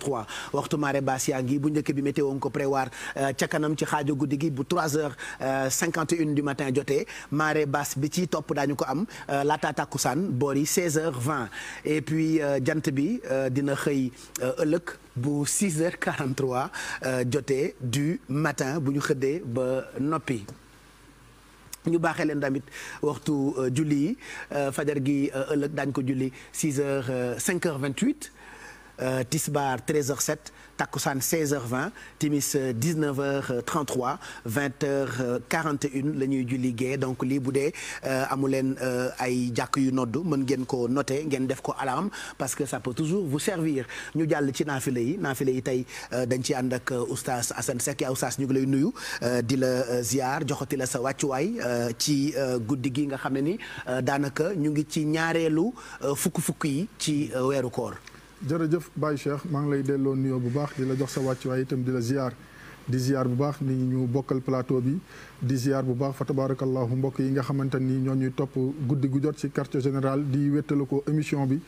1903 waxtu mare basse yaa ngi bu njëkk bi météo nga ko prévoir euh, ca kanam ci xaajo guddi gi bu 3 heures 51 euh, du matin jotee marée basse bi ci topp daañu ko am euh, laata takkusaan boori 16 heures 20 et puis jant bi dina xëy ëllëg bu 6 heures 43 jotee du matin bu ñu xëddee ba noppi. ñu baaxee leen tamit waxtu julli yi fajar gi ëllëg daañu ko julli 6 heures Euh, Tisbar 13h07 takkusaan 16h20 timis 19h33 euh, 20h41 la ñuy julli gee donc lii bu dee euh, amu leen ay jàkk yu nodd mën ngeen ko note ngeen def ko alarme parce que ça peut toujours vous servir ñu jàll ci naafile yi naafile yi tey dañ ci ànd ak oustaz Assane Seck yaa oustaz ñu ngi lay nuyu di la ziar joxati la sa wàccuwaay ci guddi gi nga xam ne ni daanaka ñu ngi ci ñaareelu fukk-fukk yi ci weeru koor jërëjëf Baye Cheikh maa ngi lay delloo nuyoo bu baax di la jox sa wàcc wàccuwaay itam di la ziar di ziar bu baax ni ñu bokkal plateau bi di ziar bu baax fa tabarakallahu mbokk yi nga xamante ni ñoo ñuy topp guddi gu jot ci quartier général di wéttala ko émission bi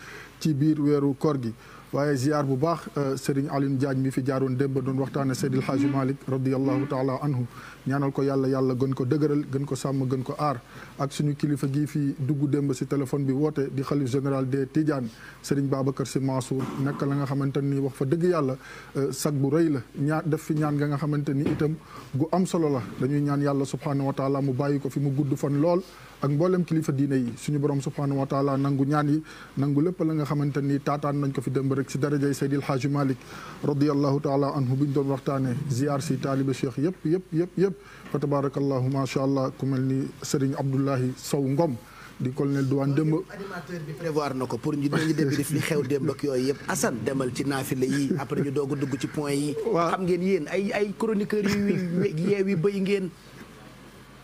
ci biir weeru koor gi waaye ziar bu baax euh, Serigne Alioune Diagne mi fi jaaroon démb doon waxtaane Seydil Hadji Malick radiallahu taala anhu ñaanal ko yàlla yàlla gën ko dëgëral gën ko sàmm gën ko aar ak suñu kilifa gii fi dugg démb si téléphone bi woote di xalif général des Tidiane Serigne Babacar Sy Mansour nekk la nga xamante ni wax fa dëgg yàlla euh, sag bu rëy la ñaa def fi ñaan nga nga xamante ni itam gu am solo la dañuy ñaan yàlla subhanahu wa mu bàyyi ko fi mu gudd fan lool ak mboolem kilifa diine yi suñu borom subhanahu wa taala nangu ñaan yi nangu lépp la nga xamante ni taataan nañ ko fi démb rek si darajay Seydil Haaji Malick radiallahu taala anhu bi ñu waxtaane ziar si taaliba cheikh yëpp yëpp yëpp yëpp fa tabarakallahu ma allah ku mel ni Serigne Abdoulahi Sow Ngom di colonel douane démb animateur bi prévoir na ko pour ñu dinañu dégg def li xew démb ak yooyu yëpp Assane demal ci naafile yi après ñu doog dugg ci point yi xam ngeen yéen ay ay yi yeewi bëy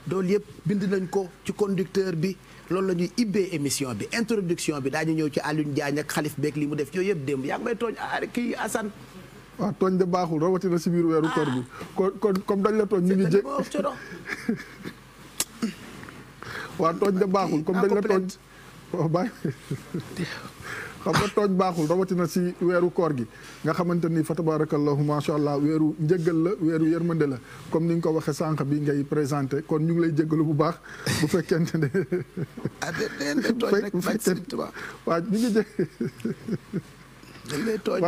loolu yëpp bind nañ ko ci conducteur bi loolu la ñuy ibbee émission bi introduction bi daañu ñëw ci Alioune Diagne ak xalif beeg li mu def yooyu yëpp démb yaa ngi may tooñ ah, kii Assane. waa ah, tooñ de baaxul rawatina si biir weeru koor bi. Ah. kon kon comme dañ la tooñ ñu ngi jé. waaw tooñ de baaxul comme dañ la tooñ. xam nga tooñ baaxul rawatina si weeru koor gi nga xamante ni fa tabarakallahu macha allah weeru njëggal la weeru yërmande la comme ni nga ko waxee sànq bi ngay présenté kon ñu ngi lay jéggalu bu baax bu fekkente ne. ah bu fekkente waaw ñu ngi jé. dañ lay tooñ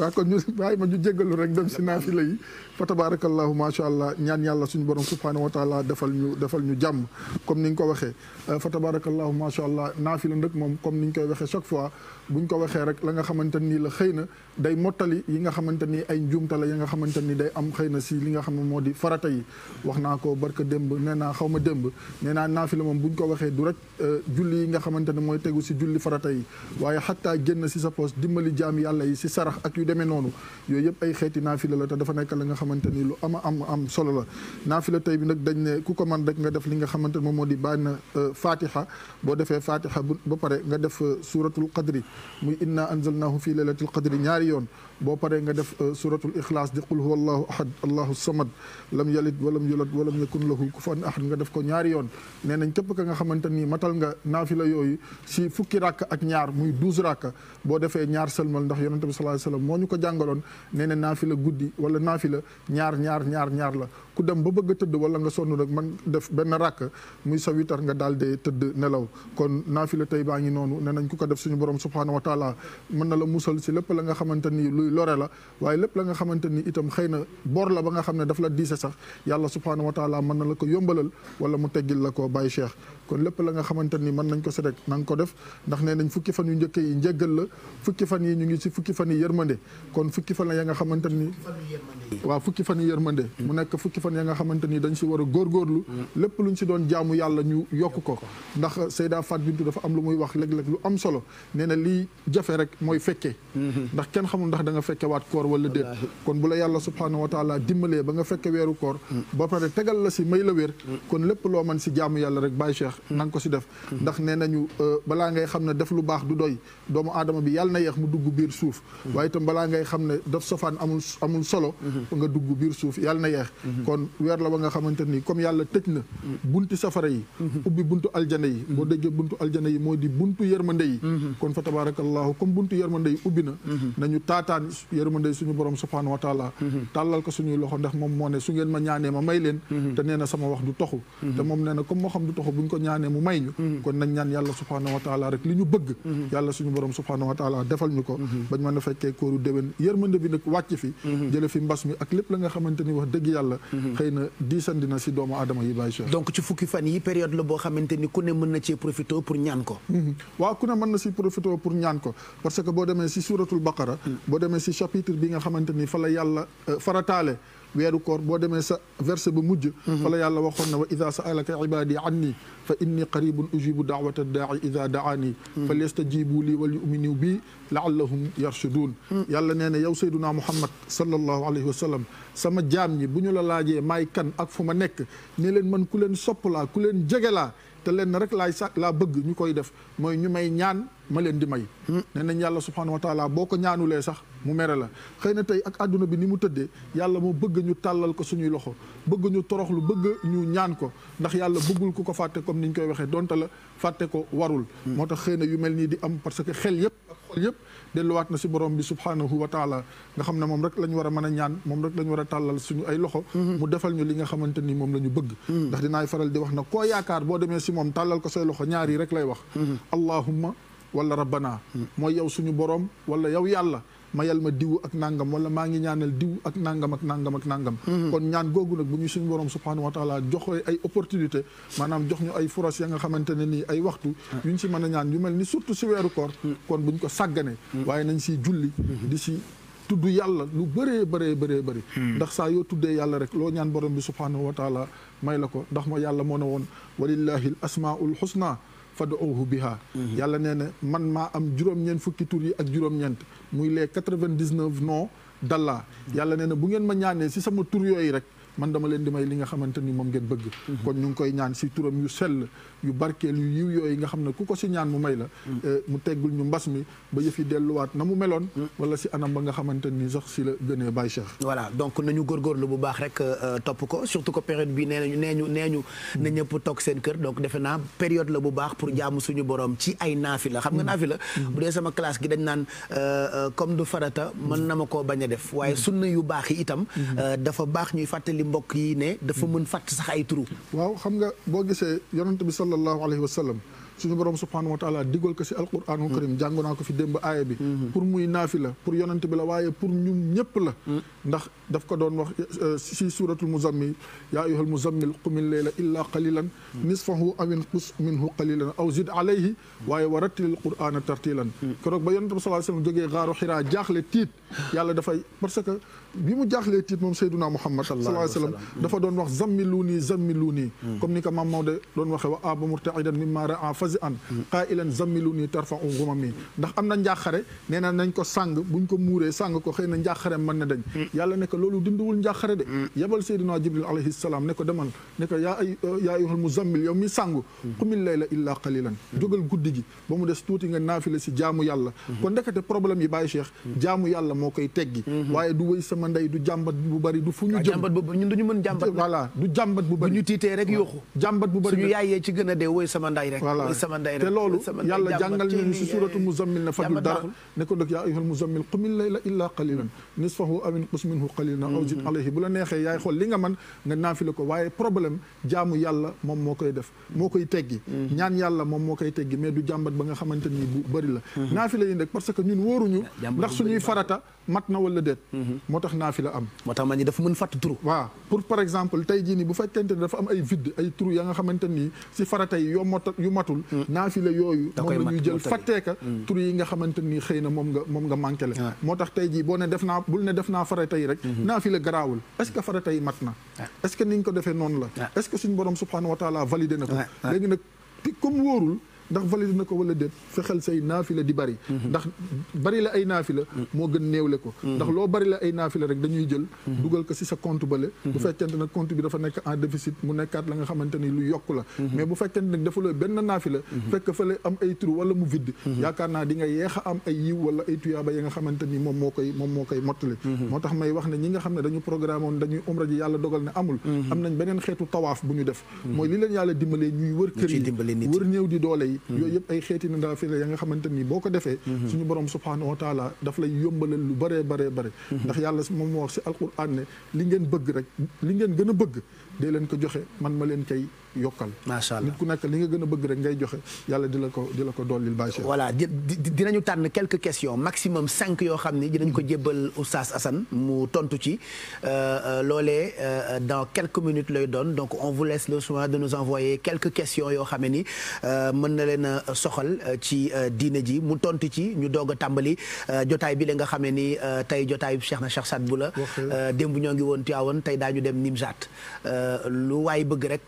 waaw kon ñu bàyyi ma ñu jéggalu rek dem si naafila yi. fa tabarakallahu macha allah ñaan yàlla suñu borom subhanahu wa taala defal ñu defal ñu jàmm comme ni ñu ko waxee euh, fa tabarakallahu macha allah naafi la nag moom comme ni ñu koy waxee chaque fois buñ ko waxee rek la nga xamante nii la xëy na day mottali yi nga xamante ni ay njuumta la yi nga xamante ni day am xëy na si li nga xam ne moo di farata yi wax naa ko barka démb nee naa xaw ma démb nee naa naafi la moom buñ ko waxee du rek euh, julli yi nga xamante ne mooy tegu si julli farata yi waaye xattaa génn si sa poos dimbali jaam yàlla yi si ak yu demee noonu yooyu yëpp ay xeeti naafi la la te dafa nekk la nga xamante ni lu ama am am solo la naafila tey bi nag dañ ne ku ko man rek nga def li nga xamante ne moom moo di bànn euh, fatiha boo defee fatiha ba pare nga def euh, suratul qadri muy inna anzalnahu fi laylatil qadri ñaari yoon boo paree nga def euh, suratul ixlaas di qul huwa allahu ahad allahu samad lam yalid walam yulad walam yakun lahu kufuwan ahad nga def ko ñaari yoon nee nañ képp nga xamante ni matal nga naafila yooyu si fukki rakk ak ñaar muy douze rakk boo defee ñaar sëlmal ndax yonente bi sallallahu alayhi wasallam moo ñu ko jàngaloon nee na naafila guddi wala naafila ñaar ñaar ñaar ñaar la ku dem ba bëgg a tëdd wala nga sonn rek man def benn rakk muy sa witar nga daal dee tëdd nelaw kon naa fi naafila tey baa ngi noonu ne nañ ku ko def suñu borom subhaanahu wa mën na la musal si lépp la nga xamante ni luy lore la waaye lépp la nga xamante ni itam xëy na boor la ba nga xam ne daf la diise sax yàlla subhaanahu wa mën na la ko yómbalal wala mu teggil la ko bàyyi cheikh kon lépp la nga xamante ni mën nañ ko si rek na nga ko def ndax nee nañ fukki fan yu njëkk yi njëggal la fukki fan yi ñu ngi si fukki fan yi yërmande kon fukki fan ya nga xamante ni waaw fukki fan yi yërmande mu nekk fukki fan ya nga xamante ni dañ si war góorgóorlu mm. lépp luñ si doon jaamu yàlla ñu yokk ko ndax Seyda Fat Bintou dafa am lu muy wax léeg-léeg lu am solo nee na lii jafe rek mooy fekkee mm-hmm. ndax kenn xamul ndax da nga fekke waat koor wala déet kon bu la yàlla subhaanahu wa taala dimbalee ba nga fekke weeru koor mm. ba pare tegal la si may la wér mm. kon lépp loo man si jaamu yàlla rek bàyyi cheikh baax na nga ko si def ndax nee nañu euh, balaa ngay xam ne def lu baax du doy doomu aadama bi yàlla na yeex mu dugg biir suuf waaye itam balaa ngay xam ne def sofaan amul amul solo nga dugg biir suuf yàlla na yeex kon weer la ba nga xamante ni comme yàlla tëj na bunti safara yi ubbi buntu aljana yi boo déggee buntu aljana yi moo di buntu yërmande yi kon fa tabarakallahu comme buntu yërmande yi ubbi na nañu taataan yërmande yi suñu borom subhanahu wa taala tàllal ko suñuy loxo moom moo ne su ngeen ma ñaanee ma may leen te na wax du toxu mu may ñu mm-hmm. kon nañ ñaan yàlla subhaanahu wa rek li ñu bëgg mm-hmm. yàlla suñu borom subhaanahu defal ñu ko mm-hmm. bañ mën a fekkee kóoru déwén yërmande bi nag wàcc fi jële fi mbas mi ak lépp la nga xamante wax dëgg yàlla xëy diisandina si doomu aadama yi bàyyi cheikh donc ci fukki fan yi période la boo xamante ku ne mën na cee profité pour ñaan ko waaw ku ne mën na si profité pour ñaan ko parce que boo demee si suratul baqara mm. boo demee si chapitre weeru koor boo demee sa verset ba mujj mhm. fa la yàlla waxoon na wa ida saalaka ibadi anni fa inni qaribun ujibu daawata daai ida daani mhm. fal yastajibu lii wal yuminu bi laallahum yarshudun mhm. yàlla nee na yow sayduna muhammad sallallahu alayhi wa sallam sama jaam ñi bu ñu la laajee maay kan ak fu ma nekk ne leen man ku leen sopp ku leen jege laa te leen rek laay sa laa bëgg ñu koy def mooy ñu may ñaan ma leen di may hmm. nee nañ yàlla subhanahu wa taala boo ko ñaanulee sax mu mere la xëy na tey ak àdduna bi ni mu tëddee yàlla moo bëgg ñu tàllal ko suñuy loxo bëgg ñu toroxlu bëgg ñu ñaan ko ndax yàlla bëggul ku ko fàtte comme ni ñu koy waxee donte la fàtte ko warul hmm. moo tax xëy na yu mel nii di am parce que xel yëpp yëpp delluwaat na si borom bi subhanahu wa taala nga xam ne moom rek la ñu war a mën a ñaan moom rek la war a tàllal loxo hmm. mu defal ñu li nga xamante ni moom la ñu bëgg ndax dinaay faral di wax na koo yaakaar boo demee si moom tàllal ko say loxo ñaar yi rek lay wax allahumma wala rabbana mooy yow suñu borom wala yow yàlla mayal ma diw ak nangam wala maa ngi ñaanal diw ak nangam ak nangam nangam mm-hmm. kon ñaan googu nag bu ñu suñu borom subhanahu wa taala joxee ay opportunité maanaam jox ñu ay foras ya nga xamante ne nii ay waxtu mm-hmm. yuñ si mën a ñaan yu mel ni surtout si weeru koor mm-hmm. kon buñ ko sàggane waaye nañ si julli di si tudd yàlla lu bëree bëree bëree bëri ndax saa yoo tuddee yàlla rek loo ñaan borom bi subhanahu wa taala may la ko ndax ma yàlla moo ne woon walillahi al asmaul husna fad'uuhu bihaa yàlla nee na man maa am juróom-ñeent fukki tur yi ak juróom-ñeent muy les quatre-vingt-dix-neuf noms d'Allah yàlla nee na bu ngeen ma ñaanee si sama tur yooyu rek man dama leen di may li nga xamante ni moom ngeen bëgg mm-hmm. kon ñu ngi koy ñaan si turam yu sell yu barkeel yu yiw yooyu nga xam ne ku ko si ñaan mu may la mm. eh, mu teggul ñu mbas mi ba yëf yi delluwaat na mu meloon mm. wala si anam ba nga xamante ni sax si la gënee a Cheikh voilà donc nañu góorgóorlu bu baax euh, euh, ko surtout que période bi mm. na ñëpp toog seen kër donc defe naa période la bu baax pour jaamu euh, ma koo bañ a def waaye sunna yu baax yi itam dafa baax ñuy fàttali mbokk yi ne dafa mën fàtt sax ay turu waaw xam nga boo gisee yonent bi sallallahu alayhi wa sallam suñu borom subhanahu wa taala diggal ko si alquraanul karim jàng naa ko fi démb aaya bi mm-hmm. pour muy naafi la pour yonent bi la waaye pour ñun ñëpp la mm. ndax daf ko doon wax si euh, suratul muzammil yaa ayyuhal muzammil qumil layla illa qalilan mm. nisfahu aw inqus minhu qalilan aw zid alayhi mm. waaye wa rattilil qur'ana tartilan keroog ba yonent bi sallallahu alayhi wa sallam jógee gaaru xiraa jaaxle tiit yàlla dafay parce que bi mu jaaxlee tiit moom Seydina Muhammad sallallahu alayhi wa sallam dafa doon wax zammiluuni zammiluuni hmm. comme ni ko maam Maodo doon waxee wa aba murtaidan mimma raa fazi'an hmm. qaa'ilan zammiluuni tarfa'u ghumami ndax am na njaaxare nee na nañ ko sàng buñ ko muuree sàng ko xëy na njaaxare mën na dañ hmm. yàlla ne ko loolu dindiwul njaaxare de yebal Seydina Jibril alayhi salaam ne ko demal ne ko yaa ay yaa ayyuhal muzammil yow mi sàngu qumil layla illaa qalilan jógal guddi gi ba mu des tuuti nga naafile si jaamu yàlla kon ndekete problème yi bàyyi Cheikh jaamu yàlla moo koy teggi sama ndey du jàmbat bu bari du fu ñu jëm jàmbat bu ñun duñu mën jàmbat voilà du jàmbat bu bari ñu tiitee rek yooxu jàmbat bu bari suñu yaayee ci gën a dee wooy sama ndey rek wooy sama ndey rek te loolu yàlla jàngal nañu si suratu muzammil ne fajul dara ne ko mm-hmm. dëkk xool li nga man nga naafile ko waaye problème jaamu yàlla moom moo koy def moo koy teggi mm-hmm. ñaan yàlla moom moo koy teggi mais du jàmbat ba nga xamante bu bari la mm-hmm. naafile yi nag parce que ñun wóoruñu ndax suñuy farata mat na wala déet mhm. moo tax naa fi la am moo tax ma ni dafa mën fàtt trou waaw pour par exemple tey ji ni bu fekkente ne dafa am ay vide ay trou ya nga xamante fara si yo yi yoo mot yu matul mm. naa fi la yooyu moom la ñuy jël fàtteeka mm. trou yi nga xamante nii xëy na moom nga moom nga manqué la moo tax tey jii boo ne def naa bul ne def naa farata yi rek mm-hmm. naa fi la garaawul est-ce que farata yi mat na est-ce que ni ñu ko defee noonu la est-ce que suñu borom subhanahu nag comme ndax valide na ko wala déet fexeel say la di bari mhm. ndax bari la ay naafi la mhm. moo gën néewle ko mhm. ndax loo bari la ay naafi naafila rek dañuy jël dugal ko si sa compte bale bu fekkente nag compte bi dafa nekk en déficit mu nekkaat la nga xamante ni lu yokk la mais bu fekkente nag dafa looy benn naafila fekk fële am ay trou wala mu vide yaakaar naa di nga yeex am ay yiw wala ay tuyaaba ya nga xamante ni moom moo koy moom moo koy mottali moo tax may wax ne ñi nga xam ne dañu programme woon dañuy umra ji yàlla dogal ne amul am nañ beneen xeetu tawaaf bu ñu def mooy li leen yàlla dimbalee ñuy wër kër yi wër néew di doole yi mm-hmm. yooyu yëpp ay xeeti na ndaa fi la ya nga xamante ni boo ko defee mm-hmm. suñu borom subhaanahu wa taala daf lay yombalal lu bare bëree bëri ndax yàlla moom moo wax si alquran ne li ngeen bëgg rek li ngeen gën a bëgg dee leen ko joxe man ma leen kay yokkal macha allah nit ku nekk li nga gën a bëgg rek ngay joxe yàlla di la ko di la ko dollil bâche voilà tànn quelques questions maximum cinq yoo xam ni dinañ ko jébbal oustaz Assane mu tontu ci euh, euh, loolee euh, dans quelques minutes lay doon donc on vous laisse le soin de nous envoyer quelques questions yoo xam ne ni mën na leen soxal ci diine ji mu tontu ci ñu doog a tàmbali jotaay bi la nga xam ne ni tey jotaayu Cheikh na Cheikh Saad bu la démb ñoo ngi woon Tiwaawan tey daañu dem Nimzaat lu waay bëgg rek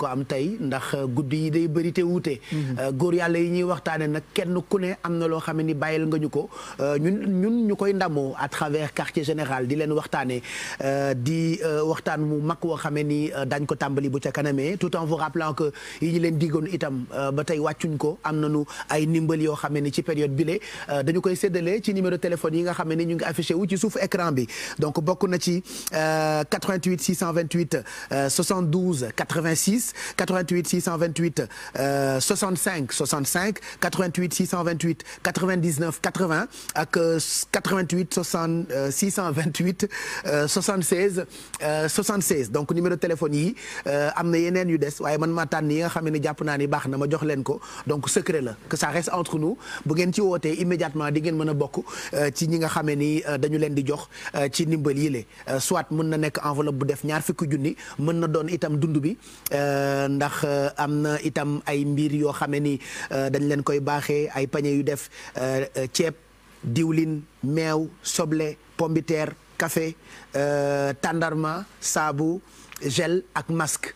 ko am tey ndax euh, guddi yi day bëri te wute mhm. euh, góor yàlla yi ñuy waxtaanee nag kenn ku ne am na loo xam ne ni bàyyil nga ñu ko euh, ñun ñun ñu koy ndamoo à travers quartier général di leen waxtaanee di waxtaan mu mag woo xam ne ni dañ ko tàmbali bu ca kanamee tout en vous rappelant que yi ñu leen diggoon itam ba tey wàccuñ ko am na nañu ay ndimbal yoo xam ne ni ci période bi bile dañu koy séddale ci numéro téléphone yi nga xam ne ni ñu ngi affiché wu ci suufu écran bi donc bokk na ci 88 628 72 86. 06 88 628 euh, 65 65 88 628 99 80 ak 88 60 euh, 628 euh, euh, euh numéro téléphone yi euh, am na yeneen yu des waaye man maa tànn yi nga xam ne jàpp naa ni baax na ma jox leen ko donc secret la que ça reste entre nous bu ngeen ci wootee immédiatement di ngeen mën a bokk ci ñi nga xamee ni dañu leen di jox ci ndimbal yi le soit mën na nekk enveloppe bu def ñaar fukki junni mën na doon itam dund bi Euh, ndax euh, am na itam ay mbir yoo xam ne ni euh, dañ leen koy baaxee ay pañe yu def ceeb diwlin meew soble pombiteer café tàndarma saabu gel ak masque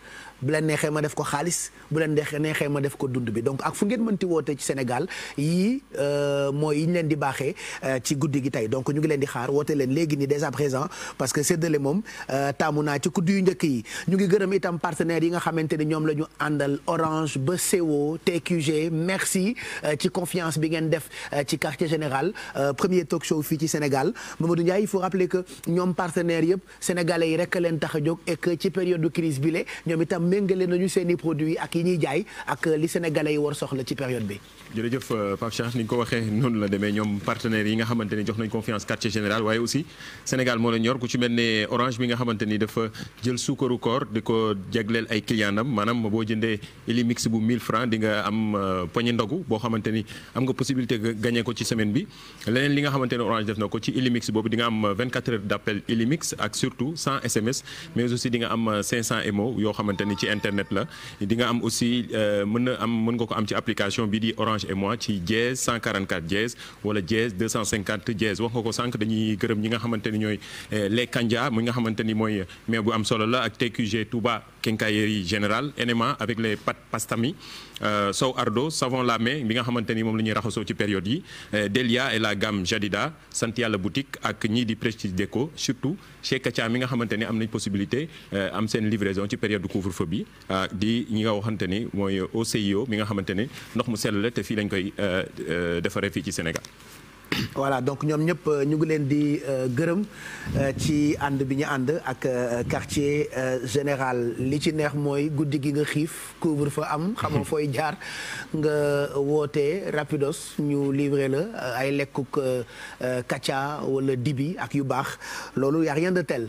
bu leen neexee ma def ko xaalis bu leen dexe neexee ma def ko dund bi donc ak fu ngeen mënti woote ci Sénégal yii euh, mooy yi ñu leen di baaxee euh, ci guddi gi tey donc ñu ngi leen di xaar woote leen léegi nii dès à présent parce que séddale moom euh, taamu naa ci kuddu yu njëkk yi ñu ngi gërëm itam partenaires yi nga xamante ni ñoom la ñu àndal Orange ba CO TQG merci ci confiance bi ngeen def ci quartier général premier talk show fii ci Sénégal Mamadou Ndiaye il faut rappeler que ñoom partenaires yëpp yi rek leen tax a jóg ci période de crise bi le ñoom itam méngale nañu seen i produits ak yi ñuy jaay ak euh, li sénégalais yi war soxla ci période bi. jërëjëf euh, Pape Cheikh ni ko waxee noonu la demee ñoom partenaires yi nga xamante ne jox nañ confiance quartier général waaye aussi Sénégal moo la ñor ku ci mel ne orange bi nga xamante ni dafa jël suukaru koor di ko jagleel ay clients am maanaam boo jëndee Ilimix bu mille francs di nga am euh, poñi ndogu boo xamante ni am nga possibilité gagné ko ci semaine bi leneen li nga xamante ne orange def na ko ci Ilimix boobu di nga am 24 heures d' appel Ilimix ak surtout 100 SMS di nga am 500 MO yoo xamante ni ci internet la aussi euh, mën na am mën nga ko am ci application bi di Orange et moi ci dièse 144 dièse wala dièse cinquante dièse wax nga ko sànq dañuy gërëm ñi nga xamante ni ñooy euh, les Kandia mi nga xamante ni mooy mais bu am solo la ak TQG Touba. quincaillerie générale NMA avec les pâtes pastami euh, sow ardo savon mais mi nga xamante ni moom la ñuy raxasoo ci période yi euh, Delia et la gamme Jadida sant yàlla boutique ak ñii di Prestige Déco surtout chez Katia mi nga xamante ni am nañ possibilité euh, am seen livraison ci période de couvre-feu bi di ñi nga waxante ni mooy OCIO mi nga xamante ni ndox mu sell la te fii lañ koy defaree fii ci Sénégal voilà donc ñoom ñëpp euh, ñu ngi leen di euh, gërëm euh, ci ànd bi ñu ànd ak quartier général li ci neex mooy guddi gi nga xiif couvre fa am xamoo fooy jaar nga woote rapidos ñu livré la ay lekkuk kaca wala dibi ak yu baax loolu y a rien de tel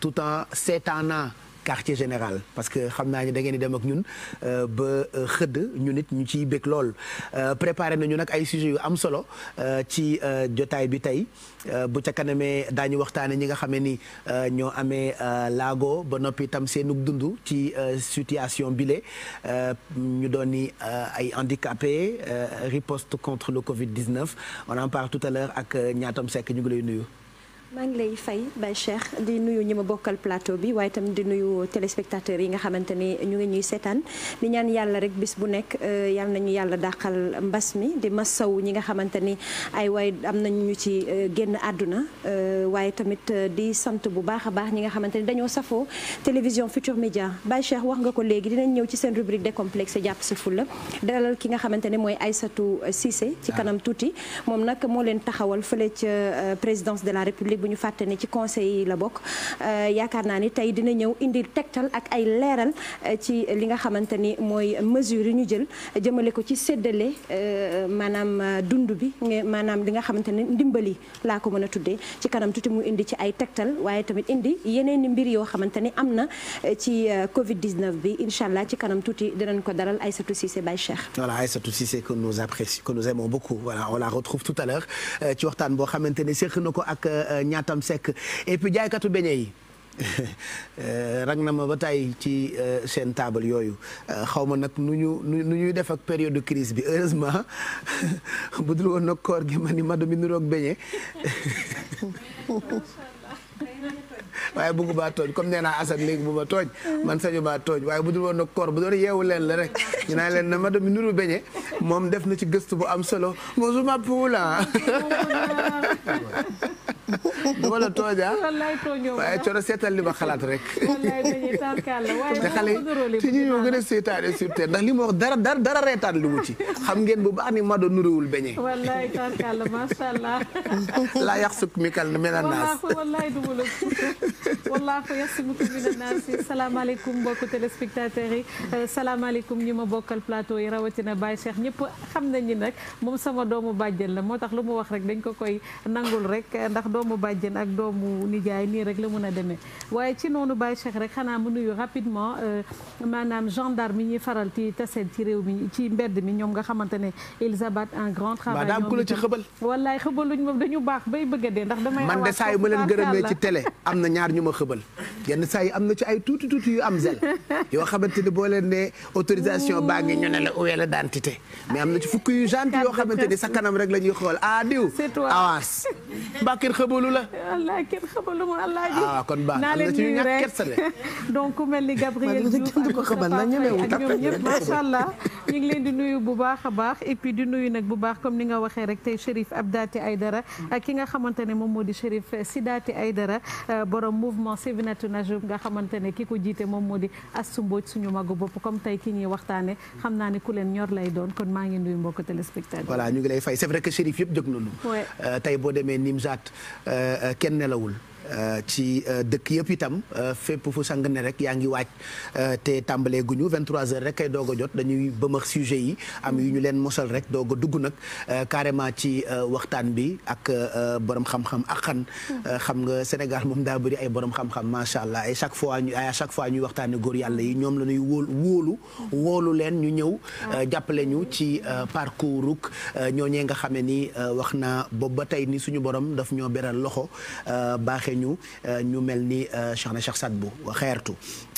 tout en seetaana quartier général parce que xam naa ne da ngeen dem ak ñun euh, ba euh, xëdd ñu nit ñu ciy bég lool euh, préparé nañu nag ay sujets yu am solo ci jotaay bi tey bu ca kanamee daañu waxtaane ñi nga xamee ni ñoo amee laago ba noppi itam seenug dund ci situation bile ñu doon ni ay handicapés riposte contre le Covid 19 on en parle tout à l'heure ak ñaatam sekk ñu ngi lay nuyu. maa ngi lay fay bay Cheikh di nuyu ñi ma bokkal plateau bi waaye tamit di nuyu téléspectateurs yi nga xamante ni ñu ngi ñuy seetaan di ñaan yàlla rek bis bu nekk euh, yàlla ñu yàlla dàqal mbas mi di masaw ñi nga xamante ni ay waay am nañu ñu ci euh, génn àdduna euh, waaye tamit di sant bu baax a baax ñi nga xamante ni dañoo safoo télévision Futur Média Baye Cheikh wax nga ko léegi dinañ ñëw ci seen rubrique décomplexé jàpp sa fulla dalal ki nga xamante ni mooy Aïssatou Cissé ci kanam tuuti moom nag moo leen taxawal fële ca présidence de la bu ñu fàtte ne ci conseil yi la bokk euh, yaakaar naa ni tey dina ñëw indi tegtal ak ay leeral euh, ci li nga xamante ni mooy mesure yu ñu jël jëmale ko ci séddale euh, maanaam dund bi maanaam li nga xamante ne ndimbali laa ko mën a tuddee ci kanam tuuti mu indi ci ay tegtal waaye tamit indi yeneen i mbir yoo xamante ni am na ci Covid 19 bi incha ci kanam tuuti dinañ ko daral Aïssatou Cissé Baye Cheikh. voilà Aïssatou Cissé que nous apprécions que nous aimons beaucoup voilà on la retrouve tout ci waxtaan boo xamante ne séq na ko ak. ñaatam sekk et puis jaaykatu beñe yi euh, rag na ma ba tàyyi ci euh, seen taabal yooyu euh, xawma nag nu ñu nu ñuy def ak période de crise bi heureusement bu dul woon nag koor gi ma ni madu mi niroog beñe waaye bëggu maa tooñ comme nee naa Assane léegi bu ma tooñ man sañu maa tooñ waaye bu dul woon nag koor bu doon yeewu leen la rek ñu naan leen na madame Nuru Beñe moom def na ci gëstu bu am solo mosuma puula du ma la tooñaa ah. waaye coro seetal li ma xalaat rek te xale yi te ñu ñoo gën a seetaane sur terre ndax li ma wax dara dara dara reetaan lu mu ci xam ngeen bu baax ni mado nuruwul beñe wallaay tarkalla macha allah laa yàq sukk mi kal na mel na naas wallaahu yasimuka mina naasi salaamaaleykum mbokku téléspectateurs yi euh, salaamaaleykum ñi ma bokkal plateau yi rawatina Baye Cheikh ñëpp xam nañ ni nag moom sama doomu bàjjen la moo tax lu mu wax rek dañ ko koy nangul rek ndax doomu bàjjen ak doomu nijaay nii rek la mën a demee waaye ci noonu Baye Cheikh rek xanaa mu nuyu rapidement euh, maanaam gendarme yi ñuy faral ci taseet ci réew mi ci mbedd mi ñoom nga xamante ne ils abattent un grand travail daam ku la ci xëbal wallaay xëbaluñ moom dañu baax bay bëgg a dee ndax damay man de saa yu ma leen na ñaar ñaar ñu ma xëbal yenn saa yi am na ci ay tuuti tuuti yu am zel yoo xamante ni boo leen ne autorisation baa ngi ñu ne la uwee la d'identité mais am na ci fukki yu gentil yoo xamante ni sa kanam rek la ñuy xool ah diw avance mbaa kenn xëbalu la wallaahi kenn xëbalu ma alaaji ah kon baax am na ci ñu ñàkk kersa de donc ku mel ni Gabriel ak ñoom ñëpp macha allah ñu ngi leen di nuyu bu baax a baax et puis di nuyu nag bu baax comme ni nga waxee rek tey Chérif Abdati Aydara ak ki nga xamante ne moom moo di Chérif Sidati Aydara euh, borom mouvement Sëvinatu Najum nga xamante ne ki ko jiite moom moo di Astou Mbodj suñu magu bopp comme tey ki ñuy waxtaane xam naa ne ku leen ñor lay doon kon maa ngi nuyu mbokk téléspectateur voilà ñu ngi lay fay c'est vrai que chérif yëpp jóg nañu euh, tey boo demee Nimzaat euh, euh, kenn nelawul Euh, ci euh, dëkk yëpp itam euh, fépp fu sang ne rek yaa ngi waaj te tàmbalee guñu 23h rek kay doog jot dañuy bëmëx sujet yi am yu ñu leen mosal rek doog a dugg nag carrément ci waxtaan bi ak borom xam-xam ak xan xam nga Sénégal moom daa bëri ay borom xam-xam macha allah ay chaque fois ñu à chaque fois ñuy waxtaane góor yàlla yi ñoom la ñuy wóolu wóolu wóolu leen ñu ñëw jàppale ñu ci parcours uk ñooñee nga xamee ni wax naa boobu ba tey ni suñu borom daf ñoo beral loxo ñu euh, ñu mel ni Cheikhna euh, Cheikh Sadbou xeertu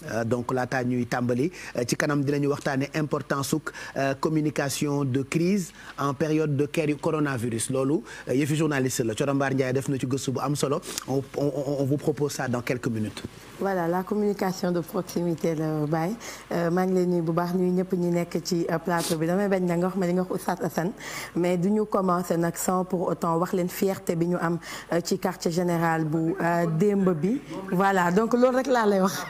Euh, donc laataa ñuy tàmbali euh, ci kanam dinañu waxtaane importance suk euh, communication de crise en période de keri coronavirus loolu yëfi journaliste la Corambaar Ndiaye def na ci gëstu bu am solo on on vous propose ça la communication de proximité la Baye maa ngi leen nuyu bu baax ñuy ñëpp ñu nekk ci plateau bi damay bañ na nga wax ma li nga wax Oustaz mais du ñu commencer nag sans pour autant wax leen fierté bi ñu am ci quartier général bu démb bi voilà donc loolu rek laa lay wax.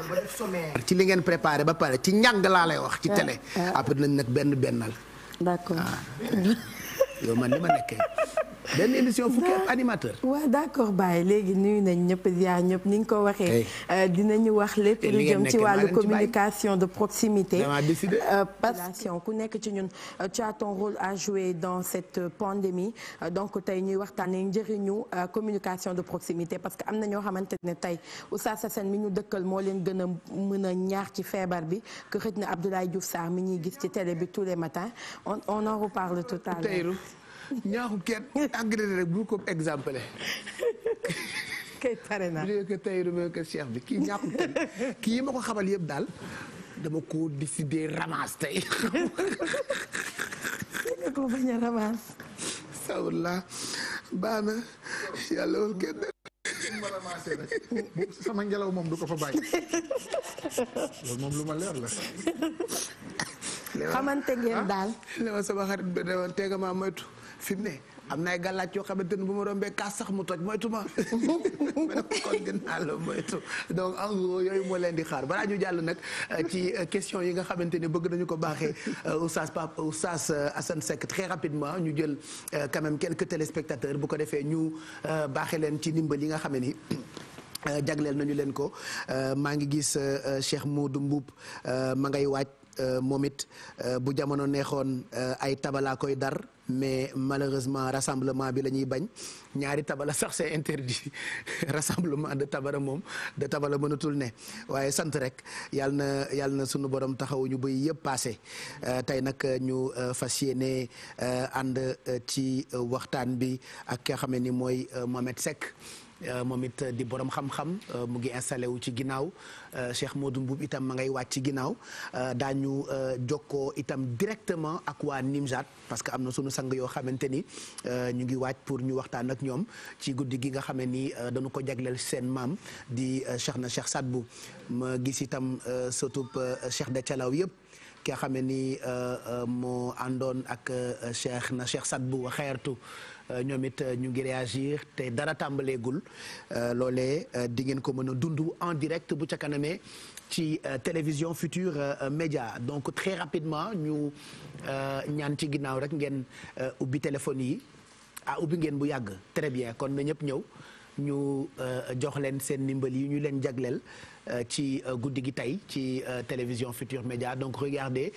Ah, ci li ngeen préparé ba pare ci njàng laa lay wax. ci eh, télé eh. après nañ nag benn bennal. d'accord. Ah. yow man ma nekkee émission animateur. waaw d'accord Baye léegi nuyu nañ ñëpp ziar ñëpp ni nga ko waxee. Euh, dinañu wax lépp lu wàllu communication de proximité. Euh, parce que ku nekk ci ñun euh, tu as ton rôle à jouer dans cette donc tey ñuy waxtaanee njëriñu communication de proximité parce que am na ñoo xamante ne tey Oustaz Assane mi ñu dëkkal moo leen gën a mën a ñaax ci feebar bi que xëj na Abdoulaye Diouf Sarr mi ñuy gis ci télé bi tous les matins on on en reparle tout ñaaxu kenn agréé rek bu ko exemple. kay pare naa bu que tey que chef bi kii ñaaxu kenn kii yi ma ko xamal yépp daal dama ko décider ramasse tey. sama ngelaw moom du ko fa bàyyi loolu moom lu ma leer la. xamante ngeen ah? daal. ne ma sama xarit bi ne ma tega fi mu ne am na ay gàllaaj yoo xamante ni bu ma rombee kaas sax mu toj moytu ma ma ne ko donc en yooyu moo leen di xaar balaa ñu jàll nag euh, ci euh, question yi nga xamante ni bëgg nañu ko baaxee euh, oustaz Pape oustaz Assane Seck très rapidement ñu jël quand même quelques téléspectateurs bu ko defee ñu baaxee leen ci ndimbal yi nga xam ni jagleel nañu leen ko maa ngi gis Cheikh Modou Mbuub ma ngay waaj moom it bu jamono neexoon ay tabala koy dar mais malheureusement rassemblement bi la ñuy bañ ñaari tabala sax c'est interdit rassemblement de tabara moom de tabala mënatul ne waaye sant rek yàlla na yàlla na sunu borom taxawuñu bëy yëpp passé euh, tey nag euh, ñu euh, fas yéene ànd ci waxtaan bi ak ki nga xam ne ni mooy Mohamed Seck Euh, moom it euh, di borom xam-xam euh, mu ngi installé wu ci ginnaaw Cheikh Modou Mboub itam ma ngay wàcc ci ginnaaw daañu jokkoo itam directement ak waa Nimjat parce que am na sunu sang yoo xamante ni ñu ngi wàcc pour ñu waxtaan ak ñoom ci guddi gi nga xam ne ni dañu ko jagleel seen maam di Cheikh na Cheikh Sadbu ma gis itam sëtub Cheikh de Calaw yëpp. ki nga xam ne ni moo àndoon ak Cheikh na Cheikh bu xeertu Euh, ñoom it euh, ñu ngi réagir te dara tàmbaleegul euh, loolee di ngeen ko mën a dund en direct bu ca kanamee ci télévision Futur Média donc très rapidement ñu ñaan ci ginnaaw rek ngeen ubbi téléphone yi ah ubbi ngeen bu yàgg très bien kon na ñëpp ñëw ñu jox leen seen ndimbal yi ñu leen jagleel ci guddi gi tey ci télévision Futur Média donc regardez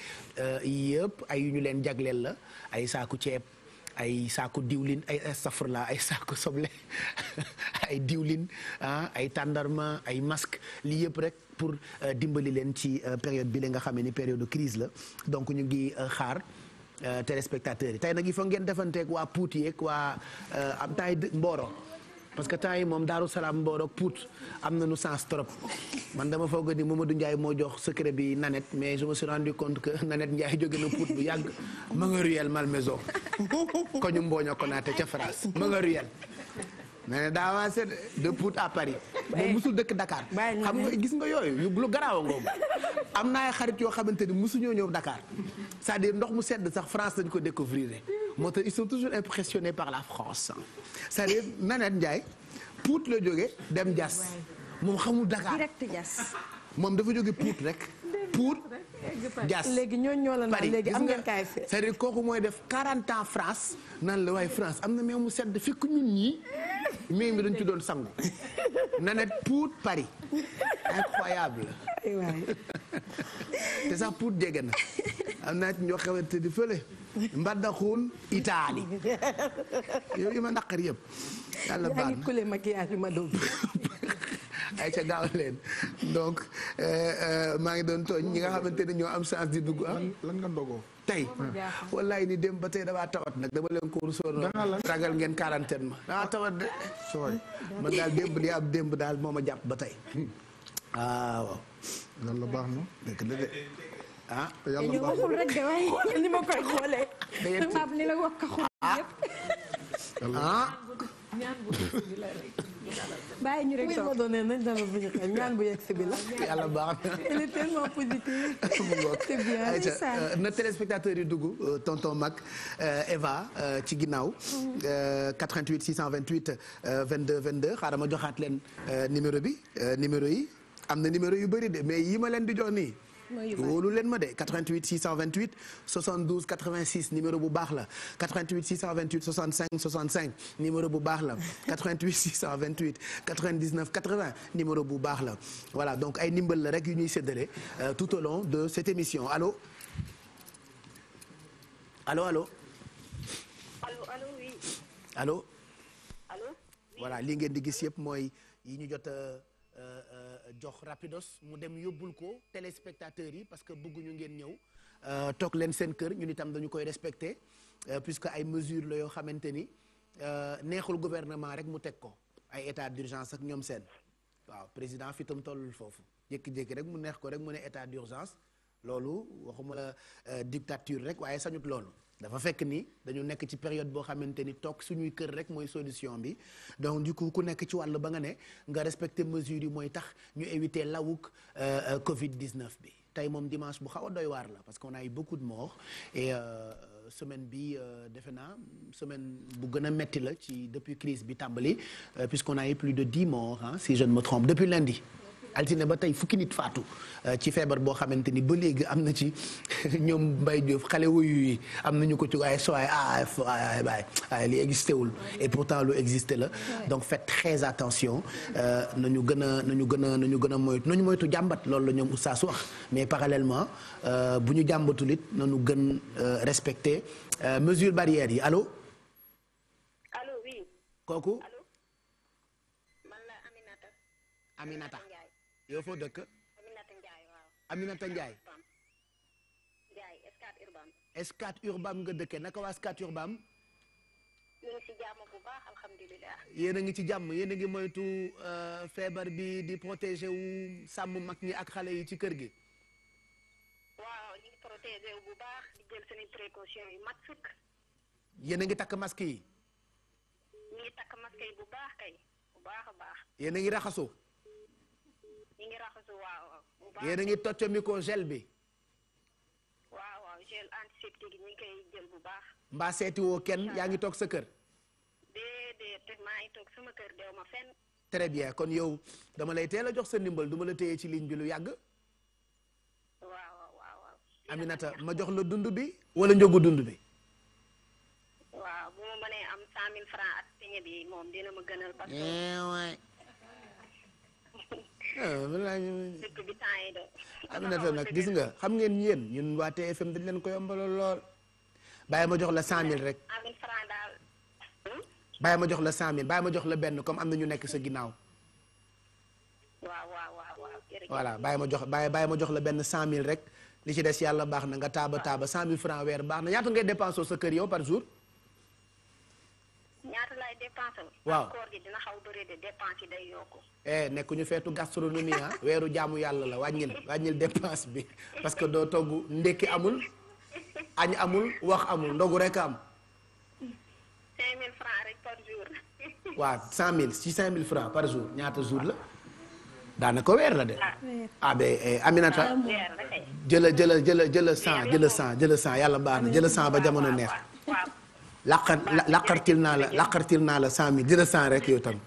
yëpp ay yu ñu leen jagleel la ay saaku ceeb ay saako diwlin ay astafurla ay saako soble ay diwlin ah ay tàndarma ay masque lii yëpp rek pour euh, dimbali leen ci euh, période bi la nga xamee ni période de crise la donc ñu ngi euh, xaar téléspectateurs yi tey nag il faut ngeen defanteeg waa Pout yeeg waa am taay Mboro parce que temps yi moom Daaru Salaam Mbour ak Pout am na nu sens trop man dama foog ni Mamadou Ndiaye moo jox secret bi Nanette mais je me suis rendu compte que Nanette Ndiaye jóge na Pout bu yàgg ma nga ruyel Malmaison ko ñu mbooño ko naate ca France ma nga ruyel mais daa avancé de Pout à Paris moom musul dëkk Dakar xam nga gis nga yooyu yu lu garaaw ngoom am na ay xarit yoo xamante ni musuñoo ñëw Dakar cest à ndox mu sedd sax France dañ ko découvrir moo tax ils sont toujours impressionnés par la France c'est-à-dire Nanat Ndiaye Pout la jóge dem Diass moom xamul Dakar direct Diass moom dafa jóge Pout rek Pout Diass léegi ñooñu ñoo la naan léegi am ngeen kooku mooy def 40 ans France nan la waaye France am na meew mu sedd fekk ñun ñii meew mi dañ ci doon sangu Nanat Pout Paris incroyable te sax Pout jege na am naa ci ñoo xamante di fële mbaddaxuun itaali yooyu ma naqar yépp yàlla baax na yaa ngi kule maquillage ma doon ay ca gaaw leen donc euh, euh, maa ngi doon tooñ ñi nga xamante ne ñoo am chance di dugg ah lan nga ndogoo tey wallaay ni dem ba tey damaa tawat nag dama leen ko rusoon ragal ngeen quarantaine ma damaa tawat de sooy daal démb li ab démb daal moo ma jàpp ba tey hmm. ah, waaw. loolu la baax na ah te yàlla waxul rek de waaye eh, eh, ni ma koy xoolee. da ni la wax ko xool yëpp. ah. ñaan na. elle est tellement positive. c'est bien Aïcha na téléspectateur yi dugg eh, tonton Mag Eva ci ginnaaw. 88 628 22 22 xaaral ma joxaat leen numéro bi numéro yi am na numéro yu bari de mais yi ma leen di jox nii. wóolu leen ma de 88 628 72 86 numéro bu baax la 88 628 65 65 numéro bu baax la 88 628 99 80 numéro bu baax la voilà donc ay ndimbal la rek yu ñuy séddale euh, tout au long de cette émission allô allô allô allô allô oui. li ngeen di gis yëpp mooy yi ñu jot euh, jox rapidos mu dem yóbbul ko téléspectateurs yi parce que ñu ngeen ñëw euh, toog leen seen kër ñun itam dañu koy respecté euh, puisque ay mesures la yoo xamante ni euh, neexul gouvernement rek mu teg ko ay état d'urgence ak ñoom seen waaw président fi tam tollul foofu jékki-jékki rek mu neex ko rek mu ne état d'urgence loolu waxuma la dictature rek waaye sañut loolu dafa fekk ni dañu nekk ci période boo xamante ni toog suñuy kër rek mooy solution bi donc du ku nekk ci wàll ba nga ne nga respecter mesures yi mooy tax ñu éviter lawuk euh, euh, Covid 19 bi tey moom dimanche bu xaw a doy waar la parce que a ay beaucoup de et euh, semaine bi defe naa semaine bu gën a metti la ci depuis crise bi tàmbali puisqu'on on eu plus de dix morts hein, si je ne me trompe depuis lundi. altine ba tey fukki nit faatu euh, ci feebar boo xamante ni ba léegi am na ci ñoom Mbaye Diouf xale wuyu yi am nañu ko ci ay soay af ah, ay ah, ah, li existé wul et pourtant lu existé la donc faites très attention euh, nañu gën a nañu gën a nañu gën a moytu nañu moytu jàmbat loolu la ñoom oustaz wax mais parallèlement euh, bu ñu jàmbatul it nu gën respecter mesure barrière yi allo allo oui kooku yow foo dëkk. Aminata Ndiaye waaw. Aminata Ndiaye. Ndiaye Escate nga dëkkee naka waa Escate Urbam. ñu ci jàmm bu baax alhamdulilah. yéen a ngi ci jàmm yéen a ngi moytu euh, feebar bi di protéger wu sàmm mag ñi ak xale yi ci kër gi. waaw ñu ngi bu baax di jël seen précaution yu mat sëkk. yéen a ngi takk masque yi. ñu takk masque yi bu baax kay bu baax baax. yéen a ngi raxasoo. ñu ngi raxasu toccamikoo gel bi. waaw waaw gel antiseptique ñu koy jël bu baax. mbaa seeti woo kenn yaa ngi toog sa kër. déedéet très bien kon yow dama lay teel a jox sa ndimbal du ma la téye ci ligne bi lu yàgg. Aminata ma jox la dund bi wala njëgu dund bi. waaw bu ma mënee am cent mille francs ak peñe moom dina ma gënal parce que. Eh, Aminata ah, ah, nag gis nga xam ngeen yéen ñun waa TFM dañ leen ko yombalal lool bàyyi ma jox la cent mille rek hmm? bàyyi ma jox la cent mille ma jox la benn comme am na ñu nekk sa ginnaaw voilà bàyyi ma jox bàyyi bàyyi ma jox la benn cent mille rek li ci des yàlla baax na nga taaba taaba cent mille francs weer baax na ñaata ngay dépensé sa kër yow par jour ñaata laay waaw dépense yi day yokku eh nekkuñu feetu gastronomie ah. weeru jaamu yàlla la wàññil wàññil dépense bi parce que doo toggu ndékki amul añ amul wax amul ndogu rek am. waa cent mille par cent waaw francs par jour ñaata jour la. daanaka weer la de. ah mais ah, eh, Aminata. jëla jëla jëla jëla 100 jëla sant yàlla baax na jëla 100 ba jamono neex. laqar laqartil naa la laqartil naa la cent mille dina cent rek yow tam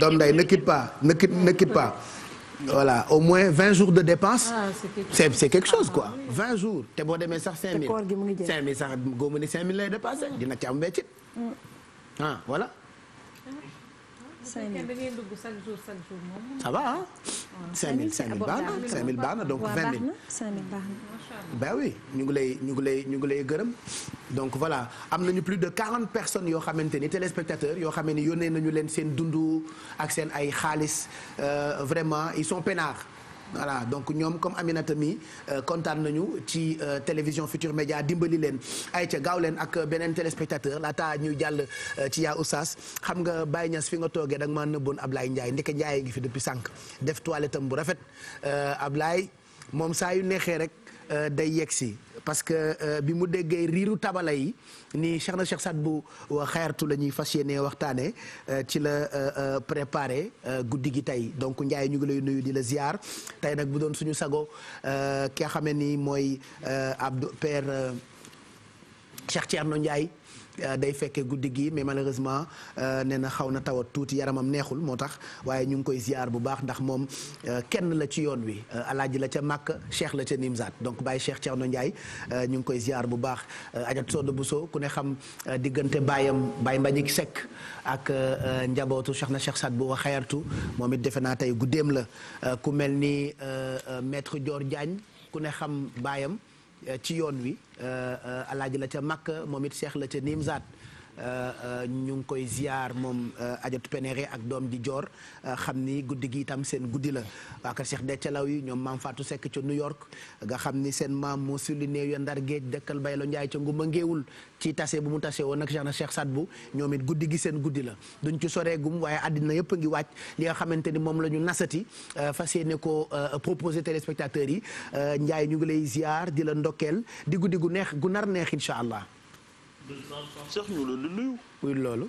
doom nday ne quitte pas ne quitte ne quitte pas voilà moins vingt jours de dépense ah, c'est c'est quelque chose quoi ah, vingt jours te boo demee sax cinq mille cinq mille sax góomu ni cinq mille lay dépassé dina ci am weccit mm. ah cinq mille da ngeen dugg mille cinq mille baax cinq mille baax na donc vingt mille. cinq ben oui ñu ngi lay ñu ngi lay ñu ngi lay gërëm. donc voilà am nañu plus de quarante personnes yoo xamante ni téléspectateurs yoo xamante ni yónnee nañu leen seen dundu ak seen ay xaalis vraiment ils sont peinards. voilà donc ñoom comme Aminata mi euh, kontaan nañu ci euh, télévision Futur Média dimbali leen ay ca gaaw leen ak beneen téléspectateur laata ñuy jàll euh, ci yaa oustaz xam nga Baye Niass fi nga toogee da nga maa nëbboon Ablaye Ndiaye ndeke Ndiaye ngi fi depuis sànq def toilette am bu rafet Ablaye moom saa yu neexee rek day yegg si parce que euh, bi mu déggee riiru tabala yi ni Cheikh na Cheikh Saad bu euh, xayartu la ñuy fas yéene waxtaane euh, ci la préparé guddi gi tey donc Ndiaye ñu ngi lay nuyu di la ziar tey nag bu doon suñu sago ki nga xam ne ni mooy Abdou Père Cheikh Thierno Ndiaye Euh, day fekke guddi gi mais malheureusement euh, nee na xaw na tawat tuuti yaramam neexul moo tax waaye ñu ngi koy ziar bu baax ndax moom euh, kenn la ci yoon wi alaaji la ca màkk cheikh la ca nimzaat donc bàyyi cheikh Thierno Ndiaye ñu ngi koy ziar bu baax ajat sooda Bousso ku ne xam diggante baayam Baye Mbagnick Seck ak njabootu cheikh na cheikh Saad bu xayartu moom it defe naa tey guddeem la ku mel ni metre joor Diagne ku ne xam baayam ci yoon wi euh, euh, alaaji la ca Makka moom it seex la ca Nimzaat Euh, euh, ñu ngi koy ziar moom euh, ajatu penere ak doom di joor xam ni guddi gi itam seen guddi la waa kër Cheikh Dethialaw yi ñoom maam faatu Seck ca New York nga xam ni seen maam moo sulli néew ya ndar géej dëkkal Baylo Ndiaye ca ma Ngéewul ci tase bu mu tase woon ak Cheikhna Cheikh sat bu ñoomit guddi gi seen guddi la duñ ci soreegum waaye àddina yëpp a ngi wàcc li nga xamante ni moom la ñu nasati fas yéene ko proposé téléspectateurs yi njaay ñu ngi lay ziar di la ndokkeel di guddi gu neex gu nar neex incha allah Cheikh ñu leen di nuyu. loolu.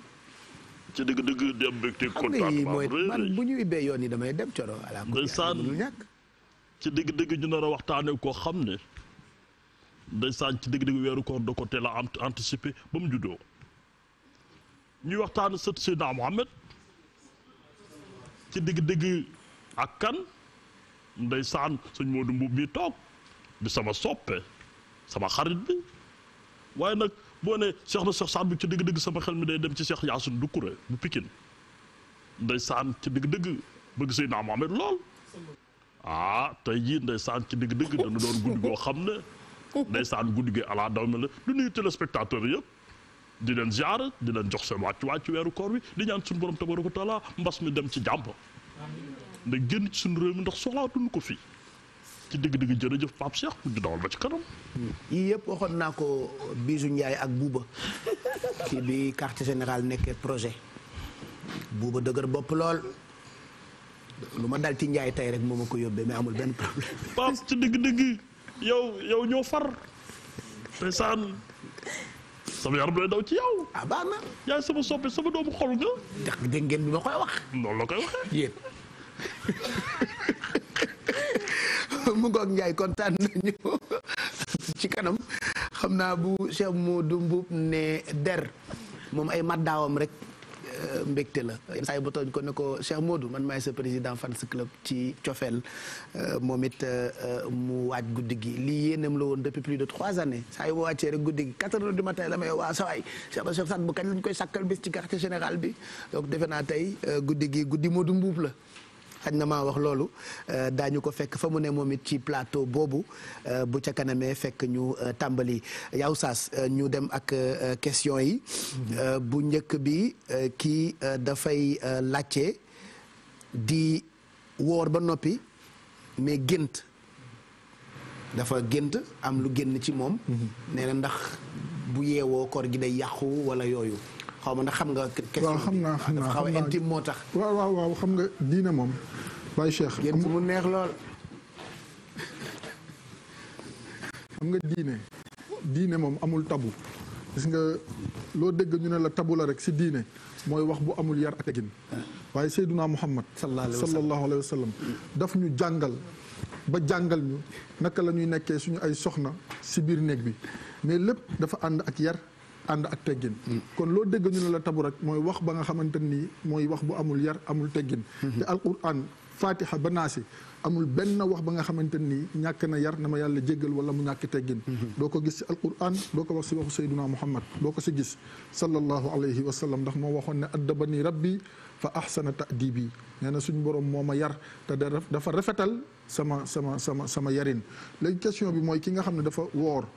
ci dëgg dëgg dem beeg te contentement ñu ubbee yoon yi damay dem coro ala ko ci dëgg dëgg waxtaanee koo xam ne ndeysaan ci dëgg dëgg ko teel a anticipé ba mu juddoo ñuy waxtaan sët Seydina Mohamed ci dégg dëgg ak kan ndeysaan sëñ Modou Mbuub mi toog di sama soppe sama xarit bi waaye nag boo ne Cheikh na Cheikh Saad bu ci dëgg-dëgg sama xel mi day dem ci Cheikh Yaasin Dukure bu Pikine ndeysaan ci dëgg-dëgg bëgg Seydina Mohamed lool ah tey jii ndeysaan ci dëgg-dëgg dana doon guddi goo xam ne ndeysaan guddi gi alaa daw me la du nuyu téléspectateurs yëpp di leen ziar di leen jox seen wàccu wàccu weeru koor wi di ñaan suñu borom tabaraka taala mbas mi dem ci jàmp nda génn ci suñu réew mi ndax soxlaatuñu ko fii ci dëgg-dëgg jërëjëf Pape Cheikh di dawal ba ci kanam. yii yëpp waxoon naa ko Bijou Ndiaye ak Bouba kii bi quartier général nekkee projet Bouba dëgër bopp lool. lu ma dal ci Ndiaye tey rek moo ma ko yóbbee mais amul benn problème. Pape ci dëgg-dëgg yow yow ñoo far te sama yaram lay daw ci yow. ah baax na. yaay sama soppe sama doomu xol nga. ndax dégg ngeen bi ma koy wax. noonu la koy waxee. mu ngoog Ndiaye kontaan nañu ci kanam xam naa bu Cheikh Modou Mbuub ne der moom ay maddaawam rek euh, mbégte la yenn saa yi ba ko ne ko Cheikh Modou man maay sa président fans club ci cofeel euh, moom it euh, mu waaj guddi gi lii yéenam la woon depuis plus de trois années saa yi ma wàccee rek guddi gi quatre heures du matin la may waa sawaay Cheikh Ba bu kañ lañ koy sàkkal bés ci quartier général bi donc defe naa tey guddi gi guddi Modou Mbuub la xaj na maa wax loolu euh, daañu ko fekk fa mu ne moom it ci plateau boobu euh, bu ca kanamee fekk ñu euh, tàmbali yaw saas ñu dem ak question yi mhm. bu njëkk bi kii dafay laajte di woor ba noppi mais gént dafa gént am lu génn ci moom mhm. nee ndax bu yeewoo kor gi day yàqu walla yooyu xaw ma ndax xam nga. waaw xam naa xam naa xaw intime moo tax. waaw waaw xam nga diina moom. waaye Cheikh yéen mu neex lool. xam nga diine diine moom amul tabu gis nga loo dëgg ñu ne la tabu la rek si diine mooy wax bu amul yar ak tegin waaye Seyduna Muhammad sallallahu alayhi wa sallam daf ñu jàngal ba jàngal ñu naka la ñuy nekkee suñu ay soxna si biir néeg bi mais lépp dafa ànd ak yar ànd ak teggin kon loo dégg ñu la tabu rek mooy wax ba nga xamante nii mooy wax bu amul yar amul teggin te alquran fatiha ba naasi amul benn wax ba nga xamante nii ñàkk na yar na ma yàlla jéggal wala mu ñàkk teggin doo ko gis si alquran doo ko wax si waxu sayduna muhammad doo ko si gis sallallahu alayhi wa sallam ndax moo waxoon ne addabani rabbi fa ahsana ta'dibi nee na suñu borom moo ma yar te dafa rafetal sama sama sama sama yarin léegi question bi mooy ki nga xam ne dafa woor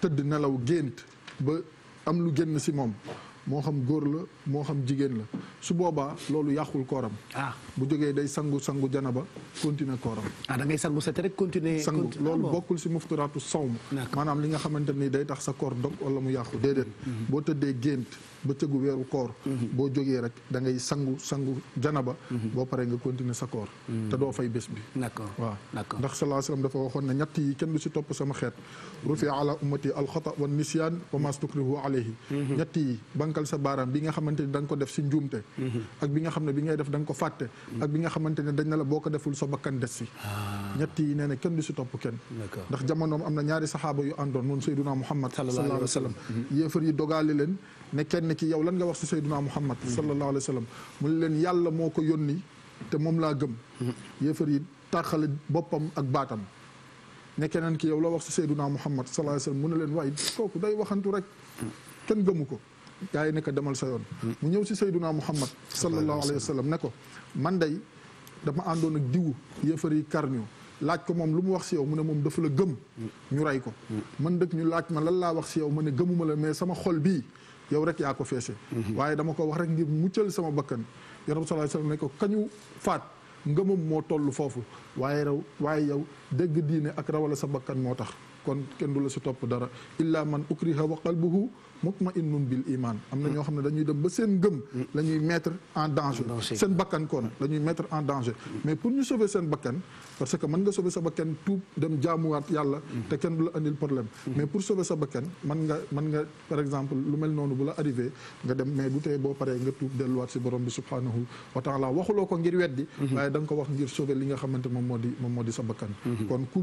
tëdd nelaw gént ba am lu génn si moom moo xam góor la moo xam jigéen la su boobaa loolu yàqul kooram. ah bu jógee day sangu sangu janaba continuer kooram. ah da ngay sangu set rek continuer. sangu loolu ah, bokkul si mufturaatu sawm maanaam li nga xamante ni day tax sa koor dog wala mu yàqu déedéet. Mm-hmm. boo tëddee gént ba cëgu weeru koor. Mm-hmm. boo jógee rek da ngay sangu sangu janaba. Mm-hmm. boo paree nga continuer sa koor. te doo fay bés bi. d'accord waaw ndax sallallahu alayhi wasallam dafa waxoon na ñett yi kenn du si topp sama xeet. rufi ala ummati alxata wa nisyan wa mastukrihu alayhi. xamante da ko def si njuumte ak bi nga xam ne bi ngay def danga ko fàtte ak bi nga xamante ne dañ na la boo ko deful sa bakkan des si ah. ñett yi nee kenn du si topp kenn ndax jamonoom am na ñaari saxaaba yu àndoon moom sayduna muhammad sallallahu alayhi wa sallam yéefar yi dogaale leen ne kenn ki yow lan nga wax si sayduna muhammad mm-hmm. sallallahu alayhi wa sallam mu ne leen yàlla moo ko yónni te moom laa gëm mm-hmm. yéefar yi tàqale boppam ak baatam ne keneen ki yow la wax si sayduna muhammad sallallahu alayhi wa sallam mu ne leen waaye kooku day waxantu rek kenn gëmu ko gaa yi ne ko demal sa yoon mu ñëw si sayduna muhammad sallallahu alayhi wa sallam ne ko man dey dama àndoon ak diwu yëfar yi laaj ko moom lu mu wax si yow mu ne moom dafa la gëm ñu rey ko man dëkk ñu laaj ma lan laa wax si yow ma ne gëmuma la mais sama xol bi yow rek yaa ko feese waaye dama ko wax rek ngir muccal sama bakkan yonent bi sallallahu alayhi ne ko kañu faat ngëmam moo toll foofu waaye raw waaye yow dégg diine ak rawale sa bakkan moo tax kon kenn la si topp dara illa man ukriha wa qalbuhu mutma innun bil iman am na ñoo xam ne dañuy dem ba seen ngëm la ñuy mettre en danger seen bakkan kon la ñuy mettre en danger mais pour ñu sauver seen bakkan parce que mën nga sauver sa bakkan tuub dem jaamuwaat yàlla te kenn du la andil problème mais pour sauver sa bakkan mën nga mën nga par exemple lu mel noonu bu la arrivé nga dem mais du tee boo paree nga tuub delluwaat si borom bi subhanahu wa taala waxuloo ko ngir weddi waaye da ko wax ngir sauver li nga xamante moom moo di moom moo di sa bakkan kon ku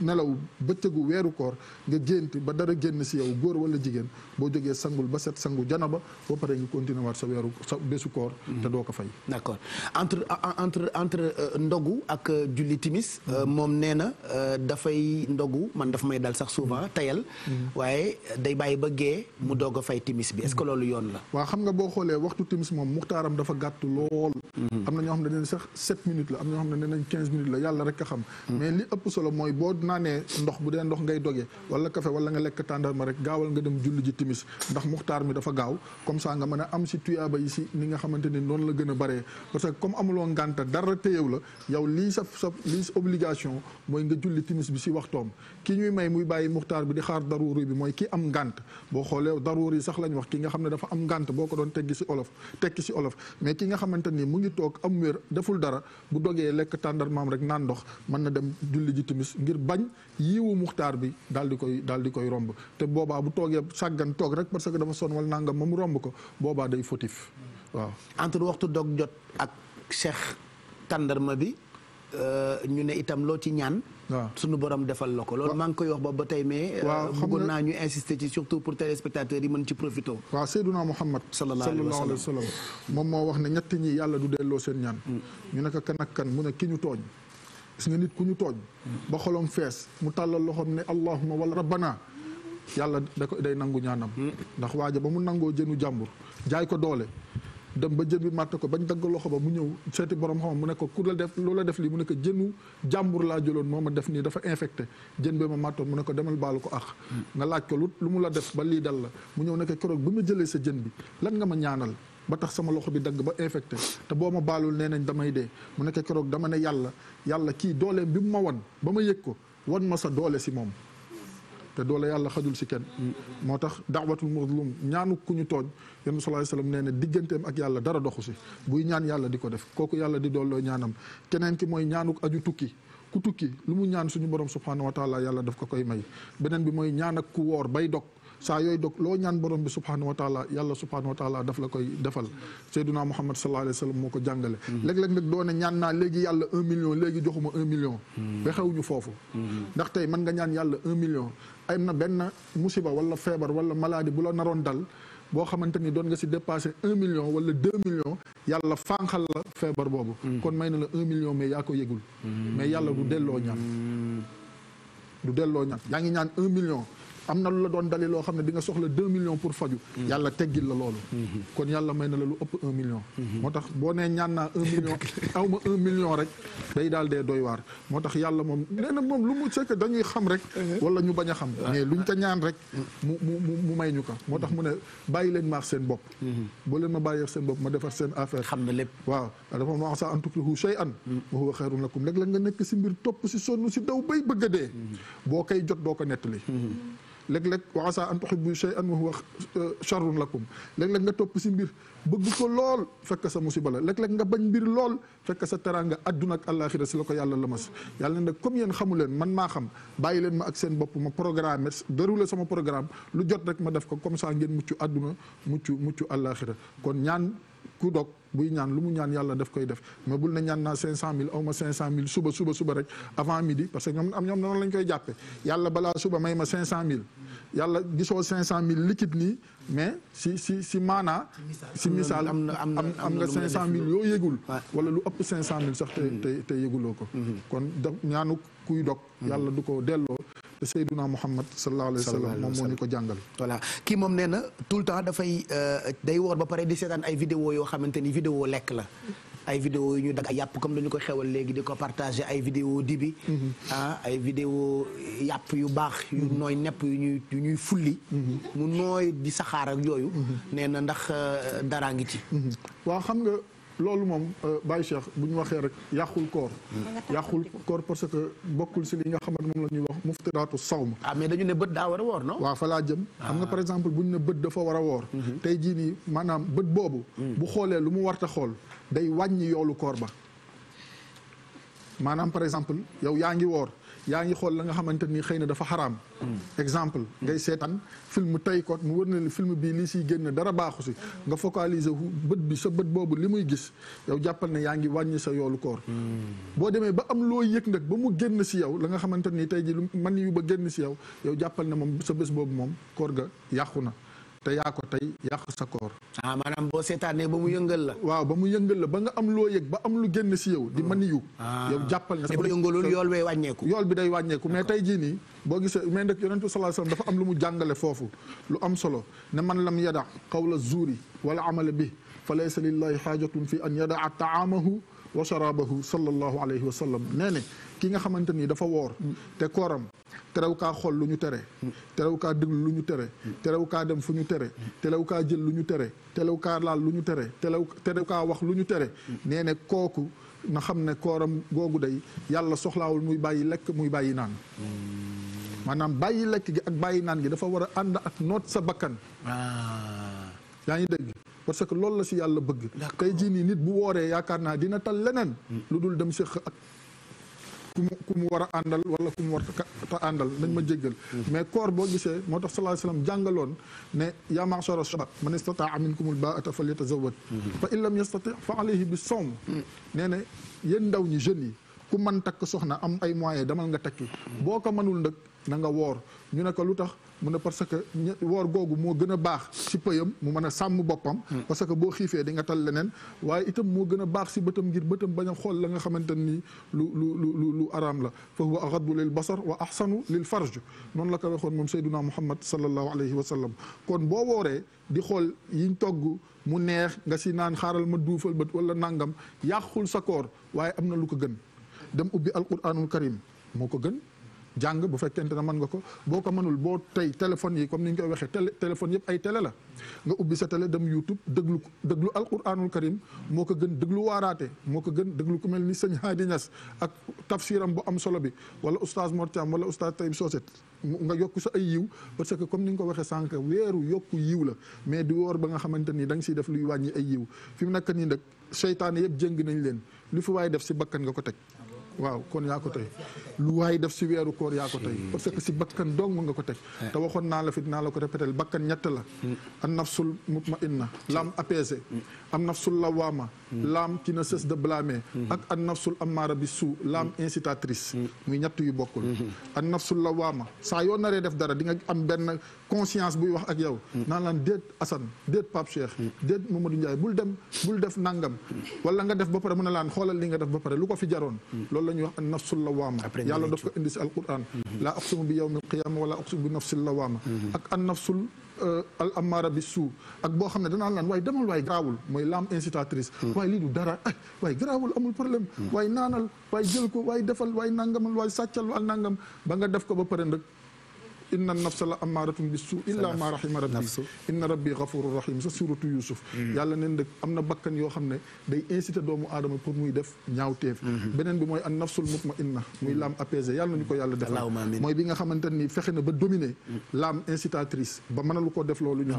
nelaw bëccëgu weeru koor nga gént ba dara génn si yow góor wala jigéen boo jógee sangul ba set sangu janaba ba pare nga continuer waat sa weeru bésu koor mhm. te doo ko fay d'accord entre entre entre euh, ndogu ak euh, julli timis euh, mhm. moom nee na dafay ndogu man daf may dal sax souvent mhm. tayal waaye day bàyyi ba mu doog a fay timis bi est-ce loolu yoon la waaw xam nga boo xoolee waxtu timis moom muxtaaram dafa gàtt lool am na ñoo xam ne neen sax sept minutes la am na ñoo xam ne nee quinze minutes la yàlla rek a xam mais li ëpp solo mooy boo naanee ndox bu dee ndox ngay dogee wala café wala lekk tàndarma timis ndax muxtaar mi dafa gaaw comme ça nga mën a am si tuyaaba yi si ni nga xamante ni noonu la gën a baree parce que comme amuloo ngànta dara téyew la yow lii sa sa lii obligation mooy nga julli timis bi si waxtoom ki ñuy may muy bàyyi muxtaar bi di xaar daruuri bi mooy ki am ngànt boo xoolee daruuri sax lañ wax ki nga xam ne dafa am ngànt boo ko doon teggi si olof tekki si olof mais ki nga xamante ni mu ngi toog am wér deful dara bu dogee lekk tàndarmaam rek naan ndox mën na dem julli ji timis ngir bañ yiwu muxtaar bi daal di koy daal di koy romb te boobaa bu toogee sàggan toog rek parce que dafa sonn wal nangam ma mu romb ko boobaa day fautif waaw entre waxtu dog jot ak cheikh tàndarma bi Euh, ñu ne itam loo ci ñaan. waaw sunu borom defal la ko. loolu maa ngi koy wax ba ba tey mais. Euh, waaw bëggoon naa ñu insister ci surtout pour téléspectateurs yi mën ci profité. waaw Seyduna Muhammad. sallallahu alayhi wa sallam moom moo wax ne ñett ñi yàlla du delloo seen ñaan. Mm. ñu ne ko kan ak kan mu ne ki ñu tooñ. gis nga nit ku ñu tooñ. ba xolom fees mu tàllal loxoom ne allahumma wala rabbana yàlla da ko day nangu ñaanam. Mm. ndax waaja ba mu nangoo jënu jàmbur jaay ko doole. dem ba jën bi màtt ko ba ñu dagg loxo ba mu ñëw seeti borom xam mu ne ko ku la def la def lii mu ne jënu jàmbur laa jëloon moo ma def nii dafa infecté jën bi ma màttoon mu ne ko demal baalu ko ax nga laaj ko lu lu la def ba lii dal la mu ñëw ne keroog bi ma jëlee sa jën bi lan nga ma ñaanal ba tax sama loxo bi dagg ba infecte te boo ma baalul nee nañ damay dee mu ne ko keroog dama ne yàlla yàlla kii dooleem bi mu ma won ba ma yëg ko wan ma sa doole si moom te doole yàlla xajul si kenn moo tax daawatul mazlum ñaanu ku ñu tooñ yonent sallallahu alayhi wasallam nee na digganteem ak yàlla dara doxu si buy ñaan yàlla di ko def kooku yàlla di dolloo ñaanam keneen ki mooy ñaanuk aju tukki ku tukki lu mu ñaan suñu borom subhanahu wa taala yàlla daf ko koy may beneen bi mooy ñaan ku woor bay dog saa yooyu dog loo ñaan borom bi subhanahu wa taala yàlla subhanahu wa taala daf la koy defal sayduna muhammad sallallahu alayhi wa sallam moo ko jàngale mm-hmm. léeg-léeg nag doone ñaan naa léegi yàlla un million léegi joxuma un million mm-hmm. ba xewuñu foofu mm-hmm. ndax tey mën nga ñaan yàlla un million ay na benn musiba wala feebar wala maladie bu la naroon dal boo xamante ni doon nga si dépassé un million wala deux millions yàlla fànqal la feebar boobu mm. kon may na la un million mais yaa ko yëgul mm. mais yàlla du delloo ñaan mm. du delloo ñaan yaa ngi ñaan un million am na lu la doon dali loo xam ne dinga nga soxla deux millions pour faju yàlla teggil la loolu kon yàlla may na la lu ëpp un million moo tax boo nee ñaan naa un million aw un million rek day daal dee doy waar moo tax yàlla moom nee na moom lu mu sekk dañuy xam rek wala ñu bañ a xam mais ñu ko ñaan rek mu mu may ñu ko moo tax mu ne bàyyi leen maax seen bopp boo leen ma bàyyi seen bopp ma defar seen affaire xam na lépp waaw dafa ma wax sax an tukrihu shay'an wa huwa khayrun lakum léeg la nekk si mbir topp si sonn si daw bay bëgg a dee boo koy jot doo ko nettali léeg-léeg wa asa an tuhibbu shay'an wa huwa sharrun lakum léeg-léeg nga topp si mbir bëgg ko lool fekk sa musiba la léeg-léeg nga bañ mbir lool fekk sa teraanga adduna ak àllaaxira si la ko yàlla lamas yàlla nag comme yéen xamu leen man maa xam bàyyi leen ma ak seen bopp ma programme déroulé sama programme lu jot rek ma def ko comme ça ngeen mucc adduna mucc mucc àllaaxira kon ñaan ku dog buy ñaan lu mu ñaan yàlla daf koy def mais bul na ñaan naa cinq cent mille aw ma cinq suba suba rek avant midi parce que ñoom am may ma cinq cent mille yàlla gisoo cinq cent mille liquide nii mais si si si maanaa si misaal am am nga cinq cent mille yoo yëgul wala lu ëpp cinq cent mille sax te te ko mm-hmm. kon da ñaanu kuy dog mm-hmm. yàlla du ko delloo te Seyduna Muhammad sallallahu alayhi wa sallam moom moo ñu ko jàngal voilà kii moom neena na tout le temps dafay euh, day woor ba pare di seetaan ay vidéo yoo xamante ni vidéo lekk la ay vidéo yu ñu dagg ay yàpp comme dañu ko xewal léegi di ko partagé ay vidéo di bi mhm. ah, ay vidéo yàpp yu baax yu mhm. nooy nepp yu ñuy yu ñuy fulli mhm. mu nooy di saxaar ak yooyu na ndax euh, daraa ngi ci waaw xam nga loolu moom euh, Baye Cheikh bu ñu waxee rek yàqul koor yàqul koor parce que bokkul si li nga xamante moom la ñuy wax muftiraatu sawm ah mais dañu ne bët daa war a woor non waaw fa laa jëm xam nga ah. par exemple buñ ne bët dafa war a woor tey jii nii maanaam bët boobu mm. bu xoolee lu mu warta xool day wàññi yoolu koor ba maanaam par exemple yow yaa ngi woor yaa ngi xool la nga xamante ni xëy na dafa xaraam mm. exemple mm. ngay seetaan film tey ko mu wër na ni film bii lii siy génn dara baaxu si nga focaliser bët bi sa bët boobu li muy gis yow jàppal na yaa ngi wàññi sa yoolu koor mm. boo demee ba am loo yëg nag ba mu génn si yow la nga xamante ni tey ji lu man yu ba génn si yow yow jàppal na moom sa bés boobu moom koor ga yàqu na te yaa ko tey sa koor. ah maanaam boo seetaanee ba mu yëngal la. waaw ba mu yëngal la ba nga am loo yëg ba am lu génn si yow. di ah. mën yu. Ah. yow jàppal ne sa bu yëngalul yool bay wàññeeku. yool bi day wàññeeku mais tey jii nii boo gisee mais nag yonentu sallallahu alayhi wasallam dafa am lu mu jàngale foofu lu am solo ne man lam yada qawla zuuri wala amala bi fa laysa lillahi xaajatun fi an yada taamahu wa sharabahu sallallahu alayhi wa sallam nee ne ki nga xamante ni dafa woor te kooram terew kaa xool lu ñu tere terew kaa déglu lu ñu tere terew kaa dem fu ñu tere terew kaa jël lu ñu tere terew kaa laal lu ñu tere terew terew kaa wax lu ñu tere nee ne kooku na xam ne kooram googu day yàlla soxlaawul muy bàyyi lekk muy bàyyi naan maanaam bàyyi lekk gi ak bàyyi naan gi dafa war a ànd ak noot sa bakkan ah. yaa ngi dégg parce que loolu la si yàlla bëgg tey jii nii nit bu wooree yaakaar naa dina tal leneen hmm. lu dul dem séq ak ku mu war a àndal wala ku mu war ta àndal nañ ma jéggal mm-hmm. mais koor boo gisee moo tax sallallahu alayhi wasallam jàngaloon ne yaa ma'shara shabab man istataa minkumul baata falyatazawwaj mm-hmm. fa in lam yastati fa alayhi bi sawm mm-hmm. nee na yéen ndaw ñi jeunes yi ku mën takk soxna am ay moyens demal nga takki boo ko mënul nag na nga woor ñu ne ko lu tax mu ne parce que woor googu moo gën a baax ci pëyam mu mën a sàmm boppam hmm. parce que boo xiifee di nga tal leneen waaye itam moo gën a baax ci ngir bëtam bañ a xool la nga xamante ni lu lu lu lu araam la fa huwa aghaddu lil basar wa ahsanu lil farj noonu la ko waxoon moom sayduna muhammad sallallahu alayhi wa sallam kon boo wooree di xool yiñ togg mu neex nga ci naan xaaral ma duufal bët wala nangam yàqul sa koor waaye am na lu ko gën dem ubbi alquranul karim moo ko gën jàng bu fekkente ne mën nga ko boo ko mënul boo tey téléphone yi comme ni ñu koy waxee télé téléphone yëpp ay télé la nga ubbi sa tele dem YouTube déglu déglu alquranul karim moo ko gën déglu waaraate moo ko gën déglu ku mel ni sëñ Hadi Niass ak tafsiram bu am solo bi wala oustaz Mor Thiam wala oustaz Taïb Socé nga yokk sa ay yiw parce que comme ni nga ko waxee sànq weeru yokk yiw la mais di wor ba nga xamante ni da nga siy def luy wàññi ay yiw fi mu nekk nii nag seytaane yëpp jëng nañ leen lu fi waaye def si bakkan nga ko teg waaw kon yaa ko tey lu waaye def si weeru koor yaa ko tey parce que si bakkan dong nga ko teg eh. te waxoon naa la fi dinaa la ko répété bakkan ñett la hmm. an nafsul mutmainna l'âme apaisée hmm. an nafsul lawaama laam ki na cesse de blâmer ak an nafsul amaara bi suu laam incitatrice muy ñett yu bokkul an nafsul lawaama saa yoo naree def dara di nga am benn conscience buy wax ak yow naan laan déet Assane déet Pape Cheikh déet Mamadou Ndiaye bul dem bul def nangam wala nga def ba pare mën a laan xoolal li nga def ba pare lu ko fi jaroon lool la ñuy wax an nafsul lawaama yàlla daf ko indi si alquran laa aqsimu bi yawmil wala bi nafsul lawaama mm-hmm. ak an nafsul Euh, al amara bi suu ak boo xam ne danaa naan waaye demal waaye garaawul mooy laam incitatrice mm. waaye lii du dara ay eh, waaye garaawul amul problème mm. waaye naanal waaye jël ko waaye defal waaye nangamal waaye sàccal al nangam ba nga def ko ba pare nag inna nafsa la amaaratun bi suu illa ma rahima rabbi inna rabbi gafuru rahim sa suratu yusuf mm. yàlla neen nag am na bakkan yoo xam ne day incité doomu aadama pour muy def ñaawteef mm-hmm. beneen bi mooy an nafsul mutma inna muy laam apaisé yàlla nañu ko yàlla defal mooy bi nga xamante ni fexe na ba dominer mm. laam incitatrice ba mënalu ko def loolu ñu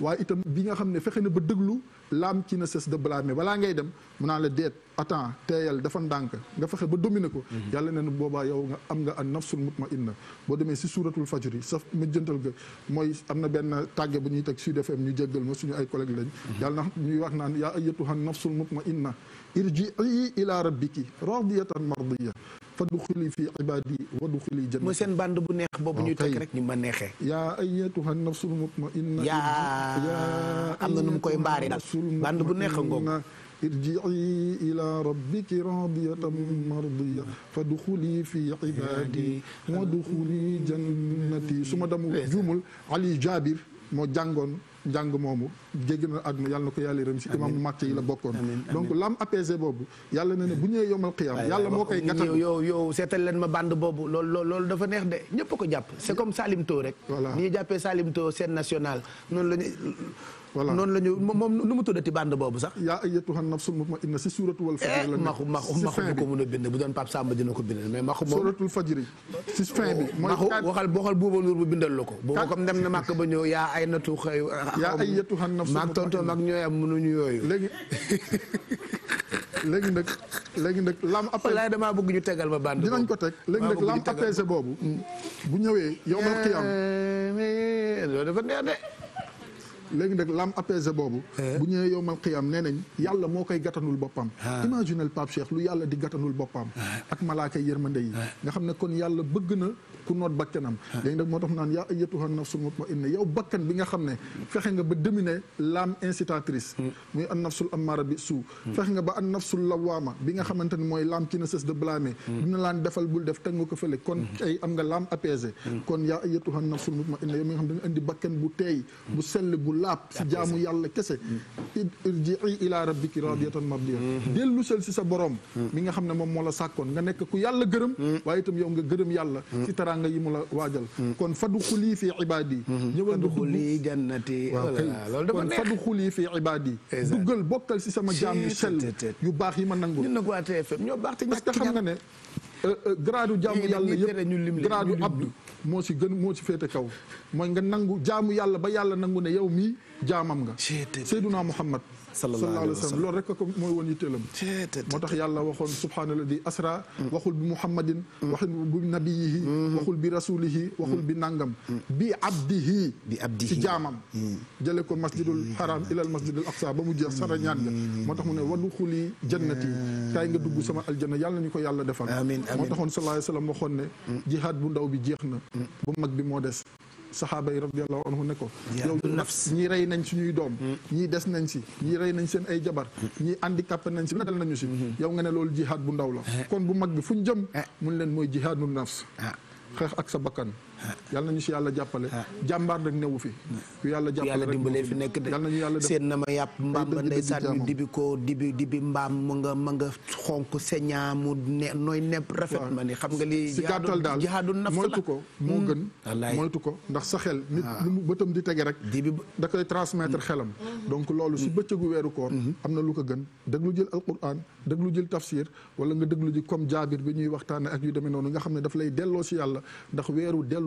waaye itam bi nga xam ne fexe na ba dëglu laam ci na cesse de blâmer balaa ngay dem mu naan la deet attends teeyal dafa ndànk nga fexe ba dominer ko mhm. yàlla ne boobaa yow nga am nga am an nafsul mutmainna boo demee si suuratul fajr yi saf mujjantal ga mooy am na benn tàgge bu ñuy teg Sud FM ñu jéggal ma suñu ay collègues lañ mhm. yàlla na ñuy wax naan yaa ayyatuha nafsul mutmainna irji'i ila rabbiki radiyatan mardiya fadxuli fi ibaadi wadxuli jannati mooy seen bande bu neex boobu ñuy takk rek ñu ma neexee yaa ayyatuha nafsul mutmainna yaa am na nu mu koy mbaari daal bande bu neex a ngoog irjii ila rabbiki radiyatan mardiya fadxuli fi ibaadi wadxuli jannati su ma demul juumul Ali Jabir moo jàngoon njàng moomu jéggi na àdduna yàlla na ko yàlla yërëm si imam màcc yi la bokkoon donc l'âme apaisée boobu yàlla na ne bu ñëwee yomal xiyaam yàlla moo koy gàttal yow yow seetal leen ma bande boobu lool loolu loolu dafa neex de ñëpp ko jàpp c'est comme Salim Touré rek voilà ni ñu jàppee Salim Touré seen national noonu la voilà noonu la ñu moom nu mu tuddati bande boobu sax yaa ayyatuha nafsul mutmainna si suuratul wal eh, fajri la maxu maxu maxu bu ko mën a bind bu doon Pape Samba dina ko bind mais maxu moom suuratul fajri si fin bi mooy maxu waxal boo xal buuba nuur bu bindal la ko boobu comme dem na màkk ba ñëw yaa ay natu xëy yaa ayyatuha nafsul maag tonton mag ñooy am mënuñu yooyu léegi léegi nag léegi nag lam apaisé laay damaa bëgg ñu tegal ma bande dinañ ko teg léegi nag lam apaisé boobu bu ñëwee yow mal xiyam eh, loolu dafa neex de léegi nag l'âme apaisée boobu eh. bu ñëwee nee nañ yàlla moo koy gàttanul boppam ah. imaginel Pape Cheikh lu yàlla di gàttanul boppam ah. ak malaaka yërmande yi ah. nga xam ne kon yàlla bëgg na ku noot bakkanam léegi nag moo tax naan yaa ayyatuha nafsul mutmainna yow bakkan bi nga xam ne fexe nga ba dominer l'âme incitatrice hmm. muy an nafsul amara bi suu hmm. fexe nga ba an nafsul lawaama bi nga xamante ne mooy l'âme qui ne cesse de blâmer hmm. dina laan defal bul def teg nga ko fële kon ay am nga l'âme apaisée kon yaa ayyatuha nafsul mutmainna yow mi nga xam ne indi bakkan bu teey bu sell bu laab si jaamu yàlla kese mm-hmm. irjii ila rabbiki radiyatan mardiya mm-hmm. dellu sel si sa borom mm-hmm. mi nga xam ne moom moo la sàkkoon nga nekk ku yàlla gërëm waaye itam yow nga gërëm yàlla si taraanga yi mu la waajal kon fadxuli fi ibaadi ñëwal nga dugg jannati kon fadxuli fi ibaadi duggal bokkal si sama jaam yu sell yu baax yi ma nangul ñun nag waa TFM ñoo baax te xam nga ne euh, euh, gradu jaamu yàlla yëpp gradu abdu moo si gën moo si féete kaw mooy nga nangu jaamu yàlla ba yàlla nangu ne yow mii jaamam nga Seydunaa Muhammad sallallahu alayhi wa sallam loolu rek ko mooy woon yitteelam moo tax yàlla waxoon subhaanalladi asra mm. waxul bi muhammadin mm. waxul bi nabiyihi mm-hmm. waxul bi rasulihi waxul mm. bi nangam bi abdihi bi abdihi ci jaamam jële ko masjidul haram ilal masjidul aqsa ba mu jeex sara ñaan ga moo tax mu ne waduxuli jannati kaay nga dugg sama aljanna yàlla nañu ko yàlla defal moo taxoon sallallahu alayhi wa sallam waxoon ne jihaad bu ndaw bi jeex na bu mag bi moo des saxaaba yi radiallahu anhu ne ko yow nafs ñi rey nañ suñuy doom mm. ñii des nañ si ñii rey nañ seen ay jabar mm. ñii handicapé nañ si na dal si mm-hmm. yow nga ne loolu jihaad bu ndaw la eh. kon bu mag gi fu ñu jëm eh. mun leen mooy jihaadul nafs ah. xeex ak sa bakkan yal nañu si yàlla jàppale ah. jàmbaar nag newu fi ah. ku yàlla jàppale rek dimbalee fi nekk de yal yàlla def seet na ma yàpp mbaam ba ndeysaan ñu dibi ko dibi mbaam mu nga ma nga xonk señaa mu ne nooy nepp rafet ma ni xam nga li si gàttal daal jihaadu nafs la moytu ko moo hmm. gën moytu ko ndax sa xel nit lu ah. mu bëtam di tege rek dibi da koy transmettre hmm. xelam hmm. donc loolu si bëccëgu weeru koor am na lu ko gën déglu jël alquran déglu jël tafsir wala nga déglu ji comme jaabir bi ñuy waxtaane ak yu demee noonu nga xam ne daf lay delloo si yàlla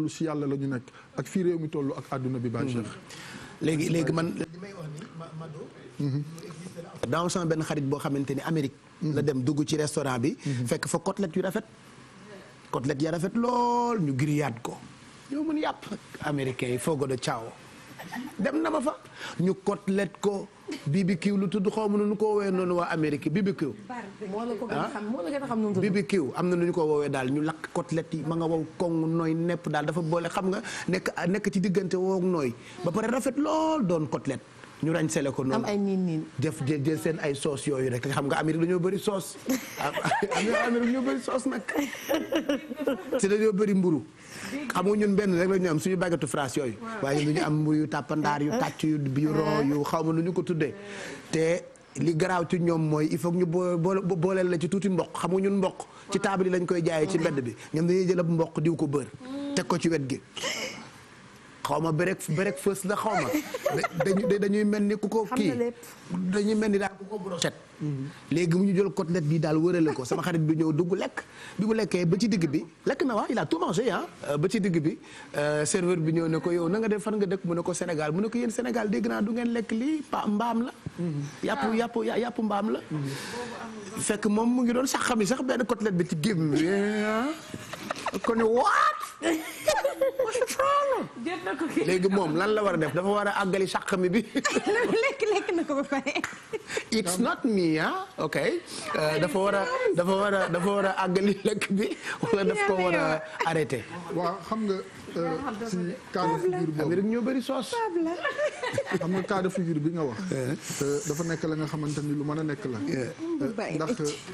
dellu si yàlla la ñu nekk ak fii réew mi toll ak àdduna bi baa Cheikh mm-hmm. léegi léegi man li may wax mm-hmm. sama benn xarit boo xamante ni Amérique mm-hmm. la dem dugg ci restaurant bi fekk fa côtelette yu rafet côtelette ya rafet lool ñu grillade ko yow mën yàpp américain yi fogo de cao dem na ma fa ñu côtelette ko bii BBQ lu tudd xaw ma nu ko woowee noonu waa Amérique BBQ. moo la ko gën a xam moo la gën a xam am na nu ñu ko woowee daal ñu lakk côtelette yi ma nga wow koŋŋ nooy nepp daal dafa boole xam nga nekk nekk ci diggante woowu nooy ba pare rafet lool doon côtelette. ñu rañ sele ko noonu ay niin niin def jël seen ay soos yooyu rek xam nga Amérique dañoo bari soos Amérique dañoo bëri soos nag te dañoo bari mburu xam nga ñun benn rek la ñu am suñu baguette France yooyu. waaye ñun ñu am yu tàppandaar yu tàcc yu bureau yu xaw ma nu ñu ko tuddee. te li garaaw ci ñoom mooy il faut ñu boole booleel la ci tuuti mboq xam nga ñun mboq. ci table yi lañ koy jaayee ci mbedd bi ñoom dañuy jël ab mboq diw ko bër. Mm. teg ko ci wet gi. xaw ma berek berek fës la xaw ma dañuy mel ni ku ko kii dañuy mel ni daal ku ko brochette léegi mu ñu jël côtelette bi daal wërale ko sama xarit bi ñëw dugg lekk bi mu lekkee ba ci digg bi lekk na waa il a tout mangé ah euh, ba ci digg bi euh, serveur bi ñëw ne ko yow na nga def fan nga dëkk mu ne ko Sénégal mu ne ko yéen Sénégal dégg naa du ngeen lekk lii pa mbaam la yàpp yàpp yàpp mbaam la fekk moom mu ngi doon sax xam sax benn côtelette bi ci gém ah. kon waat léegi moom lan la war a def dafa war a àggali sax mi bi lekk lekk na ko ba pare it's not nii ok eh, dafa war a dafa war a dafa war a àggali lekk bi wala daf ko war a arrêté. waa xam nga eh, si cas de ñoo bëri soos. xam nga cas bi nga wax. Eh. dafa nekk la nga xamante ni lu mën a nekk la. ndax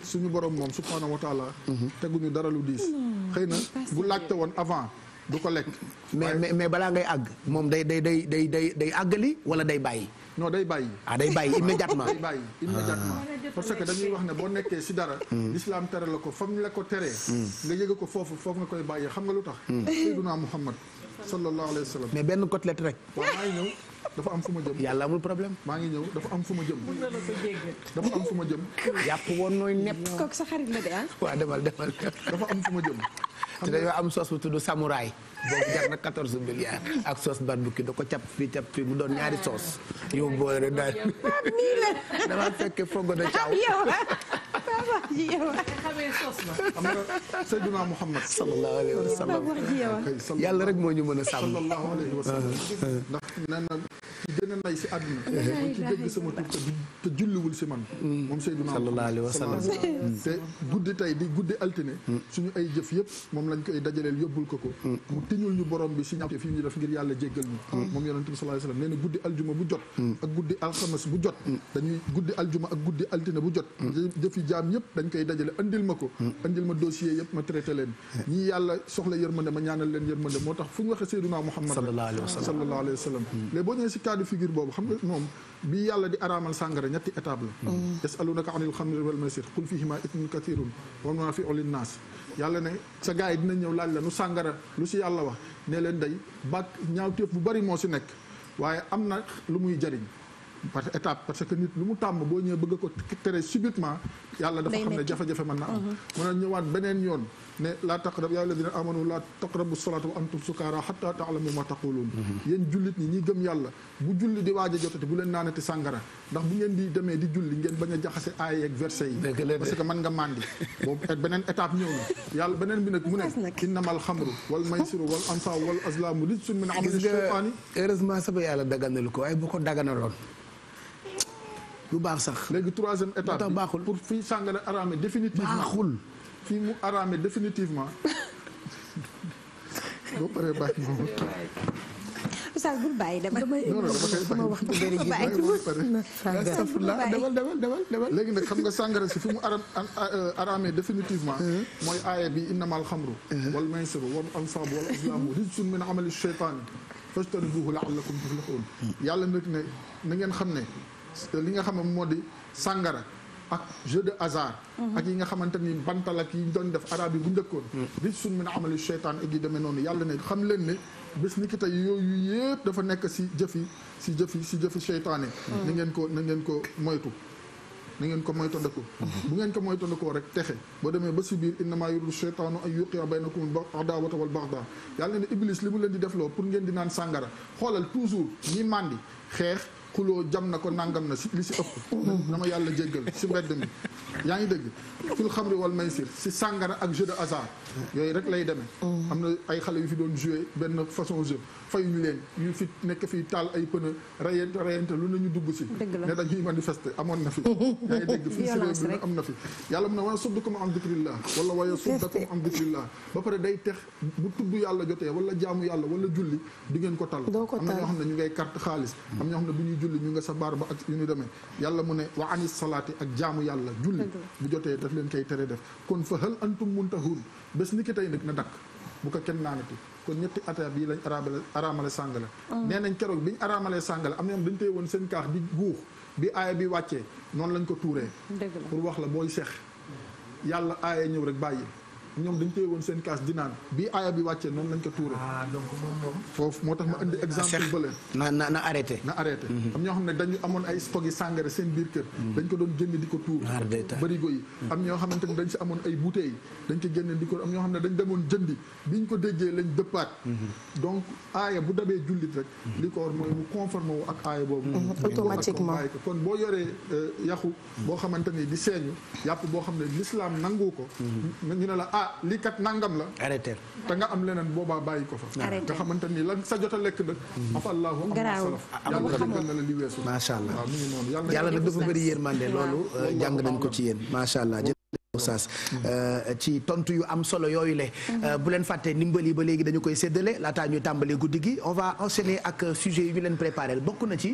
suñu borom moom subhaanahu wa taala. Mhm. teguñu dara lu diis. xëy na bu laajte woon avant. du ko lekk mais mais balaa ngay àgg moom day day day day day àggali wala day bàyyi. non day bàyyi. ah day bàyyi immédiatement day ah. parce que dañuy wax ne boo nekkee si dara. Hmm. lislaam tere la ko fa la ko teree. Hmm. nga yëg ko foofu foofu nga koy bàyyi xam nga lu tax. Hmm. sayyiduna Muhammad sallallahu alayhi wa sallam. mais benn côtelette rek. ñëw dafa am fu ma yàlla amul problème. maa ngi ñëw dafa am fu ma jëm. dafa am fu ma jëm. yàpp woon nooy nepp. kooku sa xarit la de ah. waaw demal demal. dafa am fu ma jëm. te dañoo am sos bu tudd samuraay boobu jar na quatorze milliards ak sauce barbecue da ko cap fii cap fii mu doon ñaari sauce yow boole rek daal dama fekke foog na caaw Seydina Muhammad sallallahu alayhi wa sallam yàlla rek moo ñu mën a sàmm ci gën a nay si àdduna man ci dégg sama tur te julliwul si man mm. moom Seydina sallallahu alayhi wa sallam mm. te guddi tey di guddi altine mm. suñu ay jëf yëpp moom lañ koy dajaleel yóbbul ko ko mu tiñul ñu borom bi si ñaawte fi ñu def ngir yàlla jéggal ñu moom yonente bi sallallahu alayhi wa sallam nee na guddi aljuma bu jot ak guddi alxames bu jot dañuy guddi aljuma ak guddi altine bu jot jëfi jaam yëpp dañ koy dajale andil ma ko andil ma dossier yëpp ma traité leen ñii yàlla soxla yërmande ma ñaanal leen yërmande moo tax fu ñu waxe Seydina Muhammad sallallahu alayhi wa sallam léegi boo cas de figure boobu xam nga moom bi yàlla di araamal sàngara ñetti étape la mm. yasalunaka anil xamri wal masir qul fihima ithmun kathirun wa manafi'u lin nas yàlla ne sa gars yi dina ñëw laaj la nu lu si yàlla wax ne leen day bàkk ñaawteef bu bari moo si nekk waaye am na lu muy jariñ par étape parce que nit lu mu tàmm boo ñëwee bëgg ko tere subitement yàlla dafa xam ne jafe-jafe mën na am mm-hmm. mën a ñëwaat beneen yoon ne laa taqrab yaa alladina amanu laa taqrabu salaata wa antum sukaara hatta taalamu ma taquluun yéen jullit ñi ñi gëm yàlla bu julli di waaj a jotati bu leen naanati sàngara ndax bu ngeen di demee di julli ngeen bañ a jaxase aaya ak verset yi parce que nga màndi boobu ak beneen étape ñëw na beneen bi nag mu ne innamal xamru wal maysiru wal ansaabu wal azlaamu rijsun min amali shaytaani daganalu ko waaye bu ko daganaloon lu baax sax léegi troisième étape bi baaxul pour fii sàngara araame définitivement baaxul fii mu araame définitivement boo paree bàyyi ma wut. oustaz bul bàyyi dama damay wax bu bëri ji dawal dawal dawal dawal léegi nag xam nga sàngara si fi mu aram euh, araamee définitivement mooy aaya bi innamal xamru wal maysiru wal ansaabu wal azlaamu rijsun min amali sheytaani fajtanibuuhu laallakum tuflixuun yàlla nag ne na ngeen xam ne li nga xam ne moo di sàngara ak jeu de hasard ak yi nga xamante ni bantal ak yi doon def arab yi bu njëkkoon rijsun min amali sheytaan ak yi demee noonu yàlla ne xam leen ne bés ni ki tey yooyu yëpp dafa nekk si jëfi si jëfi si jëfi sheytaane mm-hmm. na ngeen ko na ngeen ko moytu na ngeen ko moytandiku mm-hmm. bu ngeen ko moytandikoo rek texe boo demee ba si biir innama yuridu sheytaanu an yuqi'a baynakum al-'adaawata wal baghdaa'a yàlla ne iblis li mu leen di defloo pour ngeen di naan sàngara xoolal toujours ñi màndi xeex xuloo jam na ko nangam na si li si ëpp mm. na ma yàlla jéggal si mbedd mi yaa ngi dégg fil xamri wal maysir si sàngara ak jeu de hasard yooyu rek lay demee. Mm. am na ay xale yu fi doon joué benn façon jeu fayuñu leen yu fi nekk fi taal ay pneu rayent rayent lu nañu dugg si. ne dañuy manifeste amoon na fi. yaa ngi dégg fi si réew bi am na fi. yàlla mu ne wala suddukum an dikrillah wala waya suddakum an dikrillah ba pare day tex bu tudd yàlla jotee wala jaamu yàlla wala julli di ngeen ko tal. am na xam ne ñu ngay carte xaalis. am ñoo xam ne bu ñuy julli ñu nga sa baar ak yu ñu demee ne wa anis salaati ak jaamu yàlla julli bu jotee daf leen koy tere def kon fa hal antum muntahun bés ni ki tey nag na dakk bu ko kenn naanati kon ñetti atab yi lañ araamale araamale sàngara mm. nee nañ keroog bi biñ araamalee sàngara am na ñoom dañ tey woon seen kaax di guux bi aaya bi wàccee noonu lañ ko tuuree pour wax la booy seex yàlla aaya ñëw rek bàyyi ñoom dañ koy woon seen kaas di naan bii aaya bi wàccee noonu lañ ko tuure ah, foofu moo tax ma indi exemple bële na na na arrêté mhm. am ñoo xam ne dañu amoon ay stock yi sàngara seen biir kër mhm. dañ ko doon génn di ko tuur barigo yi mhm. am ñoo xamante dañ si amoon ay bouteilles dañ ko génne di ko am ñoo xam ne dañ demoon jëndi biñ ko déggee lañ dëppaat donc aaya bu dabee jullit rek li ko war mooy mu conforme wu ak aaya boobu automatiquement kon boo yoree euh, yàqu boo xamante ni di seeñu yàpp boo xam ne l'islam nangu ko ñu ne ah, ah lii kat nangam la. arrêté te nga am leneen booba bàyyi ko fa. nga xamante ni lan sa jot a lekk nag. Mhm. afallahu ah, amul salaf yàlla la li weesu. macha allah waaw mi ngi noonu yàlla yàlla nag dafa bëri loolu euh, jàng nañ ko ci yéen macha allah. Oustaz mhm. euh, ci tontu yu am solo yooyu le mhm. euh, bu leen fàtte ndimbal yi ba léegi dañu koy séddale laataa ñuy tàmbalee guddi gi on va enchaîner ak sujet yu ñu leen préparé bokk na ci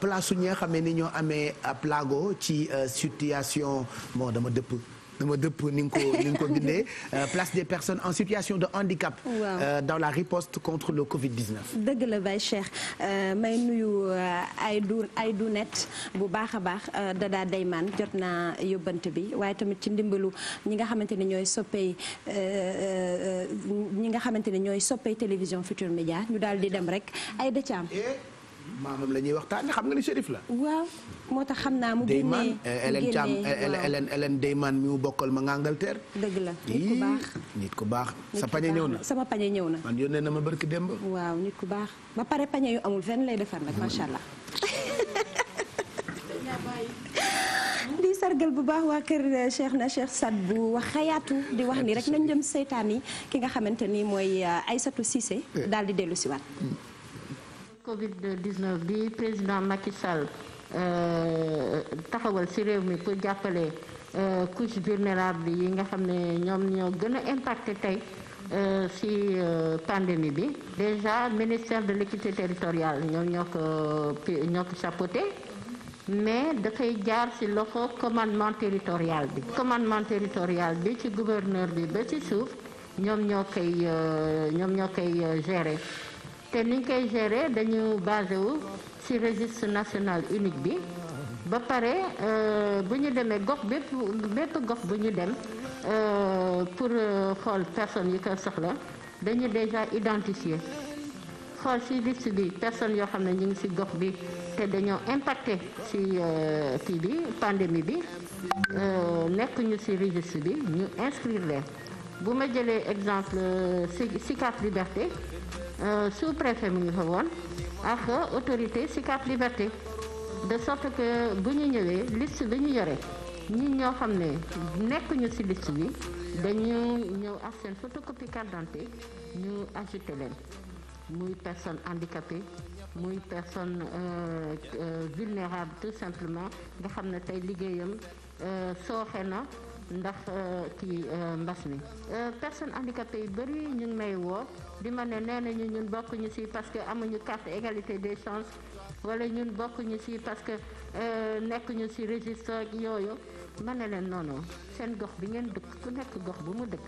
place su ñi nga xamee ni ñoo amee ab laago ci situation bon dama dëpp. dama dëpp ni nga ko ni nga ko bindee euh, place des personnes en situation de handicap. waaw euh, dans la riposte contre le Covid 19. dëgg la Baye Cheikh euh, may nuyu ay du ay du net bu baax a baax Dada Dayman jot na yóbbant bi waaye tamit ci ndimbalu ñi nga xamante ni ñooy soppey ñi nga xamante ni ñooy soppey télévision Futur Média ñu daal di dem rek ay dëcaam. maamam la ñuy waxtaanee xam nga ni shérif la. waaw moo tax xam naa mu génnee Ellen eh, Thiam Ellen Ellen Deyman mu bokkal ma nga Angleterre. dëgg la nit ku baax nit ku baax. sa pañe ñëw na sama pañe ñëw na. man yónnee na ma barki démb. waaw nit ku baax ba pare pañe yu amul fenn lay defar nag macha allah. di sargal bu baax waa kër eh, Cheikh na Cheikh sat bu wax xayaatu di wax ni rek lañ jëm seytaan yi ki nga xamante ni mooy eh, Aïssatou Cissé daal di dellu si waat mm. Covid 19 bi président Macky Sall euh, taxawal ci réew mi pour jàppale euh, couche vulnérable yi nga xam ne ñoom ñoo gën a impacté tey euh, ci pandémie bi déjà ministère de l'équité territoriale ñoom ñoo ko ñoo ko chapeauté mais dafay jaar ci loxo commandement territorial bi commandement bi ci gouverneur bi ba ci suuf ñoom ñoo koy ñoom ñoo koy gérer te niñ koy gérer dañu basé wu ci registre national unique bi ba pare euh, bu ñu demee gox bépp bépp gox bu ñu dem euh, pour euh, xool personnes yi koy soxla dañu déjà identifié xool ci liste bi personnes yoo xam ne ñu ngi ci gox bi te dañoo impacté ci kii bi pandémie bi nekk ñu ci registre bi ñu inscrire leen bu ma jëlee exemple Sicap Liberté Euh, sous-préfet mu ngi fa woon ak autorité Sicap Liberté de sorte que bu ñu ñëwee list bi ñu yore ñi ñoo xam ne nekk ñu ci liste bi dañu ñëw ak seen photocopie carte d'identité ñu ajouté leen muy personne handicapée muy personne euh, euh, vulnérable tout simplement nga xam ne tey liggéeyam sooxe na ndax ci mbas mi personne handicapée yu bëri ñu ngi may woo bi ma ne nee ñu ñun bokkuñu ci parce que amuñu carte égalité des chances wala ñun bokkuñu si parce que euh, nekkuñu si registre yooyu ma ne leen noonu seen gox bi ngeen dëkk ku nekk gox bu mu dëkk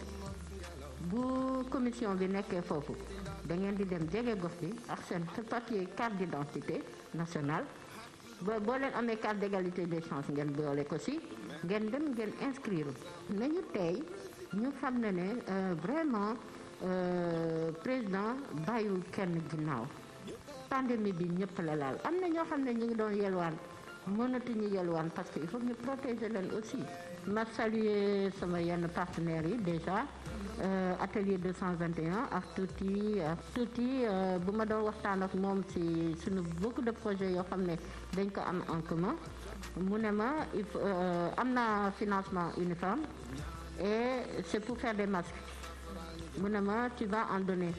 bu commission bi nekkee foofu da ngeen di dem jege gox bi ak seen papier carte d'identité nationale ba boo leen amee carte d'égalité des chances ngeen boole ko si ngeen dem ngeen inscrire nañu tey ñu xam ne ne euh, vraiment. Euh, président bàyyiwul kenn ginnaaw pandémie bi ñëpp la laal am na ñoo xam ne ñu ngi doon yelwaan ñu yelwaan parce que il faut ñu protéger leen aussi ma saluer sama yenn partenaires yi déjà euh, atelier 221 ak tuuti ak tuuti bu ma doon waxtaan ak moom ci suñu beaucoup de projet yoo xam ne dañ ko am en commun mu ne ma euh, am na financement uniforme et c'est pour faire des masques mu ne ma tu vas en donner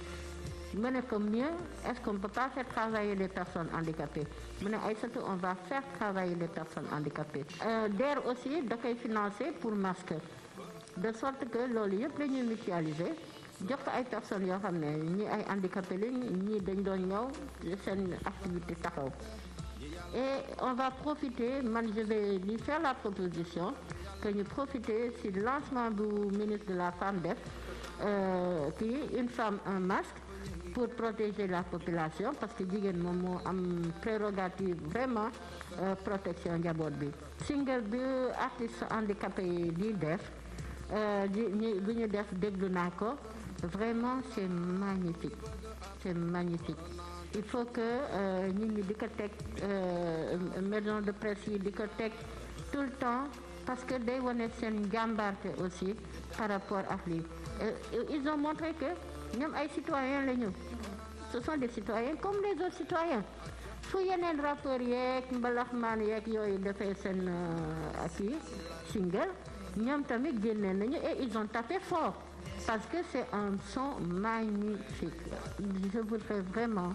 mu ne ko mieux est-ce qu'on peut pas faire travailler les personnes handicapées mu ne ay surtout on va faire travailler les personnes handicapées euh, DER aussi da koy financer pour masque de sorte que loolu yëpp la ñuy mutualiser jox ko ay personnes yoo xam ne ñi ay handicapés lañ ñii dañ doon ñëw seen activité taxaw et on va profiter man je vais lui faire la proposition que ñu profiter si lancement bu la femme def euh, kii une femme un masque pour protéger la population parce que jigéen moom moo am prérogative vraiment euh, protection njaboot bi single bi artiste handicapé yi di def euh, di bi ñu def déglu naa ko vraiment c'est magnifique c'est magnifique il faut que euh, nit ñi di ko teg maison de presse yi di ko teg tout le temps parce que day wane seen jàmbaarte aussi par rapport ak lii Euh, ils ont montré que ñoom ay citoyens la ñu ce sont des citoyens comme les autres citoyens su yeneen rappeurs yeeg mbalaxmaan yeeg yooyu dafay seen euh, appui single ñoom tamit génne nañu et ils ont tapé fort parce que c'est un son magnifique je voudrais vraiment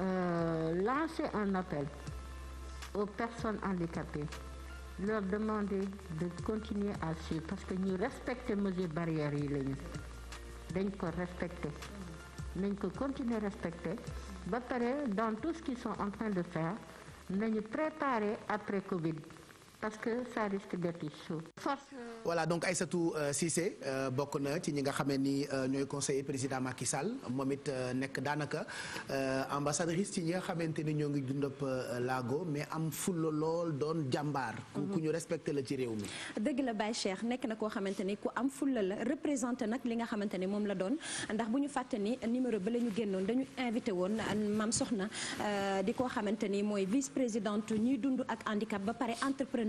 euh, lancer un appel aux personnes handicapées leur demander de continuer à parce que ñu respecter mesures barrières yi lañu dañ ko respecter nañ ko continuer respecter ba pare dans tout ce qu'ils sont en train de faire nañu préparer après Covid parce que ça risque d'être chaud. force. voilà donc Aïssatou euh, Cissé euh, bokk na ci ñi nga xam ne ni euh, ñooy conseiller président Macky Sall moom it nekk daanaka ambassadrice ci ñi nga xamante ni ñoo ngi dund laago mais am fulla lool doon jàmbaar. Mhm. ku ñu respecté la ci réew mi. dëgg la Baye Cheikh nekk na koo xamante ni ku am fulla la représenté nag li nga xamante ni moom la doon ndax bu ñu fàtte ni numéro ba la ñu génnoon dañu invité woon maam soxna di koo xamante ni mooy vice présidente ñuy dund ak handicap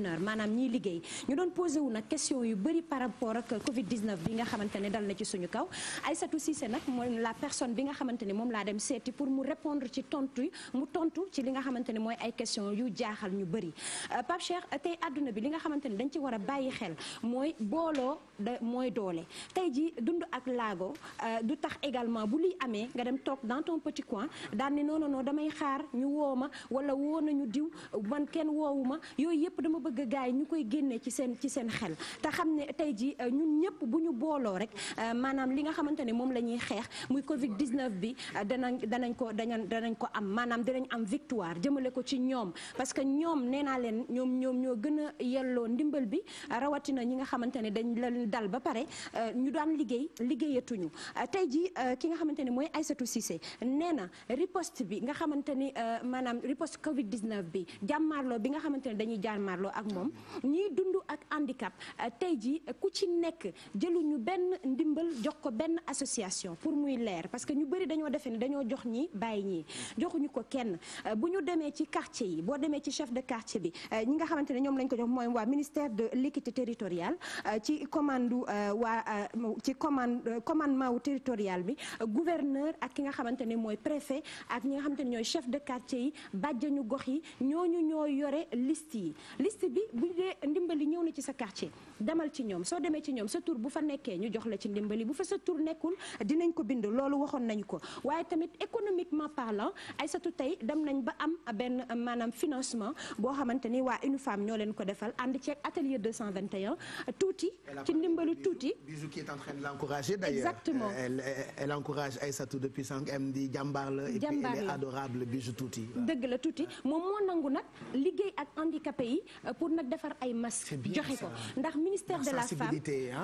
entrepreneur maanaam ñiy liggéey ñu doon posé wu nag question yu bëri par rapport ak Covid 19 bi nga xamante ne dal na ci suñu kaw Aïssatou Cissé nag mooy la personne bi nga xamante ne moom laa dem seeti pour mu répondre ci tontu mu tontu ci li nga xamante ne mooy ay question yu jaaxal ñu bëri euh, Pape Cheikh tey àdduna bi li nga xamante ne dañ ci war a bàyyi xel mooy booloo da mooy doole tey ji dund ak laago euh, du tax également bu luy amee nga dem toog dans ton petit coin daal ni non damay xaar ñu woo ma wala woo nañu diw man kenn woowuma yooyu yëpp dama bëgg gars yi ñu koy génne ci seen ci seen xel te xam ne tey ji euh, ñun ñëpp bu ñu booloo rek euh, maanaam li nga xamante ne moom la ñuy xeex muy Covid 19 bi danañ danañ ko danañ danañ ko am maanaam dinañ am victoire jëmale ko ci ñoom parce que ñoom nee naa leen ñoom ñoom ñoo gën a yelloo ndimbal bi rawatina ñi nga xamante yooyu dal ba pare euh, ñu daan liggéey liggéeyatuñu euh, tey ji euh, ki nga xamante ne mooy Aïssatou Cissé nee na riposte bi nga xamante ni maanaam riposte Covid 19 bi jàmmaarloo bi nga xamante ne dañuy jàmmaarloo ak moom ñiy dund ak handicap tey ji ku ci nekk jëluñu benn ndimbal jox ko benn association pour muy leer parce que ñu bëri dañoo defee ne dañoo jox ñi bàyyi ñii joxuñu ko kenn bu ñu demee ci quartier yi boo demee ci chef de quartier bi ñi nga xamante ne ñoom lañ ko jox mooy waa ministère de l'équité territoriale commande euh, waa euh, ci commande euh, commandement wu territorial bi gouverneur ak ki nga xamante ne mooy préfet ak ñi nga xamante ne ñooy chef de quartier yi ñu gox yi ñoo ñu ñoo yore liste yi liste bi bu dee ndimbali ñëw na ci sa quartier demal ci ñoom soo demee ci ñoom sa tur bu fa nekkee ñu jox la ci ndimbali bu fa sa tur nekkul dinañ ko bind loolu waxoon nañu ko waaye tamit économiquement parlant ay satu tey dem nañ ba am benn maanaam financement boo xamante ni waa une femme ñoo leen ko defal ànd ceeg atelier 221 tuuti ci ndimbalu tuuti. Bijou qui est en train de l'encourager d'ailleurs. Exactement. Euh, elle elle encourage Aïssatou depuis sànq am di jàmbaar la. et puis elle est adorable Bijou tuuti. dëgg la tuuti moom moo nangu nag euh, pour nag defar ay masques. joxe ko ministère de la femme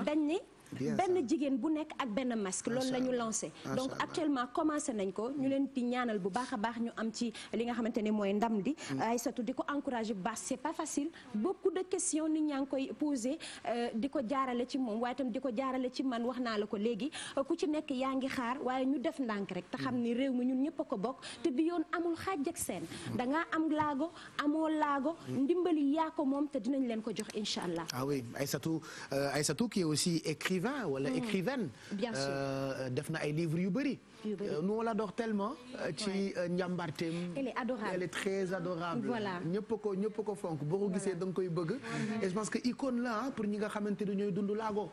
dañ ne. benn jigéen bu nekk ak benn masque loolu la ñu lancé donc actuellement commencé nañ ko ñu leen di ñaanal bu baax a baax ñu am ci li nga xamante ne mooy ndam di mm. ay surtout di ko encouragé bu baax c'est pas facile beaucoup de questions nit ñaa ngi koy posé euh, di ko jaarale ci moom waaye itam di ko jaarale ci man wax naa la ko léegi euh, ku ci nekk yaa ngi xaar waaye ñu def ndànk rek te xam mm. ni réew mi ñun ñëpp a ko bokk te bi yoon amul xaaj seen mm. dangaa am laago amoo laago ndimbali yaa ko moom te dinañ leen ko jox incha allah ah oui Aïssatou euh, Aïssatou aussi écrit écrivain wala hmm. écrivaine. bien sûr euh, def na ay livres yu bëri. yu bëri euh, nous tellement. Euh, ci njàmbarteem. elle est très adorable. voilà ñëpp ko ñëpp ko fonk boo ko gisee da nga koy bëgg. et je pense que icône la pour ñi nga xamante ne ñooy dund laago.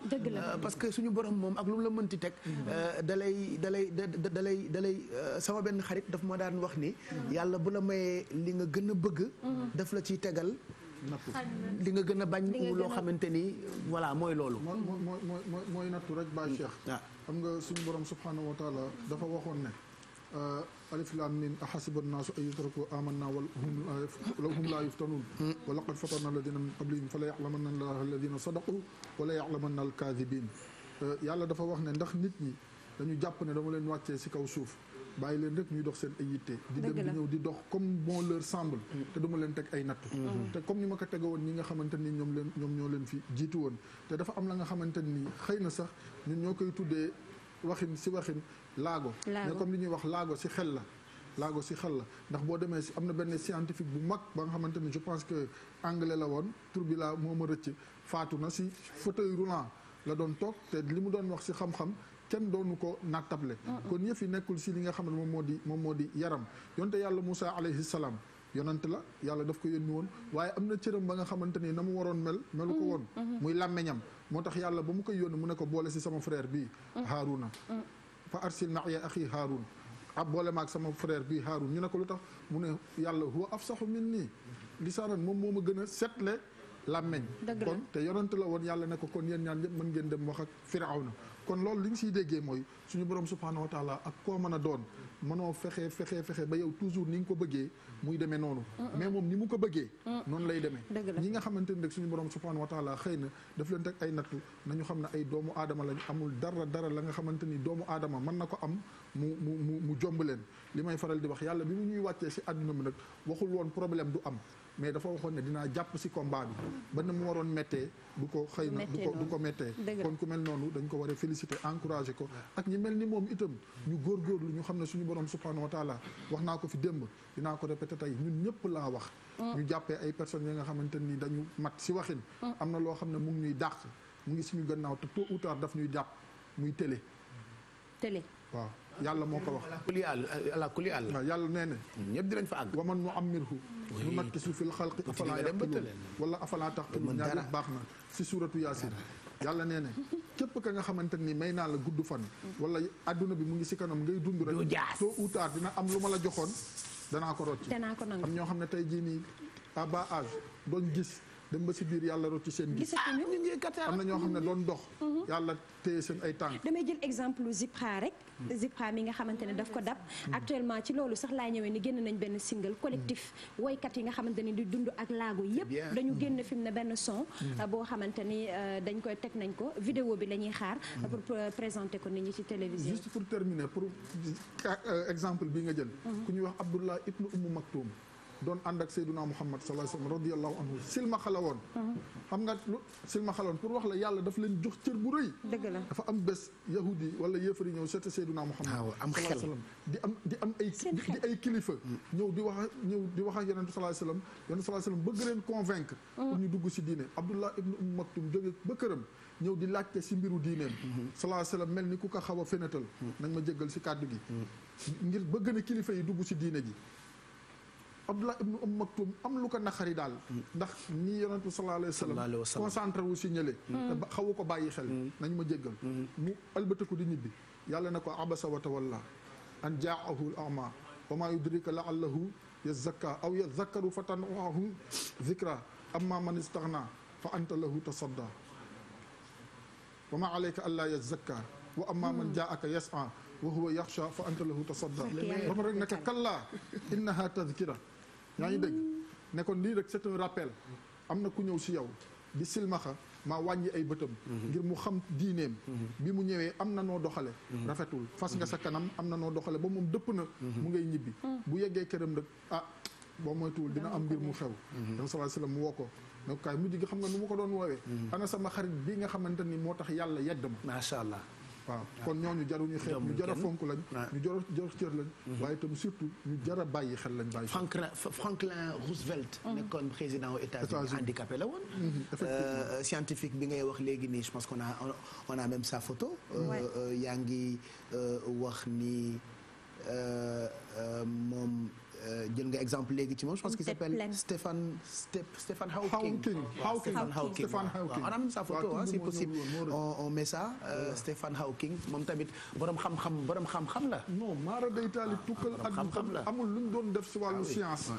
parce que suñu borom moom ak lu mu la mënti teg. Hmm. dalay dalay da lay da sama benn xarit daf ma daan wax ni. Hmm. yàlla bu la mayee li nga gën a bëgg. daf la ci tegal. di nga gën a bañ loo xamante ni voilà mooy loolu mooy mooy mooy nattu rek bàyyi cheikh ah. xam nga suñu borom subhaanahu wa taala dafa waxoon ne euh, alif laam miim ahasiba annaasu an yutraku amanna wa euh, hum laa yuftanuun hmm. wa laqad fatanna alladina min qablihim fa la yaclamanna allaha alladina sadaqu wa la yaclamanna alkaadibin euh, yàlla dafa wax ne ndax nit ñi dañu jàpp ne dama leen wàccee si kaw suuf bàyyi leen rek ñuy dox seen ay yitte di dem di ñëw di dox comme bon leur semble mm. te duma leen teg ay nattu mm-hmm. te comme ni ma ko tege woon ñi nga xamante ni ñoom leen ñoom ñoo leen fi jiitu woon te dafa am la nga xamante ni xëy na sax ñun ñoo koy tuddee waxin si waxin laago mais comme li ñuy wax laago si xel la laago si xel la ndax boo demee si am na benn scientifique bu mag ba nga xamante je pense que anglais la woon tur bi laa moo ma rëcc faatu na si fauteuil roulant la doon toog te li mu doon wax si xam kenn doonu ko nattable kon yëf yi nekkul si li nga xam ne moom moo di moom moo di yaram yonte yàlla Moussa alayhi salaam yonante la yàlla daf ko yónni woon waaye am na cëram ba nga xamante ni na mu waroon mel melu ko mm-hmm. woon mm-hmm. muy làmmeñam moo tax yàlla ba mu koy yónni mu ne ko boole si sama frère bii Haaruna fa arsil ma'iya axi Haarun ab ah, boole maag sama frère bii Haarun ñu ne ko lu tax mu ne yàlla af huwa afsahu minni lisaanan moom moo ma gën a setle làmmeñ kon te yonante la woon yàlla ne ko kon ñaan yëpp mën ngeen dem wax ak Firawna kon loolu li ñu siy déggee mooy suñu borom subhaanahu wa taala ak koo mën a doon mënoo fexe fexe fexe ba yow toujours ni nga ko bëggee muy demee noonu mais moom ni mu ko bëggee noonu lay demee ñi nga xamante ni rek suñu borom subhaanahu wa taala xëy na daf leen teg ay nattu nañu xam ne ay doomu aadama lañ amul dara dara la nga xamante ni doomu aadama mën na ko am mu mu mu mu jomb leen li may faral di wax yàlla bi mu ñuy wàccee si àdduna bi nag waxul woon problème du am mais dafa waxoon ne dinaa jàpp si combat bi ba na mu waroon mettee du ko xëy na du ko du ko méttee kon ku mel noonu dañ ko war félicité féliciter encourager ko ak ñi mel ni moom itam ñu góor góorgóorlu ñu xam ne suñu borom subhanahu wa taala wax naa ko fi démb dinaa ko répéter tey ñun ñëpp laa wax mm. ñu jàppee ay personnes yi nga xamante ni dañu mat si waxin mm. am na loo xam ne mu ngi ñuy dàq mu ngi suñu gannaaw te tôt ou tard daf ñuy jàpp muy télé télé waaw yàlla moo ko wax. kuli àll ala kuli àll. waaw yàlla nee na. ñëpp dinañ fa àgg. waman mu amirhu. nu makkisu fil xalqi afalaa yaqilun wala afalaa taqilun ñaari baax na si suuratu yaasin yàlla nee na képp ka nga xamante ni may naa la gudd fan. wala àdduna bi mu ngi si kanam ngay dund rek. du jaas tôt dina am lu ma la joxoon danaa ko rocci. danaa ko nangu am ñoo xam ne tey jii nii à bas âge doon gis. dem ba si biir yàlla rot ci seen gis ah, ah, am na ñoo xam ne doon dox mm-hmm. yàlla téye seen ay tànk damay jël exemple Zipra rek mm. Zipra mi nga xamante ne daf ko dab mm. actuellement ci loolu sax laa ñëwee ni génn nañ benn single collectif mm. woykat yi nga xamante ne di dund ak laago yépp dañu génn fi mu ne benn son boo xamante ni euh, dañ koy teg nañ ko vidéo bi la ñuy xaar pour présenter ko nit ñi ci télévision juste pour terminer pour euh, exemple bi nga jël mm-hmm. ku ñuy wax Abdullah ibnu Umm Maktoum doon ànd ak Seyduna Muhammad sallallahu alayhi wa sallam radiyallahu anhu silma xala woon xam nga lu silma xala woon pour wax la yàlla daf leen jox cër bu rëy dafa am bés yahudi wala yéefari ñëw seeta Seyduna Muhammad ah, am xel di am di am ay di ay kilifa ñëw di wax ñëw di wax ak yonente sallallahu alayhi wa sallam bëgg leen convaincre pour ñu dugg si diine Abdullah ibn Umm Maktum jóge ba këram ñëw di laajte si mbiru diineem sallallahu mel ni ku ko xaw a fenatal nañ ma jéggal si kàddu gi ngir bëgg na kilifa yi dugg si diine ji Abdullah ibnu Umm Maktum am lu ko naqari daal ndax nii yonent bi sallallahu alayhi wa sallam concentré wu si ñële mm. te xawu ko bàyyi xel mm. nañ ma jéggal mm. mu albatiku di ñibbi yàlla na ko abasa wa tawalla an jaahu al ama wa maa yudrika laallahu yazakka aw yazakkaru fa tanaahu zikra amma man istaghna fa anta lahu tasadda wa maa alayka allaa yazakka wa amma man jaaka yas'a wa huwa yaxsha fa anta lahu tasadda ba ma rek naka kallaa innaha tadkira yaa ngi dégg ne kon lii rek c'est un rappel am na ku ñëw si yow di silmaxa maa wàññi ay bëtam mhm. ngir mu xam diineem mhm. bi mu ñëwee am na noo doxale mhm. rafetul fas nga sa kanam am na noo doxale ba moom dëpp na mu ngay ñibbi mm. bu yeggee këram rek ah boo moytuwul dina am mbir mu xew dama sallallahu alayhi wasallam woo ko ne ko kaay xam nga nu ma ko doon woowee ana sama xarit bi nga xamante ni moo tax yàlla yedd ma macha allah waaw kon ñooñu jaru ñu xeeb ñu jara fonk lañ ñu jara jara cër lañ mhm. waaye itam surtout ñu jara bàyyi xel lañ bàyyi Franklin Roosevelt mhm. nekkoon président aux États-Unis handicapé la woon mhm, euh, scientifique bi ngay wax léegi nii je pense qu'on a on a même sa euh, euh, ngi wax ni mom Euh, jël nga exemple léegi ci moom je pense qu'il s'appelle Hawking Stephen Hawking on a mis photo si possible on euh, moom tamit borom xam-xam borom xam-xam la non maara day taali tukkal ah, ak amul lu ñu doon def si wàllu ah science ah.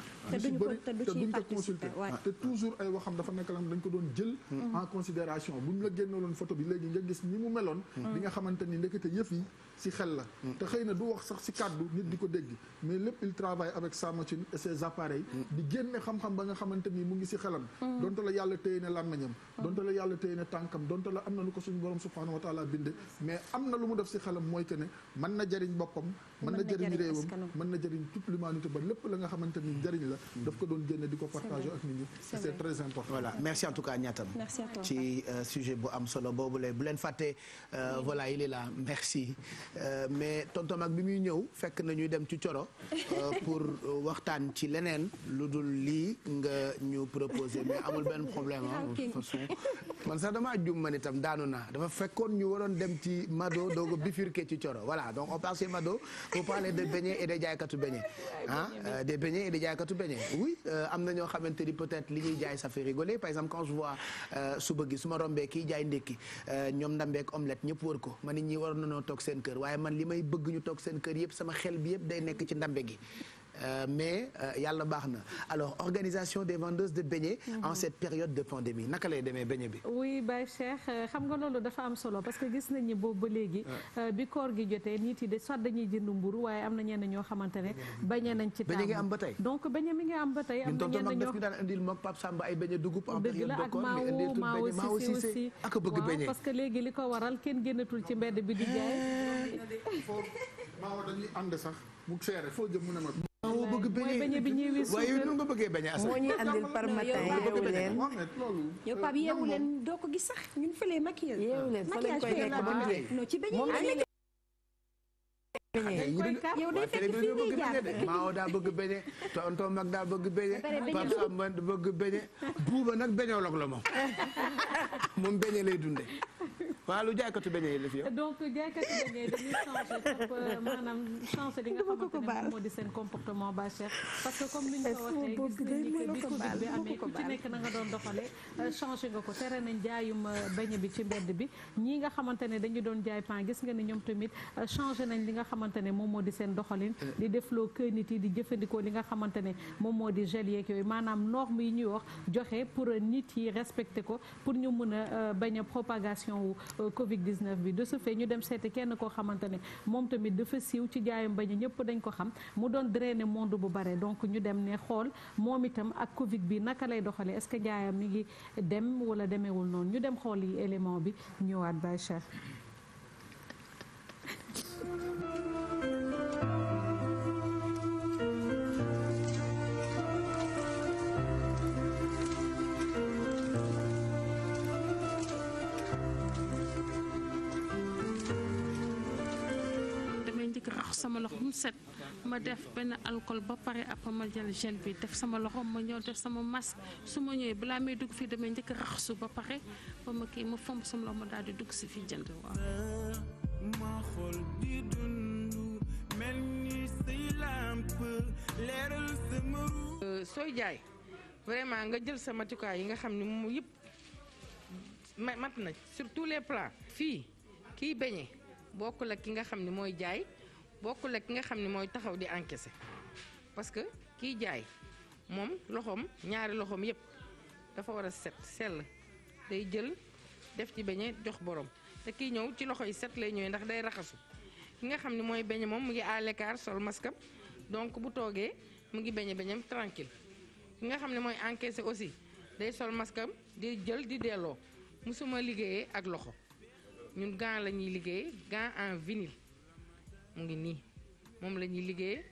te toujours ay waxam dafa nekk la dañ ko doon jël mm. en considération buñ la génneloon photo bi léegi nga gis ni mu meloon mm. li nga xamante ni ndekete yëf si xel la te xëy na du wax sax si kàddu nit di ko dégg mais lépp il travaille avec sa machine et ses appareils di génne xam-xam ba nga xamante ni mu ngi si xelam donte la yàlla téye ne làmmiñam donte la yàlla téye ne tànkam donte la am na lu ko suñu borom subhanahu wa binde mais am na lu mu def si xelam mooy que ne mën na jëriñ boppam mën na jëriñ réewam mën na jëriñ toute l'humanité ba lépp la nga xamante ni njëriñ la mm. daf ko doon génne di ko partager ak nit ñi c'est très important voilà euh, am solo boobu lay bu leen fàtte euh, voilà il est là merci Euh, mais tonton mag bi muy ñëw fekk na ñuy dem ci coro euh, pour euh, waxtaan ci leneen lu dul lii nga ñu proposé mais amul benn problème de façon man sax damaa jum man itam daanu naa dafa fekkoon ñu waroon dem ci Mado doog a bifurqué ci Coro voilà donc on passe Mado pour parler de beignets e de jaaykatu beignets ah des beignets et de jaaykatu beignets am na ñoo xamante ni peut-être li ñuy jaay ça fait rigoler par exemple quand je vois euh, suba gi su ma ki kii jaay ndékki euh, ñoom ndambeek omelette ñëpp wër ko man nit ñi waroon nañoo toog seen kër waaye man li may bëgg ñu toog seen kër yëpp sama xel bi yëpp day nekk ci ndambe gi Euh, mais euh, yàlla baax na alors organisation des vendeuses de beignets. Mhm. en cette période de pandémie naka lay demee beignet bi. oui Baye Cheikh euh, xam nga loolu dafa am solo parce que gis nañ ni boobu ba léegi. bi koor gi jotee nit yi de soit dañuy jënd mburu waaye am na ñenn ñoo xamante ne. bañe nañ ci taamu bañe ngi am ba tey. donc bañe mi ngi am ba tey. am na ñenn ñoo ñu ay bañe dugub. en période de koor mais si si ak bëgg bañe parce que léegi li ko waral kenn génnatul ci mbedd bi di jaay. foo maaw dañuy ànd sax bu seere foo jëm mu moo bëgg beñe bi ñuy wis waaye nu nga bëggee beñe asal moo ñuy andil par matin yeewu leen doo ko gis sax ñun fële maquillage yeewu leen fa lañ koy nekk ba mu non ci beñe yow day fekk fii muy jaar Mao daa bëgg beñe tonton mag la moom moom beñe lay dunde la fi yow donc jaaykatu beñe yi dañuy changer trop maanaam changer li nga xamante ne moo ba cher parce que comme ni ñu ko waxee gis nañu que bi Covid bi amee ku ci nekk na doon doxalee changer nga ko tere nañ jaayum beñe bi ci mbedd bi ñii nga xamante ne dañu doon jaay pan gis nga ni ñoom tamit changer nañ li nga xamante xamante ne moom moo di seen doxalin di defloo kër nit yi di jëfandikoo li nga xamante ne moom moo di gel yeeg yooyu maanaam norme yi ñuy wax joxe pour nit yi respecter ko pour ñu mën a euh, bañ a propagation wu euh, Covid 19 bi de ce fait ñu dem seeti kenn koo xamante ne moom tamit dafa siiw ci jaayam bañ a ñëpp dañ ko xam mu doon drainer monde bu bare donc ñu dem ne xool moom itam ak Covid bi naka lay doxalee est-ce que jaayam mi ngi dem wala demeewul noonu ñu dem xool yi élément bi ñëwaat Baye Cheikh sama loxo mu set ma def benn alcool ba pare a ma jël gel bi def sama loxo ma ñëw def sama masque su ma ñëwee balaa may dugg fii damay njëkk raxasu ba pare ba ma kii ma fomp sama loxo ma daal di dugg ci fii jënd waaw ma xol dundu mel ni say làmp leeral sama ru euh, sooy jaay vraiment nga jël sa matukaay yi nga xam ni moom yëpp mat na surtout tous les plans fii kiy beñe bokkul ak ki nga xam ni mooy jaay bokkul ak ki nga xam ni mooy taxaw di encaisser parce que kiy jaay moom loxoom ñaari loxoom yëpp dafa war a set sell day jël def ci beñe jox borom te kii ñëw ci loxo yi set lay ñëwee ndax day raxasu ki nga xam ne mooy beñe moom mu ngi à l'écart sol maskam donc bu toogee mu ngi beñe beñam tranquille ki nga xam ne mooy encaissé aussi day sol maskam di jël di delloo musuma liggéeyee ak loxo ñun gant la ñuy liggéeye gant en vinyle mu ngi nii moom la ñuy liggéeye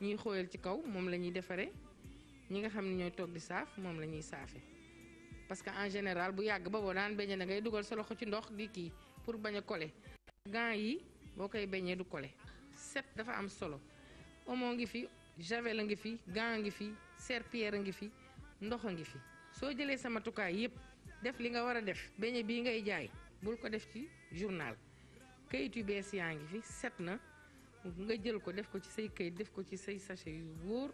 ñuy xooyal ci kaw moom la ñuy defare ñi nga xam ni ñooy toog di saaf moom la ñuy saafe parce que en général bu yàgg ba boo daan beñe da ngay dugal sa loxo ci ndox di kii pour bañ a coller gants yi boo koy bañee du coller set dafa am solo omo ngi fi javel a ngi fi gant a ngi fi serpillère a ngi fi ndox a ngi fi soo jëlee sa matukaay yépp def li nga war a def beñe bii ngay jaay bul ko def ci journal kayit yu bees yaa ngi fi set na nga jël ko def ko ci say kayit def ko ci say sachet yu wóor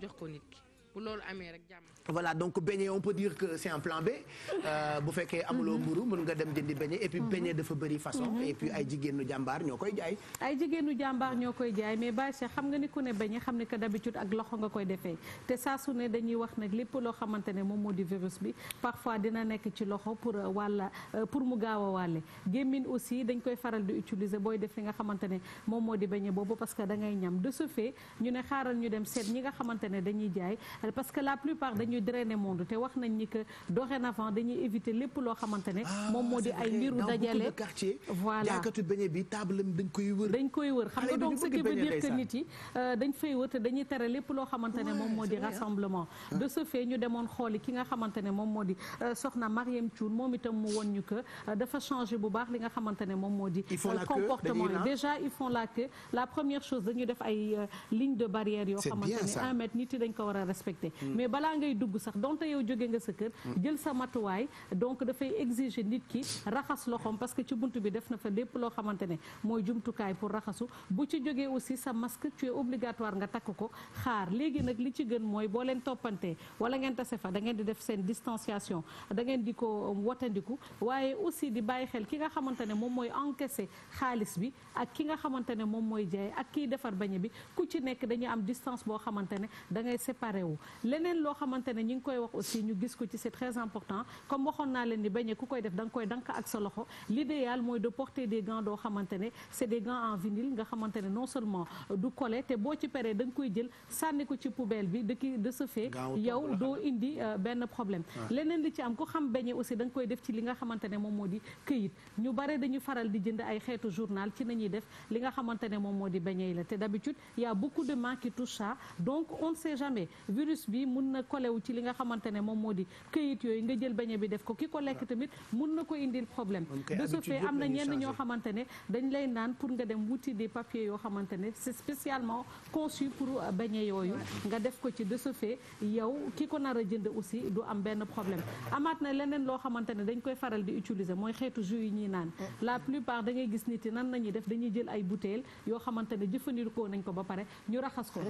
jox ko nit ki bu loolu amee rek jàmm. voilà donc beignet on peut dire que c'est un plan euh, bu fekkee amuloo mburu mën nga dem jëndi beignet et puis mhm. beignet dafa bëri façon mhm. et puis ay jigéenu jàmbaar ñoo koy jaay ay jigéenu jàmbaar ñoo koy jaay mais Baye Cheikh xam nga ni ku ne beignet xam ne que d'habitude ak loxo nga koy defee te saa su ne dañuy wax nag lépp loo xamante ne moom moo di virus bi parfois dina nekk ci loxo pour euh, walla euh, pour mu gaaw a wàlle gémmiñ aussi dañ koy faral di utiliser booy def li nga xamante ne moom moo di beignet boobu parce que da ngay ñam de ce fait ñu ne xaaral ñu dem seet ñi nga xamante ne dañuy jaay parce que la plupart dañuy drainer monde te wax nañ ni que dorénavant dañuy éviter lépp loo xamante ne ah, moom moo di ay mbiru dajale voilà jàkkatu beñe bi table dañ koy wër xam nga donc ce qui nit yi euh, ne moom moo di rassemblement de ce fait ñu demoon xooli ki nga xamante ne moom moo di euh, soxna Mariam Thioune moom itam mu woon ñu que euh, dafa changé bu baax li nga xamante moom moo di comportement yi la queue la première chose dañu def ay ligne de barrière yoo xamante un mètre nit yi ko war a respecter mais balaa ngay dugg sax donte yow jóge nga sa kër jël sa matuwaay donc dafay exiger nit ki raxas loxoom parce que ci bunt bi def na fa lépp loo xamante ne mooy jumtukaay pour raxasu bu ci jógee aussi sa masque tu es obligatoire nga takk ko xaar léegi nag li ci gën mooy boo leen toppantee wala ngeen tase fa da ngeen di def seen distanciation da ngeen di ko watandiku waaye aussi di bàyyi xel ki nga xamante ne moom mooy encaissé xaalis bi ak ki nga xamante ne moom mooy jaay ak kiy defar bañe bi ku ci nekk dañuy am distance boo xamante ne da ngay séparé wu leneen loo xamante ne ñi ngi koy wax aussi ñu gis ko ci c'est très important comme waxoon naa leen ni beñe ku koy def da nga koy dank ak sa ne c'est des gants en vinyle nga xamante ne non seulement du collé te boo ci peree da koy jël sànni ko ci poubelle bi de ki de ce fait yow doo indi euh, benn problème ah. leneen li ci am ku xam beñe aussi da koy def ci li nga xamante ne moom moo di këyit ñu bare dañu faral di jënd ay xeetu journal ci nañuy def li nga xamante ne moom moo di beñe yi la te d'habitude y a beaucoup de mains qui touchent ça donc on sait virus bi mun na kolewu ci li nga xamante ne moom moo di këyit yooyu nga jël beñe bi def ko ki ko lekk tamit mun na ko indil problème de ce am na ñenn ñoo xamante ne dañ lay naan pour nga dem wuti de papiers yoo xamante ne c'est spécialement pour euh, beñe yooyu nga def ko ci de ce yow ki ko nar a jënd aussi du am benn problème amaat na leneen loo xamante ne dañ koy faral di utilisé mooy xeetu jus yi ñuy naan la plupart da gis nit yi nan nañuy def dañuy jël ay bouteilles yoo xamante ne jëfandikoo nañ ko ba pare ñu raxas ko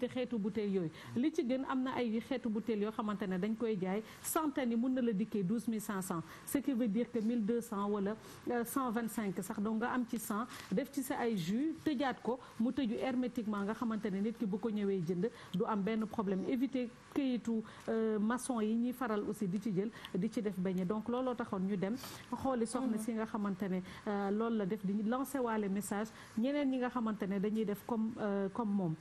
éviter xeetu bouteille yooyu li ci gën am na ay xeetu bouteille yoo xamante ne dañ koy jaay centaine yi mun na la dikkee 12500 ce qui veut dire que 1200 wala 125 euh, sax donc nga am ci cent def ci sa ay jus tëjaat ko mu tëju hermétiquement nga xamante ne nit ki bu ko ñëwee jënd du am benn problème éviter këyitu euh, maçon yi ñuy faral aussi di ci jël di ci def beñe donc looloo taxoon ñu dem xooli soxna si nga xamante ne euh, loolu la def di lancé waale message ñeneen ñi nga xamante ne dañuy def comme comme moom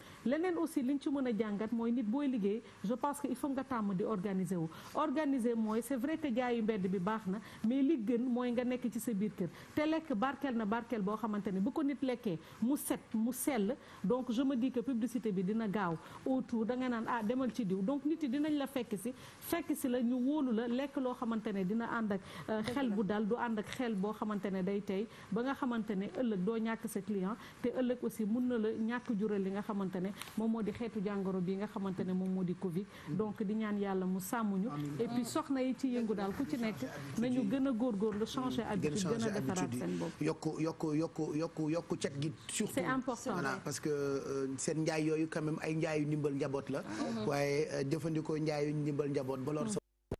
liñ ci mën a jàngat mooy nit booy liggéey je pense que il faut nga tàmm di organiser wu organiser mooy c'est vrai que jaayu mbedd bi baax na mais li gën mooy nga nekk ci sa biir kër te lekk barkeel na barkeel boo xamante ne bu ko nit lekkee mu set mu sell donc je me dis que publicité bi dina gaaw autour da nga naan ah demal ci diw donc nit yi dinañ la fekk si fekk si la ñu wóolu la lekk loo xamante ne dina ànd ak euh, xel bu dal du ànd ak xel boo xamante ne day tey ba nga xamante ne ëllëg doo ñàkk sa client nga xamante xeetu jàngoro bi nga xamante ne moom moo di Covid donc di ñaan yàlla mu sàmmuñu et puis soxna yi ci yëngu daal ku ci nekk nañu gën a góorgóorlu changer habitude gën a defaraat seen bopp yokku yokku yokku yokku cet gi surtout c'est important voilà parce que euh, seen njaay yooyu quand même ay njaayu ndimbal njaboot la ah. waaye euh, jëfandikoo njaayu ndimbal njaboot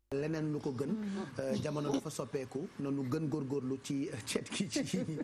leneen lu ko gën mm-hmm. euh, jamono dafa soppeeku nanu gën góorgóorlu ci euh, ceet ki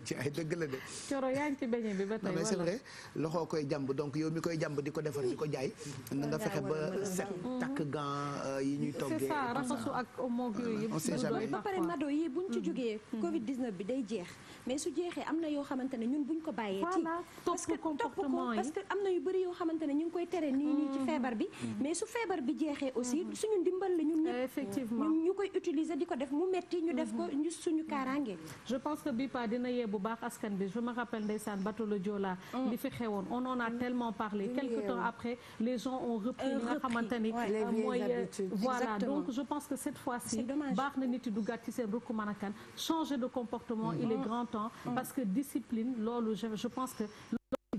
ci ay dëgg la de coro yaa ngi ci beñe bi ba tey mais c'est vrai loxoo koy jàmb donc yow mi koy jàmb di ko defar di ko jaay mm-hmm. na nga fexe ba set mm-hmm. takk gant euh, yi ñuy toggee raxasu ak omo yooyu yëpp on sait jamais ba pare mado yi buñ ci jógee covid 19 bi day jeex mais su jeexee am na yoo xamante ne ñun buñ ko bàyyee ci parce que topp ko parce que am na yu bëri yoo xamante ne ñu ngi koy tere nii nii ci feebar bi mais su feebar bi jeexee aussi suñu ndimbal la effectivement ñun ñu koy utiliser di ko def mu metti ñu def ko mhm. ñu suñu kaaraange. je pense que bi pa dina yee bu baax askan bi je me rappelle ndeysaan bateau le Joola li mm. fi xewoon on en a mm. tellement parlé quelque euh, temps après les gens ont repris li nga xamante ni euh, mooy euh, voilà donc je pense que cette fois-ci baax na nit yi duggaat ci seen rukk manakan changer de comportement il est mm. grand temps parce que discipline loolu je pense que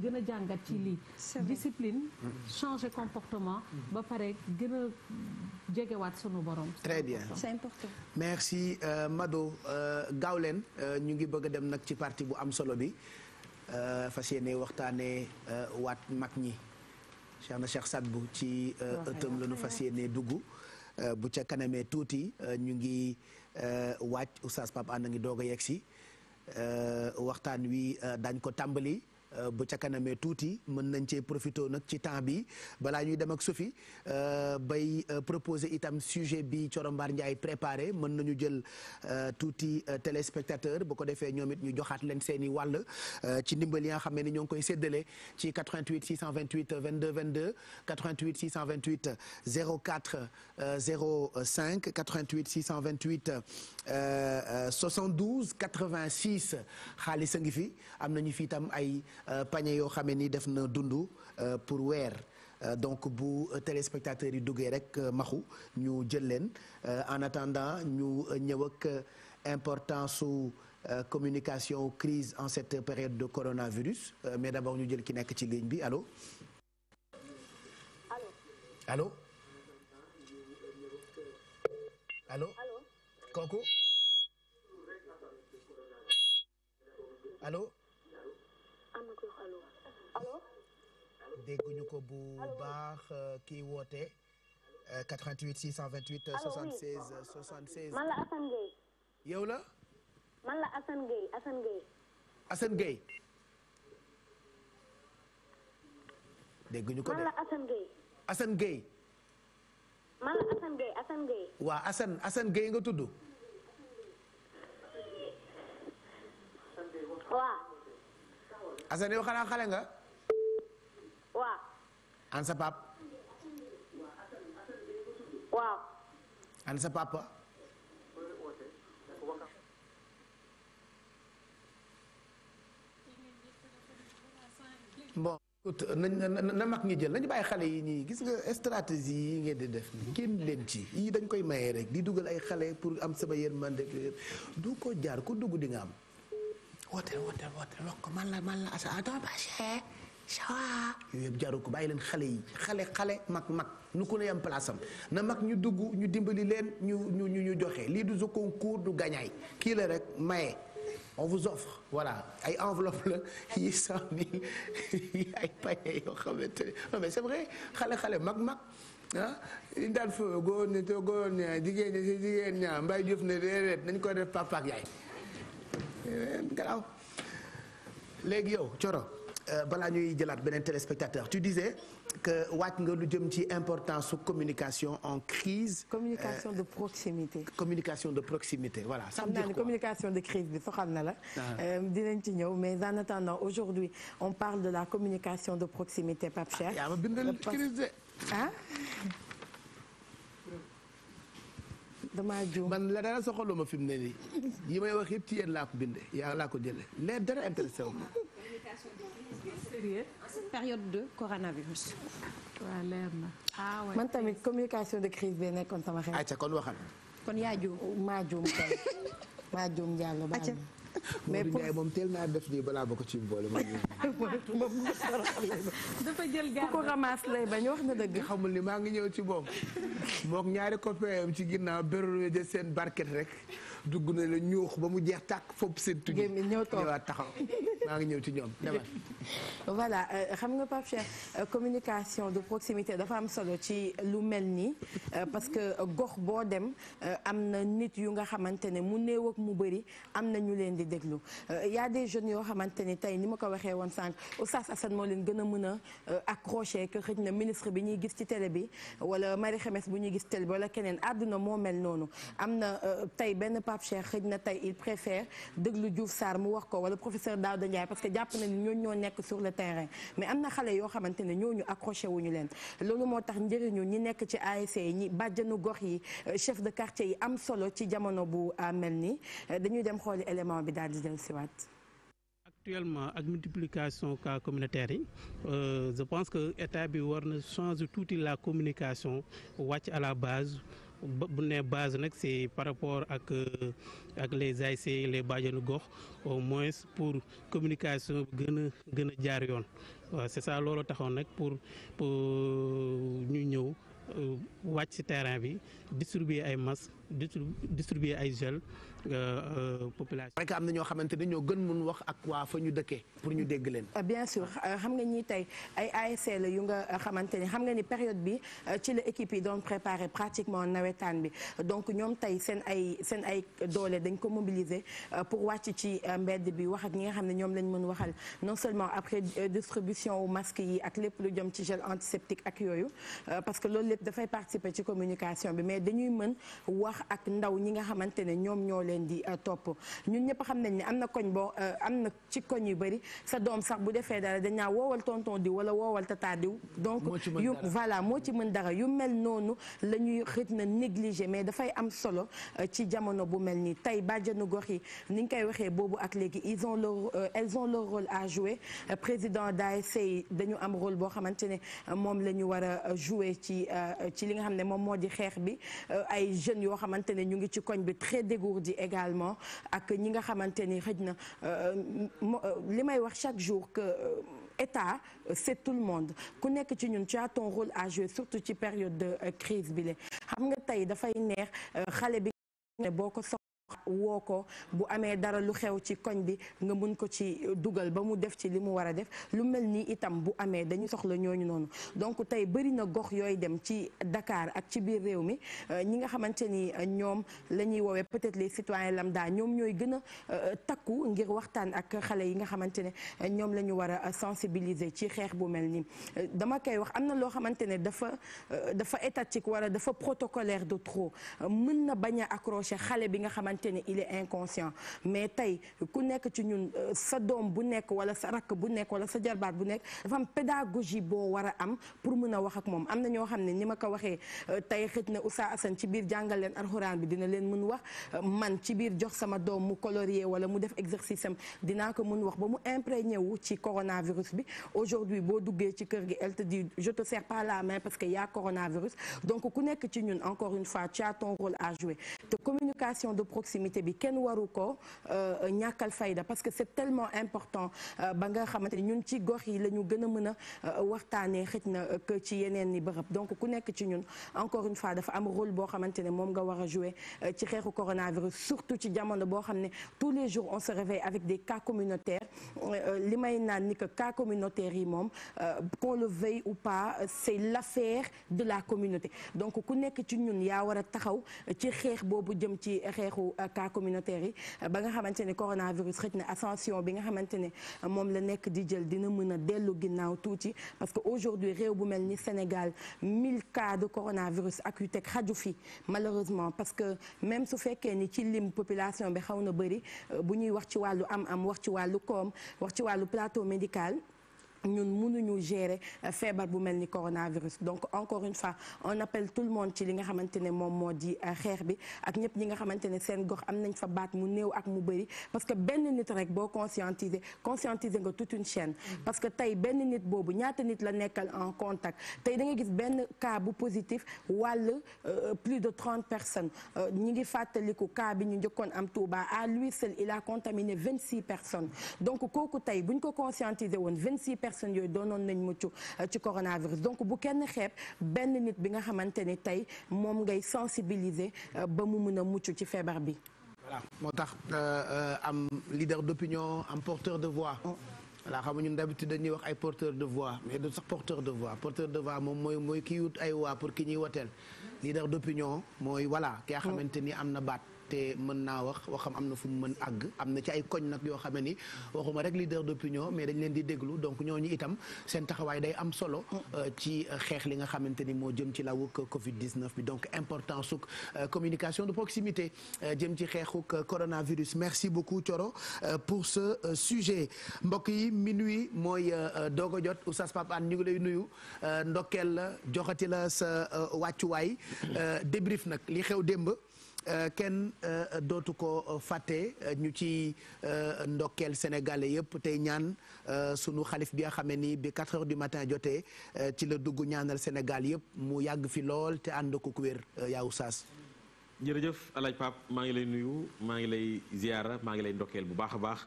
gën a jàngat ci lii discipline mm. changer comportement mm. ba pare gën jegewaat sunu borom très bien c'est important merci euh, Mado euh, gaaw leen euh, ñu ngi bëgg a dem nag ci parti bu am solo bi fas yéene waxtaane waat mag ñi Cheikh na Cheikh Sadbu ci ëttam la ñu fas yéene dugg bu ca kanamee tuuti ñu ngi waaj oustaz Pape Anne ngi doog a yegg si waxtaan wi dañ ko tàmbali Euh, bu ca kanamee tuuti mën nañ cee profité nag ci temps bi balaa ñuy dem ak Sophie euh, bay euh, proposer itam sujet bi Corombaar Ndiaye préparé mën nañu jël tuuti téléspectateur bu ko defee ñoom it ñu joxaat leen seen i wàll ci ndimbal yi nga xam ne ni ñoo ngi koy séddale ci 88 628 22 22 88 628 04 05 88 628 72 86 xaalis a ngi fi am nañu fi itam ay. Euh, pañe yoo xam ne ni def na dund euh, pour weer euh, donc bu téléspectateurs yi duggee rek maxu ñu jël leen en attendant ñu ñëw importance su communication crise en cette période de coronavirus mais d'abord ñu jël ki nekk ci ligne bi allo allo allo kooku allo amatul allo dégguñu ko bu baax euh, kii woote 88 euh, 628. Euh, allo 76 la Assane Gueye. yow dégguñu ko waa Assane Assane nga tudd. Assane yow xanaa xale nga. waaw. an sa pap. waaw. an sa papa. bon na mag ñi jël nañu bàyyi xale yi nii gis nga stratégie yi ngeen di def nii leen ci yii dañ koy maye rek di dugal ay xale pour am sama yërmande du ko jaar ko dugg di nga am wooteel wooteel wooteel wax ko man la man la asa doom Bachir sawa yooyu yëpp jaru ko bàyyi leen xale yi xale xale mag mag nu ko ne am place am na mag ñu dugg ñu dimbali leen ñu ñu ñu ñu joxe lii du concours du gañaay kii la rek maye on vous offre voilà ay enveloppe la yi cent mille yi ay paye yoo xamante ne non mais c'est vrai xale xale mag mag ah li daan fo góor ne te góor ne jigéen ne si jigéen ñaa mbay jëf ne déedéet nañ ko def papa ak yaay Eh, garaaw léegi yow Coro euh, balaa ñuy jëlaat beneen téléspectateur tu disais que wàcc nga lu jëm ci importance su communication en crise. Euh, communication de proximité. communication de proximité voilà. ça veut dire quoi communication de crise bi soxal na la. Ah. Euh, dinañ ci ñëw mais en attendant aujourd'hui on parle de la communication de proximité Pape ah, Cheikh. yaa ma bindal crise de. ah. damaa juum man la dara soxaluma fi mu ne nii yi may wax yëpp ci yéen laa ko bindee yaa laa ko jëlee dara intéressé ma. période de coronavirus. waaw ah man tamit communication de crise bi nekkoon sama xel. ayca kon waxal. kon yaa juum maa juum kay maa mais pour moom teel naa def nii balaa ba ko ci mboole ma. dafa jël gàllankoor ku ko ramasse lay bañ wax na dëgg. xamul ni maa ngi ñëw ci moom mook ñaari copain ci ginnaaw beru de seen barket rek dugg na la ñuux ba mu jeex tàkk foofu seen tuñu. gémmi ñëw taxaw. maa ngi ñëw ci ñoom voilà euh, xam nga Pape euh, communication de proximité dafa am solo ci lu mel nii euh, parce que gox boo dem am na nit yu nga xamante ne mu néew ak mu bëri am na ñu leen di déglu y a des jeunes yoo xamante ni tey ni ma ko waxee woon sànq Oustaz Assane moo leen gën a mën a accroché que xëj na ministre bi ñuy gis ci télé bi wala Marie Xemes bu ñuy gis télé bi wala keneen adduna moo mel noonu am na tey benn Pape Cheikh xëj na tey il préfère déglu Diouf Sarr mu wax ko wala professeur Daouda Ndiaye parce que jàpp nañu ñooñu ñoo nekk sur le terrain mais am na xale yoo xamante ne ñooñu accroché wuñu leen loolu moo tax njëriñu ñi nekk ci ASC ñi bàjjanu gox yi euh, chef de quartier yi am solo ci jamono bu euh, mel ni euh, dañuy dem xooli élément bi daal di del siwaat actuellement ak multiplication cas communautaire yi je pense que état bi war na change tuuti la communication wàcc à la base bu ne base nag c'est par rapport ak euh, ak les ASC les bajenu gox au moins pour communication bi gën a gën a jaar yoon waaw c'est ça loolu taxoon nag pour pour ñu ñëw euh, wàcc ci terrain bi distribuer ay masques distribuer ay gel Euh, euh, population. rek am na ñoo xamante ne ñoo gën mun wax ak waa fa ñu dëkkee pour ñu dégg leen. Euh, bien sûr xam nga ñi tey ay ASC yu nga xamante ni xam nga ni période bi ci la équipe yi doon préparer pratiquement nawetaan bi donc ñoom tey seen ay doole dañ ko mobiliser pour wàcc ci mbedd bi wax ak ñi nga xam ne ñoom lañ mën waxal non seulement après distribution wu masque yi ak lépp lu jëm ci gel antiseptique ak yooyu parce que loolu lépp dafay participer ci communication leen di euh, topp ñun ñëpp xam nañ ne am na koñ boo euh, am na ci koñ yu bëri sa doom sax bu defee dara dañaa woowal tonton diw wala woowal tata diw donc yu voilà moo ci mën dara yu mel noonu la ñuy xëj na négligé mais dafay am solo euh, ci jamono bu mel nii tey bàjjanu gox yi ni koy waxee boobu ak léegi ils ont leur elles ont leur rôle à jouer dañu am rôle boo xamante ne moom la ñu a jouer ci ci li nga xam ne moom moo di xeex bi ay jeunes yoo xamante ne ñu ngi ci koñ bi très dégourdi également ak ñi nga xamante ni xëj na euh, euh, li may wax chaque jour que euh, état c'est tout le monde ku nekk ci ñun tu as ton rôle à jouer surtout ci période de crise bi la nga tey dafay neex xale bi boo woo ko bu amee dara lu xew ci koñ bi nga mën ko ci dugal ba mu def ci li mu war a def lu mel nii itam bu amee dañu soxla ñooñu noonu donc tey bëri na gox yooyu dem ci dakaar ak ci biir réew mi euh, ñi nga xamante ni euh, ñoom la ñuy woowee peut-être les citoyens lambda ñoom ñooy gën a euh, takku ngir waxtaan ak xale yi nga xamante ne ñoom la ñu war a sensibiliser ci xeex bu mel nii dama koy wax am na loo xamante ne dafa dafa étatique wala dafa protocolaire de trop mën na bañ a xale bi nga xamante xamante ne il est inconscient mais tey ku nekk ci ñun euh, sa doom bu nekk wala sa rakk bu nekk wala sa jarbaat bu nekk dafa am pédagogie boo war am pour mun a wax ak moom am na ñoo xam ne ni ma ko waxee euh, tey xëj na Oustaz Assane ci biir jàngal leen alxuraan bi dina leen mun wax euh, man ci biir jox sama doom mu colorier wala mu def exercice am dinaa ko mun wax ba mu imprégné wu ci coronavirus bi aujourd'hui boo duggee ci kër gi elle di dit je te serre pas la main parce que y nekk ci ñun encore une proximité bi kenn waru ko euh, ñàkkal fayda parce que c'est tellement important euh, ba nga xamante ni ñun ci gox yi la ñu gën a mën a euh, waxtaanee xëj na que ci yeneen ni bërëb donc ku nekk ci ñun encore une fois dafa am rôle boo xamante ne moom nga war a jouer ci xeexu coronavirus surtout ci jamono boo xam ne tous les jours on se réveille li may naan ni que cas communautaires yi moom qu'on le veuille ou pas la communauté donc ku yaa war a taxaw ci xeex boobu jëm ci xeexu Euh, cas communautaire yi euh, ba nga xamante ne coronavirus xëj na ascension bi nga xamante ne euh, moom la nekk di jël dina mën a dellu ginnaaw tuuti parce que aujourd'hui réew bu mel ni Sénégal 1000 cas de coronavirus acquis teg xaju fi malheureusement parce que même su fekkee ni ci lim population bi xaw na bëri bu ñuy wax ci wàllu am-am wax ci wàllu koom wax ci wàllu plateau médical ñun mënuñu gérer euh, feebar bu mel ni coronavirus donc encore une fois on appelle tout le monde ci li nga xamante ne moom moo di euh, xeex bi ak ñëpp ñi nga xamante ne seen gox am nañ fa baat mu néew ak mu bëri parce que benn nit rek boo conscientiser conscientiser nga tout une chaine mm-hmm. parce que tey benn nit boobu ñaata nit la nekkal en contact tey da nga gis benn cas bu positif wàll euh, plus de trente personnes ñi ngi fàttaliku cas bi ñu njëkkoon am Touba à lui seul il a contaminé vingt six personnes donc kooku tey buñ ko conscientiser woon vingt six personnes yooyu doonoon nañ mucc euh, ci coronavirus donc bu kenn xeeb benn nit bi nga xamante ni tey moom ngay sensibiliser euh, ba mu mun a mucc ci feebar bi. voilà moo tax euh, am leader d'opinion am porteur de voix. Oh. voilà xam nga ñun d'habitude dañuy wax ay porteur de voix mais du sax porteur de voix porteur de voix moom mooy mooy kii wut ay voix pour ki ñuy woteel leader d'opinion mooy voilà. ki nga oh. xamante ni am na baat. te mën naa wax waxam am na fu mu mën àgg am na ci ay koñ nag yoo xam ne ni waxuma rek leader d'opinion mais dañ leen di déglu donc ñooñu itam seen taxawaay day am solo mm. euh, ci xeex li nga xamante ni moo jëm ci lawuk Covid 19 bi donc important suk euh, communication de proximité euh, jëm ci xeexuk coronavirus merci beaucoup Thioro pour ce mbokk yi minuit mooy doog a jot Oustaz Pape ñu ngi lay nuyu ndokkeel la joxati la sa wàccuwaay débrief nag li xew démb Euh, kenn euh, dootu ko euh, fàtte ñu ci ndokkeel sénégalais yëpp tey ñaan sunu xalif bi nga xamee ni bi 4 heures du matin jotee ci la dugg ñaanal Sénégal yëpp mu yàgg fi lool te ànd ko ku wér yaa Oustaz. jërëjëf El Hadj maa ngi lay nuyu maa ngi lay ziyaara maa ngi lay ndokkeel bu baax a baax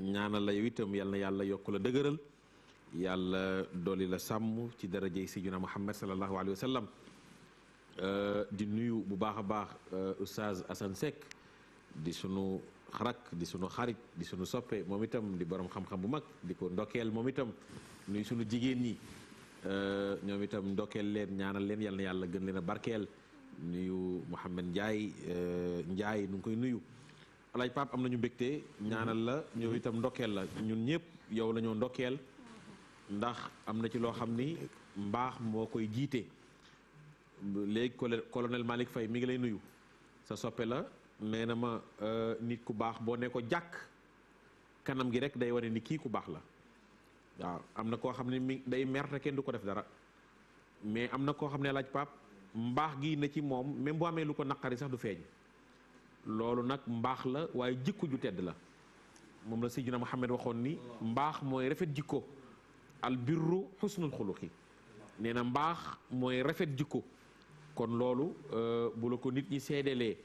ñaanal la yow itam yal na yàlla yokk la dëgëral yàlla dooli la sàmm ci darajey Sayyidina Muhammad sallallahu alayhi wa sallam. Euh, di nuyu bu baax a baax euh, Oustaz Assane Seck di sunu xarak di sunu xarit di sunu soppe moom itam di borom xam-xam bu mag di ko ndokkeel moom itam nuyu sunu jigéen ñi euh, ñoom itam ndokkeel leen ñaanal leen yal yàlla gën leen a barkeel nuyu Mouhamed Ndiaye Ndiaye nu ngi koy nuyu alaaj Pape am nañu mbégte ñaanal la ñoom itam ndokkeel la ñun ñëpp yow la ñoo ndokkeel ndax am na ci loo xam ni mbaax moo koy jiite léegi colonel Malick fay mu ngi lay nuyu sa soppe la nee na ma euh, nit ku baax boo ne ko jàkk kanam gi rek day wane ni kii ku baax la waaw am na koo xam ne mi day mer kenn du ko def dara mais am na koo xam ne laaj pap mbaax gi na ci moom même boo amee lu ko naqari sax du feeñ loolu nag mbaax la waaye jikko ju tedd la moom la na Seydina Muhammad waxoon ni mbaax mooy rafet jikko al birru xusnul nee na mbaax mooy rafet jikko kon loolu euh, bu la ko nit ñi seedelee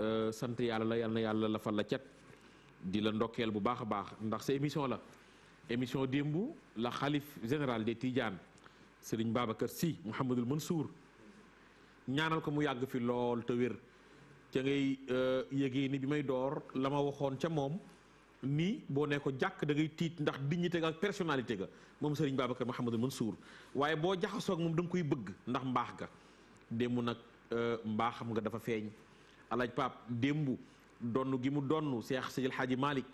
euh, sant yàlla la yal na yàlla la fa la cat di la ndokkeel bu baax a baax ndax sa émission la émission démb la xalif général des Tidiane si Babacar Sy Mouhamadul suur ñaanal ko mu yàgg fi lool te wér ca ngay euh, yëgee ni bi may door la ma waxoon ca moom nii boo ne ko jàkk da ngay tiit ndax dignité ga ak personnalité ga moom Serigne Babacar Mouhamadul suur waaye boo jaxasoo ak moom da koy bëgg ndax mbaax ga démb nag euh, mbaaxam nga dafa feeñ alaaj Pape démb donn gi mu donn Cheikh Seydil Hadji Malick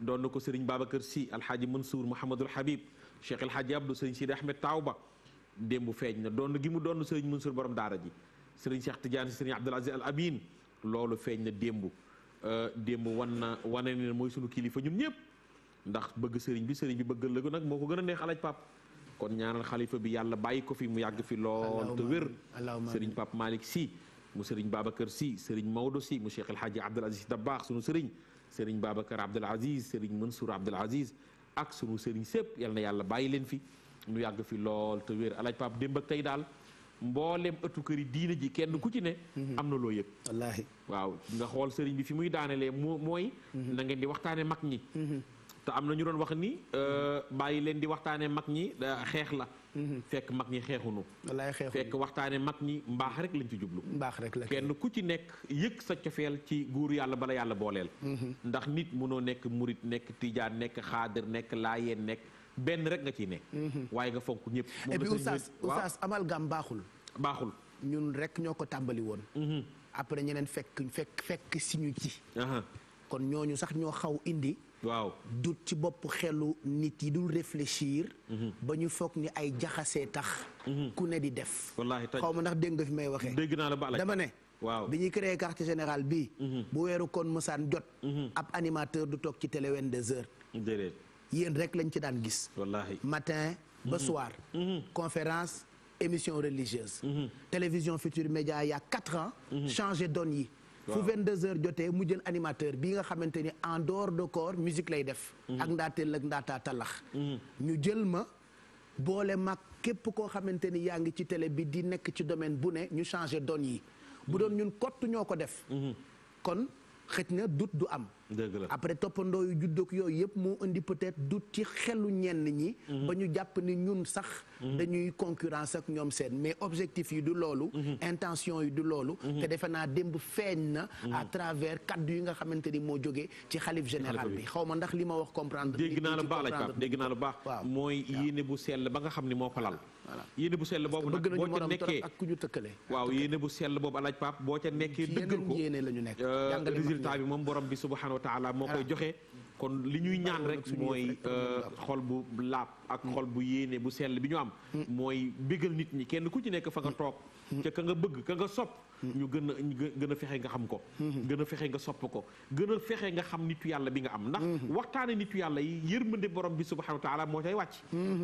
donn ko Serigne Babacar Sy alhaaji Mansour Mouhamadul Habib Cheikh El Hadji Abdou Serigne Sidi Ahmed ba démb feeñ na donn gi mu donn Serigne Mansour borom daara ji sëriñ Cheikh Tidiane si Serigne Abdoul Aziz Al Amin loolu feeñ na démb euh, démb wan na wane ne mooy sunu kilifa ñun ñëpp ndax bëgg Serigne bi Serigne bi bëggal la ko nag moo ko gën a neex alaaj Pape kon ñaanal xalifa bi yàlla bàyyi ko fi mu yàgg fi lool te wér sëriñ Pape Malick Sy mu sëriñ Babacar Sy sëriñ Maodo Sy mu Cheikh El Hadji Abdoul Aziz Dabakh sunu sëriñ sëriñ Babacar Abdoul sëriñ Mansour Abdoul ak sunu sëriñ sépp yàlla bàyyi leen fi nu yàgg fi lool te wér alaaj Pape démb ak tey daal mboolem ëttu këri ji kenn ku ci ne mhm. am na loo yëg wallaahi waaw nga xool sëriñ bi fi muy daanelee moo mooy mhm. na di waxtaane mag ñi mhm. te am na ñu doon wax ni euh, bàyyi leen di waxtaanee mag ñi xeex la. Mm-hmm. fekk mag ñi xeexu wallaay xeexunu fekk waxtaanee mag ñi mbaax rek lañ ci jublu. mbaax rek la kenn ku ci nekk yëg sa cofeel ci góor yàlla bala yàlla booleel. Mm-hmm. ndax nit mënoo nekk murit nekk tiijaan nekk xaadir nekk laayeen nekk benn rek nga ciy ne mm-hmm. waaye nga fonk ñëpp. moom et puis oustaz baaxul. baaxul ñun rek ñoo ko tàmbali woon. après ñeneen fekk fekk fekk si ñu ci. kon ñooñu sax ñoo xaw indi. waaw du ci bopp xelu nit yi dul réfléchir. Mhm. ba ñu foog ni ay jaxasee tax. Mhm. ku ne di def. wallaahi xaw ma ndax dégg nga fi may waxee. dégg naa la ba dama ne. waaw bi ñuy créé quartier général bii. Mhm. bu weeru kon mosaan jot. ab animateur du toog ci télé wenn des heures. rek lañ ci daan gis. wallaahi matin ba soir. conférence émission religieuse. télévision Futur Média ya y a quatre ans. changé donne yi. fu deux h jotee mu jël animateur bi nga xamante ni en dehors de corps musique lay def. Mhm. ak ndaateel ak ndaataa talax. Mhm. ñu jël ma boole mag képp koo xamante ni yaa ngi ci tele bi di nekk ci domaine bu ne ñu changé donne yi. bu doon mhm. ñun kott ñoo ko def. kon xëj na dut du am. dëgg après toppandoo yu juddoog yooyu yëpp moo indi peut-être doute ci xelu ñenn ñi. Mhm. ba ñu jàpp ni ñun sax. Mhm. dañuy concurrence ak ñoom seen mais objectif yi du loolu. Mhm. intention yi du loolu. te defe naa démb feeñ na. à travers kaddu yi nga xamante ni moo jógee ci xalif général bi xaw ma ndax li ma wax comprendre. dégg naa la baax la dégg naa la baax. mooy yéene bu sell ba nga xam ni moo ko lal. voilà yéene bu sell boobu nag boo ca nekkee ak ku ñu tëkkale waaw yéene bu sell boobu alaaj Pape boo ca nekkee dëggal ko yéene la ñu nekk euh, résultat bi moom borom bi subhanahu wa taala moo koy joxe kon li ñuy ñaan rek mooy euh, xol bu laab ak xol bu yéene bu sell bi ñu am hmm. mooy bégal nit ñi kenn ku ci nekk fa nga hmm. toog hmm. ca ka nga bëgg ka nga sopp ñu gën a gën a fexe nga xam ko gën a fexe nga sopp ko gën a fexe nga xam nitu yàlla bi nga am ndax waxtaane nitu yàlla yi yërmande borom bi subhanahu wa taala moo tay wàcc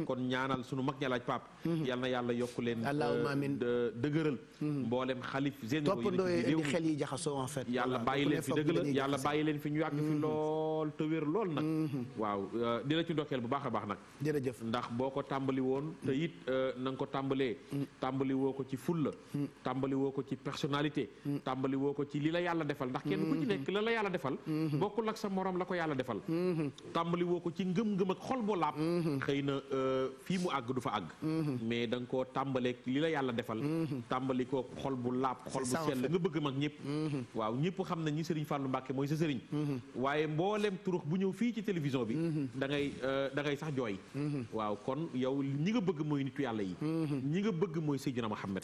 kon ñaanal sunu mag ñalaaj pap yal na yàlla yokku leen allahumma euh, amin dëgëral mboolem xalif généraux yi di xel yi jaxasoo en yàlla bàyyi leen fi la yàlla bàyyi leen fi ñu yàgg fi mm-hmm. lool te wér lool nag mm-hmm. waaw euh, dina ci ndokkeel bu baax a baax nag ndax boo ko tàmbali woon te it euh, na nga ko tàmbalee mm. tàmbali woo ko ci fulla mm. tàmbali woo personnalité mm. tàmbali woo ko ci li la yàlla defal ndax kenn ku mm-hmm. nekk la la yàlla defal mm-hmm. bokkul ak sa morom la ko yàlla defal mm-hmm. tàmbali woo ko ci ngëm-ngëm xol bu laab xëy na euh, fii mu àgg du fa àgg mais da nga koo li la yàlla defal tàmbali koo xol bu laab xol bu sell nga bëgg mag ñëpp waaw ñëpp na ñi sëriñ Fallou Mbacke mooy sa sëriñ waaye mboolem turux bu ñëw fii ci bi da ngay euh, da ngay sax jooy waaw kon yow ñi nga bëgg mooy nitu yàlla yi Muhammad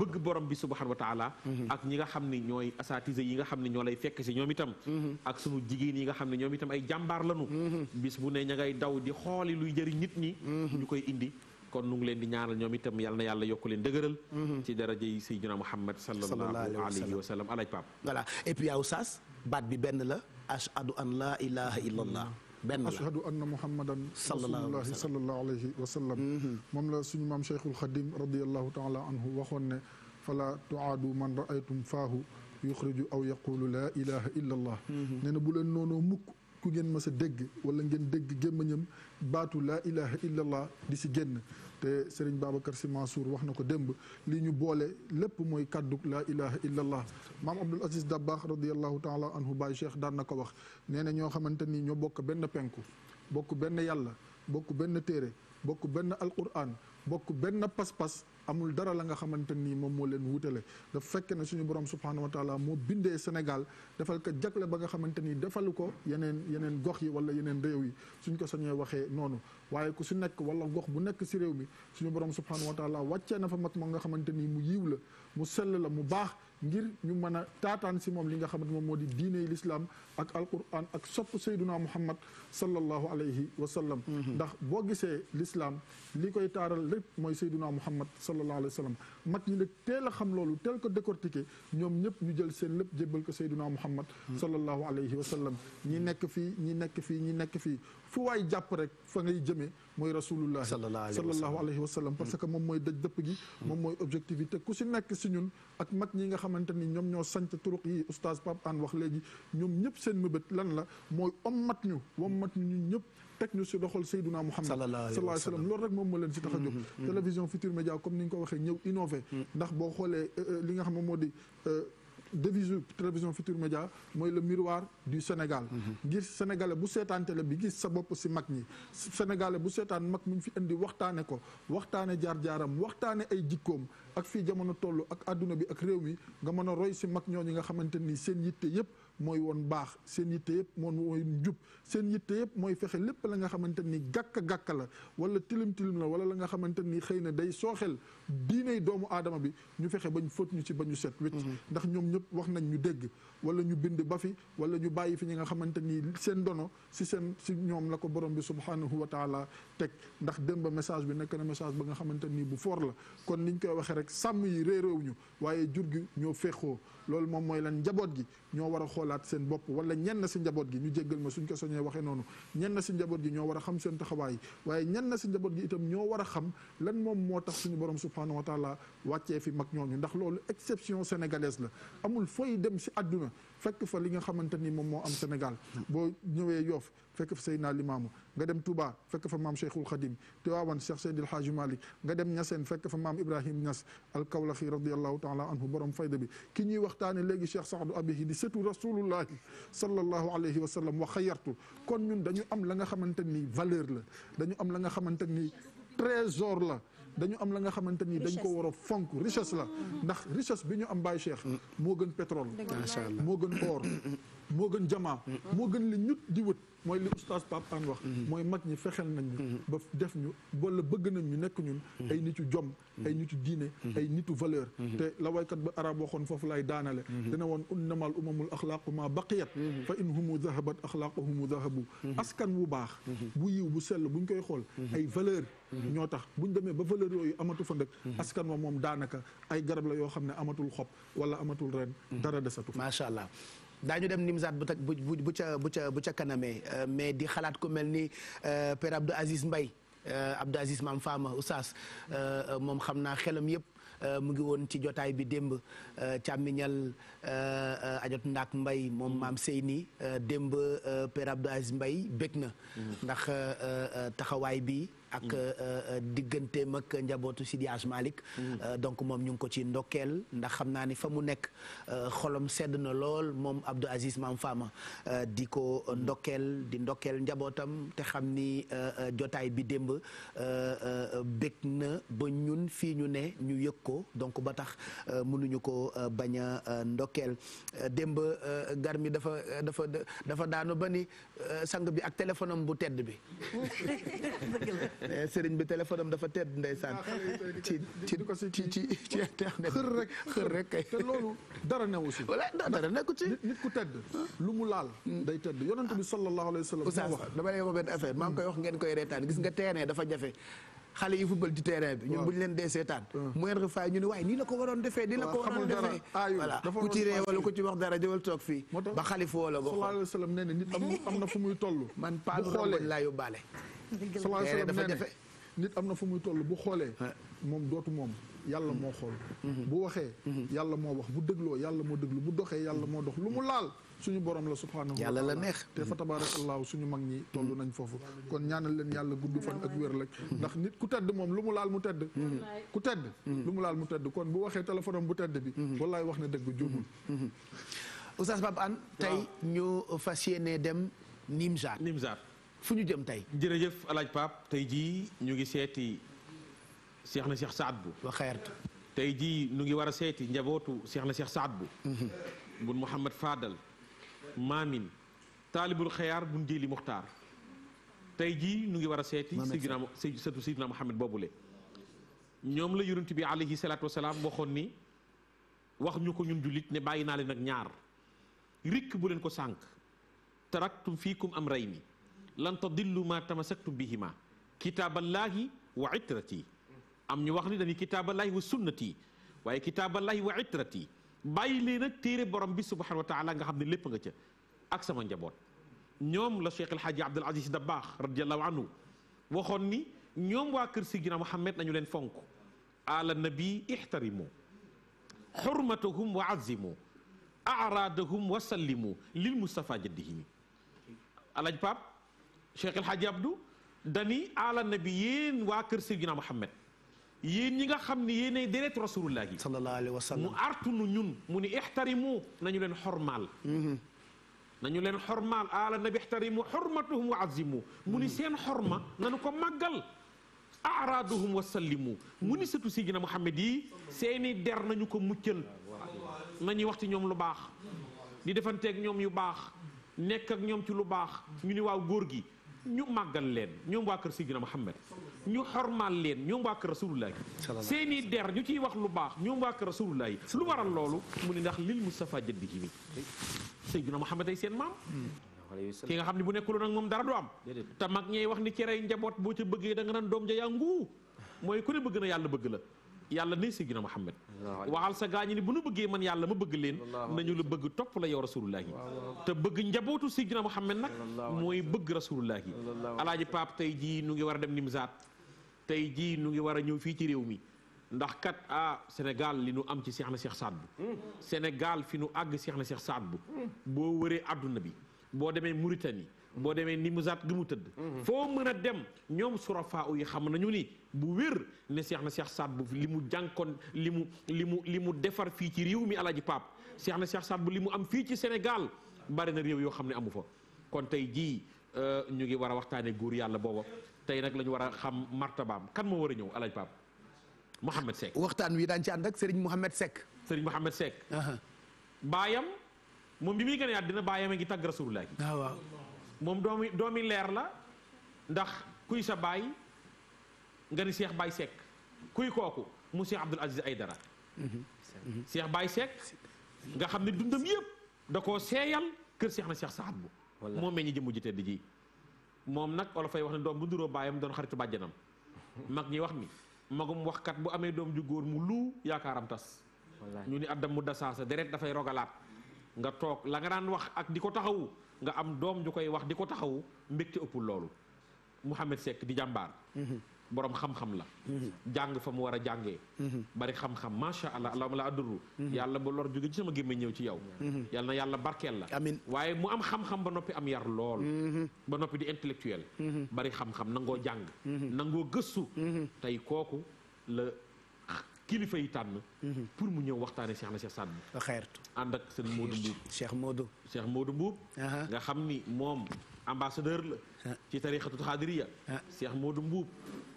bëgg borom bi subhanahu wa diaspora mm-hmm. ak ñi nga xam ne ñooy asatise yi nga xam ne ñoo lay fekk si ñoom itam mm-hmm. ak sunu jigéen yi nga xam ne ñoom itam ay jàmbaar lanu mm-hmm. bis bu ne ña ngay daw di xooli luy jëriñ nit ñi ñu koy indi kon nu ngi leen di ñaanal ñoom itam yal na yàlla yokk leen dëgëral ci daraja yi Muhammad suñu maam cheikhul xadim radiallahu taala anhu waxoon ne fala tuaadu man raaytum faahu yuxriju aw yaqulu laa ilaha illa allah mhm. nee na bu leen noonoo mukk ku ngeen mës a dégg wala ngeen dégg gémmañam baatu laa ilaha illa allah di si génn te Serigne Babacar Sy Mansour wax na ko démb li ñu boole lépp mooy kaddu laa ilaha illa allah maam Abdoul Aziz Dabakh radiallahu taala anhu Baye Cheikh daan na ko wax nee na ñoo xamante ni ñoo bokk benn penku bokk benn yàlla bokk benn téere bokk benn alquran bokk benn pas amul dara la nga xamante ni moom moo leen wutale daf fekk ne suñu borom subhanahu wa moo bindee Sénégal defal ko jagle ba nga xamante ni defalu ko yeneen yeneen gox yi wala yeneen réew yi suñ ko sañee waxee noonu waaye ku si nekk wala gox bu nekk si réew mi suñu borom subhanahu wa taala wàccee na fa mag moo nga xamante ni mu yiw la mu sell la mu baax ngir ñu mën a taataan si moom li nga xamante moom moo di diiney lislaam ak alquran ak sopp sayduna muhammad sallallahu alayhi wa sallam mhm. ndax boo gisee lislaam li koy taaral lépp mooy sayduna muhammad sallallahu alayhi wa sallam mag ñi nag teel a xam loolu teel ko décortiquer ñoom ñëpp ñu jël seen lépp jébbal ko sayduna muhammad mhm. sallallahu alayhi wa sallam ñi nekk fii ñi nekk fii ñi nekk fii fu waay jàpp rek fa ngay jëmee mooy rasulullah sallallahu alayhi wa sallam parce que moom mooy daj dëpp gi moom mooy objectivité ku si nekk si ñun ak mag ñi nga xamante ñoom ñoo sanc turuq yi oustaz Pape Hann wax léegi ñoom ñëpp seen mëbët lan la mooy ommat ñu wommat ñu ñun ñëpp teg ñu si doxal Seyduna Muhammad sallallahu rek moom moo leen si tax a jóg mm-hmm, mm-hmm. télévision Futurs Médias comme ni ko waxee ñëw innové mm. ndax boo xoolee euh, euh, li nga xam moo di euh, devise télévision Futur Média mooy le miroir du Sénégal mhm. ngir sénégalais bu seetaan télé bi gis sa bopp si mag ñi sénégalais bu seetaan mag mu ñu fi indi waxtaane ko waxtaane jaar-jaaram waxtaane ay jikkoom ak fii jamono toll ak àdduna bi ak réew mi nga mën a roy si mag ñooñu nga xamante ni seen yitte yëpp mooy woon baax seen yitte yëpp moom mooy jub seen yitte yëpp mooy fexe lépp la nga xamante ni gàkka-gàkka la wala tilim-tilim la wala la nga xamante ni xëy na day sooxel diiney doomu aadama bi ñu fexe ba bañ fóot ñu ci ba ñu set wecc mm-hmm. ndax ñoom ñëpp wax nañ ñu dégg wala ñu bind ba fi wala ñu bàyyi fi ñi nga xamante ni seen dono si seen si ñoom la ko borom bi subhanahu wa taala teg ndax dem démb message bi nekk na message ba nga xamante ni bu foor la kon niñ koy waxee rek sàmm yi réeréew ñu waaye jur gi ñoo fexoo loolu moom mooy lan njaboot gi ñoo war a xoolaat seen bopp wala ñenn si njaboot gi ñu jéggal ma suñ ko soñee waxee noonu ñenn si njaboot gi ñoo war a xam seen taxawaay waaye ñenn si njaboot gi itam ñoo war a xam lan moom moo tax suñu borom subhanahu wa taala wàccee fi mag ñooñu ndax loolu exception sénégalaise la amul fooy dem si àdduna fekk fa li nga xamante ni moom moo am Sénégal boo ñëwee Yoff fekk fa Seydina Limaamu nga dem Touba fekk fa maam Cheikhul Khadim Tiwaawan Cheikh Seydil Hadji Malick nga dem Ñaseen fekk fa maam Ibrahim Ñas alkawlaxi radiallahu taala anhu borom fayda bi ki ñuy waxtaane léegi Cheikh Saadu Abihi di sëtu rasulullahi sallallahu alayhi wa sallam wa xayartu kon ñun dañu am la nga xamante ni valeur la dañu am la nga xamante ni trésor la dañu am la nga xamante ni dañ ko war a fonk richesse la mm-hmm. ndax richesse bi ñu am Baye Cheikh moo gën pétrole moo gën or moo gën jamaa moo gën li ñut di wët mooy li oustaz Pape Hann wax mm-hmm. mooy mag ñi fexeel nañ ñu mm-hmm. ba def ñu wala bëgg nañ ñu nekk ñun mm-hmm. ay nitu jom ay nitu diine ay nitu valeur te la waykat ba arab waxoon foofu lay daanale dina woon innamal umamul axlaaqu ma baqiyat fa in humu zahabat axlaaquhumu zahabu askan wu baax bu yiw bu sell buñ koy xool ay valeur ñoo tax buñ demee ba valeur yooyu amatu fa ndëkk askan wa moom daanaka ay garab la yoo xam ne amatul xob wala amatul ren dara desatu macha allah daañu dem Nimzaat bu bu bu ca bu ca bu ca kanamee euh, mais di xalaat ku mel ni euh, Père Abdou Aziz Mbaye euh, Abdou Aziz Mam Fama Oustaz moom xam naa xelam yëpp mu ngi woon ci jotaay bi démb càmmiñal ajot ndaak mbay moom maam Seyni démb Père Abdou Aziz Mbaye bég na mm-hmm. ndax taxawaay bi ak mm. euh, euh, diggante ak njabootu Sidi Hadj mm. euh, donc moom ñu ko ci ndokkeel ndax xam naa ni fa mu nekk xolom sedd na lool moom Abdou Aziz Mam Fama di ko mm. ndokkeel di ndokkeel njabootam te xam ni jotaay bi démb bég na ba ñun fii ñu ne ñu yëg ko donc ba tax mënuñu ko baña a ndokkeel démb gar mi dafa dafa dafa daanu ba ni sang bi ak téléphone bu tedd bi Eh, sëriñ bi téléphone am dafa tedd ndeysaan ah, ci ci ci ci ci internet xër rek xër rek kay te loolu dara newu si wala dara nekku ci nit ku tedd lu mu laal day tedd yonent bi sallallahu alayhi wa sallam oustaz dama lay wax benn affaire maa ngi wax ngeen koy reetaan gis nga teenee dafa jafe xale yi football ci terrain leen dee seetaan mu yen refaay ñu ne waaye waroon defee nii la ko waroon defee ah, voilà ku wala ku ci wax dara jëwal toog fii ba xalifu wala nga xool sallallahu nit am na fu muy toll man paalu laa yóbbaale sallallahu alayhi wa defe nit am na fu muy toll bu xoolee moom dootu moom yàlla mm-hmm. moo xool mm-hmm. bu waxee mm-hmm. yàlla moo wax bu dégloo yàlla moo déglu bu doxee yàlla moo dox lu mu laal suñu borom la subhaanahu wa taala yàlla la neex te fa tabaarakallaahu suñu mag ñi toll nañ foofu kon ñaanal leen yàlla gudd fan ak wér lak ndax nit ku tedd moom lu mu laal mu tedd ku tedd lu mu laal mu tedd kon bu waxee téléphone am bu tedd bi wallaay wax na dëgg jógul oustaz Pape Hann tey ñu fas yéene dem Nimzaat Nimzaat fu ñu jëm tey. jërëjëf alaaj Pape tey jii ñu ngi seeti seex na seex Saad bu wa xayartu tey jii ñu ngi war a seeti njabootu seex na seex Saad bu bun Mouhamad Fadal Maamin taalibul xayaar bun jili Muxtaar tey jii ñu ngi war a seeti. Seydina sëtu Seydina boobu le ñoom la yonent bi alayhi salaatu wasalaam waxoon ni wax ñu ko ñun jullit ne bàyyi naa leen ak ñaar rikk bu leen ko sànq taraktum fiikum am rey mi lan tadillu ma tamasaktu bihima kitaaballahi wa itrati am ñu wax ni dañuy kitaaballahi wa sunnati waaye kitaaballahi wa itrati bàyyi leen nag téere borom bi subhanahu wa taala nga xam ne lépp nga ca ak sama njaboot ñoom la Cheikh El Hadji Abdoul Aziz Dabakh radiallahu anhu waxoon ni ñoom waa kër Seydina Muhammad nañu leen fonk ala nabi ihtarimu xurmatahum wa azimu aradahum wa sallimu lil mustafa jaddihimi alaj Cheikh El Hadj Abdou dani ala nabi yéen waa kër Seydina Muhammad yéen ñi nga xam ne yéenay deret rasulullah yi sallallahu alayhi wa sallam mu artunu ñun mu ni ixtarimu nañu leen xormaal mm-hmm. ñu leen xormaal ala nabi ixtarimu xormatuhum wa azimu mu ni mm-hmm. seen xorma nañu ko màggal araaduhum wa sallimu mm-hmm. mu ni sëtu Seydina Muhammad yi seeni der nañu ko muccal nañuy wax ci ñoom lu baax di defanteeg ñoom yu baax nekk ñoom ci lu baax ñu ni waaw góor gi ñu màggal leen ñoom waa kër Sidina Muhammad ñu xormaal leen ñoom waa kër Rasulullah seen i der ñu ciy wax lu baax ñoom waa kër Rasulullah lu waral loolu mu ni ndax lil Mustafa jëddi ci mi Sidina Muhammad ay seen maam ki nga xam ne bu nekkuloon nag moom dara du am te mag ñey wax ni ci rey njaboot boo ca bëggee da nga naan doom ja yaa mooy ku ne bëgg na yàlla bëgg la yàlla nay Seydina Muhammad waxal sa gaañu ni bu nu bëggee man yàlla ma bëgg leen nañu la bëgg topp la yow rasulullahi te bëgg njabootu Seydina Muhammad nag mooy bëgg rasulullahi alaaji Pape tey jii nu ngi war a dem Nimzaat tey jii nu ngi war a ñëw fii ci réew mi ndax kat ah senegal li nu am ci Seexna Seex Saad bu hmm. senegal fi nu àgg Seexna Seex Saad bu hmm. boo wëree àdduna bi boo demee Mauritanie boo demee ni mu Nimzaat gi mu tëdd. foo mën a dem ñoom sura faa yi xam nañu ni bu wér ne seex na seex saat bu li mu jànkoon li mu li mu li mu defar fii ci réew mi alaji Pape seex na seex saat bu li mu am fii ci Sénégal bari na réew yoo xam ne amu fa kon tey jii euh, ñu ngi war a waxtaanee góor yàlla booba tey nag lañu ñu war a xam martabaam kan moo war a ñëw alaji Pape Mouhamed Seck. waxtaan wi daan ci ànd ak Serigne Mouhamed Seck. Serigne Mouhamed Seck. baayam moom bi muy gën a àddina baayam a ngi tàgg Rasulullah. Ah, waaw waaw. moom doomi doomi leer la ndax kuy sa baay nga ni Cheikh Baye Seck kuy kooku mu Cheikh Abdoul Aziz Aydara mm-hmm. Cheikh baay Seck nga xam ne dundam yëpp da koo seeyal kër seex na Cheikh Saad bu moo meññi jëmmu ji tedd ji moom nag olof fay wax ne doom bu nduróo baayam doon xaritu bàjjanam mag ñi wax ni magum waxkat bu amee doom ju góor mu luu yaakaaram tas ñu ni addam mu dasaasa deret dafay rogalaat nga toog la nga daan wax ak di ko taxawu nga am doom ju koy wax di ko taxawu mbégte ëppul loolu Mouhamed Seck di jàmbaar mhm. borom xam-xam la mhm. jàng fa mu war a jàngee mhm. bari xam-xam macha allah allahuma la adduru yàlla ba lor jóge ci sama gémmiñ ñëw ci yow yàlla na yàlla barkeel la amin waaye mu am xam-xam ba noppi am yar lool ba noppi di intellectuel bari xam-xam nangoo jàng nangoo gëstu tey kooku kilifa yi tànn. Mhm. pour mu ñëw waxtaanee Cheikh na Cheikh Saad Bou. xeertu ànd ak sëñ Modou Mbuub. Cheikh Modou. Cheikh nga xam ni moom ambassadeur la. ci tariqatu xaadiriya. Cheikh Modou Mbuub.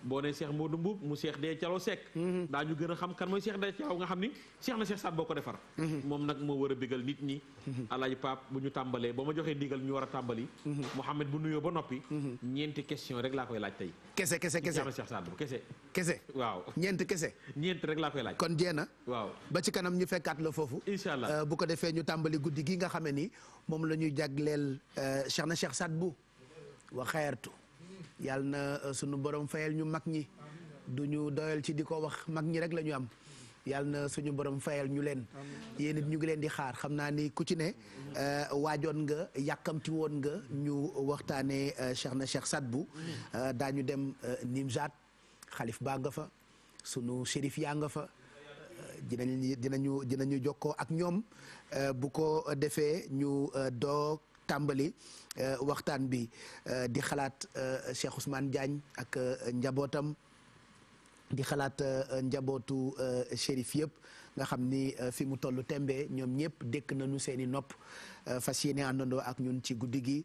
boo nee Cheikh Modou Mbuub mu Cheikh Dee Calo Seck mhm. daañu gën a xam kan mooy Cheikh Dee Calo nga xam ni Cheikh na Cheikh Saat boo ko defar mhm. moom nag moo war a bégal nit ñi mhm. alaaji Pape bu ñu tàmbalee ba ma joxee digal ñu war a tàmbali Mouhamed bu nuyoo ba noppi ñeenti question rek laa koy laaj tey kese kese kese Cheikh Saat bu kese kese waaw ñeent kese ñeent rek laa koy laaj kon jeena waaw ba ci kanam ñu fekkaat la foofu incha allah euh, bu ko defee ñu tàmbali guddi gi nga xamee ni moom la ñuy jagleel euh, Cheikh na Cheikh Saat bu wa xayartu yàll na euh, sunu borom fayal ñu mag ñi du ñu doyal ci di ko wax mag ñi rek la am yàlla na suñu borom fayal ñu leen yéen ñu ngi leen di xaar xam naa ni ku ci ne euh, waajoon nga yàkkamti woon nga ñu waxtaanee euh, Cheikh na Cheikh bu daañu dem Nimzaat xalif baa nga fa sunu shérif yaa nga fa dinañ dinañu jokkoo ak ñoom bu ko defee ñu doog tàmbali euh, waxtaan bi euh, di xalaat euh, Cheikh Ousmane Diagne ak njabootam di xalaat njabootu shérif yëpp nga xam ni fi mu toll tembe ñoom ñëpp dékk nañu seen i nopp fas yéene àndandoo ak ñun ci guddi gi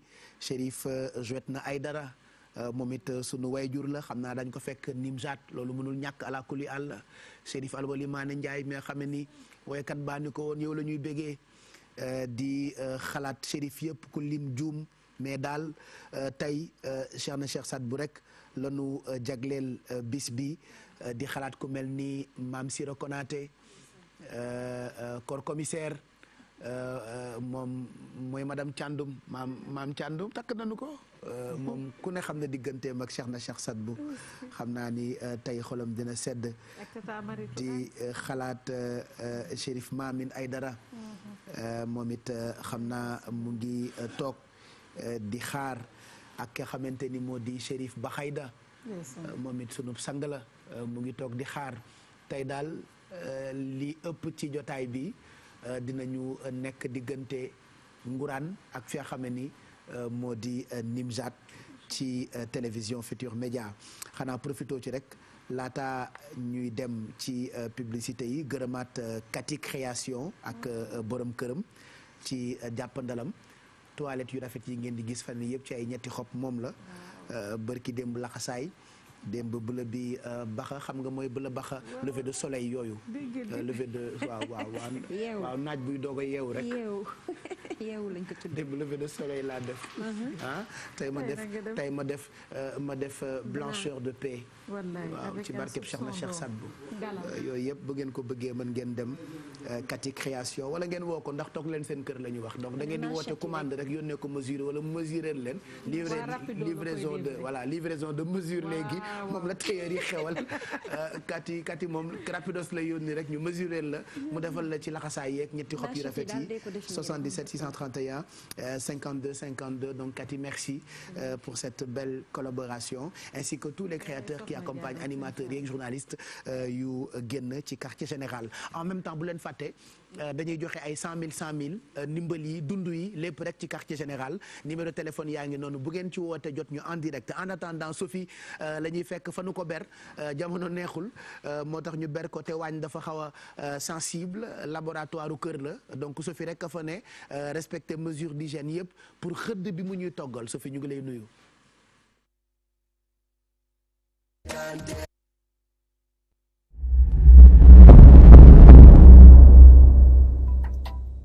shérif jouet na ay dara moom it sunu wayjur la xam naa dañ ko fekk Nimzaat loolu mënul ñàkk ala àll shérif Alwali Njaay mi nga ni waykat baa ni ko woon yow la ñuy Euh, di euh, xalaat shérif yëpp ku lim juum mais daal euh, tey Cheikh na Cheikh Saad bu rek la ñu jagleel bis bi di xalaat ku mel ni maam Sira Konaté corps commissaire Euh, euh, moom mooy madam càndum maam maam Thiandoum takk nañu ko. Euh, moom ku ne xam ne digganteem ak Cheikh na Cheikh Sadbu xam naa ni tey xolam dina sedd. di xalaat Chérif Mamin Aydara. moom it xam naa mu ngi toog di xaar ak ki xamante ni moo di Chérif Baxayda moom it sunub sang la mu ngi toog di xaar tey daal li ëpp ci jotaay bi. Euh, dina ñu euh, nekk diggante Ngourane ak fi nga xam ne ni euh, moo di Nimzat ci télévision Futur Média xanaa profito ci rek laata ñuy dem ci publicité yi gërëmaat Kati création ak borom këram ci jàppandalam toilette yu rafet yi ngeen di gis fan yëpp ci ay ñetti xob moom la bërki démb laxasaay démb bëla bi euh, baxa xam nga mooy bëla baxa lever de soleil yooyu euh, lever de waaw waaw waaw waaw naaj buy doog yeewu rek yeewu lañ ko ci démb lever de soleil laa def uh-huh. ah, tey ma def tey ma def euh, ma def blancheur de paix waaw ci barkeb Cheikh na Cheikh Sadbou yooyu yëpp bu ngeen ko bëggee mën ngeen dem kati création wala ngeen woo ko ndax toog leen seen kër la ñu wax donc da ngeen di woote commande rek yónnee ko mesure wala mesurer leen livraison de voilà livraison de mesure léegi moom la tailleur yi xewal euh, kat yi kat yi moom rapidos la yónni rek ñu mesurer la mu defal le ci laxasaay yeeg ñetti xob yu rafet yi 77 631 52 52 donc kat yi merci mm. euh, pour cette belle collaboration ainsi que tous les créateurs qui accompagnent animateurs yeeg journalistes euh, yu génn ci quartier général en même temps bu leen fàtte Euh, dañuy joxe ay cent mille cent mille euh, ndimbal yi dund yi lépp rek ci quartier général numéro téléphone yaa ngi noonu bu ngeen ci woote jot ñu en direct en attendant Sophie euh, la ñuy fekk fanu nu ko ber jamono neexul moo tax ñu ber ko te waañ dafa xaw a sensible laboratoire kër la donc Sophie rek fa ne respecter di d'hygiène yëpp pour xëdd bi mu ñuy toggal Sophie ñu ngi lay nuyu.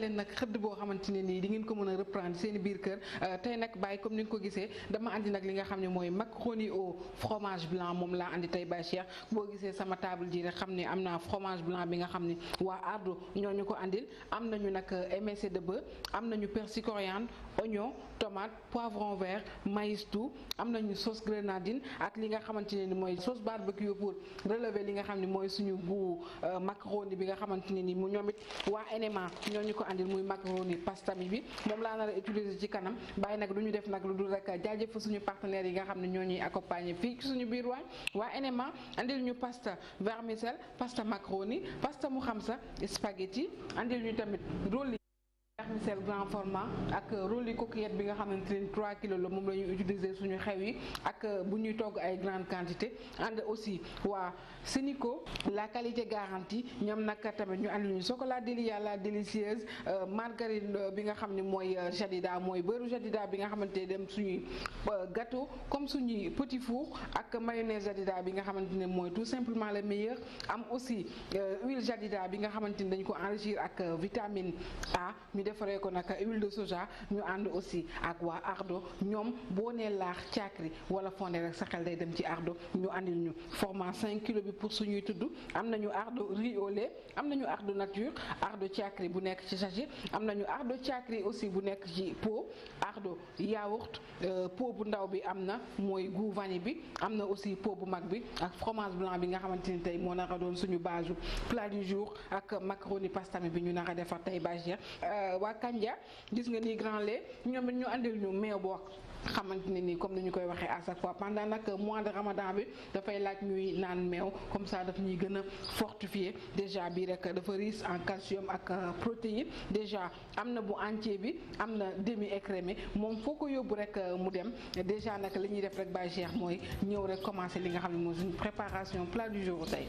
defal leen nag xëdd boo xamante ne nii di ngeen ko mën a reprendre seen biir kër euh, tey nag bàyyi comme ni nga ko gisee dama andi nag li nga xam ne mooy macaroni o fromage blanc moom laa andi tey Baye Cheikh boo gisee sama table ji rek xam ne am naa fromage blanc bi nga xam ne waa ardo ñoo ñu ko andil am na ñu nag euh, émincé de bœuf am nañu persil coriandre oignon tomate poivron vert maïs doux am nañu sauce grenadine ak li nga xamante ne ni mooy sauce barbecue pour relever li nga xam ne mooy suñu goût euh, macaroni bi nga xamante ne ni mu ñoom it waa NMA ñoo ñu ko andil muy macaroni pastami bi moom laa nar la utiliser ci kanam bàyyi nag du ñu def nag lu dul rek jaajëf suñu partenaires yi nga xam ne ñoo ñuy accompagner fii ci suñu biir waañ waa NMA andil ñu pasta vermicelle pasta macaroni pasta mu xam sa spaghetti andil ñu tamit vermicelle grand format ak rôle coquillette bi nga xamante ne 3 kilos la moom la ñuy su suñu xew yi ak bu ñuy togg ay grande quantité ànd aussi waa Sénico la qualité garantie ñoom nag tamit ñu andi ñu chocolat délicat la délicieuse euh, margarine euh, bi nga xam ne mooy euh, jadida mooy beurre jadida bi nga xamante dem suñuy gâteau comme suñuy petit four ak mayonnaise jadida bi nga xamante ne mooy tout simplement le meilleur am aussi huile jadida bi nga xamante ni dañu ko enrichir ak vitamine A ñu defaree ko nag huile de soja ñu ànd aussi ak waa ardo ñoom boo nee laax caakri wala fondé rek sa xel day dem ci ardo ñu andil ñu format kilo pour suñuy tudd am nañu ardo riz au am nañu ardo nature ardo càkkri bu nekk ci sachet am nañu ardo càkkri aussi bu nekk ci pot ardo yaourt euh, pot bu ndaw bi am na mooy goût vanille bi am na aussi pot bu mag bi ak fromage blanc bi nga xamante ni tey moo nar a doon suñu base plat du jour ak macaroni pastami bi ñu nar a defar tey bâche euh, waa Kandia gis nga ni grand lait ñoom it ñu andil ñu meew boo xamante ne nii comme ni ñu koy waxee à chaque fois pendant nag mois de ramadan bi dafay laaj ñuy naan meew comme ça daf ñuy gën a fortifié déjà bii rek dafa riis en calcium ak euh, protéine déjà am na bu entier bi am na demi écrémé moom foo ko yóbbu rek euh, mu dem déjà nag li ñuy def rek ba Cheikh mooy ñëw rek commencer li nga xam ne mooy suñu préparation plat du jour tey.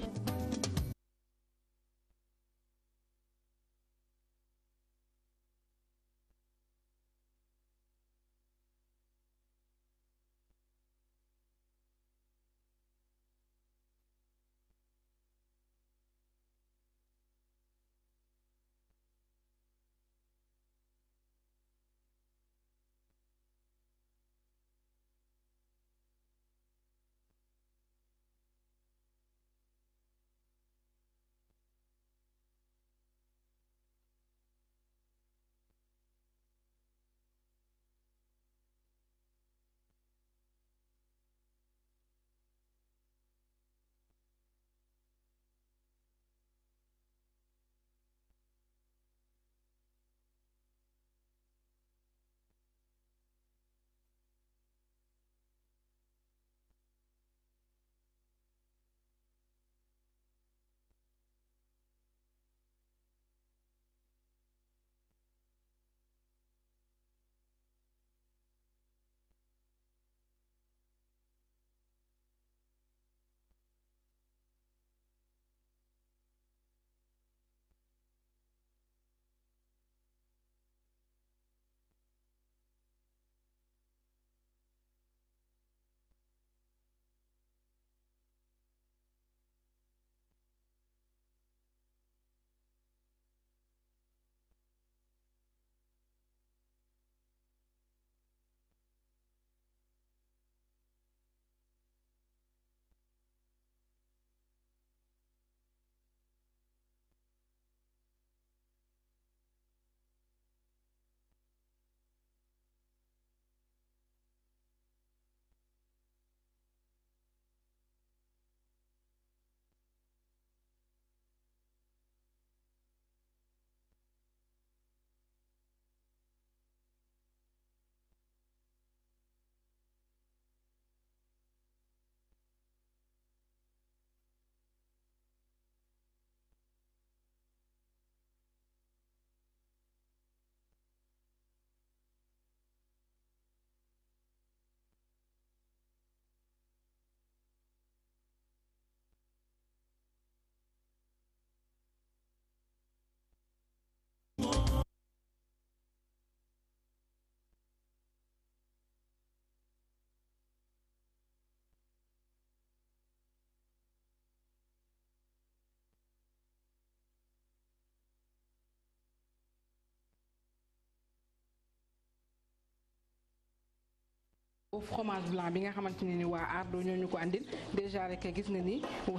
au fromage blanc bi nga xamante ne ni waa Ardo ñoo ñu ko andil déjà rek gis nga ni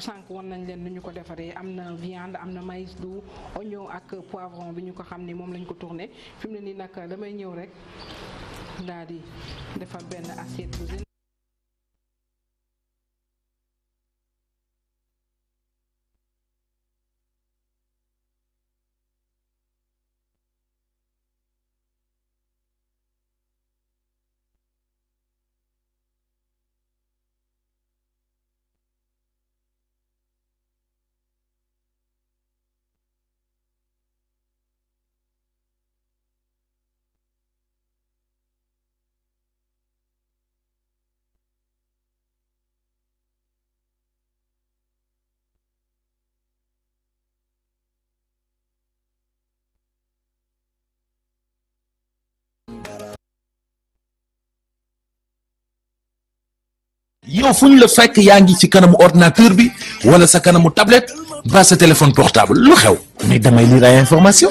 sànq wan nañ leen nu ñu ko defaree am na viande am na mais du oignon ak poivron bi ñu ko xam ni moom lañ ko tourné fi mu ne nii nag damay ñëw rek daal di defar benn assiette bu yow fu la fekk yaa ngi ci kanamu ordinateur bi wala sa kanamu tablette ba téléphone portable lu xew mais damay lire ay information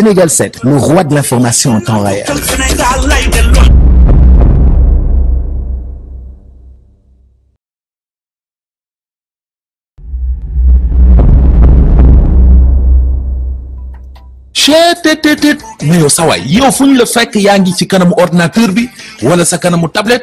Sénégal 7, le roi de l'information en temps réel. cheetetetet mais yow sawaay yow fu ñu la fekk yaa ngi ci kanamu ordinateur bi wala sa kanamu tablet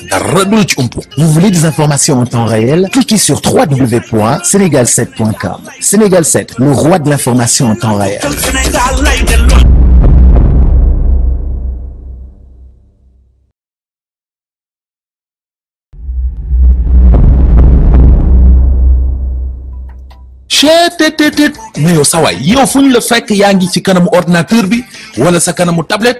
dara du la ci ump vous voulez des informations en temps réel cliquez sur wwwsenegal Sénégal le roi de l'information en temps réel cheetetetet mais yow saa waay yow fu ñu la fekk yaa ngi ci kanamu ordinateur bi wala sa kanamu tablet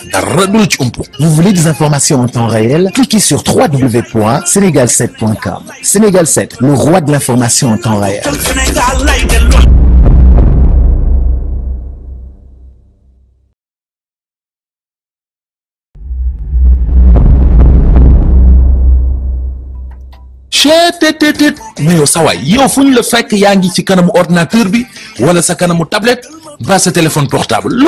dara du la ci umpu. Vous voulez des informations en temps réel? Cliquez sur www.senegal7.com. Sénégal 7, le roi de l'information en temps réel. cheetetetet mais yow sawaay yow fu ñu la fekk yaa ngi ci kanamu ordinateur bi wala sa kanamu tablette ba sa téléphone portable lu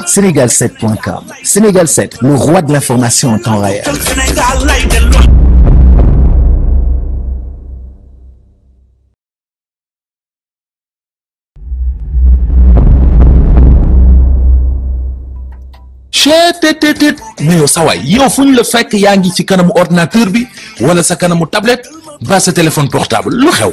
à sénégal7.com. Sénégal 7, le roi de l'information en temps réel. cheetetetet mais yow sa waay yow fu ñu la fekk yaa ngi ci kanamu ordinateur bi wala sa kanamu tablette ba sa téléphone portable lu xew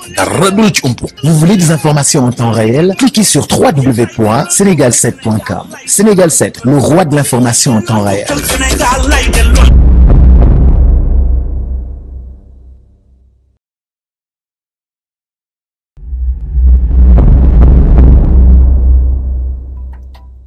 dara du la ci umpu. Vous voulez des informations en temps réel? Cliquez sur wwwsenegal Sénégal le roi de l'information en temps réel.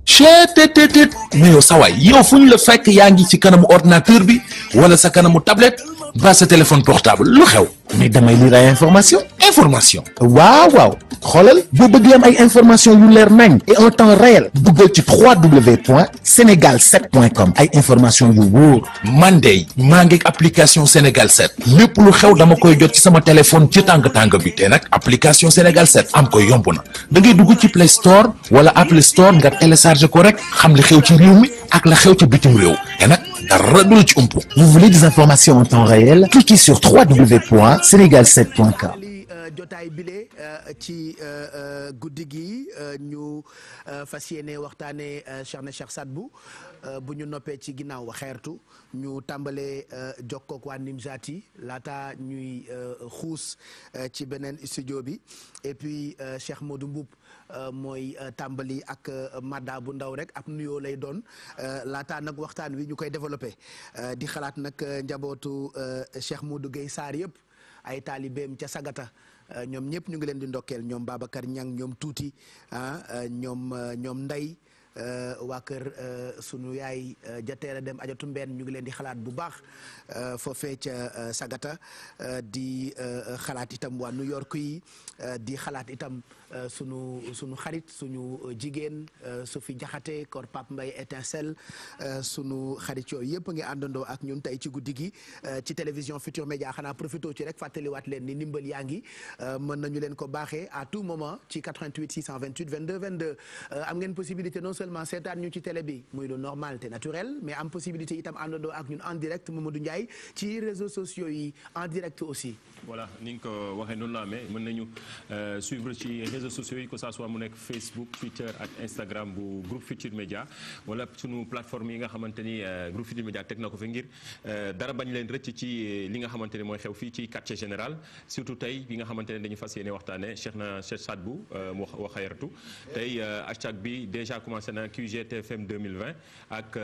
cheetetetet mais yow sawaay yow fu ñu la fekk yaa ngi ci kanamu ordinateur bi wala sa kanamu tablette ba sa téléphone portable lu xew mais damay lire ay information information waaw waaw xoolal boo bëgg am ay information yu leer nañ et en temps réel duggal ci 3w point sénégal 7 point ay information yu wóor man de maa ngi application sénégal 7 lépp lu xew dama koy jot ci sama téléphone ci tàng tàng bi te nag application sénégal 7 am koy yomb na da ngay dugg ci play store wala apple store nga télécharge ko rek xam la xew ci réew mi ak la xew ci bitim réew dara du la ci umpu. Vous voulez des informations en temps réel? Cliquez sur www.senegal7.com. Euh, jotaay bile euh, ci euh, guddi gi ñu fas yéene waxtaanee Cheikhna Cheikh Sadbou bu ñu noppee ci ginnaaw xeertu ñu tàmbalee jokkook waa Nimzati laata ñuy xuus ci beneen studio bi et puis Cheikh Modou Euh, mooy euh, tàmbali ak euh, madda bu ndaw rek ak nuyoo lay doon laataa nag waxtaan wi ñu koy développé di xalaat nag njabootu Cheikh Modou Guèye saar yëpp ay taalibeem ca Sagata ñoom ñëpp ñu ngi leen di ndokkeel ñoom Babacar Niang ñoom Tuuti ah ñoom ñoom Ndey waa kër sunu yaay jateer a dem ajatu ñu ngi leen di xalaat bu baax foofee ca Sagata di xalaat itam waa New York yi di xalaat itam Euh, sunu sunu xarit suñu euh, jigéen su fi jaxate kor Pape Mbaye étincelle euh, sunu xarit yooyu yëpp ngi àndandoo ak ñun tey ci guddi gi ci télévision Futur Média xanaa profité ci rek fàttaliwaat leen ni ndimbal yaa ngi mën nañu leen ko baaxee à tout moment ci 88 628 22 22 am ngeen possibilité non seulement seetaan ñu ci télé bi muy lu normal te naturel mais am possibilité itam àndandoo ak ñun en direct Mamadou Ndiaye ci réseaux sociaux yi en aussi voilà ni nga ko waxee noonu la amee mën nañu euh, suivre ci réseaux sociaux yi que ça soit mu nekk Facebook Twitter ak Instagram bu groupe Futur Média wala sunu plateforme yi nga xamante ni euh, groupe Futur Média teg na ko fi ngir euh, dara bañ leen rëcc ci li nga xamante ni mooy xew fii ci quartier général surtout tey bi nga xamante ne dañu fas yéene waxtaane Cheikh na Cheikh Sadbou mu wax xayaratu tey hashtag bi déjà commencé na QGTFM 2020 ak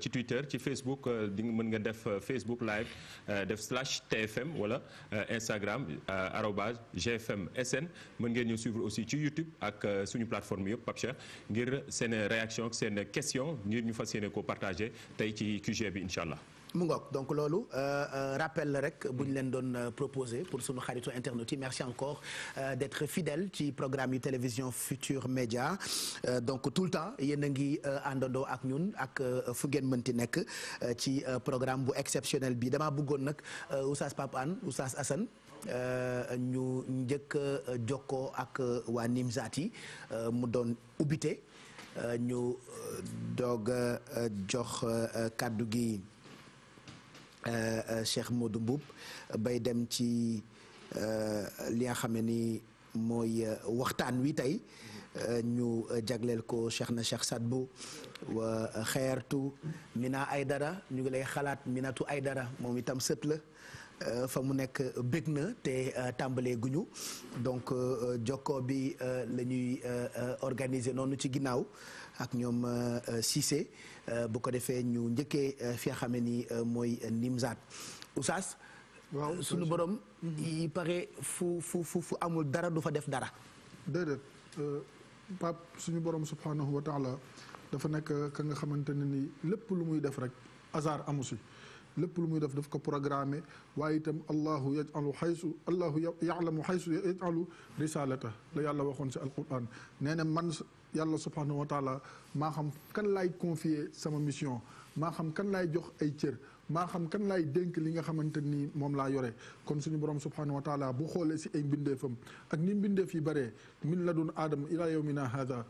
ci Twitter ci Facebook di mën nga def Facebook live def slash TFM wala Instagram euh, arobage GFM SN mën ngeen ñu suivre aussi ci YouTube ak euh, suñu plateforme yëpp Pape Cheikh ngir seen réaction ak seen question ngir ñu fas yéene ko partagé tey ci QG bi incha allah. mu ngoog donc loolu euh, euh, rappel la rek bu ñu leen doon euh, proposé pour sunu xaritu internet yi merci encore d'être fidèle ci programme yu télévision Futur Média donc tout le temps yéen a ngi àndandoo ak ñun ak fu ngeen mënti nekk ci programme bu exceptionnel bi damaa bëggoon nag Oustaz papan Anne Oustaz Assane ñu njëkk a jokkoo ak waa Nimzaat mu doon ubbite ñu doog a jox kàddu gi. Euh, euh, Cheikh Modou Mbuub euh, bay dem ci li nga xam ne ni mooy waxtaan wi tey ñu jagleel ko Cheikh na Cheikh bu wa minaa ay dara ñu ngi lay xalaat Minatu ay dara moom itam sët la fa mu nekk bég na te tàmbalee guñu donc jokkoo bi la ñuy organiser noonu ci ginnaaw ak ñoom Cissé Euh, boo ko defee ñu njëkkee euh, fi nga xam ne ni euh, mooy Nimzaat Oustaz. waaw suñu borom. yi mhm. pare fu fu fu amul dara du fa def dara. déedéet Pape suñu borom subhanahu wa taala dafa nekk ka nga xamante ne ni lépp lu muy def rek hasard amu si lépp lu muy def daf ko programmé waaye itam allahu yajalu xaysu allahu yalamu xaysu yajalu risalata la yàlla waxoon si alquran nee man yàlla subhanahu wa maa xam kan laay confier sama mission maa xam kan laay jox ay cër maa xam kan laay dénk li nga xamante ni moom laa yore kon suñu borom subhanahu wa taala bu xoolee si ay mbindeefam ak ni mbindeef yi baree min ladun aadama ila yawmina hada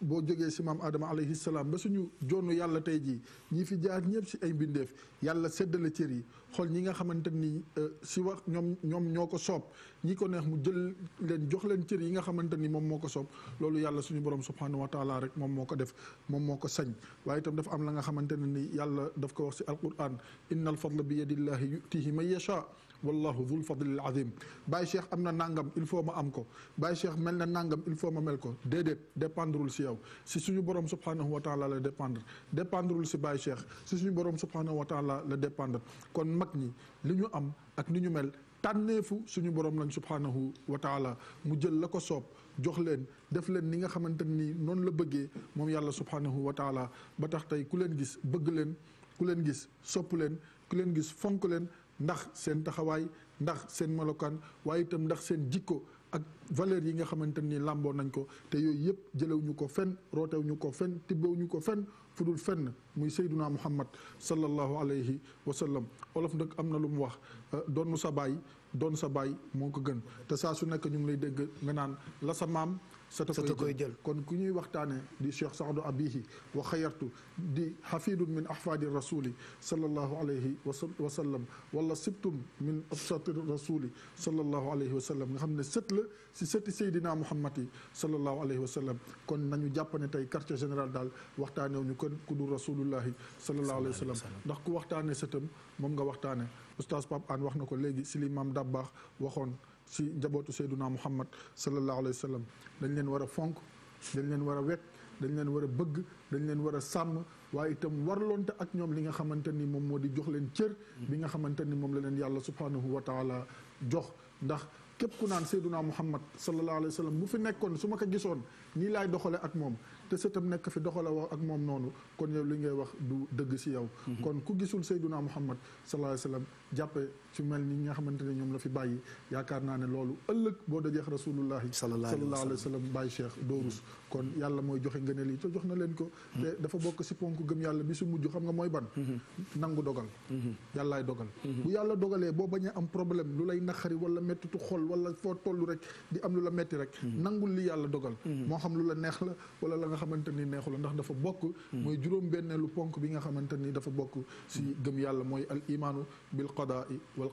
boo jógee si maam aadama alayhi salaam ba suñu jonn yàlla tey jii ñi fi jaar ñëpp si ay mbindeef yàlla séddale cër yi xool ñi nga xamante ni si euh, wax ñoom ñoom ñoo ko soob ñi ko neex mu jël leen jox leen cër yi nga xamante ni moom moo ko soob loolu yàlla suñu borom subhanahu wa taala rek moom moo ko def moom moo ko sañ waaye itam dafa am la nga xamante ne ni yàlla daf ko wax si alquran inna al fadla bi yadillahi yutihi man yasha wallahu dul fadlil azim Baye Cheikh am na nangam il faut ma am ko Baye Cheikh mel na nangam il faut ma mel ko déedéet dépendrewul si yow si suñu borom subhanahu wa taala la dépendre dépendrewul si Baye Cheikh si suñu borom subhanahu wa taala la dépendre kon mag ñi li ñu am ak ni ñu mel tànneefu suñu borom lañ subhanahu wa taala mu jël la ko soob jox leen def leen ni nga xamante ni noonu la bëggee moom yàlla subhanahu wa taala ba tax tey ku leen gis bëgg leen ku leen gis sopp leen ku leen gis fonk leen ndax seen taxawaay ndax seen melokaan waaye itam ndax seen jikko ak valeur yi nga xamante ni làmboo nañ ko te yooyu yëpp jëlewuñu ko fenn rootewuñu ko fenn tibbewuñu ko fenn fu dul fenn muy sayduna muhammad sallallahu alayhi wa sallam olof nag am na lu mu wax euh, doonu sa baay doon sa baay moo ko gën te saa su nekk ñu ngi lay dégg nga naan la sa maam sata koy jël kon ku ñuy waxtaane di cheikh saadu abihi wa xayartu di xafidun min ahfaadi rasuli sallallahu alayhi wa sallam wala sibtum min absati rasuli sallallahu alayhi wa sallam nga xam ne sët la si sëti seydina muhammad yi sallallahu alayhi wa sallam kon nañu jàpp ne tey quartier général daal waxtaane ñu kon ku dul rasulullahi sallallahu alayhi wa sallam ndax ku waxtaane moom nga waxtaane oustaz Pape Hann wax na ko léegi si li maam Dabbaax waxoon si njabootu Seyduna Muhammad sallallahu alayhi wa sallam dañ leen war a fonk dañ leen war a wekk dañ leen war a bëgg dañ leen war a sàmm waaye itam warloonte ak ñoom li nga xamante ni moom moo di jox leen cër bi nga xamante ni moom la leen yàlla subhanahu wa taala jox ndax képp ku naan Seyduna Muhammad sallallahu alayhi wa sallam bu fi nekkoon su ma ko gisoon nii laay doxale ak moom te tam nekk fi doxale wax ak moom noonu kon yow li ngay wax du dëgg si yow mm-hmm. kon ku gisul Seyduna Muhammad sallallahu alayhi wa sallam jàppe ci mel ni nga xamante ne ñoom la fi bàyyi yaakaar naa ne loolu ëllëg boo dajeex rasulullahi sallallahu alayhi wa sallam bàyyi cheikh doorus mm-hmm. kon yàlla mooy joxe ngëneel yi te jox na leen ko mm-hmm. te dafa bokk si ponk gëm yàlla bi su mujj xam nga mooy ban mm-hmm. nangu dogal yàllaay dogal bu yàlla dogalee boo bañee am problème lu lay naqari wala mettitu xol wala foo toll rek di am lu la metti rek nangul li yàlla dogal moo xam lu la neex la wala la nga xamante ni neexu la ndax dafa bokk mooy juróom benneelu ponk bi nga xamante ni dafa bokk si gëm yàlla mooy al imaanu bil qadaa wal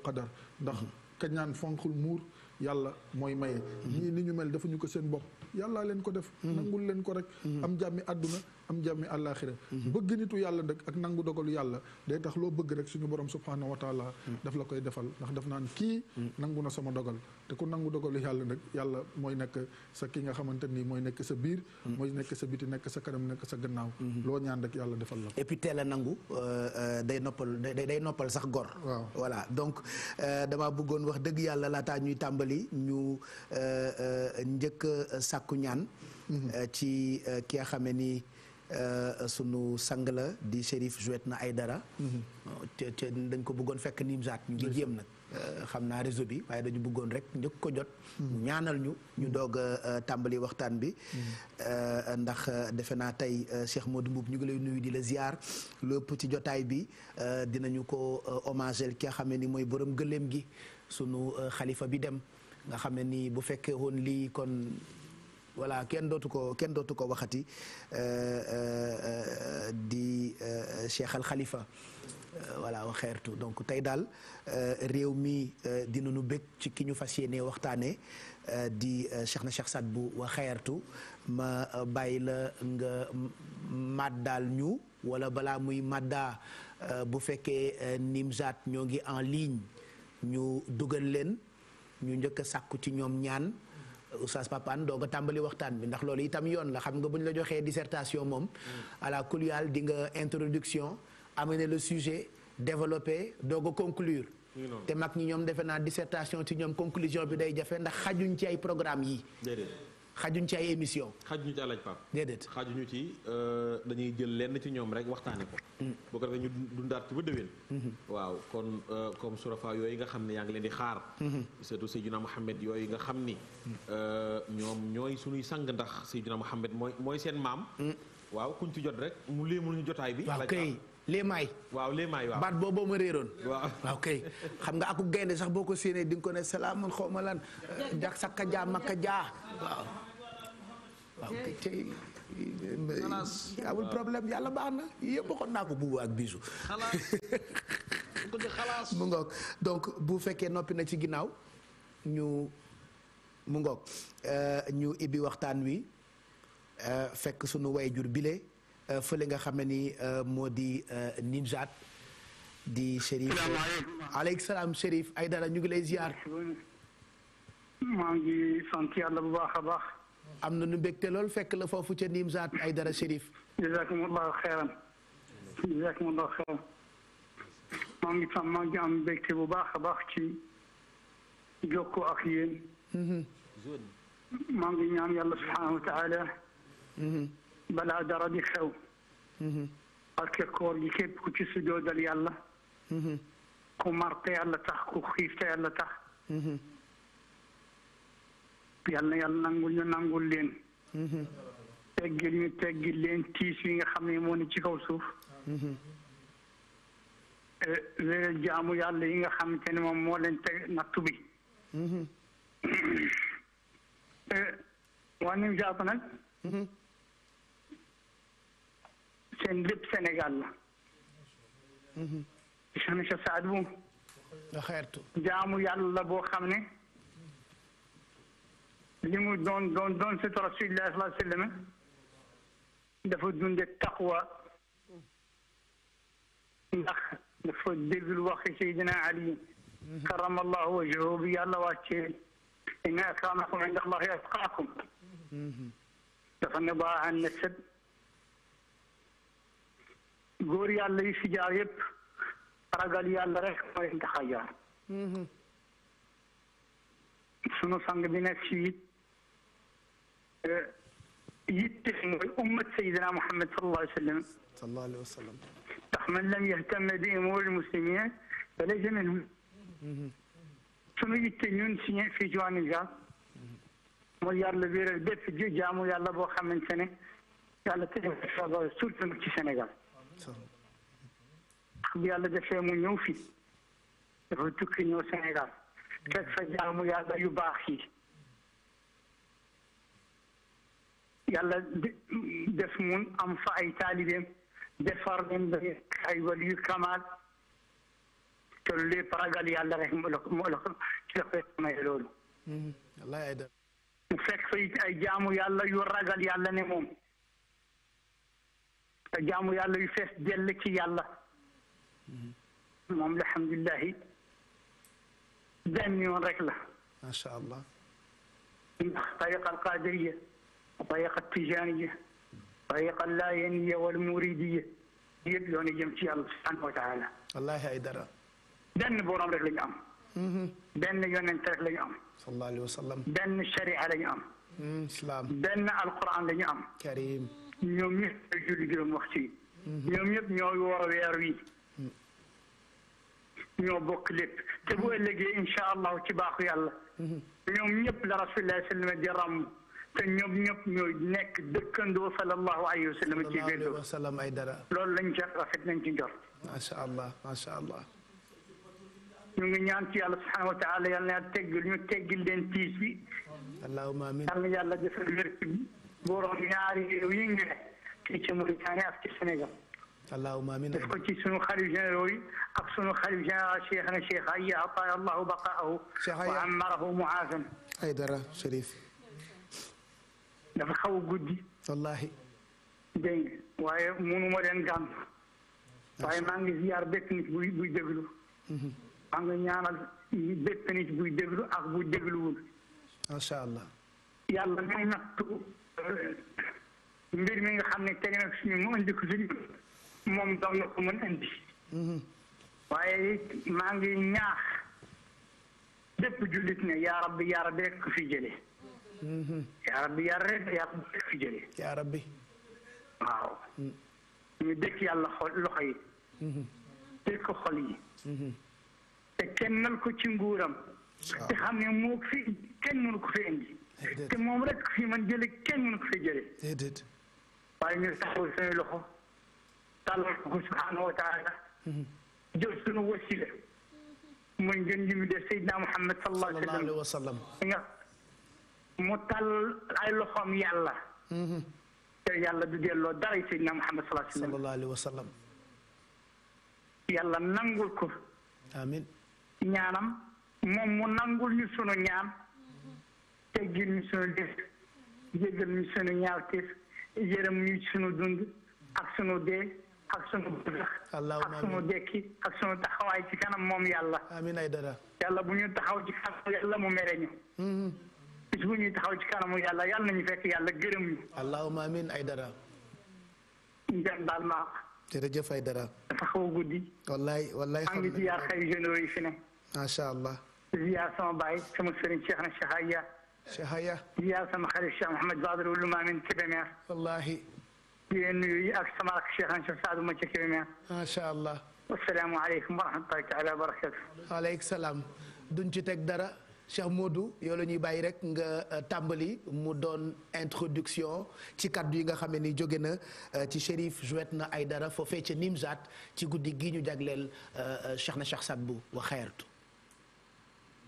ndax mhm. kañ naan fonqul muur yàlla mooy maye nii mhm. ni ñu mel defuñu ko seen bopp yàllaa leen ko def mhm. nangu leen ko rek am jàmmi àdduna am jàmmi àllaaxira mhm. bëgg nitu yàlla nag ak nangu dogalu yàlla day tax loo bëgg rek suñu borom subhaanahu wa taala mhm. daf la koy defal ndax naa naan kii mhm. nangu na sama dogal te ku nangu dogalu yàlla nag yàlla mooy nekk sa ki nga xamante nii mooy nekk sa biir mooy nekk sa biti nekk sa kanam nekk sa gannaaw loo ñaan rek yàlla defal la et puis teel a nangu euh, euh, day noppal day noppal sax gor waaw voilà donc euh, dama bëggoon wax dëgg yàlla laataa ñuy tàmbali ñu njëkk sàkku ñaan ci ki nga xame ni Euh, sunu sang la di Chérif Jouet na ay dara. Mhm. Oh, te te dañ ko bëggoon fekk Nimzaat ñu ngi jéem nag. Euh, xam naa réseau bi waaye dañu bëggoon rek njëkk ko jot. Mhm. mu ñaanal ñu ñu mhm. doog a tàmbali waxtaan bi. Euh, ndax defe naa tey Cheikh Modou Mboub ñu ngi lay nuyu di la ziar lépp ci jotaay bi dinañu ko hommagel ki nga xam ne ni mooy borom gëléem gi sunu xalifa bi dem nga xam ni bu fekkee woon lii kon. voilà kenn dootu ko kenn dootu ko waxati euh, euh, di euh, Cheikh Al Khalifa voilà xeertu donc tey daal réew mi dina nu bëgg ci ki ñu fas yéenee waxtaane di Cheikh na Cheikh sat bu wa xeertu ma bàyyi la nga màddaal ñu wala balaa muy màddaa bu fekkee Nimzaat ñoo ngi en ligne ñu dugal leen ñu njëkk a sàkku ci ñoom ñaan. oustaz Papane doog a tàmbali waxtaan bi ndax loolu itam yoon la xam nga bu ñu la joxee dissertation moom à la kuluyal di nga introduction amener le sujet développer doog a conclure te mag ñi ñoom defe naa dissertation ci ñoom conclusion bi day jafe ndax xajuñ ci ay programme yi xajuñ ci ay émission xajuñu ci alaaj Pape déedéet xajuñu ci euh, dañuy jël lenn ci ñoom rek waxtaane ko mm. boo ko defee ñu dundaat ci ba déwén mm-hmm. waaw kon euh, comme surafa yooyu nga xam ne yaa ngi leen di xaar mm-hmm. surtout Seydina Mouhamed yooyu nga xam ni mm. euh, ñoom ñooy suñuy sang ndax Seydina Mouhamed mooy mooy seen maam mm. waaw kuñ ci jot rek mu léemu ñu jotaay bi waaw kay léemaay waaw waaw baat boobu ma réeroon waaw kay xam nga aku gaynde sax boo ko séenee di nga ko ne salaamun xaw ma lan jak sakka jaa makka jaa waaw tey yàlla baax na yëpp waxoon naa ko buubu ak biisu mu ngoog donc bu fekkee noppi na ci ginnaaw ñu mu ngoog euh, ñu ibbi waxtaan wi euh, fekk sunu way jur bile Euh, fële nga xam ne ni euh, moo di euh, Nimzaat di Chérif aleykum salaam Chérif Aïdara ñu ngi lay ngi sant yàlla bu baax a baax. am na nu mbégte lool fekk la foofu ca Nimzaat Aïdara Chérif. jazakumullahu xeeran. jazakumullahu xeeran. maa ngi tam maa ngi am mbégte bu baax a baax ci jokkoo ak yéen. Mm-hmm. maa ngi ñaan yàlla subhaanahu wa taala mm-hmm. balaa dara di xew parce mm-hmm. que gi képp ku ci sujoodal yàlla mm-hmm. ku mar te yàlla tax ku xiif te yàlla tax mm-hmm. yàlla yàlla nangul ñu nangul leen teggil ñu teggil leen tiis yi nga xam ne moo ne ci kaw suuf eh, wéral jaamu yàlla yi nga xamante ne moom moo leen teg nattu bi eh, waa nim seen lépp Sénégal la. Cheikh Cheikh Saad Bou. xeertu jaamu yàlla la boo xam ne. li mu doon doon doon si rasulillah sallallahu alayhi wa sallam dafa dunde taqwa ndax dafa déggul waxi Seydina Ali mhm. karamallahu wajhahu bi yàlla wàccee inna akramakum inda allahi atqaakum mhm. dafa ne baax na sëb góor yàlla yi fi jaar yépp ragal yàlla rek moo leen tax a jaar sunu sang bi nekk ci eh, yitte mooy ummat sayidina Muhammad sallallahu alayhi wa sallam sallallahu alayhi wa sallam ndax man lam yahtam bi umuri l-muslimin fa laysa minhum sunu yitte ñun si ñe fii ci waa Niger mooy yàlla wéeral bépp ji jaamu yàlla boo xamante ne ci Sénégal xam yàlla defee mu ñëw fii dafa tukki ñëw Sénégal jaamu yàlla yu baax yi yàlla def mu am fa ay taalibeem defar leen ba ay wali yu kamaal te lépp rek moo la ko moo la ko ci la koy hmm, jaamu yàlla yu ragal yàlla ne moom. te jaamu yàlla yu fees dell ci yàlla moom alhamdulilahi benn yoon rek la macha allah ndax tariqa alqadiriya tariqa tijaniya tariqa laayaniya wal muridiya yëpp yoon yi jëm ci yàlla subhanahu wa taala wallahi ay dara benn boroom rek la ñu am mm-hmm. benn yonent rek la ñu am sallallahu alayhi wa sallam benn sharia la ñu am mm, islam benn alquran la ñu am karim ñoom ñëpp ay julli mhm. ñoom ñëpp ñoo woor weer wi ñoo bokk lépp te bu ëllëgee incha allahu ci baaxu yàlla mhm. ñoom ñëpp la rasulillah sallam di ràmm te ñoom ñëpp ñooy nekk dëkkandoo sallallahu alayhi wa sallam ci wérdoo loolu lañ jot rafet nañ ci njort macha allah macha allah ñu ngi ñaan ci yàlla subhanahu wa taala yàlla na yàlla teggil ñu teggil leen tiis boroom ñaari réew yi ñu ne fii ci Mauritanie ak ci Sénégal. allahumma amiin def ko ci sunu xalif généraux yi ak sunu xalif général cheikh na cheikh Aya ataaya allahu baqaahu wa ammarahu muaafan. Aydara Chérif. dafa xaw a guddi. wallaahi. dégg nga waaye munu ma leen gàmm. waaye maa ngi ziar bépp nit buy buy déglu. maa mhm. ngi ñaanal bépp nit buy déglu ak buy dégluwul. macha allah. yàlla ngay nattu. Euh, mbir mi nga xam ne teg nag suñu mu indi ko suñu moom doom na ko mën indi mhm. waaye it maa ngi ñaax bépp jullit ne yaa rabbi yaa rabbi rek ko fi jëlee yaa mhm. rabbi yaa rabbi yaa rabbi rek fi jëlee yaa rabbi waaw mhm. ñu dëkk yàlla xol loxo yi dëkk xol yi te kennal ko ci nguuram te xam ne moo fi kenn mënu ko fi indi te moom rek fi man jële kenn mënu ko fi jële déedéet waaye ñu saxoo suñu loxo tàllal ko subhaanahu wa taala mhm. jël suñu wasila mooy ngeen ji mu def mu tàll ay loxoom yàlla mhm. te yàlla du loo dara Seydina Muhammad sallallahu alayhi wa sallam yàlla nangul ko amiin ñaanam moom mu nangul ñu sunu ñaan teggil ñu sunu def jéggal sunu ñaawteef yërëm ñu sunu dund ak sunu dee ak sunu bëgg ak sunu dekki ak sunu taxawaay ci kanam moom yàlla amiin ay dara yàlla bu ñu taxaw ci kanam yàlla mu mere ñu mm-hmm. bis bu ñuy taxaw ci kanamu yàlla yàlla nañu fekk yàlla gërëm ñu allahuma amin ay dara njam baal maa jërëjëf ay dara dafa xaw a guddi wallaay wallaay xam ngi ziyaar xay généraux yi fi ne macha allah ziyaar na Cheikh Sexaya. yaa sama xarit Cheikh Mouhamed Badara wulu maa min Kébémer. wallaahi. di ak sama ak Cheikh Anta Saadu ma ca Kébémer. macha allah. asalaamualeykum wa rahmatulahi taala wa barakatu. waaleykum salaam. duñ ci teg dara Cheikh Modou yow la ñuy bàyyi rek nga euh, tàmbali mu doon introduction ci kaddu yi nga xam ne ni jóge na euh, ci Chérif jouet na ay dara foo ca Nimzat ci guddi gii ñu jagleel euh, Cheikh na Cheikh Sadbou wa xeertu.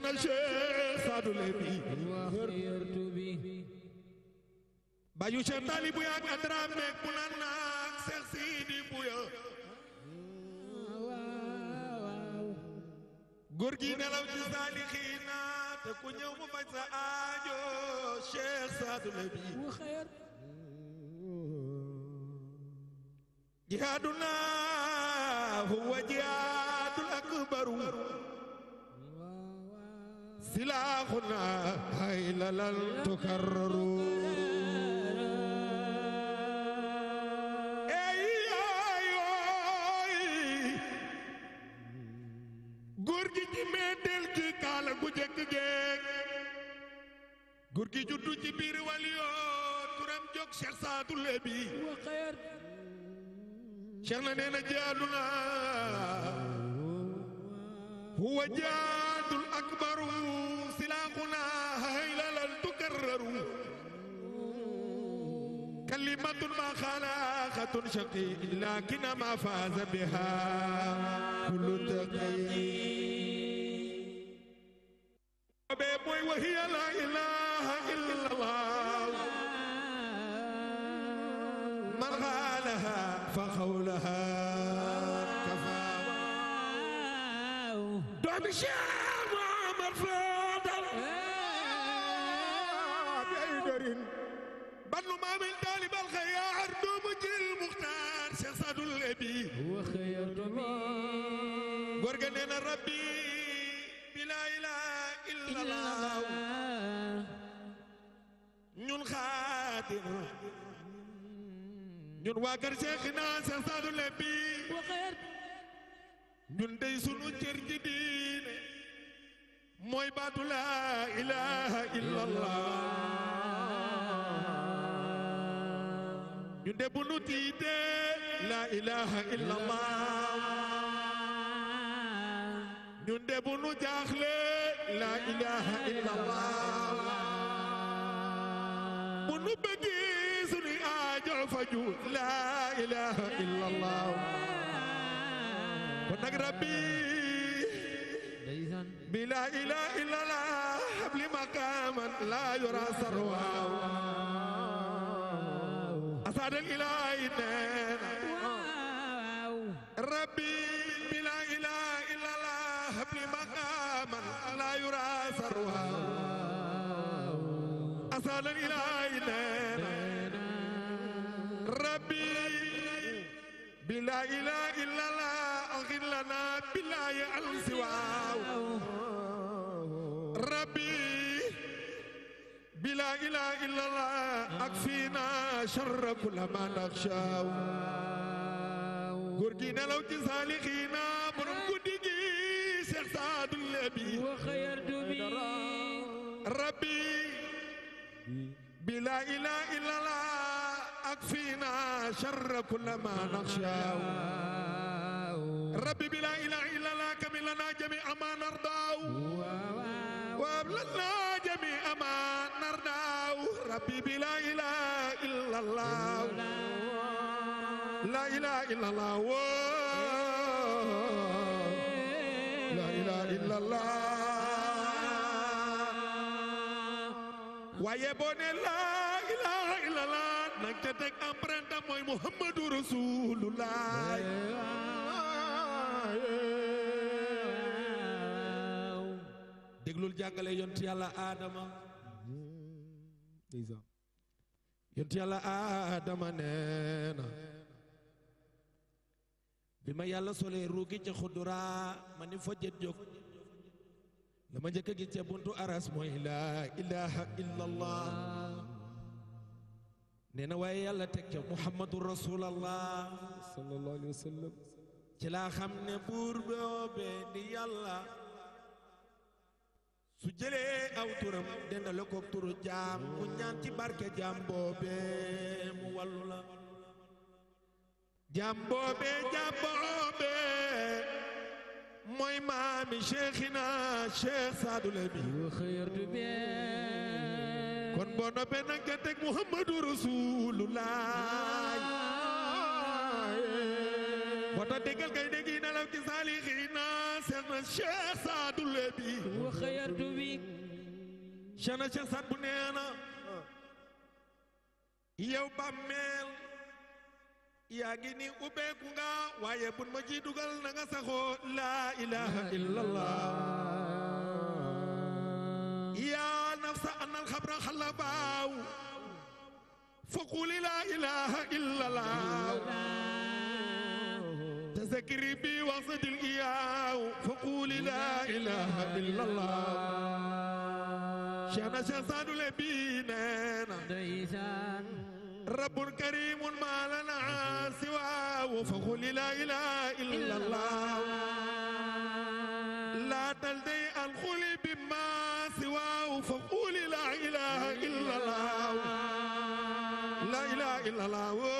ñaanal Cheikh Sadou Lébi bayu Cheikh gi silaaxuna hayla lan tukarraru góor ci meedeel gi kaala gu jëkk geeg góor gi juddu ci biir waliyoo turam jóg Cheikh Saadu Lebi Cheikh na nee نعمة ما خلاقة شقي لكن ما فاز بها كل تقي بوي وهي لا إله إلا الله من غالها فخولها كفى دعم الشيخ محمد فلان maam taalib alxayaar doomu jël muxtaar Cheikh Sadul Ebi wa xayatumi góor ga nee na rabbi bi laa ilaaha illallah ñun xaatim ñun waa kër Cheikh naa Cheikh Sadul Ebi ñun dey sunu cër ji diine mooy baatu laa ilaaha illallah ñu de bu tiitee la ilaha illallah ñu de bu nu jaaxle la ilaha illallah bu nu bëggee suñu aajo faju la ilaha illallah kon nag rabbi la ilaha illallah habli xaadal ilaahi neena rabbi bi la ilaha illa allah habli maqaman la yurasaru asalal ilaahi neena rabbi bi la ilaha illa allah لا إله إلا الله أكفينا شر كل ما نخشاو غورغينا لو تسالخينا برم كوديغي شيخ سعد النبي وخير دبي ربي بلا إله إلا الله أكفينا شر كل ما نخشاو ربي بلا إله إلا الله كملنا جميع ما نرضاو وابلنا جميع ما نرداه ربي بلا إله إلا الله لا إله إلا الله لا إله إلا الله ويبون لا إله إلا الله نكتك أمرنا موي محمد رسول الله déglul jàngale yontu yàlla aadama yontu yàlla aadama nee bi ma yàlla solee ruugi ca xudduraa ma ni fojjet jóg la ma njëkk gi ca buntu aras mooy laa ilaha illa allah nee na waaye yàlla teg ca muhammadu rasulallah ci laa xam ne buur boobee di yàlla su jëlee aw turam dendale ko turu jaam mu ñaan ci barke jaam boobee mu wàllu la jaam boobee jaam boobee mooy maami cheikhina cheikh saadule bi kon boo noppee nag nga teg muhammadu rasulullah boo tax déggal ngay زينب كصالحين سيدنا yaa ngi ni ubbeeku xabra xalabaaw fa quli laa ilaha ذكري بواسط الإياه فقولي لا إله إلا الله شانا شاسان لبيننا ديسان رب كريم ما لنا سواه فقولي لا إله إلا الله لا تلدي الخلي بما سواه فقولي لا إله إلا الله لا إله إلا الله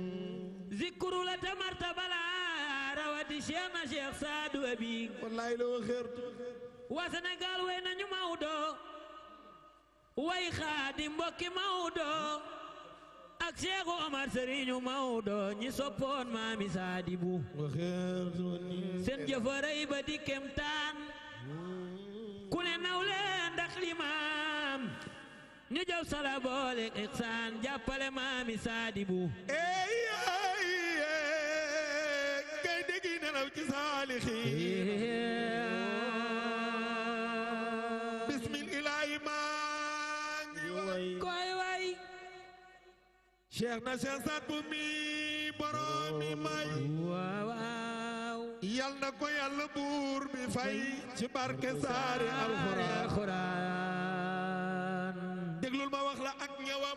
zikru la tamarta balaa rawati Cheikh na Cheikh Saadu Abi. wallaay la wa xeer. waa Sénégal way nañu Maodo. way xaadi mbokki Maodo. ak Cheikh Omar Serigne Maodo ñi soppoon maami Saadibu. wa xeer seen jëfaray kemtaan. ku ne naw leen ndax limaam. ñu jow sala boole ixsaan jàppale maami saadibu ey ey kay déggi nelaw ci saalixiin bismillaahi maa ngi koy way cheikh na cheikh saad bu mi boroomi may yal na ko yàlla buur bi fay ci barke saari alxuraan ngewam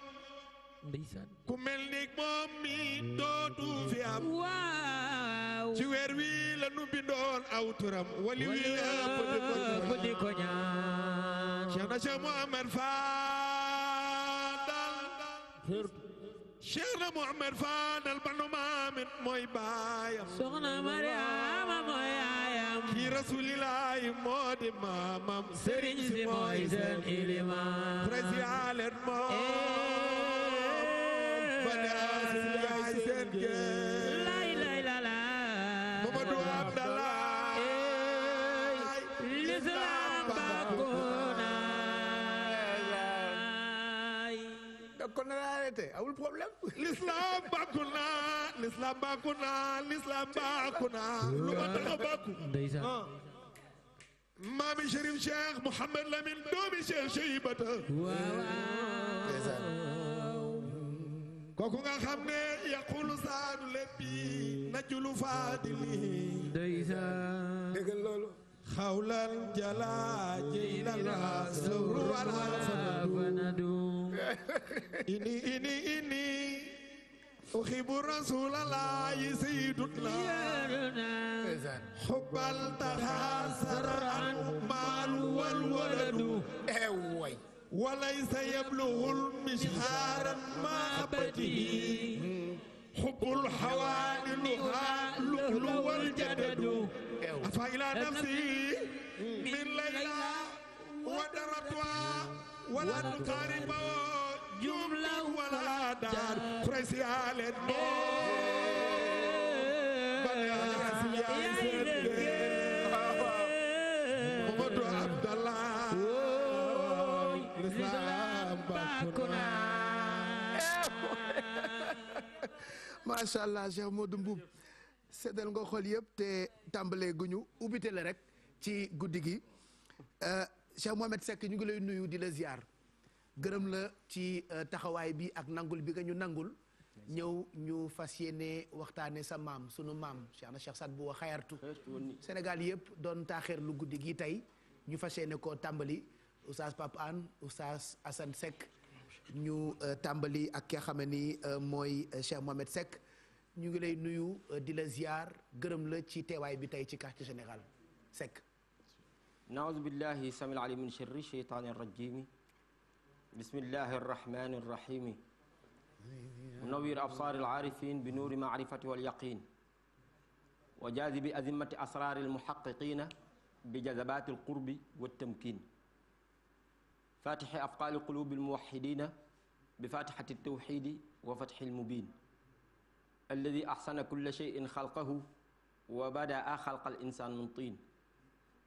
ndeysaan ku mel ni moom mi dootu fi am waaw ci weer wi la nu bindoon aw turam wali wi yëpp di ko ñaan Cheikh na Cheikh Mouhamed Fadal Cheikh na Mouhamed Fadal ba nu maamin mooy baayam soxna Mariama mooy maamam ki rasuulillaahi moo di maamam sëriñ si mooy seen ilimaam presialet moo eh. badaas yaay seen gën kon na laa arrêté amul problème. l'islam bàkku naa l'islam bàkku naa l'islam bàkku naa lu ma tax a bàkku. Ah. maami Chérif Cheikh Mouhamed Lamine doomi Cheikh Cheikh Ibata. kooku nga xam ne yaqulu saadu leppi najulu faadili. ndeysaan dégg loolu. حول الجلال إلى السر والحسد إني إني إني أحب رسول الله سيدنا حب التحاسر المال والولد وليس يبلغ المشهار ما بته حب الحوالي لها لؤلؤ والجدد أفإلى نفسي من ليلى ودرتها ولا تقارب جملة ولا دار فريسي على النور macha allah Cheikh Modou Mboub seddal nga xol yëpp te tàmbalee guñu ubbite la rek ci guddi gi euh, Cheikh Mohamed Seck ñu ngi lay nuyu di la ziar gërëm la ci euh, taxawaay bi ak nangul bi nga ñu nangul ñëw ñu fas yéene waxtaane sa maam sunu maam Cheikh na Cheikh Saad Bou wa xayartu Sénégal yëpp doon taaxeer lu guddi gi tey ñu fas yéene ko tàmbali oustaz Pape Anne oustaz Assane Seck ñu euh, tàmbali ak ki nga ni euh, mooy euh, Cheikh Mohamed Seck ñu ngi lay nuyu di la ziar gërëm la ci teewaay bi tey ci quartier général Seck. naawuzu billahi samil alim min sharri shaytaani rajimi bismillahi arrahmani arrahimi munawir absaar alcaarifin bi nuuri macrifati walyaqin wa jaazibi azimmati asraari almuxaqiqina bi jazabaati alqurbi waltamkin fatixi afqaali qulubi almuwaxidina bi fatixati altawxidi wa fatxi almubin alladi axsana kulla cheyin xalqahu wa badaa xalqa alinsaan min tiin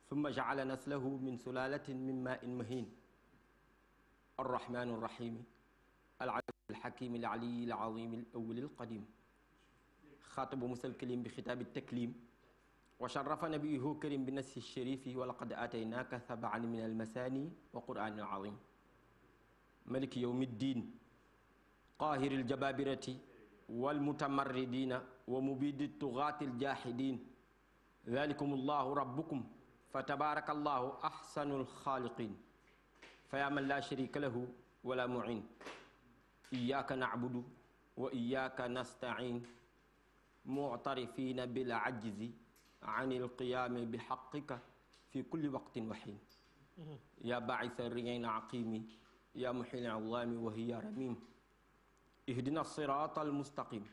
summa jacala naslahu min sulalatin min main mahin arrahmani arrahimi العزيز الحكيم العلي العظيم الأول القديم خاطب مسلكلم بخطاب التكليم wa sharafa nabiyuhu karim bi nasi sharifi wa laqad ataynaaka sabaan min almasaani wa qur'aanil azim maliki yowmi ddiin qaahiri ljabaabirati walmutamarridina wa mubidi tugaati ljaaxidiin dalikum allahu rabbukum fa tabaraka allahu axsanu lxaaliqin fa yaa man laa sharika lahu wala muin iyaaka nacbudu wa iyaaka nastain muctarifina bil ajzi an ilqiyaami bi xaqika fi kulli waqtin waxiin yaa baacisa riyayn aqimi yaa muxil awlaami wa hiya ramim ihdina siraata almustaqim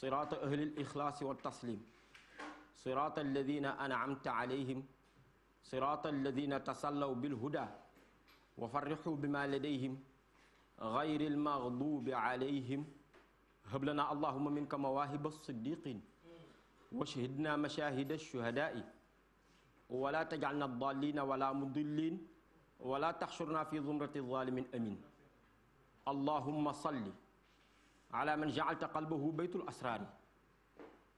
siraata ahli alixlaasi waltaslim siraata alladina ancamta calayhim siraata alladina tasallaw bilhuda wa farrixuu bima ladayhim gayri almaxduubi calayhim hab lana allahuma minka mawaahiba siddiqin washhidna mashahida shuhadaai wala tajalna dalina wala mudillin wala taxshurna fi zumrati zalimin amin allahumma salli ala man jacalta qalbahu baytul asraari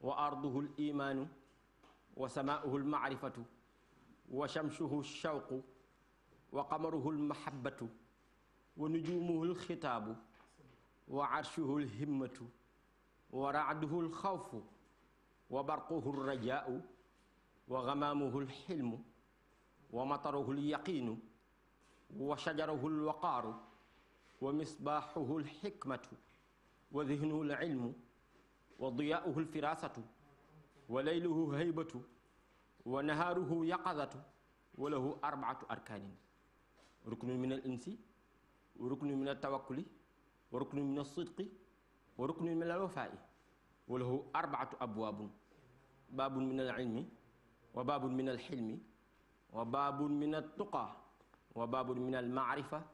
wa arduhu limaanu wa samaa'uhu lmacrifatu wa shamsuhu lshawqu wa qamaruhu lmahabbatu wa nujuumuhu lxitaabu wa carshuhu lhimmatu wa racduhu lxawfu wa barquhu rajaau wa gamaamuhu lxilmu wa mataruhu lyaqiinu wa shajarahu lwaqaaru wa misbaaxuhu lxikmatu wa dihnuhu lilmu wa diyaauhu lfiraasatu wa layluhu haybatu wa nahaaruhu yaqadatu wa lahu arbaatu arkaanin ruknun min al insi wa ruknun min al tawakkuli wa ruknun min al sidqi wa ruknun min al wafaa'i wa lahu arbaatu abwaabun baabun min al ilmi wa baabun min al xilmi wa baabun min al tuqa wa baabun min al maarifa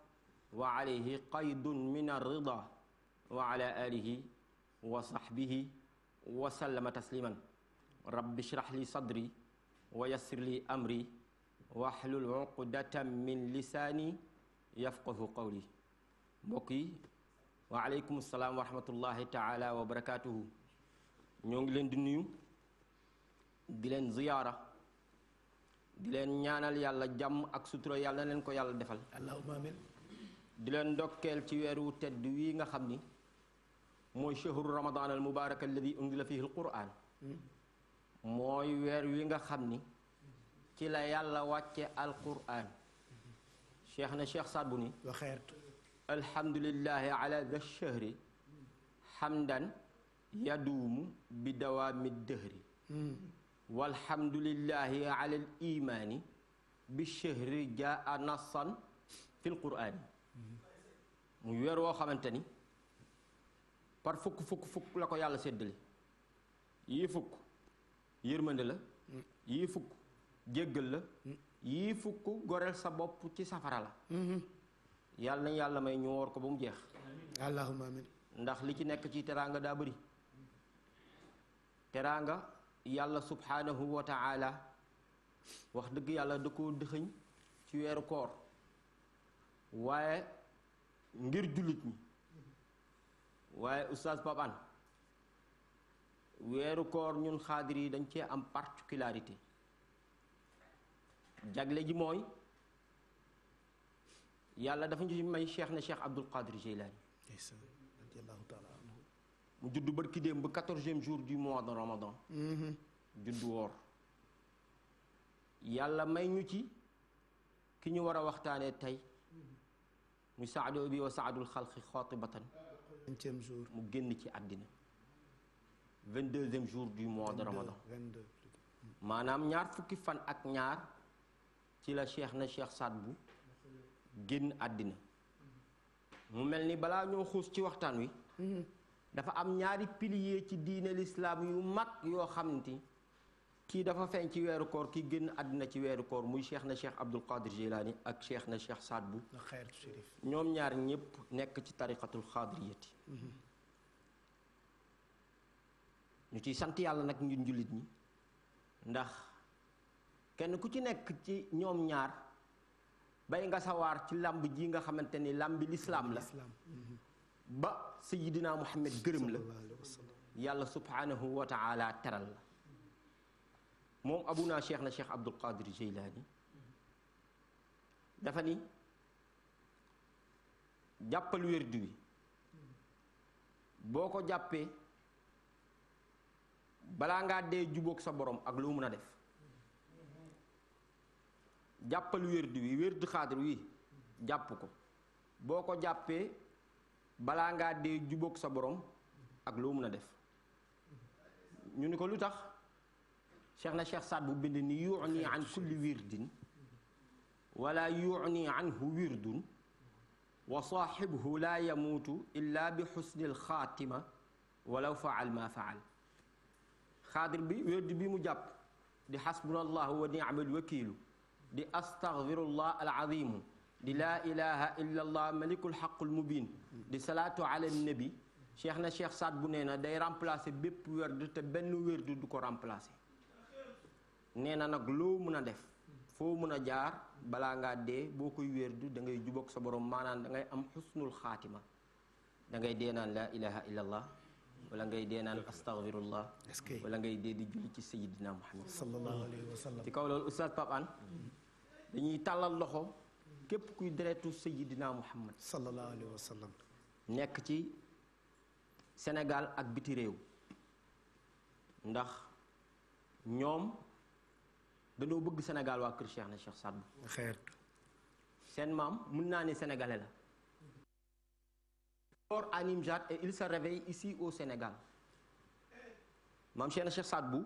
wa alayhi qaydun min al rida wa ala alihi wa saxbihi wa sallama tasliman rabbi shrah li sadri wa yassir li amri waxlul uqdatam min lisaani yafqahu qawli mbokk yi waaleykum salaam wa rahmatullahi taala wa barakaatuhu ñoo ngi leen di nuyu di leen ziyaara di leen ñaanal yàlla jàmm ak sutura yàlla na leen ko yàlla defal di leen ndokkeel ci weeru tedd wii nga xam ni mooy shahru ramadan al mubarak alladi unzila fihi al quran hmm. mooy weer wi nga xam ni ci la yàlla wàcce al quran na cheikh Saad Bou ni wa alhamdulillahi ala da shahri hamdan yaduumu bi dawaami dëhri hmm. walhamdulillahi ala imaani bi chehri jaa nassan fi quraani hmm. muy weer woo xamante ni par fukk fukk fukk la ko yàlla séddale yii fukk yërmande la hmm. yii fukk jéggal la yii fukk goreel sa bopp ci safara la yàlla nañ yàlla may ñu woor ko ba mu jeex ndax li ci nekk ci teraanga daa bëri teraanga yàlla subhaanahu wa ta'ala wax dëgg yàlla da koo dëxëñ ci weeru koor waaye ngir jullit ñi waaye oustaz Pape weeru koor ñun xaadir yi dañ cee am particularité jagle ji mooy yàlla dafa ñu may cheikh na cheikh Abdul Qadir Jilani mu judd barki démb ba quatorzième jour du mois de Ramadan. Mm-hmm. judd woor. yàlla may ñu ci ki ñu war a waxtaanee tey mm-hmm. mu saado bi wa saadul xalqi xaatibatan vingtième jour mu génn ci àddina vingt deuxième jour du mois de Ramadan mm. maanaam ñaar fukki fan ak ñaar ci la cheikh na cheikh Saad Bou génn àddina mm-hmm. mu mel ni balaa ñoo xuus ci waxtaan wi dafa am ñaari pilier ci diine lislaam yu mag yoo xamti kii dafa feeñ ci weeru koor ki génn àddina ci weeru koor muy cheikh na cheikh Abdul Qadir Jilani ak cheikh na cheikh Saad Bou ñoom ñaar ñépp nekk ci tariqatul xaadiriyati mhm. ñu ciy sant yàlla nag ñun ñi ndax kenn ku ci nekk ci ñoom ñaar bay nga sawaar ci làmb ji nga xamante ni làmbi lislaam la mhm. ba sayidina muhammad gërëm la yàlla subhanahu wa taala teral la moom abuna cheikh na cheikh abdul qadir jeylaani dafa ni jàppal wérdu wi boo ko jàppee balaa nga dee jubook sa borom ak lu mën a def jàppal wérdu wi wérdu xaadir wi jàpp ko boo ko jàppee balaa ngaa dee jubóog sa borom ak loo mun a def ñu ni ko lu tax cheikh na cheikh Saad bu bind ni yuxni an kulli wirdin wala yuxni anhu wirdun wa saaxibhu laa yamuutu illa bi xusni alxaatima walaw faal ma faal xaadir bi wérdi bi mu jàpp di xasbuna allahu wa niamal wakiilu di astaxfirullah al azimu di laa ilaha illa allah malikul xaqul mubin di salaatu ala nabi cheikh na cheikh Saad bu nee na day remplacer bépp werdu te benn werdu du ko remplacer nee na nag loo mën a def foo mën a jaar balaa ngaa dee boo koy werdu da ngay jubóog sa borom maanaam da ngay am xusnul xaatima da ngay dee naan laa ilaha illa allah wala ngay dee naan astaghfirullah wala ngay dee di julli ci sayidina muhammad sallallahu ci kaw loolu oustaz Pape Hann dañuy tàllal loxo képp kuy deretu sayyidina muhammad sallallahu alayhi wa sallam nekk ci Sénégal ak biti réew ndax ñoom dañoo bëgg Sénégal waa kër Cheikh na Cheikh Saad Bou seen maam mun naa ne sénégalais la or à Nimjat et il se réveille ici au Sénégal maam Cheikh na Cheikh Saad Bou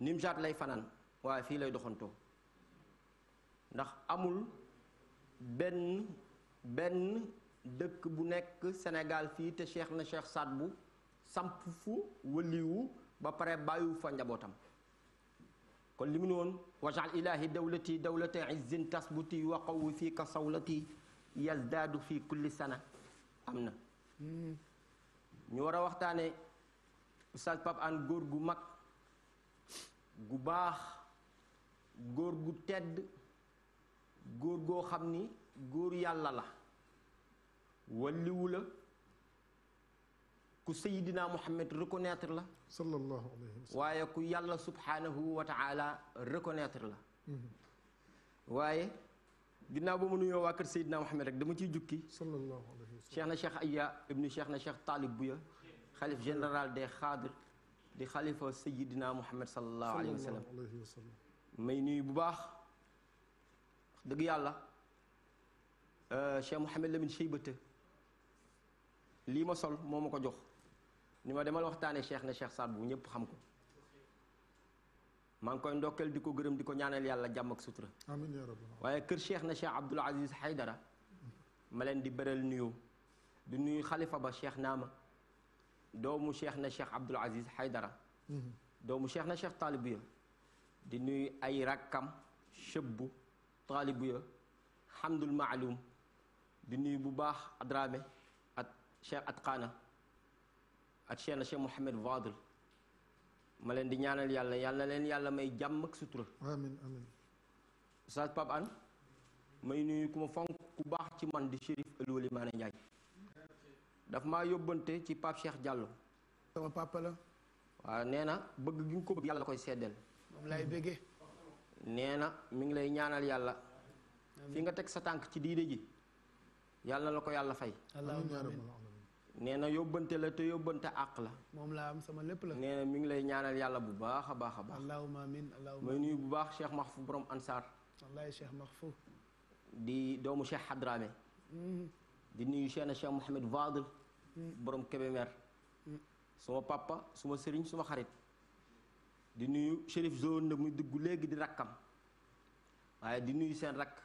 Nimjat lay fanaan waaye fii lay doxantoo ndax amul benn benn dëkk bu nekk Sénégal fii te Cheikh na Cheikh Saad bu samp fu wëliwu ba pare bàyyiwu fa njabootam kon li mu ne woon wajal ilahi dawlati dawlati izzin tasbuti wa qawwi fii ka sawlati yazdaadu fii kulli sana am na ñu war a waxtaane Oustaz Pape Hann góor gu mag gu baax góor gu tedd góor goo xam ni góor yàlla la walliwu la ku sayidina muhammad reconnaître la sallallahu waaye ku yàlla subhaanahu wa taala reconnaître la mhm. waaye ginnaaw ba mu nuyoo waa kër sayidina muhammad rek dama ciy jukki sallallahu alayhi wa sallam cheikh na cheikh aya ibnu cheikh na cheikh taalib buya xalif général des xaadir di xalifa sayidina muhammad sallallahu alayhi may nuyu bu baax dëgg yàlla euh, Cheikh Mouhamed Lamine Cheybate lii ma sol moo ma ko jox ni ma demal waxtaane Cheikh na Cheikh Saad bu ñëpp xam ko maa ngi koy ndokkeel di ko gërëm di ko ñaanal yàlla jàmm ak sutura waaye kër Cheikh na Cheikh Abdoul Aziz Haydara ma leen di beral nuyu di nuyu xalifa ba Cheikh Naama doomu Cheikh na Cheikh Abdoul Aziz Haydara mhm. doomu Cheikh na Cheikh Taalibiya di nuyu ay rakkam chëbbu taalibu ya xamdul maalum di nuyu bu baax adrame ak cheikh atqaana ak cheikh na cheikh Mouhamed ma leen di ñaanal yàlla yàlla leen yàlla may jàmm ak sutura amiin amiin Oustaz Pape may nuyu ku fonk ku baax ci man di Chérif Ëlwali Maane Njaay daf maa yóbbante ci Pape Cheikh Diallo papa la waaw nee na bëgg gi ko bëgg yàlla la koy seddeel nee na mi ngi lay ñaanal yàlla fi nga teg sa tànk ci diine ji yàlla la ko yàlla fay nee na yóbbante la te yóbbante àq la moom laa am sama lépp la nee na mi ngi lay ñaanal yàlla bu baax a baax a baax allahumma amin allahumma may nuyu bu baax Cheikh Mahfou borom Ansar wallaay Cheikh Mahfou di doomu Cheikh Hadrame mm-hmm. di nuyu Cheikh Cheikh Mouhamed Vadel mm-hmm. borom Kébémer mm-hmm. suma papa suma sëriñ suma xarit di nuyu Chérif zone nag muy dugg léegi di rakkam waaye di nuyu seen rakk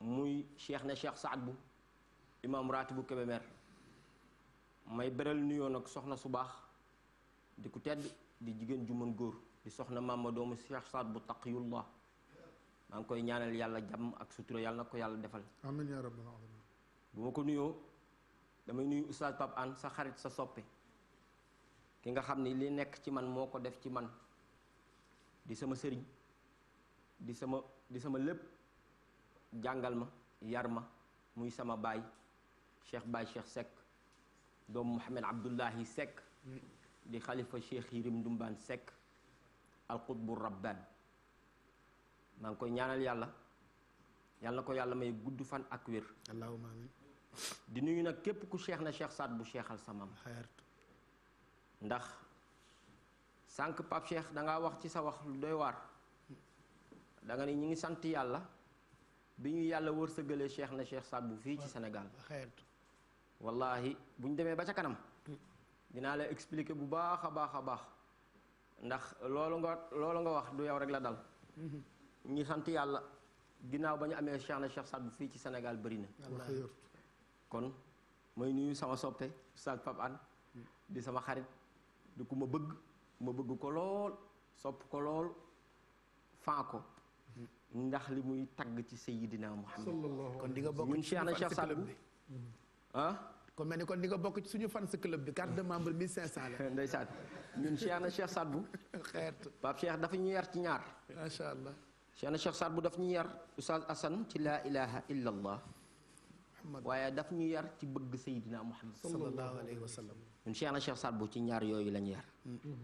muy cheikh na cheikh saat bu imaam raati bu Kébémer may beral nuyoo nag soxna su baax di ku tedd di jigéen ju mën góor di soxna maam ma doomu cheikh Saad bu taqiyullah maa ngi koy ñaanal yàlla jàmm ak sutura yàlla na ko yàlla defal. bu ma ko nuyoo damay nuyu Oustaz Pape Hann sa xarit sa soppe. ki nga xam ni li nekk ci man moo ko def ci man di sama sëriñ di sama di sama lépp jàngal ma yar ma muy sama baay cheikh baay cheikh Seck doomu Mohamed Abdullahi sekk di xalifa cheikh Yirim Ndumbaan Seck alqutbu rabban maa ngi koy ñaanal yàlla yàlla ko yàlla may gudd fan ak wér. allahumma amin nuyu nag képp ku cheikh na cheikh Saad bu cheikhal samam. ndax sànq Pape Cheikh da wax ci sa wax lu doy waar danga ni ñu ngi sant yàlla bi ñu yàlla wërsëgalee Cheikh na Cheikh bu fii ci Sénégal wallahi bu ñu demee ba ca kanam hmm. dinaa la expliquer bu baax a baax a baax ndax loolu nga loolu nga wax du yow rek la dal hmm. ñu sant yàlla ginnaaw ba ñu amee Cheikh na Cheikh Sadbou fii ci senegal bëri na kon mooy nuyu sama soppe Oustaz Pape Hann di sama xarit di ku ma bëgg ma bëgg ko lool sopp ko lool faa ko ndax li muy tagg ci Seydina Muhammad kon di nga bokk ci suñu fan club bi ah kon mel ni kon di nga bokk ci suñu fan club bi carte de membre 1500 la ndeysaan ñun Cheikh na Cheikh Sadbu xeert Pape Cheikh dafa ñu yar ci ñaar macha allah Cheikh na bu Sadbu daf ñu yar Oustaz Assane ci laa ilaha illa allah waaye daf ñu yar ci bëgg Seydina Muhammad sallallahu alayhi wa sallam ñun Cheikh na Cheikh Sadbou ci ñaar yooyu la ñu yar mm-hmm.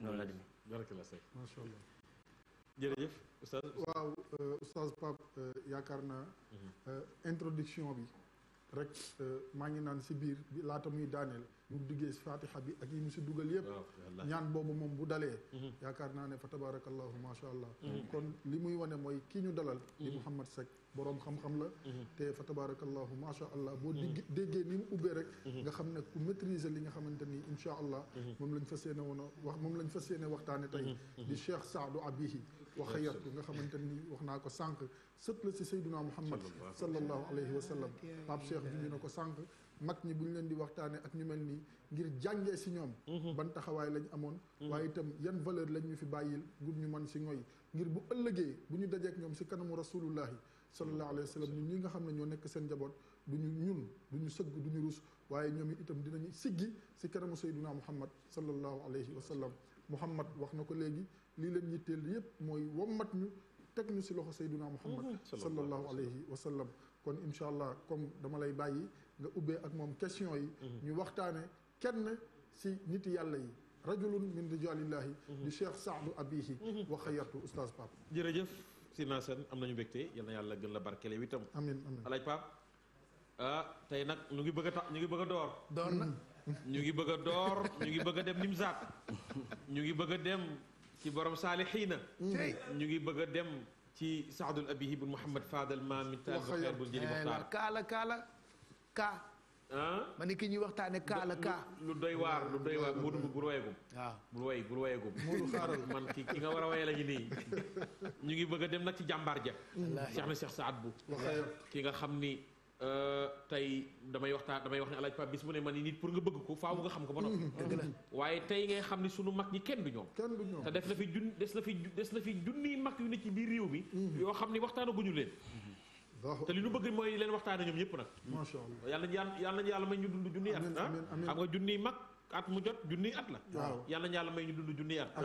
noonu la demee barakallah sëñ macha allah jërëjëf oustaz waaw euh, oustaz Pape euh, yaakaar na mm-hmm. euh, introduction bi rek maa ngi naan si biir bi laata muy daaneel mu duggee si fatiha bi ak yi mu si dugal yëpp ñaan boobu moom bu dalee mm-hmm. yaakaar naa ne fa tabarakallahu macha allah kon li muy wone mooy kii ñu dalal di Mouhamed Seck boroom xam-xam la mhm. te fa tabarakallahu macha allah boo mhm. dégg déggee ni mu ubbee rek mhm. nga xam ne ku maîtriser li nga xamante ni incha allah moom lañ fa yéene woon a wax moom lañ fas yéene waxtaane tey di cheikh saadu abihi wa xayatu nga xamante nii wax naa ko sànq sët la si sayduna muhammad sallallahu alayhi wa sallam pape cheikh junñu na ko sànq mag ñi bu ñu leen di waxtaane ak ñu mel nii ngir jàngee si ñoom ban taxawaay lañ amoon waaye itam yan valeur lañ ñu fi bàyyil ngir ñu mën si ngoy ngir bu ëllëgee bu ñu dajeek ñoom si kanamu rasulullahi sallallahu alayhi wa sallam ñun nga xam ne ñoo nekk seen njaboot du ñu ñun du ñu sëgg du ñu rus waaye ñoom itam dinañu siggi si kanamu sayduna muhammad sallallahu alayhi wa sallam muhammad wax na ko léegi lii leen yitteel yépp mooy wommat ñu teg ñu si loxo sayduna muhammad mhm. sallallahu alayhi wa sallam kon incha allah comme dama lay bàyyi nga ubbee ak moom question yi mhm. ñu waxtaane kenn si nit yàlla yi rajulun min rijalillahi mhm. di cheikh saadu abihi wax xayartu oustaz pap jërëjëf Sina Sène am nañu mbégte yal na yàlla gën la barkeel yow itam. amiin amiin alaaj Pape ah, tey nag ñu ngi bëgg a ñu ngi bëgg door. door na ñu ngi bëgg a door ñu ngi bëgg a dem Nimzaat ñu ngi bëgg a dem ci borom saalixiina. ñu ngi bëgg a dem ci Saadul Abihibul Muhammad Fadal maam. waxal yàlla waxal yàlla kaala ma ne ki ñuy waxtaane kaa la kaa lu doy waar lu doy waar mu dugg bul wayegum waaw bul way bul wayegum mudu xaaral man ki ki nga war a waye la ñu nii ngi bëgg a dem nag jàmbaar ja Cheikh na Cheikh Saad bu ki nga xam ni euh, tey damay waxtaan damay wax ne alaaj Pape bis mu ne ma ni nit pour nga bëgg ko faa nga xam ko ba noppi mm-hmm. waaye tey ngay xam ni sunu mag ñi kenn du ñoom te def na fi jun des na fi des na fi junniy mag yu ne ci biir réew mi mm-hmm. yoo xam ni waxtaana guñu leen mm-hmm. te li ñu bëgg mooy leen waxtaane ñoom ñëpp nag macha allah yàlla nañu yàlla nañu yàlla may ñu dund junniy at ah? xam nga junniy mag at mu jot junniy at la yàlla nañu yàlla may ñu dund junniy at ah?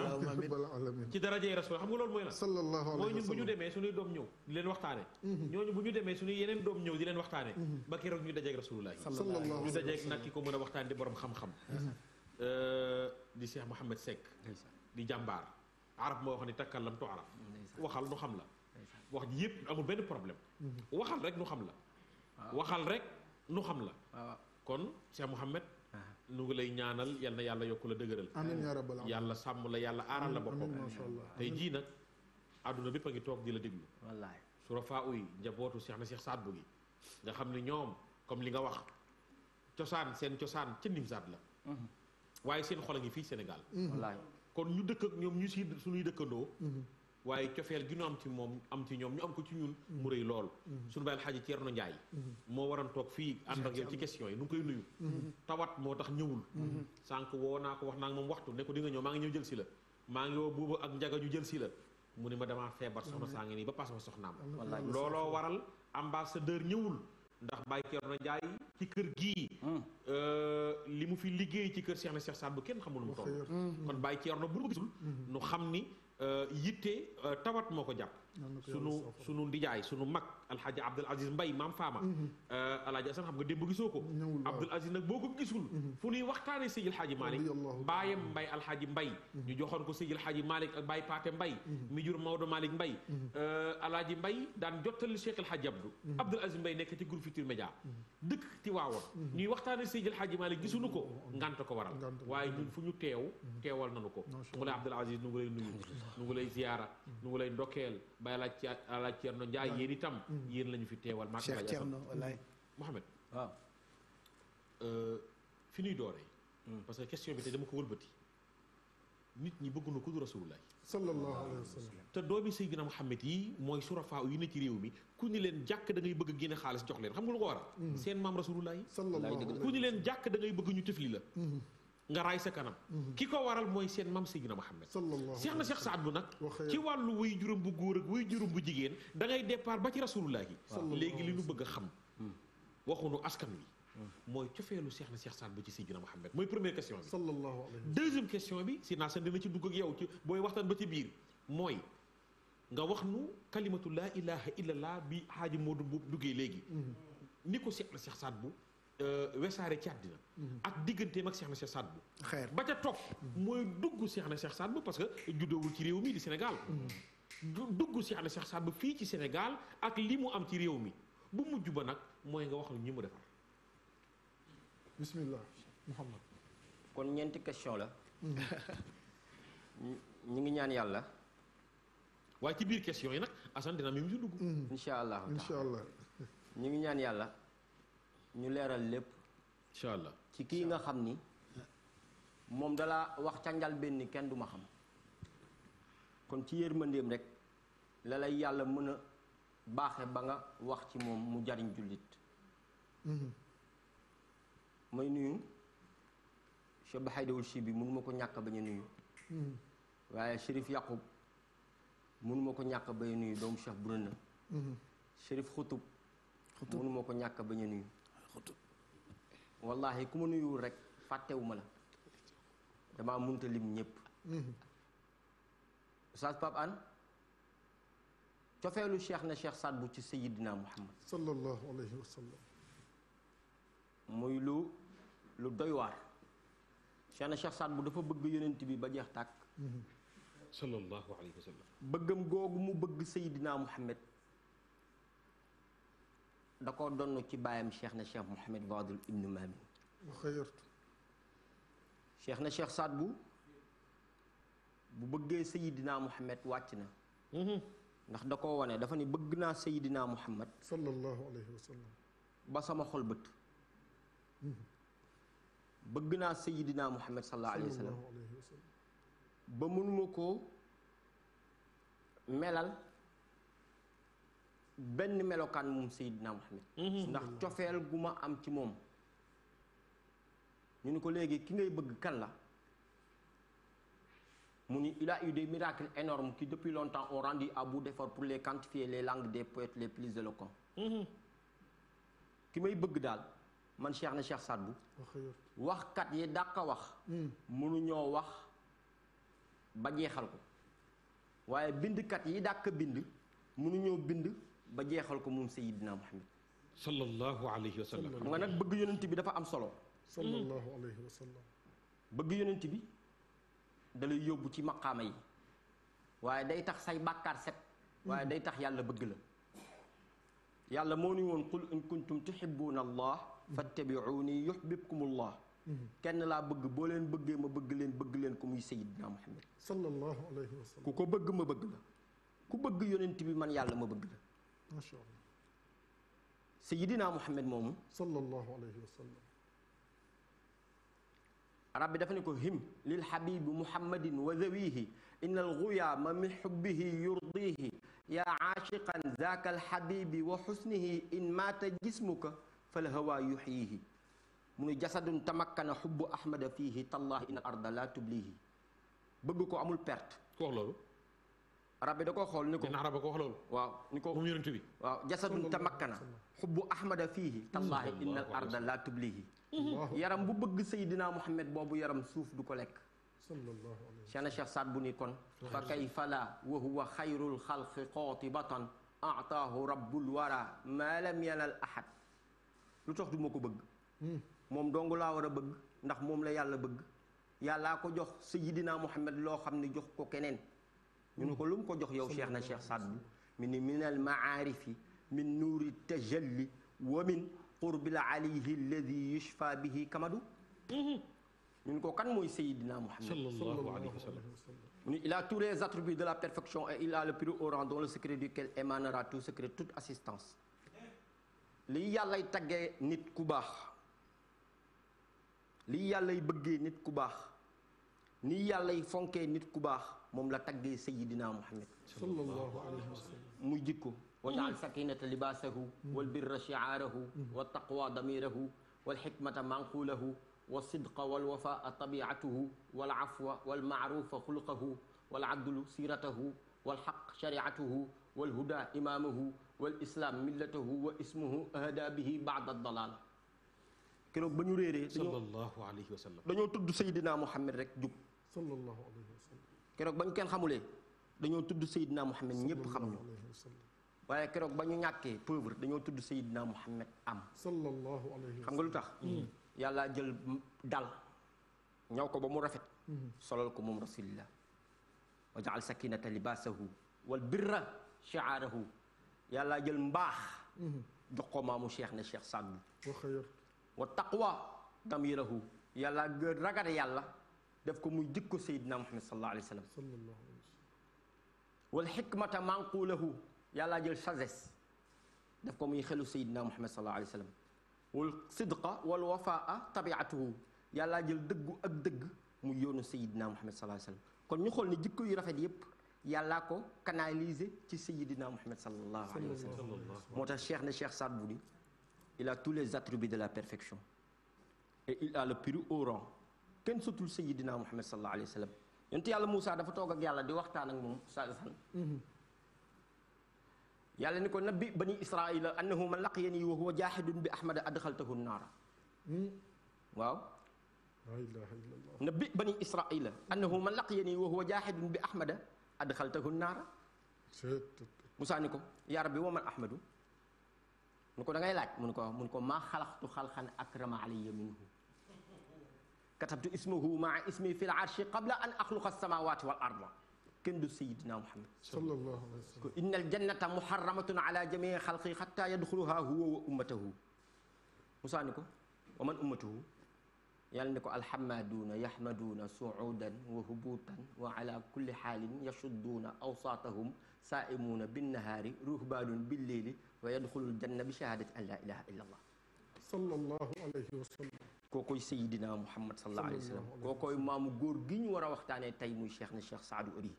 ci darajee rasul xam nga loolu mooy la sallallahu mooy ñun bu ñu demee suñuy doom ñëw di leen waxtaane mm-hmm. ñooñu bu ñu demee suñuy yeneen doom ñëw di leen waxtaane mm-hmm. ba keroog ñu dajeeg rasulullah ñu dajeeg nag ki ko mën a waxtaane di borom xam-xam mm-hmm. euh, di Cheikh Mouhamed Seck di jàmbaar arab moo wax ni takkallam tu arab waxal nu xam la wax yëpp amul benn problème Mm-hmm. waxal rek nu xam la. Ah. waxal rek nu xam la. Ah, kon Cheikh Mouhamed. Ah. nu ngi lay ñaanal yal na yàlla yokk la dëgëral. amiin yaa rabbal aalamiin yàlla sàmm la yàlla aaral la boppam. macha allah tey jii na àdduna bépp a ngi toog di la déglu. wallaay su rafaa uy njabootu Cheikh na Cheikh Sadbou gi nga xam ne ñoom comme li nga wax cosaan seen cosaan ca Nimzaat la. Mm-hmm. waaye seen xol a ngi fii Sénégal. Mm-hmm. kon ñu dëkk ñoom ñu suñuy dëkkandoo. waaye cofeel gi nu am ci moom am ci ñoom ñu am ko ci ñun mu rëy lool suñu bàyyi ceer Ceerno Njaay moo waroon toog fii ànd ak yow ci question yi nu ngi koy nuyu mm-hmm. tawat moo tax ñëwul mm-hmm. sànq woo naa ko wax naa ak moom waxtu ne ko di ñëw maa ngi ñëw jël si la maa ngi woo buuba ak njaga ju jël si la mu ne ma damaa feebar soxna mm-hmm. saa ngi nii ba pass ma soxnaam looloo waral ambassadeur ñëwul ndax Baye Thierno Ndiaye ci kër gii mm. euh, li mu fi liggéey ci kër Cheikh na Cheikh Saad bu kenn xamul mu toll kon Baye Thierno bu nu xam ni Euh, yitte euh, tawat moo ko jàpp sunu sunu ndijaay sunu mag alxaaji Abdul Aziz Mbay maam Faama mhm. euh, alaaji Asan xam nga démb gisoo ko Abdul Aziz nag boo ko gisul mhm. fu ñuy waxtaane Seydi Alxaaji Malik baayam Mbay alxaaji Mbay ñu joxoon ko Seydi Alxaaji Malik ak Paate Mbay mhm. mi jur Maodo Malik Mbay euh, alaaji Mbay daan jottali Cheikh Alxaaji Abdou Abdul Aziz Mbay nekk ci groupe Futurs Médias dëkk ti waawoon ñuy waxtaane Seydi Alxaaji Malik gisuñu ko ngant ko waral waaye ñun fu ñu teew teewal nanu ko mu lay Abdul Aziz nu ngi lay nuyu nu lay ziyaara nu bay alaaj ci alaaj Cerno Njaay yéen itam mm. yéen lañu fi teewal maa Cheikh Cerno wallaay Mohamed waaw euh, fi ñuy dooree mm. parce que question bi tey dama ko wëlbati nit ñi bëgg na ku du rasulullah sallallahu alayhi wa sallam te doomi Seydina Muhammad yi mooy surafaa yi ne ci réew mi ku ni leen jàkk da bëgg a génne xaalis jox leen xam nga lu ko waral mm. seen maam rasulullah yi ku ni leen jàkk da ngay bëgg ñu tëfli la nga raay sa kanam. Mhm. ki ko waral mooy seen mam Seydina Mohamed. sallallahu seex na seex Saad bu nag. ci wàllu wuy juróom bu góor ak wuy juróom bu jigéen da ngay ba ci rasulullah yi. léegi li nu bëgg a xam. waxunu askan wi. Mhm. mooy cofeelu seex na seex Saad bu ci si Seydina Mohamed mooy première question bi. sallallahu alayhi deuxième question bi si naa seen dina ci dugg ak yow ci booy waxtaan ba ci biir mooy. nga wax nu kalimatu laa ilaha illallah bi xaaji Modou bu duggee léegi. Mhm. ni ko seex na seex Saad bu. Euh, wesaare ci àddina mhm. ak digganteem ak Cheikh na Cheikh Saad bu xeer ba ca topp mooy dugg seex na seex Saad bu parce que juddoowul ci réew mi di Sénégal mhm. dugg Cheikh na Cheikh Saad bu fii ci Sénégal ak li mu am ci réew mi bu mujj ba nag mooy nga wax lu ñi mu defar bismillah Muhammad ñeenti question la mhm. ñu ngi ñaan yàlla waaye ci biir question yi nag Assane dina mi mu si dugg insha allahu taala ñu ngi ñaan yàlla ñu leeral lépp. incha allah ci kii nga xam ni moom dalaa wax ca njalbeen kenn du ma xam kon ci yërmandeem rek la lay yàlla mën a baaxe ba nga wax ci moom mu jariñ jullit mhm. may nuyu Cheikh Bahaydawul si bi mënuma ko ñàkk bañ a nuyu mhm. waaye Chérif Yaqub mënuma ko ñàkk bañ a nuyu doomu Cheikh Burana mhm. Chérif Xutub mënuma ko ñàkk bañ a nuyu neexutul wallahi ku ma nuyuwul rek fàttewuma la damaa munta lim ñëpp mhm. Oustaz Pape Hann cofeelu cheikh na cheikh Saad bu ci sayidina Muhammad sallallahu alayhi muy lu lu doy waar na cheikh Saad bu dafa bëgg yonent bi ba jeex tàkk mhm. bëggam googu mu bëgg sayidina Muhammad da ko donn ci baayam cheikh na cheikh Mouhamed Fadil ibnu Mamin xëyrtu cheikh na cheikh Saad bu bu bëggee sayidina Mouhamed wàcc na mhm. ndax da ko wane dafa ni bëgg naa sayidina Mouhamed ba sama xol bët mhm. bëgg naa sayidina Mouhamed sallallahu alayhi ba mënuma koo melal benn melokaan moom Seydina Muhammad mhm. ndax cofeel gu ma am ci moom ñu ni ko léegi ki ngay bëgg kan la mu ni il a eu des miracles énormes qui depuis longtemps ont rendu à pour les quantifier les langues des poètes les plus éloquents mhm. ki may bëgg daal man Cheikh na Cheikh Sadbou waxkat yi dàq a wax hmm. mënuñoo wax ba jeexal ko waaye bindkat yi dàq bind mënuñoo bind ba jeexal ko moom Seyyidina Muhammad. sallallahu alayhi wa sallam. xam nga nag bëgg yonent bi dafa am solo. sallallahu alayhi wa bëgg yonent bi dalay yóbbu ci maqaama yi waaye day tax say bàkkaar set. waaye day tax yàlla bëgg la. yàlla moo ni woon qul in kuntum tuhibbuuna allah fattabi'uuni yuhbibkumu allah kenn laa bëgg boo leen bëggee ma bëgg leen bëgg leen ko mu Seyyidina Muhammad. sallallahu ku ko bëgg ma bëgg la. ku bëgg yonent bi man yàlla ma bëgg la. macha allah sayidina muhammad moomu sallallahu alayhi wa sallam arab bi dafa ne ko him lil habibi muhammadin wa zawihi inna alguyaama min xubbihi yurdihi yaa aashiqan zaaka alxabibi wa xusnihi in maata jismuka falhawa yuxyihi mu nu jasadun tamakkana xubbu ahmada fiihi tallahi in al arda la tublihi bëgg ko amul perte wax loolu arab bi da xool ni ko arab waaw ni ko moom yonent bi waaw tamakkana xubbu ahmada fiihi tallaahi inna al la tublihi yaram bu bëgg saydina muhammad boobu yaram suuf du ko lekk seena cheikh saad bu ni kon fa kayfa la wa huwa xayrul xalqi qaatibatan ataahu rabbul wara ma lam yanal ahad lu tax du ma ko bëgg hmm. moom dong laa war bëgg ndax moom la yàlla bëgg yàllaa ko jox saydina muhammad loo xam ne jox ko keneen ñu ne ko lu mu ko jox yow cheikh na cheikh Saad Bou mi ni min al maarifi min nuuri tajalli wa min qurbil alihi alladi yushfa bihi kamadu ñu ne ko kan mooy Seydina Muhammad sallallahu alayhi wa sallam mu ni il a tous les attributs de la perfection et illa a le plus haut rang dont le secret duquel émanera tout secret toute assistance li yàllay taggee nit ku baax li yàllay bëggee nit ku baax yàllay fonkee nit ku baax moom la taggee sayidina Muhammad sallallahu alayhi wa sallam muy jikko wajaal sakinata libaasahu wal birra shiaarahu wa taqwa damirahu wal xikmata manquulahu wa sidqa wal wafaa tabiatuhu wal afwa wal maarufa xulqahu wal adlu siiratahu wal xaq shariatuhu wal huda imaamahu wal islaam millatahu wa ismuhu ahada bihi baada dalaala keroog ba ñu réeree. sallallahu alayhi wa sallam dañoo tudd Seydina Muhammad rek jub. sallallahu alayhi keroog ba ñu kenn xamulee dañoo tudd Seydina Muhammad ñëpp xam ñu waaye keroog ba ñu ñàkkee pauvre dañoo tudd Seydina Muhammad am sallallahu xam nga lu tax hmm. yàlla jël dal ñaw ko ba mu rafet hmm. solal ko moom rasulillah wa jaal sakinata libaasahu wal birra shiaarahu yàlla jël mbaax hmm. jox maamu cheikh ne cheikh Saadu wa taqwa damirahu yàlla gën ragal yàlla def ko muy jikko sayyidina muhammad sallallahu alayhi wa sallam wal xikmata manqulahu yàllaa jël sagesse def ko muy xelu sayyidina muhammad sallallahu alayhi wa sallam wal sidqa wal wafaa tabiatuhu yàllaa jël dëggu ak dëgg mu yoonu sayyidina muhammad sallallahu alayhi wa sallam kon ñu xool ne jikko yu rafet yépp yàllaa ko canaliser ci sayyidina muhammad sallallahu alayhi wa sallam moo tax cheikh ne cheikh Saad Bou il a tous les attributs de la perfection et il a le plus haut rang kenn sutul sayyidina Muhammad sallallahu alayhi wa sallam yonent yàlla Moussa dafa toog ak yàlla di waxtaan ak moom saa san yàlla ni ko nabbi bani israila annahu man laqiyani wa huwa jaahidun bi ahmada adxaltahu naara waaw laa ilaaha illallah nabbi bani israila annahu man laqiyani wa huwa jaahidun bi ahmada adxaltahu naara Moussa ni ko yaa rabbi wa man ahmadu mu ko da ngay laaj mun ko mun ko maa xalaxtu xalxan akrama alayya minhu katabtu ismahu maa ismi fi l arshi qabla an axluqa samawati wal arda kenn du sayidina muhammad sallallahu alayhi wa sallam inna al jannata muharramatun ala jamii xalqi xatta yadxuluha huwa wa ummatahu musaa ni ko wa man ummatuhu yàlla ni ko alhamaduuna yahmaduuna suudan wa hubuutan wa ala kulli xaalin yashudduuna awsaatahum saaimuuna binnahaari ruhbaanun billeeli wa yadxulul janna bi shahaadati an laa ilaha illa allah sallallahu alayhi wa sallam kookoy sayidina muhammad sallallahu alayhi wa sallam kookoy góor gi ñu war a waxtaanee tey muy cheikh na cheikh saadu uri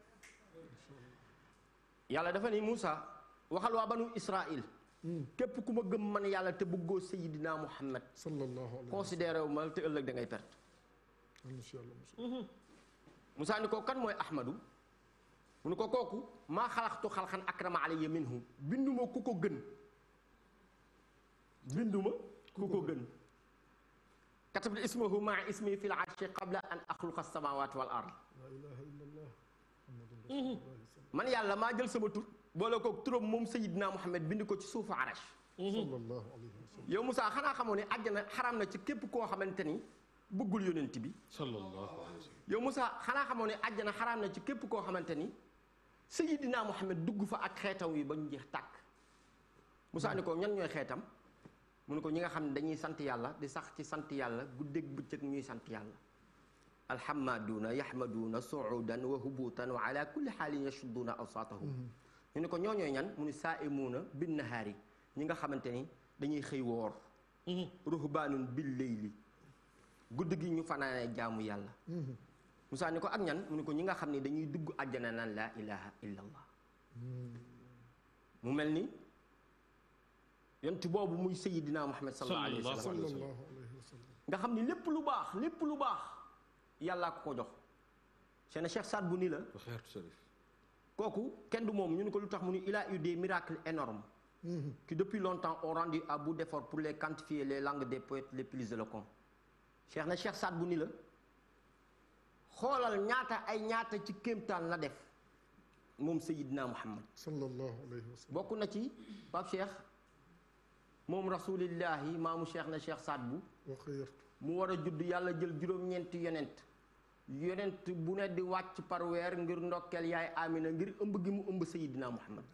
yàlla dafa ni Moussa waxal waa banu Israil hmm. képp ku ma gëm man yàlla te bëggoo sayidina muhammad considéré wu ma ëllëg da ngay perte mhm. Moussa ni ko kan mooy ahmadu mu ko kooku maa xalaxtu xalxan akrama alayya minhu binduma ku ko gën katab li ismahu maa ismi fi l arshi qabla an axluqa samawat wal ard man yàlla maa jël sama tur boole ko turam moom sayidna Muhammad bind ko ci suufu arash yow Moussa xanaa xamoo ne àjjana xaram na ci képp koo xamante ni bëggul yonent bi yow Moussa xanaa xamoo ne àjjana xaram na ci képp koo xamante ni sayidna Muhammad dugg fa ak xeetam yi ba ñu jeex tàkk Moussa ni ko ñan ñooy xeetam mu ne ko ñi nga xam ne dañuy sant yàlla di sax ci sant yàlla guddeeg bëccëg ñuy sant yàlla alxamaduuna yaxmaduuna suudan wa hubuutan wa ala kulli xaalin yashudduuna awsaatahum mm-hmm. ñu ne ko ñooñooy ñan mu ni ne saaimuuna binnahaari ñi nga xamante ni dañuy xëy woor mm-hmm. ruhbaanun bi leyli guddi gi ñu fanaanee jaamu yàlla Moussa mm-hmm. ni ko ak ñan mu ne ko ñi nga xam ne dañuy dugg àjjana naan laa ilaha illa mu mel ni yonent boobu muy Seydina Muhammad sallallahu alayhi wa sallam nga xam ni lépp lu baax lépp lu baax yàllaa ko ko jox seen Cheikh Saad bu ni la kooku kenn du moom ñu ne ko lu tax mu ni il a eu des miracles énormes mhm. qui depuis longtemps ont rendu à bout d'effort pour les quantifier les langues des poètes les la éloquents Cheikh na Cheikh Saad bu ni la xoolal ñaata ay ñaata ci kéemtaan la def moom Seydina Muhammad bokk na ci Pape Cheikh moom rasulillahi maamu cheikh na cheikh saat bu mu war a judd yàlla jël juróom-ñeenti yonent yonent bu ne di wàcc par weer ngir ndokkeel yaay amina ngir ëmb gi mu ëmb sayidina muhammad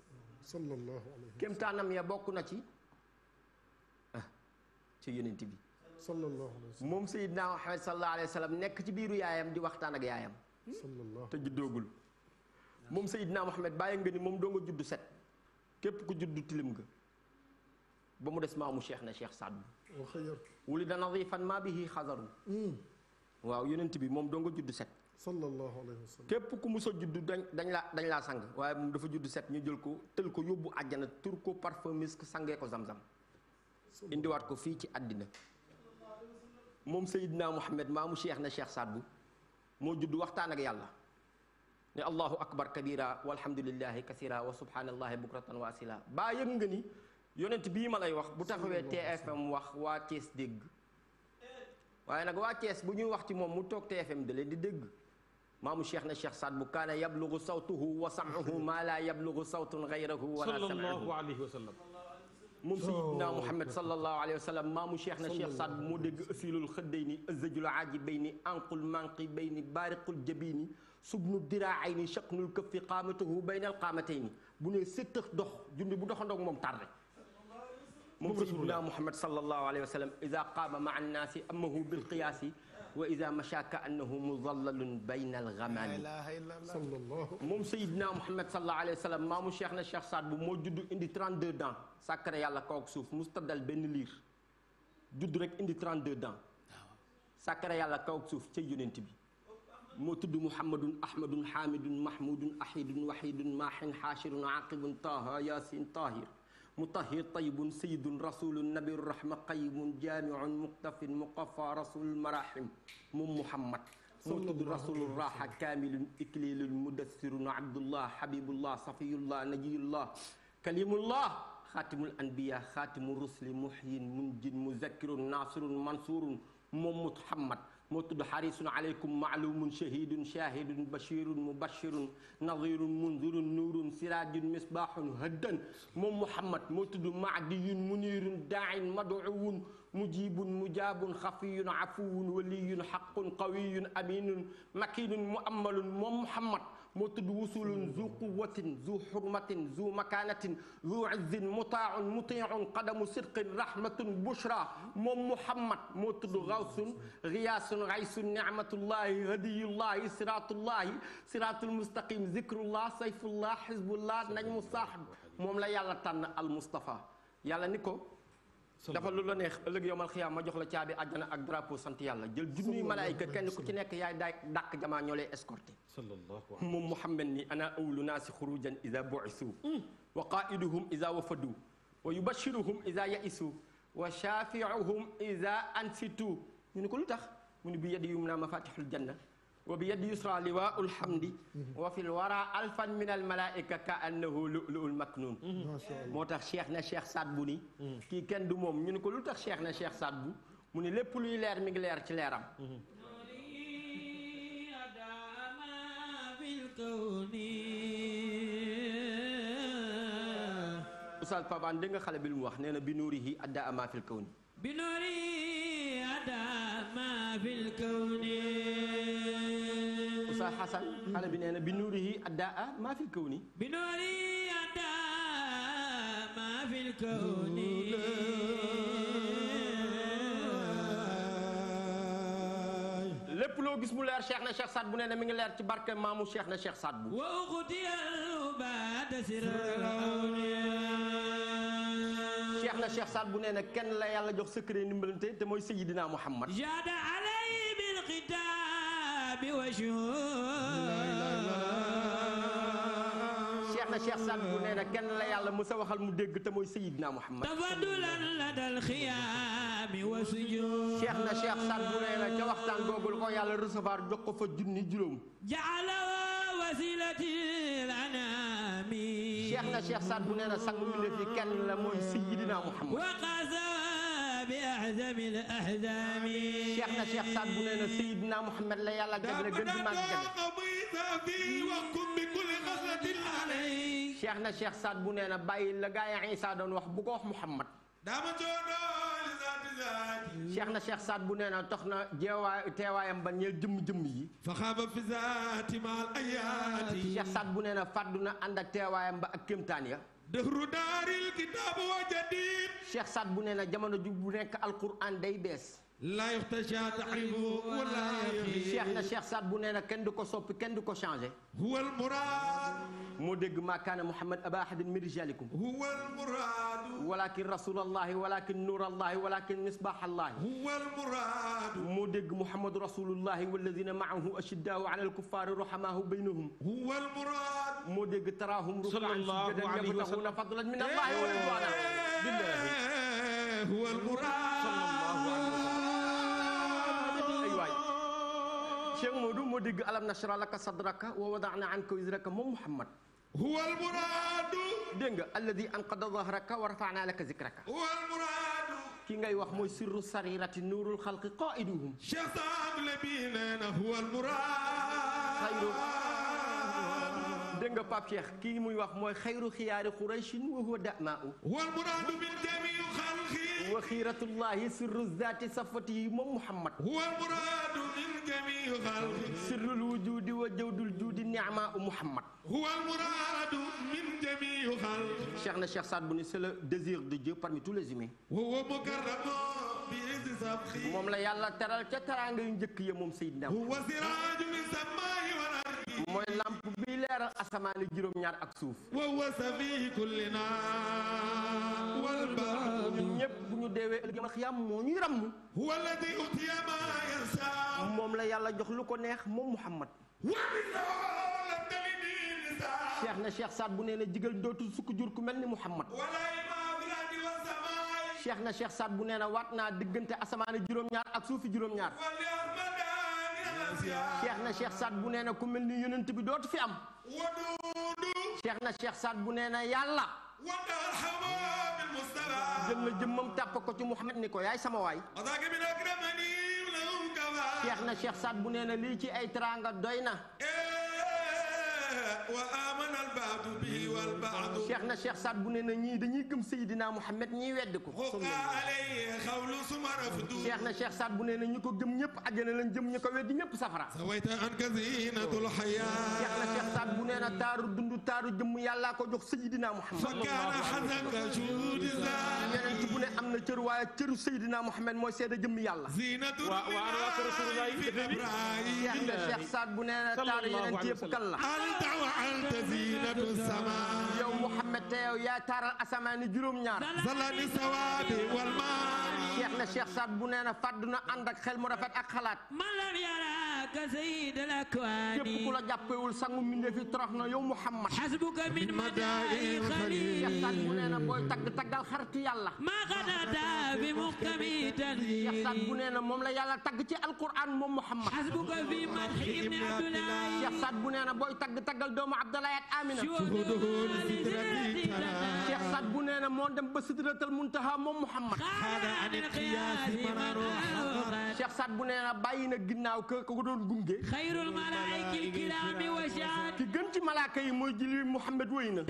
sallallahu ya bokk na ci ah, ci yonent bi sallallahu moom sayidina muhammad sallallahu alayhi nekk ci biiru yaayam di waxtaan ak yaayam te juddoogul moom sayidina muhammad bàyyi nga ni moom doo nga judd set képp ku judd tilim nga ba mu des maamu cheikh na cheikh Sadbu. wuli da nadifan bi bihi xazaru. Hmm. waaw yonent bi moom doo nga judd set. sallallahu alayhi képp ku mus a judd dañ dañ laa dañ laa sang waaye moom dafa juddu set ñu jël ko tël ko yóbbu àjjana tur ko parfum misk sangee ko zamzam. indiwaat ko fii ci àddina. moom Seydina Muhammad maamu cheikh na cheikh Sadbu moo judd waxtaan ak yàlla. ne allahu akbar kabira walhamdulillahi kasira wa subhanallahi bukratan wa baa yëg nga yonent bii ma lay wax bu taxawee TFM wax waa Thiès dégg waaye nag waa Thiès bu ñuy wax ci moom mu toog TFM da leen di dégg maamu cheikh na cheikh Saad bu kaana yablugu sawtuhu wa sam'uhu maa laa yablugu sawtun gayrahu wala sam'uhu sallallahu alayhi wa sallam moom sayyidina oh. Muhammad sallallahu alayhi wa sallam maamu cheikh na cheikh Saad moo dégg asilul xëddayni azajul aajibayni anqul manqibayni baariqul jabini subnu diraayni chaqnul këffi qaamatuhu bayna alqaamatayni bu ne sëttëx dox jundi bu doxandoog moom tardé moom sayyidina Muhammad sallallahu alayhi wa sallam ida qaama maa annaasi amahu bilqiyaasi wa ida mashaka annahu mudallalun bayna alghamami moom sayyidina Muhammad sallallahu alayhi wa sallam maamu cheikh na cheikh Saad bu moo judd indi 32 dents sàkkare yàlla kawak suuf mustadal benn liir judd rek indi 32 dents sàkkare yàlla kawak suuf ca yonent bi moo tudd muhammadun ahmadun hamidun mahmudun ahidun wahidun maahin haashirun aqibun taha yasin tahir mutahir tayyibun sayyidun rasulun nabiyur rahma qayyimun jaamiun muktafin muqaffa rasulul marahim moom muhammad moo tudd rasulul raha kaamilun iklilun mudassirun abdullah habibullah safiyullah najiyullah kalimullah xaatimul anbiya xaatimu rusli muhyin munjin muzakkirun nasirun mansurun moom muhammad moo tudd xarisun aleykum maalumun shahidun shahidun bashirun mubashirun nadirun munzirun nuurun sirajun misbahun haddan moom muhammad moo tudd mahdiyun munirun daain maduwun mujibun mujaabun xafiyun afuwun waliyun xaqun qawiyun aminun makinun muammalun moom muhammad moo tudd wusulun zu quwatin zu xurmatin zu makaanatin zu izzin mutaaun mutiun qadamu sidqin rahmatun bushra moom muhammad moo tudd gawsun riyaasun raysun nicmatullahi hadiyullahi siratullahi siratul mustaqim zikrullah sayfullah xizbullah najmu saaxib moom la yàlla tànn al mustafa yàlla ni ko dafa lu la neex ëllëg yowmal xiyaam ma jox la caabi àjjana ak drapeau sant yàlla jël junniy malaayika kenn ku ci nekk yaay daay dàq jamaa ñoo lay escorté moom Muhammad ni ana awlu naasi xurujan ida buisu hmm. wa qaiduhum ida wafadu wa yubashiruhum ida yaisu wa shafiuhum ida ansitu ñu ni ko lu tax mu ni bi yadi yum naa mafatixul janna wa bi yadi yusra liwaa'ul hamdi mhm. wa fil wara alfan min al malaa'ika ka annahu lu'lu'ul maknun mhm. moo tax cheikh na cheikh Sadbu ni mhm. kii kenn du moom ñu ne ko lu tax cheikh na cheikh bu mu ne lépp luy leer mi ngi leer ci leeram Oustaz Pape Hann dégg nga xale kawni binuri adama fil kawni Oustaz Xasan xale bi nee na binurihi addaa maa fil kawni binuri addaa maa fil kawni lépp loo gis mu leer Cheikh na Cheikh Saad bu nee na mi ngi leer ci barke maamu Cheikh na Cheikh Saad bu wa uxtiyal ubaada sirrawni la Cheikh Saad bu nee na kenn la yàlla jox secret ndimbalante te mooy Seydina Muhammad jaada alay bil xitaabi wa Cheikh na Cheikh Saad bu nee na kenn la yàlla mës a waxal mu dégg te mooy Seydina Muhammad tafadulan la dal xiyaami wa sujud Cheikh na Cheikh Saad bu nee na ca waxtaan googu la ko yàlla recevoir jox ko fa junni juróom jaala wasilati lana cheikh na cheikh Saad bu nee na sang bi def yi kenn la mooy sayyidina Muhammad. cheikh na cheikh Saad bu nee na sayyidina Muhammad la yàlla gën la gën di màgg cheikh na cheikh Saad bu nee na bàyyi la gaa yi Isa doon wax bu ko wax Muhammad. daama coonooli zaati zaati cheikh na cheikh saat bu nee na tox na jeewaay teewaayam ba ñeel jëmm-jëmm yi fa xaaba fi zaati maal ayaati cheikh saat bu nee na fàddu na ànd ak teewaayam ba ak kémtaan ya dëhru daaril kitaabu wa jadid cheikh saat bu nee na jamono ju bu nekk alquran day bees laa yuxtasha taxibu wala yaxi cheikh na cheikh Saad bu nee na kenn du ko soppi kenn du ko changé. huwal muraad. moo dégg maakaana Mouhamed aba ahadin min rijalikum. huwal muraad. walakin rasulallahi walakin nuurallahi walakin misbahallahi. huwal muraad. moo dégg Mouhamed rasulullahi walladina maahu ashiddaau ala alkuffaari ruhamaau baynahum. huwal muraad. moo dégg taraahum rukaan sujjadan yabtaxuuna fadlan min allahi wa ridwaana. Eh, huwal muraad. Cheikh Modou moo dégg alam nashrah laka sadraka wa wada'na anka wizraka moom Mouhamad. huwal muraadu. dégg nga alladi anqada zahraka wa rafa'na laka zikraka. huwal muraadu. ki ngay wax mooy sirru sarirati nuurul xalqi qaa'iduhum. Cheikh Saad Labi nee na huwal muraadu. dégg nga Pape Cheikh kii muy wax mooy xayru xiyaari xurayshin wa huwa da'maa wal muraadu min jami'i xalqi wa xiiratullahi sirru zaati safati yi moom Muhammad wal muraadu min jami'i xalqi sirrul wujudi wa jawdul juudi ni'maa Muhammad wal muraadu min jami'i xalqi Cheikh na Cheikh Saad Bou c'est le désir de Dieu parmi tous les humains moom la yàlla teral ca teraanga yu njëkk ya moom Seydina mooy lamp miy leeral asamaani juróom-ñaar ak suuf. wa wasa fi kulli naa wal bahr. ñun ñëpp bu ñu deewee ëllëg yawmal xiyaam moo ñuy ràmm. wala di utiya ma yasaa. moom la yàlla jox lu ko neex moom mu Muhammad. cheikh na cheikh Saad bu nee a jigal dootul sukk jur ku mel ni Muhammad. cheikh na cheikh Saad bu nee na waat naa diggante ak suufi juróom cheikh na cheikh Saad bu nee na ku mel ni yonent bi dootu fi am. wadudu. cheikh na cheikh Saad bu nee na yàlla. wadal xamaabil mustara. jël na jëmmam tàpp ko ci Muhammad ni ko yaay sama waay. cheikh na cheikh Saad bu nee na lii ci ay teraanga doy na. Eh, wa amana al baadu bihi wal baadu cheikh na cheikh Saad bu ne na ñii dañuy gëm Seydina Mouhamed ñii wedd ko cheikh na cheikh Saad bu ne na ñu ko gëm ñëpp àjjana lañ jëm ñu ko weddi ñëpp safara sawayta an kazinatul hayaa cheikh na cheikh Saad bu ne na taaru dund taaru jëmm yàllaa ko jox Seydina Mouhamed yeneen bu ne am na cër waaye cëru Seydina Mouhamed mooy seede jëmm yàlla cheikh na cheikh Saad bu ne na taaru yeneen yëpp kan la wa anta zinatu sama Mohamed te yow yaa taaral asamaani juróom-ñaar. zalani sawaabi wal maani. Cheikh na Cheikh Saad bu neena fàddu na ànd ak xel mu rafet ak xalaat. malam yaraka sayyid al akwaani. képp ku la jàppewul sangu mbindee fi torox na yow Mouhamad. xasbuka min madaa'il xaliil. Cheikh Saad bu neena booy tagg taggal xaritu yàlla. maa xanata bi muhkami tanziil. Cheikh Saad bu neena moom la yàlla tagg ci alquran moom Mouhamad. xasbuka fi madhi ibni Abdoulaye. Cheikh Saad bu neena booy tagg taggal doomu Abdoulaye ak Amina. Cheikh Saad bu nee na moo dem ba sidratal muntaha moom Muhammad Cheikh Saad bu nee na bàyyi na ginnaaw ka ko doon gunge xayrul malaa'ikil kiraami wa shaad ki gën ci malaaka yi mooy jili Muhammad wéy na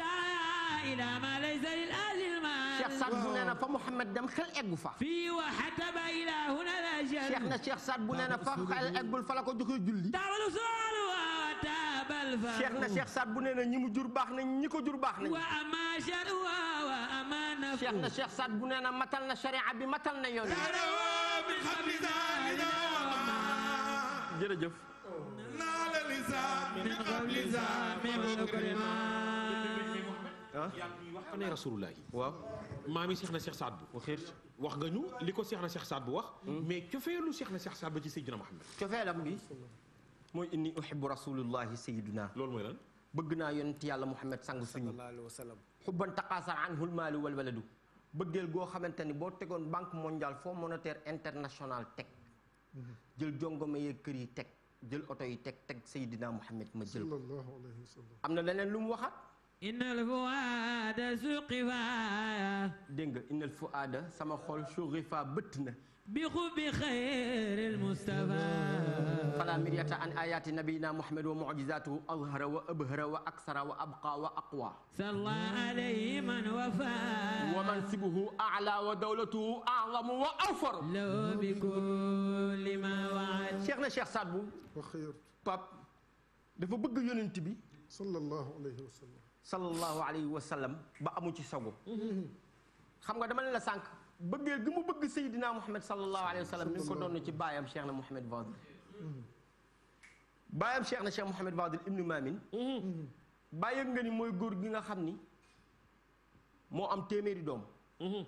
Cheikh Saad bu nee na fa Muhammad dem xel eggu fa fii wa hataba ilahuna la Cheikh na Cheikh Saad bu nee na fa xel eggul fa la ko joxe julli cheikh na cheikh Saad bu ne na ñi mu jur baax nañ ñi ko jur baax nañ. cheikh na cheikh Saad bu nee na matal na sharia bi matal na yoon yi. jërëjëf. ah. waaw ne rasulullah yi. waaw maam yi Cheikh na Cheikh Saad bu. wax nga ñu li ko Cheikh na Cheikh Saad bu wax. Hmm? mais cofeelu Cheikh na Cheikh Saad bu ci Seydina Muhammad. cofeelam bi. mooy inni uhibbu rasulullahi sayyiduna loolu mooy lan bëgg naa yonent yàlla muhammad sang suñu sallallahu alayhi wa sallam xubban taqaasar anhul maalu wal waladu goo xamante ni boo tegoon banque mondiale fonds monétaire international teg mm-hmm. jël jongoma yee kër yi teg jël oto yi teg teg sayyidina muhammad ma jël am na leneen lu mu waxaat innal fuaada suqifa dégg nga innal fuaada sama xol suqifa bëtt na bi xubbi xayril Mustafa. Falaa miryata an ayaati nabiina Muhammad wa mucjizaatu azhara wa abhara wa aksara wa abqaa wa aqwa. sallaa alayhi man wafaa. wa mansibuhu aclaa wa dawlatuhu aczamu wa awfar. loo bi kulli maa waad. Cheikh na Cheikh Saad Bou. wa xayr. Pape dafa bëgg yonent bi. sallallahu alayhi wa sallam. sallallahu alayhi wa sallam ba amu ci sago. Mm-hmm. xam nga dama ne la sànq. bëggee gi mu bëgg Seydina Muhammad sallallahu alayhi wa sallam mi ngi ko doon ci baayam Cheikh na Mouhamed Fadil mm-hmm. baayam Cheikh na Cheikh Mouhamed Fadil ibnu Mamin mm-hmm. bàyyam nga ni mooy góor gi nga xam ni moo am téeméeri doom mm-hmm.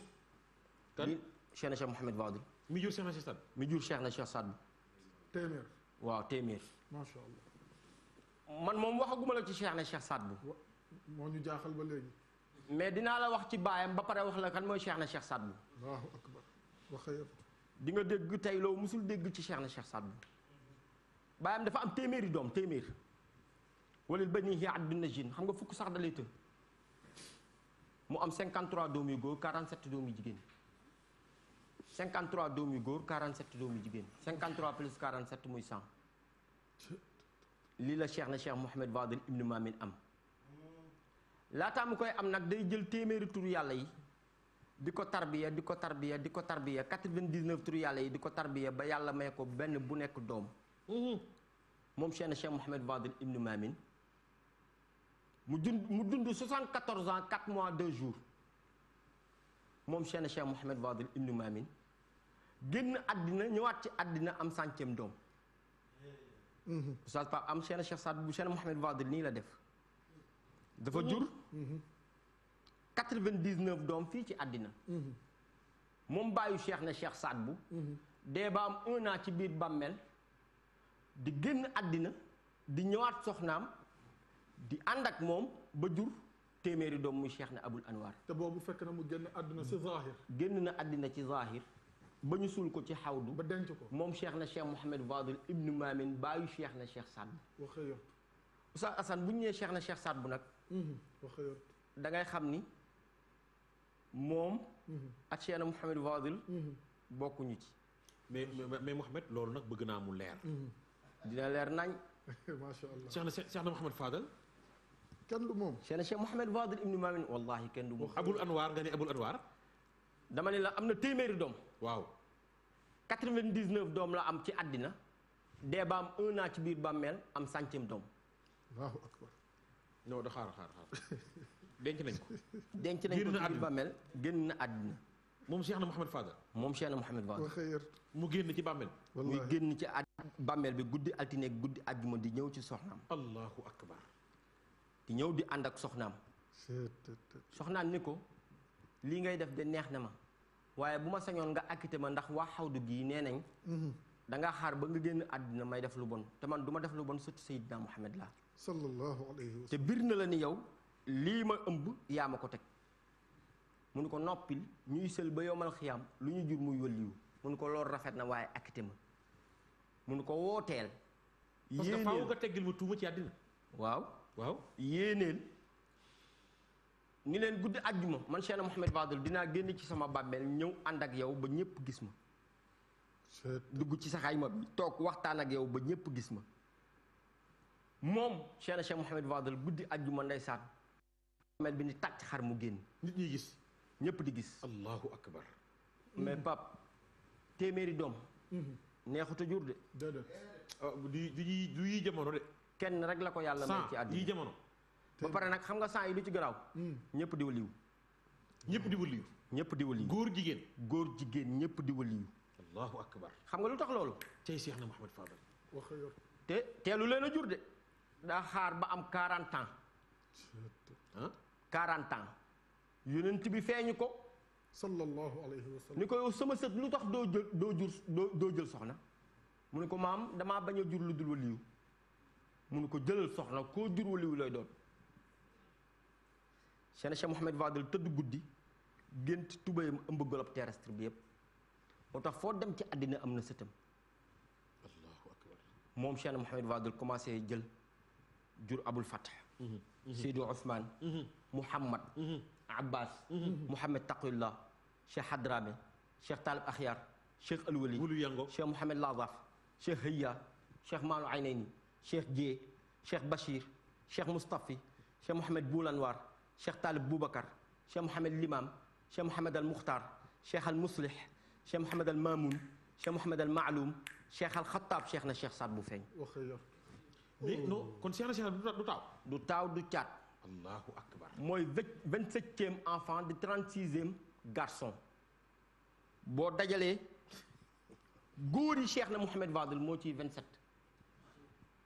kan Cheikh na Cheikh Mouhamed Fadil mi jur Cheikh na Cheikh Saad mi jur Cheikh na Cheikh Saad téeméer waaw téeméer macha allah man moom waxaguma la ci Cheikh na Cheikh Saad bu moo ñu jaaxal ba léegi mais dinaa la wax ci baayam ba pare wax la kan mooy Cheikh na Cheikh Saad Bou. waaw di nga dégg tey loo musul dégg ci Cheikh na Cheikh Saad Bou baayam dafa am téeméeri doom téeméer walil baniihi addu najin xam nga fukk sax da lay mu am 53 doom yu góor 47 doom yu jigéen 53 doom yu góor 47 doom yu jigéen 53 plus 47 muy 100 lii la Cheikh na Cheikh Mouhamed Fadel ibnu Mamin am. laataa mu koy am nag day jël téeméeri tur yàlla yi di ko tarbiya di ko tarbiya di ko tarbiya 99 tur yàlla yi di ko tarbiya ba yàlla may ko benn bu nekk doom moom Cheikh na Cheikh Mouhamed Fadil Ibn mu dund mu dund 74 ans mois 2 jours moom Cheikh na Cheikh Mouhamed Fadil Ibn Mamin génn àddina ñëwaat ci àddina am centième doom Oustaz Pape am Cheikh na Cheikh Saad bu Cheikh na nii la def dafa jur 99 doom fii ci àddina moom bàyyu cheikh na cheikh Saad Bou dee ba am un ci biir bàmmeel di génn àddina di ñëwaat soxnaam di ànd ak moom ba jur téeméeri doom muy cheikh na abul anwar te boobu fekk na mu génn àddina ci zahir génn na àddina ci zahir ba ñu suul ko ci xawdu ba denc ko moom cheikh na cheikh Mouhamed Fadil ibnu Mamin bàyyu cheikh na cheikh Saad Bou waxa yo Oustaz bu ñu nee cheikh na cheikh Saad bu nag Mm-hmm. da ngay xam ni moom. Mm-hmm. ak Cheikh Mouhamed Fadil. Mm-hmm. bokkuñu ci. mais mais Mouhamed loolu nag bëgg naa mu leer. dina leer nañ. macha allah Cheikh na Cheikh na Mouhamed kenn du moom. Cheikh na Cheikh Mouhamed Fadil ibnu Maamin wallahi kenn du moom. Abul Anwar nga ne Abul Anwar. dama ne la am na téeméeri doom. waaw. doom la am ci àddina. dee ba am un an ci biir bàmmeel am centième doom. non da xaar xaar xaar denc nañ ko. denc nañ ko ci biir bàmmeel génn na àddina moom Cheikh na Mouhamed Fadal. moom Cheikh na Mouhamed Fadal. mu génn ci bàmmeel. muy génn ci at bàmmeel bi guddi altine guddi àjjuma di ñëw ci soxnaam. allahu akbar. di ñëw di ànd ak soxnaam. soxnaam ni ko lii ngay def de neex na ma waaye bu ma sañoon nga acquitté ma ndax waa xawdu gii nee nañ. Mhm. da nga xaar ba nga génn àddina may def lu bon te man du ma def lu bon sëtu Seydina Mouhamed laa. sallallahu alayhi te bir na la ni yow lii ma ëmb yaa ma ko teg mu ne ko noppil ñuy sël ba yowmal xiyaam lu ñu jur muy wëlliwu mu ne ko loolu rafet na waaye acte ma mu ne ko wooteel yéeneel parce que faaw nga teggil ma ci àddina waaw waaw yéeneel ni leen guddi àjjuma man Cheikh Mouhamed Fadel dinaa génn ci sama bàmmeel ñëw ànd ak yow ba ñëpp gis ma dugg ci saxaay ma bi toog waxtaan ak yow ba ñépp gis ma moom Cheikh Cheikh Mouhamed Vadal guddi àjjuma ndeysaan Mouhamed bi ni tàcc xar mu génn nit ñi gis ñépp di gis allahu akbar mais pap téeméeri doom mhm. neexut a jur de ah, du du yi jamono de kenn rek la ko yàlla may ci àdduna yi jamono ba pare nag xam nga sant yi du ci garaaw mhm. ñépp di waliw ñépp di waliw ñépp di góor jigéen góor jigéen ñépp di waliw allahu akbar xam nga lu tax loolu tey Cheikh te teelu leen a jur de daa xaar ba am 40 ans ah 40 ans yonent bi feeñu ko sallallahu alayhi wa sallam ni ko sama sët lu tax doo jël doo jur doo jël soxna mu ne ko maam damaa bañ a jur lu dul waliyu mu ne ko jëlal soxna koo jur waliyu lay doon Cheikh Cheikh Mouhamed Vadel tëdd guddi gént tubéyam ëmb golob terrestre bi yëpp moo tax foo dem ci àddina am na sëtam moom Cheikh Mouhamed Vadel commencé jël jur abul fath mm-hmm. mm-hmm. seydi ousmane mm-hmm. mouhammad abbas mouhammad taqiyullah cheikh hadrame cheikh talib akhyar cheikh alwali wulu yango cheikh mouhammad lazaf cheikh hëya cheikh maalu aynayni cheikh jee cheikh bachir cheikh moustaphi cheikh mouhammad boulanwar cheikh talib boubacar cheikh mouhammad limam cheikh mouhammad al mukhtar cheikh al muslih cheikh mouhammad al mamoun cheikh mouhammad al maaloum cheikh al xataab cheikh na cheikh saad bu feeñ mais hmm. kon Cheikhna du taaw. du taaw du caat. allahu akbar. mooy vingt septième enfant de trente sixième garson boo dajalee góor yi Cheikhna Mouhamed Fadel moo ciy vingt sept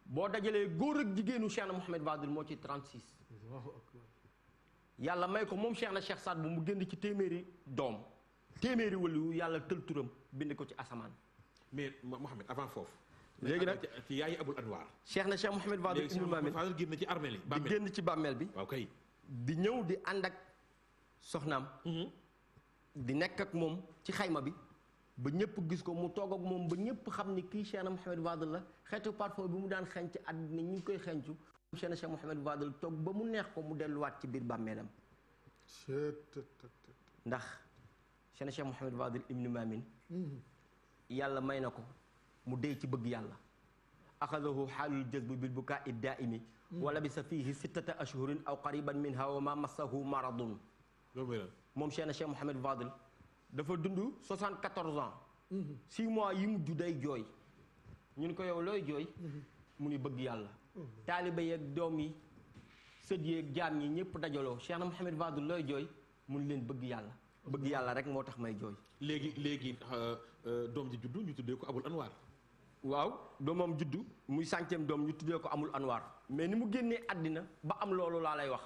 boo dajalee góor ak jigéenu Cheikhna Mouhamed Fadel moo ci trent six. yàlla may ko moom na Cheikh Saad bu mu génn ci téeméeri doom téeméeri wëliwu yàlla tël turam bind ko ci asamaan. mais Mouhamed avant foofu. léegi nag ci yaayi abul anwaar cheikh na cheikh mohamed fadal ibnul mamin fadal génn ci armeel yi di génn ci bàmmeel bi waaw kay di ñëw di ànd ak soxnaam mm-hmm. di nekk ak moom ci xayma bi ba ñëpp gis ko mu toog ak moom ba ñëpp xam ni kii cheikh na mohamed fadal la xeetu parfum bi mu daan xenc àddina ñu ngi koy xencu cheikh na cheikh mohamed fadal toog ba mu neex ko mu delluwaat ci biir bàmmeelam ndax cheikh na cheikh mohamed fadal ibnul mamin yàlla may na ko mu dee ci bëgg yàlla axadahu xaalul jazbu bil bukaa i daaimi wala bi sa fiihi sittata ashhurin aw qariban min ha wa ma massahu maradun moom Cheikhna Cheikh Mouhamed Fadel dafa dund 74 ans 6 mhm. mois yi mu day jooy ñun ko yow looy jooy mhm. mu ni bëgg yàlla mhm. taaliba yeeg doom yi sët yeeg jaam yi ñëpp dajaloo Cheikhna Mouhamed Fadel looy jooy mu ni leen bëgg yàlla bëgg yàlla rek moo tax may jooy léegi léegi euh, euh, doom ji juddu ñu tuddee ko Abul Anwar waaw doomam juddu muy cinquième doom ñu tuddee ko amul anwaar mais ni mu génnee àddina ba am loolu laa lay wax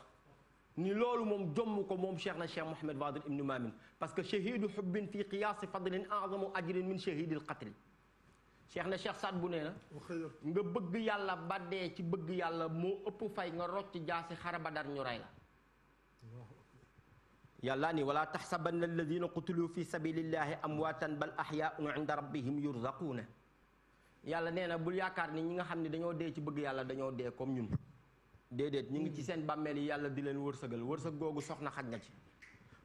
ni loolu moom jomm ko moom cheikh na cheikh Mouhamed Fadil ibnu Mamin parce que shahidu xubbin fi qiyaasi fadlin azamu ajrin na cheikh Saad bu nee na nga bëgg yàlla ba dee ci bëgg yàlla mu ëpp fay nga rocc jaasi xare Badar ñu rey la yàlla ni wala taxsabanna alladina qutilu fi sabilillahi amwaatan bal axyaun inda rabbihim yurzaquuna yàlla nee na bul yaakaar ni ñi nga xam ne dañoo dee ci bëgg yàlla dañoo dee comme ñun déedéet ñu ngi ci seen bàmmeel yi yàlla di leen wërsëgal wërsëg googu soxna xaj na ci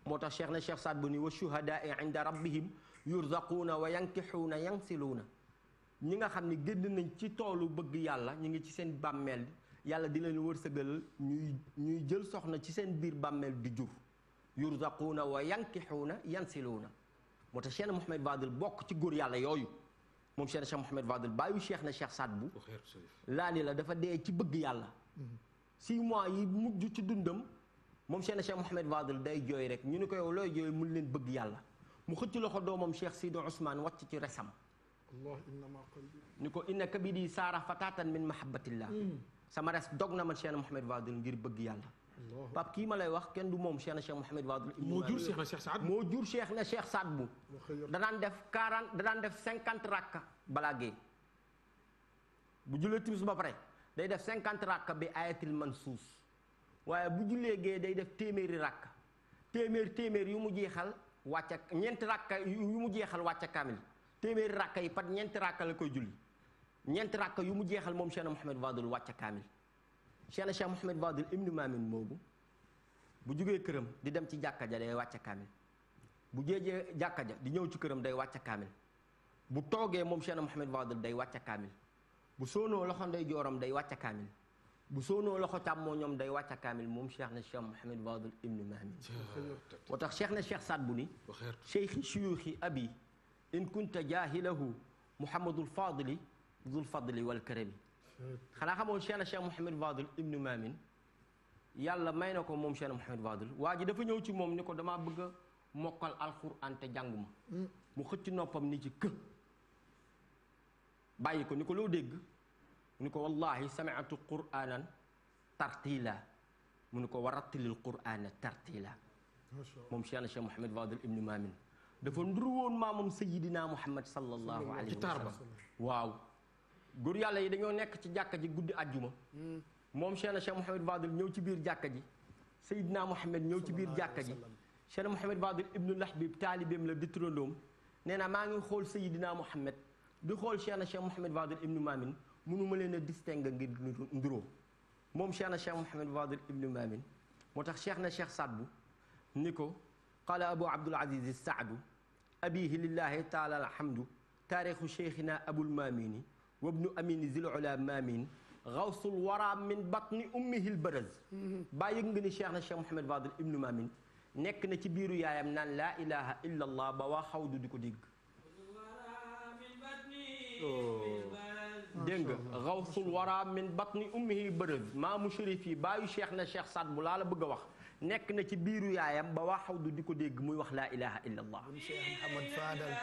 moo tax cheikh na cheikh saad bu ni wa shuhadaai inda rabbihim yurzaquuna wa yankixuuna yansiluuna ñi nga xam ne génn nañ ci toolu bëgg yàlla ñu ngi ci seen bàmmeel yàlla di leen wërsëgal ñuy ñuy jël soxna ci seen biir bàmmeel di jur yurzaquuna wa yankixuuna na moo tax cheikh na Mouhamed bokk ci góor yàlla yooyu moom Cheikh Cheikh Mouhamed Fadel baayu Cheikh na Cheikh Saad Bou laa ni la dafa dee ci bëgg yàlla mhm. six mois yi mujj ci dundam moom Cheikh na Cheikh Mouhamed Fadel day jooy rek ñu ni ko yow looy jooy mun leen bëgg yàlla mu xëcc loxo doomam Cheikh Sidi Ousmane wàcc ci resam ni ko inna kabidi saara fatatan min mahabbatillah mhm. sama res dog na man Cheikh na Mouhamed Fadel ngir bëgg yàlla Pape kii ma lay wax kenn du moom Cheikh na Cheikh Mouhamed Wadul. moo jur Cheikh na Saad na Cheikh Saad bu. danaan def quarante danaan def cinquante rakka balaa géey bu jullee timis ba pare day def cinquante rakka bi ayatil mansuus waaye bu julee géey day def téeméeri rakka téeméer téeméer yu mu jeexal wàcca ñeenti rakka yu mu jeexal wàcca kaamil téeméeri rakka yi pat ñeenti rakka la koy julli ñeenti rakka yu mu jeexal moom Cheikh na Mouhamed Wadul wàcca kaamil. Cheikh na Cheikh Mouhamed Fadil ibnu Maamin bu jugee këram di dem ci jàkka ja day wàcce kaamil bu jéejee jàkka ja di ñëw ci këram day wàcce kaamil bu toogee moom Cheikh na Mouhamed Fadil day wàcce kaamil bu soonoo loxo ndey jooram day wàcce kaamil bu soonoo loxo càmmoo ñoom day wàcce kaamil moom Cheikh na Cheikh Mouhamed Fadil ibnu Maamin moo tax Cheikh na Cheikh Saad bu ni cheikhi suyuuxi abi in kunta jaahilahu Mouhamadul Fadili dul fadli wal karami xanaa xamoon Cheikh na Cheikh Mouhamed Fadil ibnu Mamin yàlla may ko moom Cheikh na Mouhamed Fadil waa ji dafa ñëw ci moom ni ko damaa bëgg a mokkal alxuraan te jànguma mu xëcc noppam ni ci kë bàyyi ko ni ko loo dégg mu ni ko wallahi sami'tu qur'aanan tartiila mu ni ko warattilil qur'aana tartiila moom Cheikh na Cheikh Mouhamed Fadil ibnu Mamin dafa ndur woon maamam sayidina Muhammad sallallahu alayhi wa sallam waaw góor yàlla yi dañoo nekk ci jàkka ji guddi àjjuma hmm. moom Cheikh na Cheikh Mouhamed Fadil ñëw ci biir jàkka ji Seydina Mouhamed ñëw ci biir jàkka ji Cheikh na Mouhamed Fadil ibnu Lahbib taalibeem la di turandoom nee na maa ngi xool Seydina Mouhamed di xool Cheikh na Cheikh Mouhamed Fadil ibnu Mamin mënuma leen a distingue ngir nduroo moom Cheikh na Cheikh Mouhamed Fadil ibnu moo tax Cheikh na Cheikh Sadbu ni ko qaala Abu Abdul Aziz Saadu abihi lillahi taala alhamdu taarixu cheikhina abul mamini wabnu amini zil ula maamin xawsul wara min batni ummihil baraz baa yëg nga ni cheikh na cheikh Mouhamed Fadel ibnu maamin nekk na ci biiru yaayam naan laa ilaha illa allah ba waa xawdu di ko dégg oh. dégg nga xawsul wara min batni ummihil baraz maamu shérif yi baayu cheikh na cheikh Saad bu laa la bëgg a wax nekk na ci biiru yaayam ba waa xawdu di ko dégg muy wax laa ilaha illa allah cheikh Mouhamed Fadel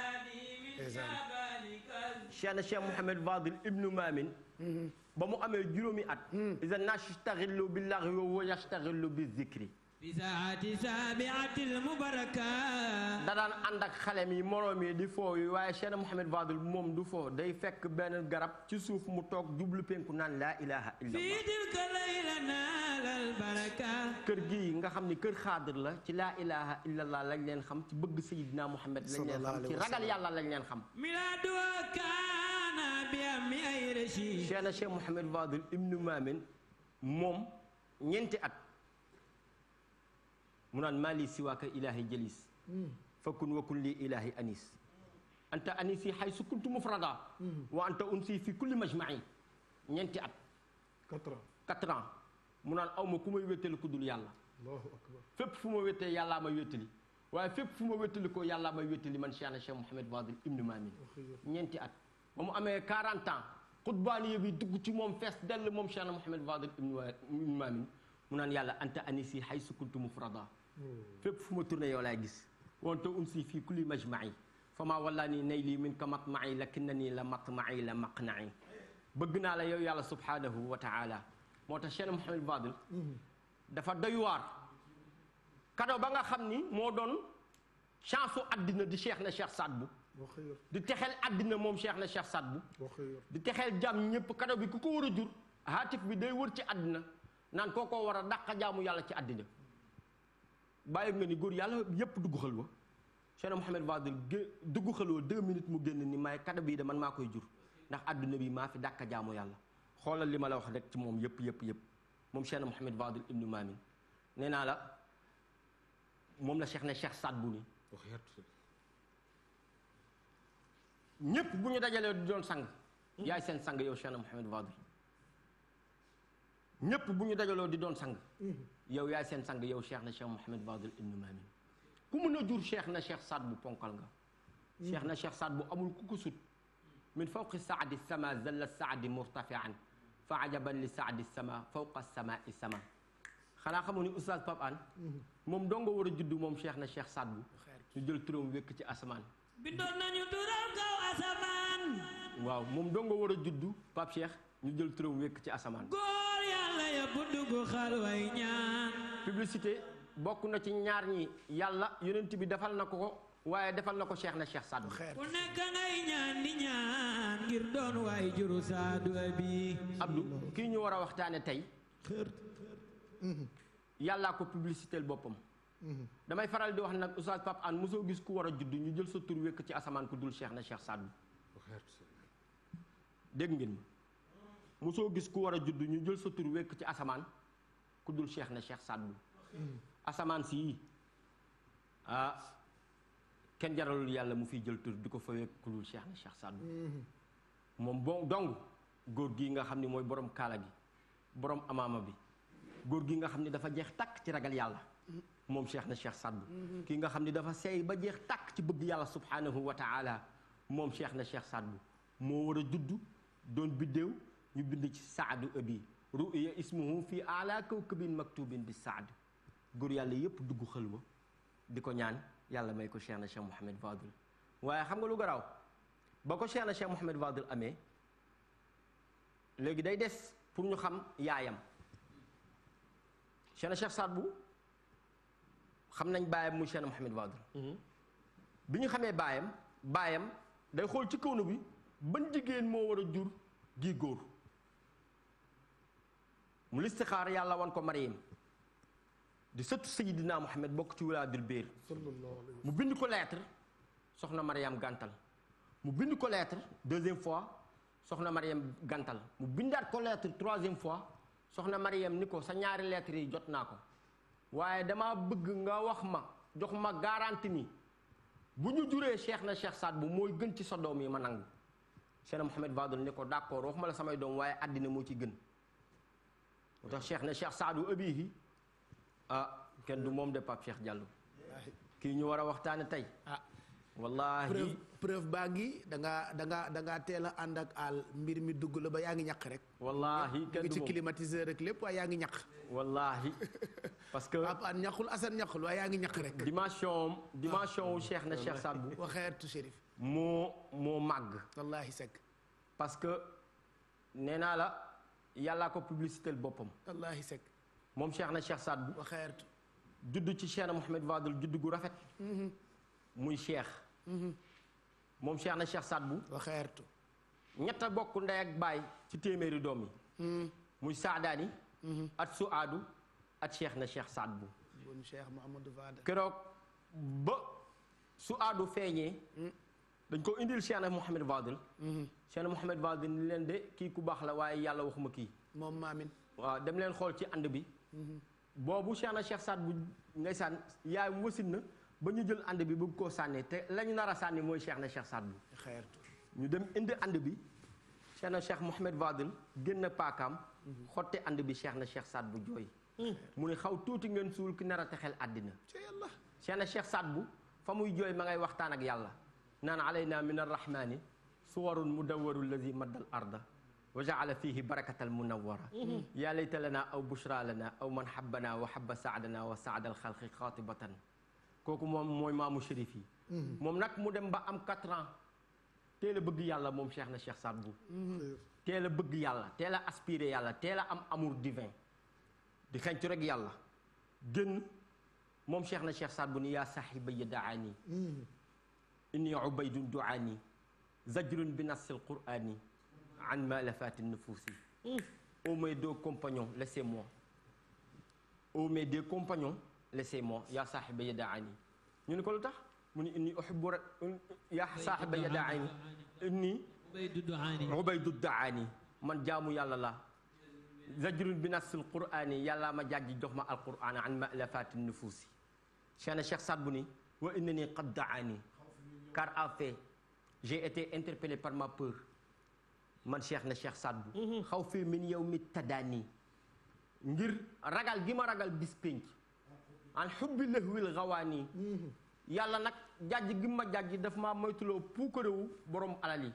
cheikh na cheikh Mouhamed Fadil ibnu Maamin mm-hmm. ba mu amee juróomi at mm-hmm. isa nastaxillu billahi wa yastaxillu bi zikri da daan ànd ak xalem yi moroom yi di foo waaye Cheikh Mouhamed Fadel moom du foo day fekk benn garab ci suuf mu toog jublu penku naan laa ilaha illallah kër gii nga xam ni kër xaadir la ci laa ilaha illallah lañ leen xam ci bëgg Seydina Mouhamed lañ leen xam ci ragal yàlla lañ leen xam Cheikh na Cheikh Mouhamed Fadel ibnu Maamin moom ñeenti at mu naan maa lii siwaaka ilaahi jëlis hmm. fakun wakun lii ilaahi anis anta anis yi xay su kuntu mufrada hmm. wa anta unsi fi kulli majma'i ñeenti at quatre ans quatre ans mu naan aw ma ku may wéttali ku dul yàlla allahu akbar fépp fu ma wéttee yàllaa may wéttali waaye fépp fu ma wéttali ko yàllaa may wéttali man Cheikhna Cheikh Mouhamed Fadil ibnu Mamin ñeenti at ba mu amee quarante ans xutbaaniya bi dugg ci moom fees dell moom Cheikhna Mouhamed Fadil ibnu Mamin mu naan yàlla anta anis yi xay su kuntu mufrada Hmm. fépp fu ma tourné yow laay gis wonte umsi fii kulli majma'i fa maa wallaa nii nay lii min ka matma'i lakinna nii la matma'i la maqna'i bëgg naa la yow yàlla subhanahu wa taala moo tax Cheikh Mouhamed Fadel hmm. dafa doy waar ba nga xam ni moo doon chance addina di Cheikh na Cheikh Saad Bou di texeel àddina moom Cheikh na Cheikh Saad Bou di texeel jàmm ñëpp kado bi ku ko war a jur haatif bi day wër ci àddina naan ko war a daq jamu yàlla ci àddina bàyyi nga ni góor yàlla yépp dugg xalwa Cheikh Mouhamed Fadel dugg xalwa deux minutes mu génn ni maay kaddu bii de man maa koy jur ndax àdduna bi maa fi dàkka jaamu yàlla xoolal li ma la wax rek ci moom yëpp yëpp yëpp moom Cheikh Mouhamed Fadel ibnu Maamin nee naa la moom la Cheikh ne Cheikh Saad bu ni ñëpp bu ñu dajalee du doon sang yaay seen sang yow Cheikh Mouhamed Fadel ñëpp bu ñu dajaloo di doon sang. Mm-hmm. yow yaay seen sang yow Cheikh na Cheikh Mouhamed Fadel Ibn jur Cheikh na Cheikh Saad bu ponkal nga. Mm-hmm. Cheikh na Cheikh Saad bu amul ku ko sut. min fawqi saadi sama zalla saadi murtafian fa ajaban li saadi sama fawqa samaai sama xanaa xamoon ni oustaz Pape Hann mm-hmm. moom doo nga war a judd moom Cheikh na Cheikh Saad bu ñu jël turam wékk ci asamaan. bindoon nañu turam kaw asamaan. moom doo nga war a judd ñu jël turam wékk ci asamaan. góor yàlla ya bu dugg xalway ñaan. publicité bokk na ci ñaar ñi yàlla yonent bi defal na ko ko waaye defal na ko Cheikh na Cheikh Sadou. ku nekk ngay ñaan di ñaan ngir doon waay juru Sadou bi. Abdou kii ñu war a waxtaane tey. Mhm. yàllaa ko publicité boppam. Mhm. damay faral di wax nag oustaz Pape Hann mosoo gis ku war a judd ñu jël sa tur wékk ci asamaan ku dul seex na Cheikh Sadou. dégg ngeen mosoo gis ku war a judd ñu jël sa tur wekk ci asamaan ku dul cheikh na cheikh Saad Bou asamaan si ah kenn jaralul yàlla mu fi jël tur di ko fa wekk ku dul cheikh na cheikh Saad Bou moom bon dong góor gi nga xam ni mooy borom kaala gi borom amaama bi góor gi nga xam ni dafa jeex tàkk ci ragal yàlla moom cheikh na cheikh Saad Bou kii nga xam ni dafa seey ba jeex tàkk ci bëgg yàlla subhanahu wa taala moom cheikh na cheikh Saad moo war a judd doon biddéew ñu bind ci saadu abi ruya ismuhu fii ala kawkabin maktubin bi saad góor yàlla yépp dugg xalwa di ko ñaan yàlla may ko Cheikhna Cheikh Mouhamed Fadil waaye xam nga lu garaaw ba ko Cheikhna Cheikh Mouhamed Fadil amee léegi day des pour ñu xam yaayam Cheikhna Cheikh Saad Bou xam nañ baayam mu Cheikhna Mouhamed Fadil mhm. bi ñu xamee baayam baayam day xool ci kaw na bi ban jigéen moo war a jur gi góor mu listixaar yàlla wan ko Mariam di sët sëttu Seydina Muhammad bokk ci wulaadul biir mu bind ko lettre soxna Mariam gàntal mu bind ko lettre fois soxna Mariam gàntal mu bindaat ko lettre troisième fois soxna Mariam ni ko sa ñaari lettre yi jot naa ko waaye damaa bëgg nga wax ma jox ma garanti ni bu ñu juree cheikh na cheikh Saad bu mooy gën ci sa doom yi ma nangu Cheikh Mouhamed Vadul ni ko d'accord wax ma la samay doom waaye àddina moo ci gën moo tax Cheikh ne Cheikh Saadu Abihi ah kenn du moom de Pape Cheikh Diallo kii ñu war a waxtaane tey ah wallaahi preuve preuve baa ngi danga ngaa da teel a ànd ak àll mbir mi dugg la ba yaa ngi ñaq rek wallaahi kenn du ci rek lépp waaye yaa ngi ñaq wallaahi parce que Pape Hann ñaqul Assane ñaqul waaye yaa ngi ñaq rek dimension dimension wu ah. Cheikh na Cheikh Saadu wa xeertu Chérif moo moo màgg wallaahi parce que nee naa la yàllaa ko publicité boppam. wallaahi sekk. moom Cheikh na Cheikh Saad Bou. waxeertu judd ci Cheikh na Mouhamed Vadul judd gu rafet. Mm-hmm. muy Cheikh. Mm-hmm. moom Cheikh na Cheikh Saad Bou. waxeertu. ñett a bokk ndey ak baay ci téeméeri doom yi. Mm-hmm. muy Saadaani. at su adu at Cheikh na Cheikh Saad Bou. bon ba su aadu feeñee. Mm. dañ koo indil Cheikh Mouhamed Vadil mhm. Cheikh Mouhamed Vadil ni leen de kii ku baax la waaye yàlla waxuma kii moom maamin waaw dem leen xool ci ànd bi mhm. boobu Cheikh Cheikh Saad bu ngay sànn yaay mu wasin na ba ñu jël ànd bi bëgg koo sànnee te lañu nar a sànni mooy Cheikh Cheikh Saad bu ñu dem indi ànd bi Cheikh na Cheikh Mouhamed Vadil génn paakaam mhm. xotte ànd bi Cheikh na Cheikh Saad bu jooy mu ne xaw tuuti ngeen suul ki nara a texel àddina Cheikh na Cheikh Saad bu fa muy jooy ma ngay waxtaan ak yàlla naan alayna min arrahmani suwarun mudawwaru allazi maddal arda wa jaala fihi barakatal munawwara mhm. yaa layta lana aw bushra lana aw man habbana wa habba saadana wa saadal xalqi xaatibatan kooku moom mooy maamu shérif yi mhm. moom nag mu dem ba am quatre ans teel a bëgg yàlla moom cheikh na cheikh Saad Bou mhm. teel a bëgg yàlla teel a aspiré yàlla teel a am amour divin di xencu rek yàlla génn moom cheikh na cheikh Saad Bou ni yaa sahiba ya daani inni ubaydun duaani zajrun bi nassil qurani an malafati nufuusi ô mes deux compagnons laissez-moi ô mes deux compagnons laissez-moi yaa saaxiba yadaani ñu ne ko lu tax mu ne inni uhibbu yaa saaxiba yadaani inni ubaydu daani man jaamu yàlla la zajrun bi nassil qurani yàllaa ma jàjji jox ma alquran an malafati nufuusi cheikh Saad bu ni wa innani qad daani car en fait j'ai été par ma peur man Cheikh na Cheikh Sadbou mhm. xaw fii min yow mi tadaani ngir ragal gi ma ragal bis pénc an xubbi lëhwil xawaani mhm. yàlla nag jàjj gi ma jàjj daf maa moytuloo puukarewu borom alal yi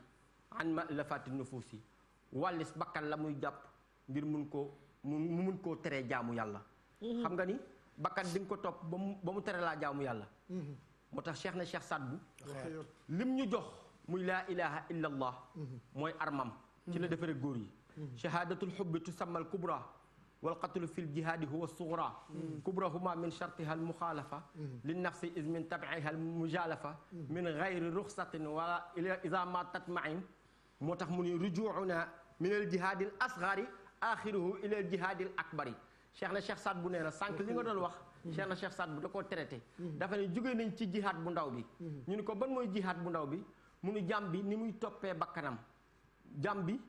an ma lafaati nufuusi bakkan la muy jàpp ngir mun koo mun koo teree jaamu yàlla mhm. xam nga ni bakkan di nga ko topp ba mu ba tere laa jaamu yàlla moo tax Cheikh na Cheikh Sadbu lim ñu jox muy laa ilaha illa allah mhm. mooy armam ci la mhm. defaree góor yi mhm. shahadatul xubbi tusammal kubra wal qatlu fi ljihaadi huwa sugra kubrahuma min chartiha almuxaalafa li nafsi is min tabiiha almujaalafa min gayri ruxsatin wala ida ma tatmain moo tax mu ni rujuuna min aljihaadi al asgari axiruhu ila aljihaadi al akbari cheikh na cheikh Saad bu nee na sànq li nga doon wax Cheikh na Cheikh Saad bu da koo traité mm-hmm. dafa ne jóge nañ ci jihaat bu ndaw bi mm-hmm. ñu ni ko ban mooy jihaat bu ndaw bi mu ni jàmm bi ni muy toppee bakkanam jàmm bi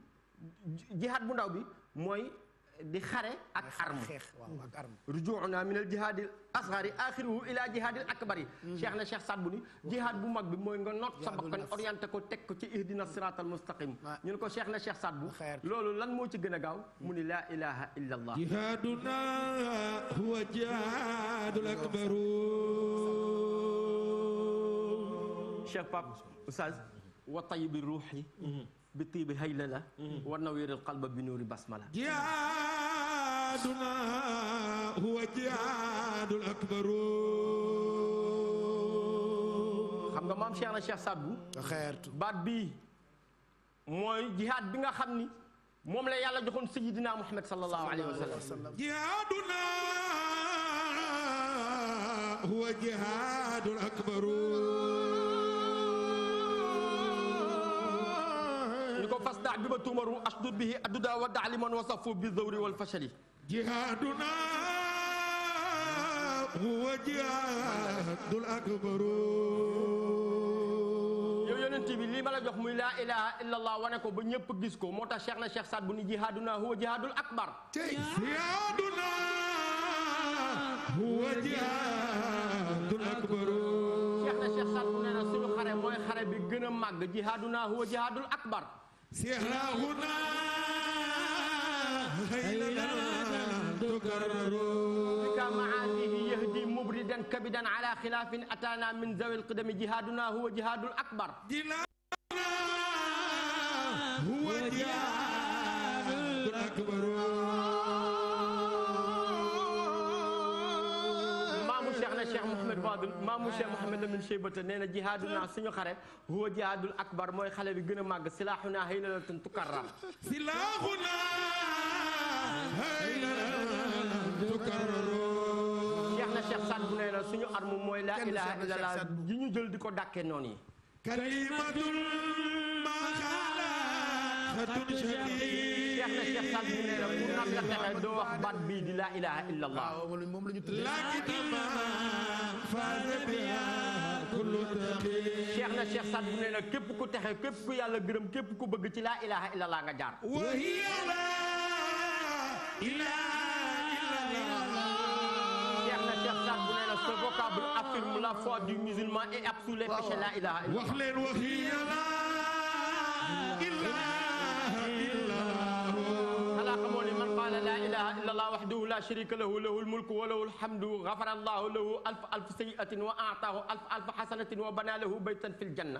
jihaat bu ndaw bi mooy di xare ak arme rujuuna min al jihaadil asgari axiruhu ila jihaadil akbari hmm. cheikh na cheikh Sadbu ni jihaad bu mag bi mooy nga not sa bakkan orienté ko teg ko ci ihdina siratal mustaqim ñu ne ko cheikh na cheikh Sadbu loolu lan moo ci gën a gaaw mu ni laa ilaha illa allah jihaaduna huwa jihaadul akbaru cheikh Pape Oustaz wa tayibi ruuxi hmm. bi tiibi haylala war na wéeral qalba bi nuuri basmala jihaaduna huwa jihaadul akbaru xam nga maam Cheikh na Cheikh Sadbu xeertu baat bii mooy jihaad bi nga xam ni moom la yàlla joxoon sayidina Muhammad sallallahu alayhi wa sallam jihaaduna huwa jihaadul akbaru ni ko fas naa bi ma tuumaru asdud bihi adduda wa daali moo tax cheikh na cheikh Saad bu سحرهنا هيلنا تكرروا بك معاته يهدي مبردا كبدا على خلاف أتانا من ذوي القدم جهادنا هو جهاد الأكبر جهادنا هو جهاد الأكبر Mouhamed Wadul maamu Cheikh Mouhamed Lamine Cheybata nee na jihaaduna suñu xare huwa jihaadul akbar mooy xale bi gën a màgg silaaxuna haylalatan tukarra silaaxuna haylalatan tukarra jeex na Cheikh Saad bu nee na suñu arme mooy laa ilaha illallah ji ñu jël di ko dàkkee noonu yi kalimatul cheikh na cheikh Saad Bou nee na ku texe doo wax bii di laa ilaha illa allah moom la ñu tudd cheikh na cheikh Saad Bou ku texe képp ku yàlla gërëm képp ku bëgg ci laa ilaha illa allah wax leen wax yi yàlla qaala laa ilaha illa allah waxdahu la sharika lahu lahu lmulku wa lahu lhamdu gafara allahu lahu alf alf sayiatin wa aataahu alf alf xasanatin wa banaa lahu baytan fi ljanna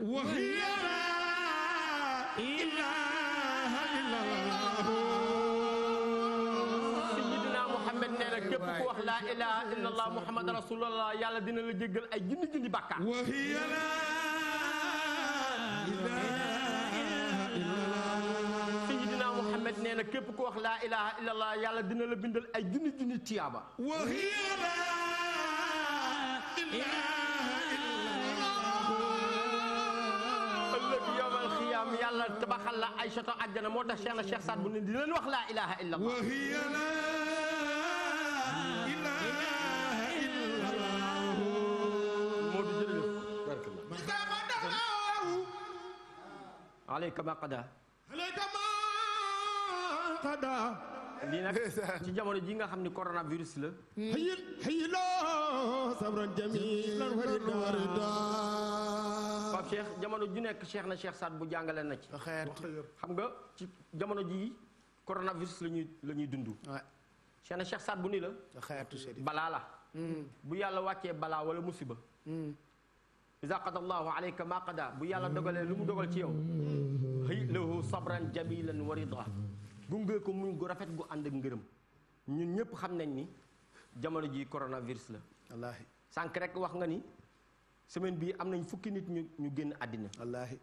sayidina Muhammad nee na képp ku wax laa ilaha illa allah muhammad rasulullah yàlla dina la jéggal ay junni junni bàkkaar nee na képp ku wax laa ilaha illallah yàlla dina la bindal ay junni junni tiyaaba wa hiya laa ilaha illallah ëllëg yawmal xiyaam yàlla tabaxal la ay soto àjjana moo tax Cheikh na Cheikh Saad bu ne di leen wax laa ilaha illallah wa hiya laa ilaha illallah moo di jërëjëf barkallah alayka ma qada lii nag ci jamono ji nga xam ni coronavirus la. xëy hmm. xëyilo sabran jamilan jamono ju nekk Cheikh na Cheikh Saad bu jàngale na ci. xam nga ci jamono ji coronavirus la ñuy la ñuy dund. Cheikh na Cheikh Saad bu ni la. balaa la. Hmm. bu yàlla wàccee balaa wala musiba. Hmm. iza qada allahu alayka ma qada bu yàlla dogalee lu mu dogal ci yow. xëy lahu sabran jamilan gungee ko muñ gu rafet gu ànd ak ngërëm ñun ñëpp xam nañ ni jamono ji coronavirus la. wallaahi sànq rek wax nga ni semaine bii am nañ fukki nit ñu ñu génn àddina. wallaahi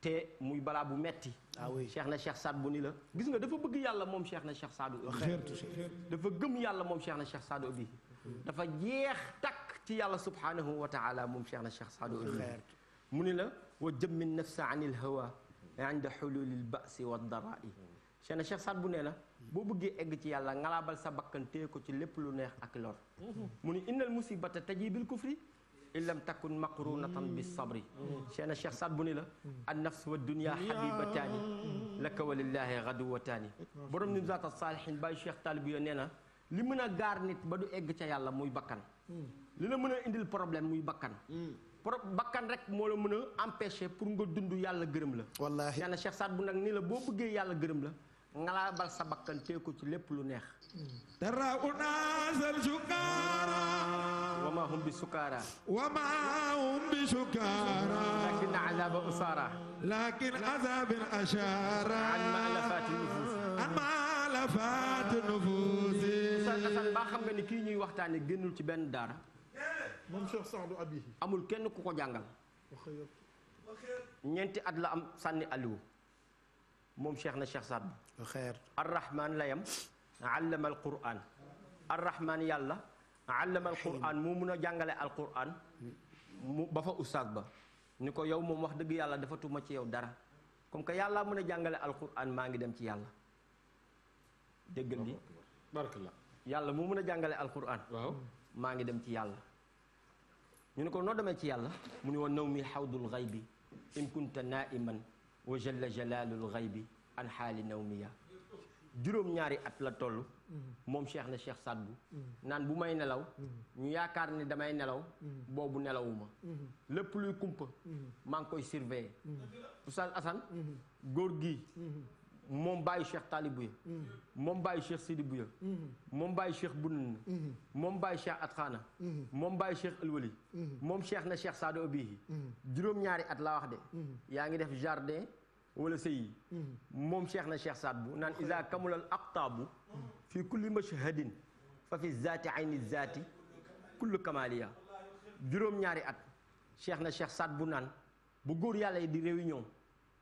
te muy balaa bu metti ah oui Cheikh na Cheikh Saad ni la. gis nga dafa bëgg yàlla moom Cheikh na Cheikh Saadu. dafa gëm yàlla moom Cheikh na Cheikh Saadu bi. dafa jeex takk ci yàlla subhanahu wa taala moom Cheikh na Cheikh Saadu bi. mu ni la wa jëmmi nafsa anil hawa inda xululil basi Cheikh na Cheikh bu nee na boo bëggee egg ci yàlla ngalaabal sa bakkan téye ko ci lépp lu neex ak lor mu ni innal musibata taji bil kufri illam takun maqrunatan bis sabri Cheikh na Cheikh Saad bu ni la an nafs wa dunia habibataani laka wa lillahi gaduwataani borom ni zaata saalihin bàyyi Cheikh nee na li mën a gaar nit ba du egg ca yàlla muy bakkan li la mën a indil problème muy bakkan bakkan rek moo la mën a empêcher pour nga dundu yàlla gërëm la wallaahi Cheikh Saad bu nag ni la boo bëggee yàlla gërëm la ngalaabal sa bakkan teeku ci lépp lu neex tara unaasal sukaara wa ma hum bi sukaara wa ma hum bi sukaara lakin azaaba usaara lakin azaabin ashaara an ma la faati nufuus an la faati nufuus sa baa xam nga ni kii ñuy waxtaane génnul ci benn daar moom amul kenn ku ko jàngal ñeenti at la am sànni aliwu moom cheikh na cheikh Saad Bou yàlla allama alquran mu mun a jàngale alquran mu ba fa ustaas ba ni ko yow moom wax dëgg yàlla dafa tuma ci yow dara comme que yàlla mën a jàngale alquran maa ngi dem ci yàlla déggal di barkallah yàlla mu mun a jàngale alquran waaw maa ngi dem ci yàlla ñu ne ko noo demee ci yàlla mu ne woon naw mi xawdul xaybi in kunta naiman wa jalla jalaalul xaybi an xaali nawmiya juróom-ñaari at la toll moom cheikh na cheikh Sadbu naan bu may nelaw ñu yaakaar ne damay nelaw boobu nelawuma lépp luy kumpa maa ngi koy surveiller Oustaz Assane góor gi moom bàyyi cheikh Talibou ya moom bàyyi cheikh Sidi Bouya moom bàyyi cheikh Bunun moom bàyyi cheikh Atxaana moom bàyyi cheikh Alwali moom cheikh na cheikh Sadou Obihi juróom-ñaari at laa wax de yaa ngi def jardin wala sëy mhm. moom cheikh na cheikh saad bu naan isa kamulal aqtaabu fi kulli mashhadin fa fi zaati ayni zaati kullu kamaliya juróom-ñaari at cheikh na cheikh saad bu naan bu góor yàlla yi di réunion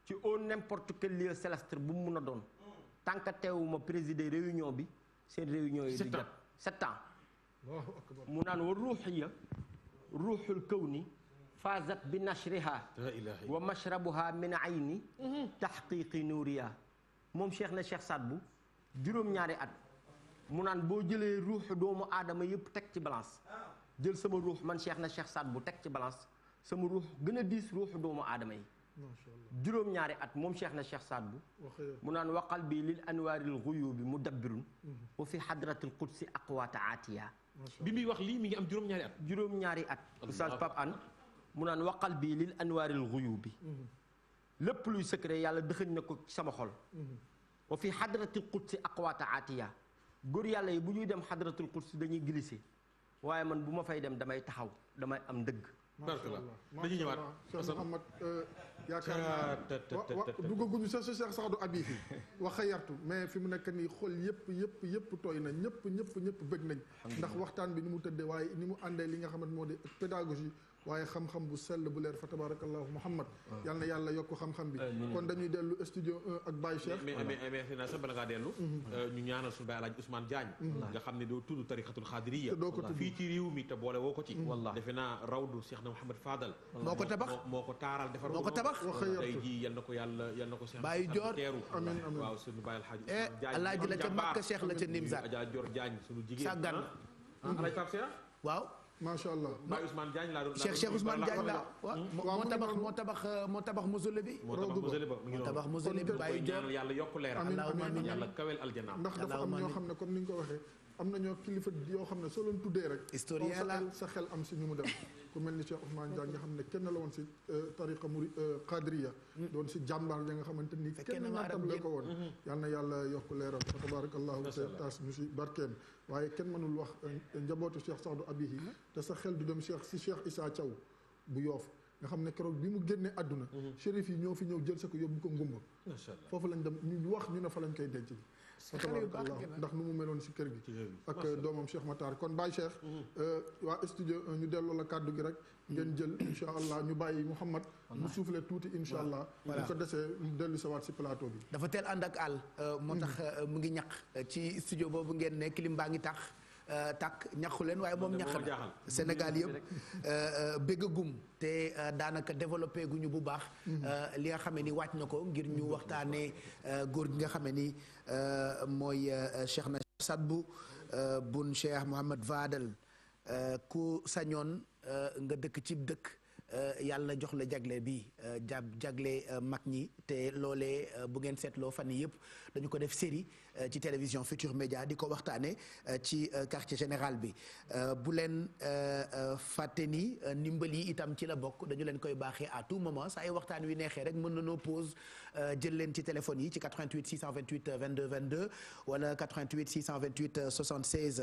ci au n'importe quel lieu céleste bu mu mun a doon tant que teewuma présider réunion bi seen réunion yi di jot sept mu naan wa ruuxiya ruuxul kaw faazat bi nashriha wa mashrabuha min ayni mhm. tahqiqi nuuriya moom cheikh na cheikh Saad Bou juróom-ñaari at mu naan boo jëlee ruux doomu aadama yëpp teg ci balance jël sama ruux man cheikh na cheikh Saad Bou teg ci balance sama ruux gën a diis ruuxu doomu aadama yi juróom-ñaari at moom cheikh na cheikh Saad Bou mu naan wa qalbi lil anwaaril guyubi mudabbirun mhm. wa fi hadratil qudsi aqwaata aatiya bi muy wax lii mi ngi am juróom-ñaari at juróom-ñaari at oustaz Pape Anne mu naan waqal bii lil anwaaril xuyubi mhm. lépp luy secret yàlla dëxëñ na ko ci sama xol mhm. wa fi xadratil qudsi aqwaata aatiya góor yàlla yi bu ñuy dem xadratul qudsi dañuy glissé waaye man bu ma fay dem damay taxaw damay am dëgg barkala dañuy ñëwaat Cheikh Mouhamad euh, yaakaar naa duggaguñu sa sa Cheikh sax du abi fi wax xayartu mais fi mu nekk nii xol yëpp yëpp yëpp tooy na ñëpp ñëpp ñëpp bëgg nañ ndax waxtaan bi ni mu tëddee waaye ni mu àndee li nga xamante moo di pédagogie waaye xam-xam bu sell bu leer fa tabarakallahu muhammad ah. yal na yàlla yokk xam-xam bi kon dañuy dellu studio 1 ak Baye Cheikh mais na sax bala dellu mhm. euh, ñu ñaanal suñu Baye Alaaji Ousmane Diagne mhm. nga xam ne doo tudd tarixatul xaadiriya doo ko tudd fii ci réew mi te boole woo ko ci defe naa rawdu Cheikh na Mouhamed Fadal moo ko moo ko taaral defar moo ko tabax tey jii yal ko yàlla yal na ko Cheikh Baye Dior teeru amiin amiin waaw suñu Baye eh, Alaaji la ca Makka Cheikh la ca Nimzaat Adja Dior Diagne suñu jigéen sàggan Alaaji ah, ah, Pape Cheikh macha allah Baye Ousmane Diagne laa doon Cheikh Cheikh Ousmane Diagne la moo tabax moo euh, tabax moo tabax mausolée bi. moo tabax mausolée ba mu ngi tabax mausolée bi Baye Diop yàlla yokk leer. amiin amiin yàlla kawel aljana. ndax dafa am ñoo xam ne comme ni nga ko waxee. am na ñoo kilifa yoo xam ne soo leen tuddee rek. historien la sa xel am si ñu mu dem. ku mel ni Cheikh Ousmane Diagne nga xam ne kenn la woon si euh, tariqa muri euh, qadriya mm. doon si jàmbaar ya nga xamante ni kenn la ko woon mm-hmm. yal na yàlla yokk leeram fa tabarakallahu te taas ñu si barkeem waaye kenn mënul wax euh, njabootu Cheikh Saadu Abihi mm-hmm. te sa xel du dem Cheikh si Cheikh Issa Thiaw bu yoof nga xam ne keroog bi mu génnee àdduna mm-hmm. shérif yi ñoo fi ñëw jël sa ko yóbbu ko ngumba foofu lañ dem ñu wax ñu ne fa lañ koy denc bi ndax nu mu meloon si kër gi ak doomam Cheikh Matar kon Baye Cheikh mm-hmm. euh, waa studio euh, ñu delloo la kàddu gi rek ngeen jël insha allah ñu bàyyi Mouhamad mu suufle tuuti insha allah ñu ko desee dellu sawaat si plateau bi dafa teel ànd ak àll euh, moo tax mm-hmm. mu ngi ñaq ci studio boobu ngeen ne clim baa ngi tax tàkk ñaxu leen waaye moom ñax na Sénégal yëpp béggagum te daanaka développé guñu bu baax mm-hmm. li nga xamee ni wàcc na ko ngir ñu waxtaanee góor gi nga xame ni Euh, mooy euh, Cheikh na Sadbu euh, bun Cheikh Mouhamad Vadal ku sañoon nga dëkk ci dëkk yàlla jox la jagle bi jab jagle mag ñi te loole bu ngeen seetloo fan yii yëpp dañu ko def série Euh, ci télévision Futur Média di ko waxtaanee euh, ci euh, quartier général bi bu leen fàtte ni ndimbal yi itam ci la bokk dañu leen koy baaxee à tout moment saa yu waxtaan wi neexee rek mën na noo pause jël leen ci téléphone yi ci 88 628 22 22 wala 88 628 76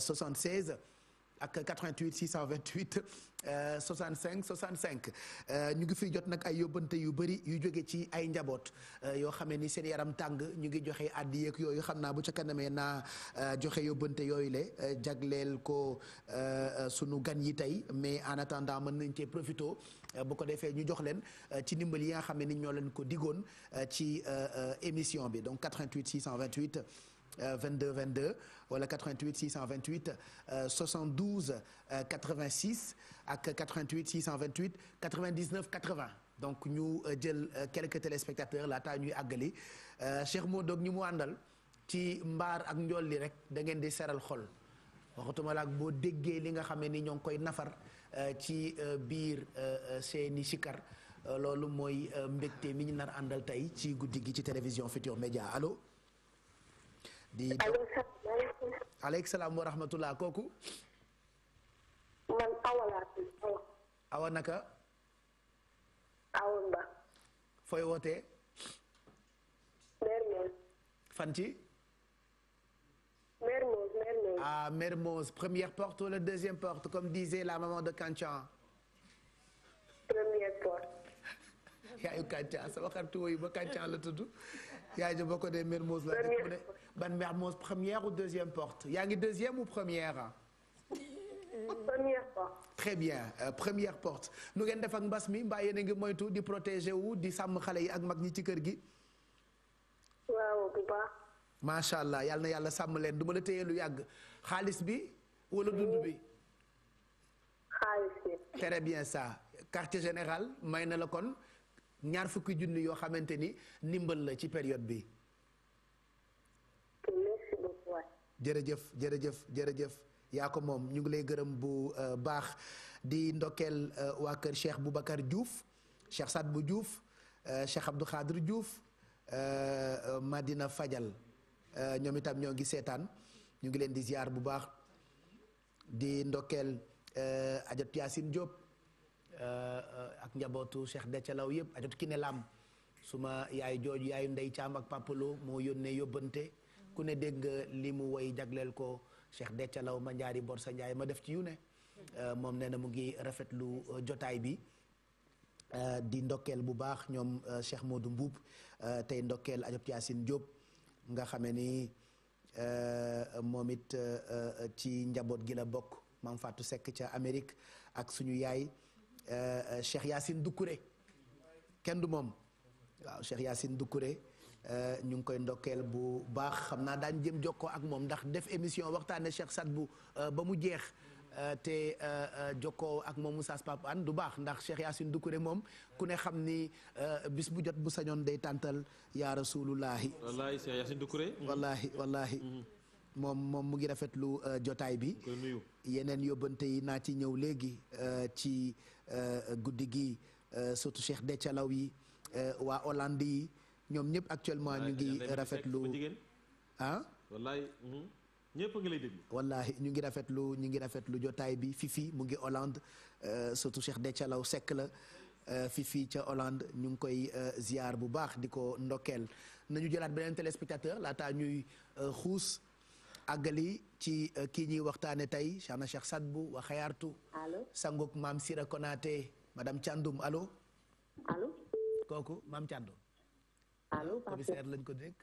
76. ak 88 628 65 65 ñu ngi fi jot nag ay yóbbante yu bëri yu jóge ci ay njaboot euh, yoo xamee ni seen yaram tàng ñu ngi joxe àddi yeeg yooyu xam naa bu ca kanamee naa euh, joxe yóbbante yooyu le euh, jagleel ko sunu gan yi tey mais en attendant mën nañ cee profité bu ko defee ñu jox leen ci ndimbal yi nga xam ne ni ñoo leen ko digoon ci émission bi donc 88 628. 22 euh, 22 wala 88 628 72 86 ak 88 628 99 80 donc ñu euh, jël euh, quelques téléspectateurs laataa ñuy àggali Cheikh Modou ak ñi mu àndal ci mbaar ak njool li rek da ngeen di seral xol waxatuma la ak boo déggee li nga xamee ni ñoo ngi koy nafar ci biir seeni sikar loolu mooy mbégte mi ñu nar àndal tey ci guddi gi ci télévision Futurs média alo di aleykum salaam wa kooku. man awa laa awa. awa naka. awa Mba. fooy wootee. Mermoz. ah Mermoz première porte wala deuxième porte comme disait la maman de Kantian. première porte. yaayu Kantian sama xaritu woyu ba Kantian la tudd. yaay ja boo ko dee la. première porte ban Mermoz première ou deuxième porte yaa ngi deuxième ou première. première porte. très bien euh, première porte nu ngeen def mbas mi mbaa yéen ngi moytu di protéger wu di sàmm xale yi ak mag ñi ci kër gi. waaw macha allah yal na yàlla sàmm leen du ma la téye lu yàgg xaalis bi wala dund bi. xaalis bi. très bien ça quartier général may na la kon ñaar fukki junni yoo xamante ni ndimbal la ci période bi. jërëjëf jërëjëf jërëjëf yaa ko moom ñu ngi lay gërëm bu euh, baax di ndokkeel euh, waa kër Cheikh Boubacar Diouf Cheikh bu Diouf euh, Cheikh Abdou Khadir Diouf Madina Fajal ñoom itam ñoo ngi seetaan ñu ngi leen di ziar bu baax di ndokkeel ajot Yacine Diop ak njabootu Cheikh Dethalaw yëpp ajot ki ne Lam suma yaay jooju yaayu Ndey Caam ak Papalo moo yónnee yóbbante ku ne dégg nga li mu woy jagleel ko Cheikh Déthié Law ma njaari Borsa Ndiaye ma def ci yu ne euh, moom nee na mu ngi rafetlu euh, jotaay bi euh, di ndokkeel bu baax ñoom Cheikh modu Mbuub tey ndokkeel Adjopti Yacine Diop nga xame ni moom it ci njaboot gi la bokk Maam Fatou sekk ca Amérique ak suñu yaay Cheikh Yacine Doucouré kenn du moom waaw Cheikh Yacine Doucouré Euh, ñu ngi koy ndokkeel bu baax xam naa daañ jëm jokkoo ak moom ndax def émission waxtaane sat bu euh, ba mu jeex euh, te jokkoo ak moom Moussa Pape Anne du baax ndax Cheikh Yacine Doucouré moom ku ne xam ni bis bu jot bu sañoon day tàntal yaa rasulullahi wallaahi Cheikh Yacine Doucouré mm-hmm. wallaahi mm-hmm. moom moom mu ngi rafetlu jotaay bi yeneen yóbbante yi naa ci ñëw léegi ci guddi gi surtout Cheikh Dethialaw yi waa Hollande yi ñoom ñëpp actuellement ah, ñu ngi rafetlu ah wallaay mhm. ñëpp ngi ñu ngi rafetlu ñu ngi rafetlu jotaay bi Fifi mu ngi Hollande euh, surtout Cheikh Déthié Law Seck la euh, Fifi ca Hollande ñu ngi koy euh, ziar bu baax di ko ndokkeel nañu jëlaat beneen téléspectateur laataa ñuy xuus àggali ci kii ñuy waxtaane tey Cheikhna Cheikh Sadbou wa xayaartu allo sanguk maam Sira Konaté madame Thiandoum allo kooku maam Thiandoum allo commissaire lañ ko dégg.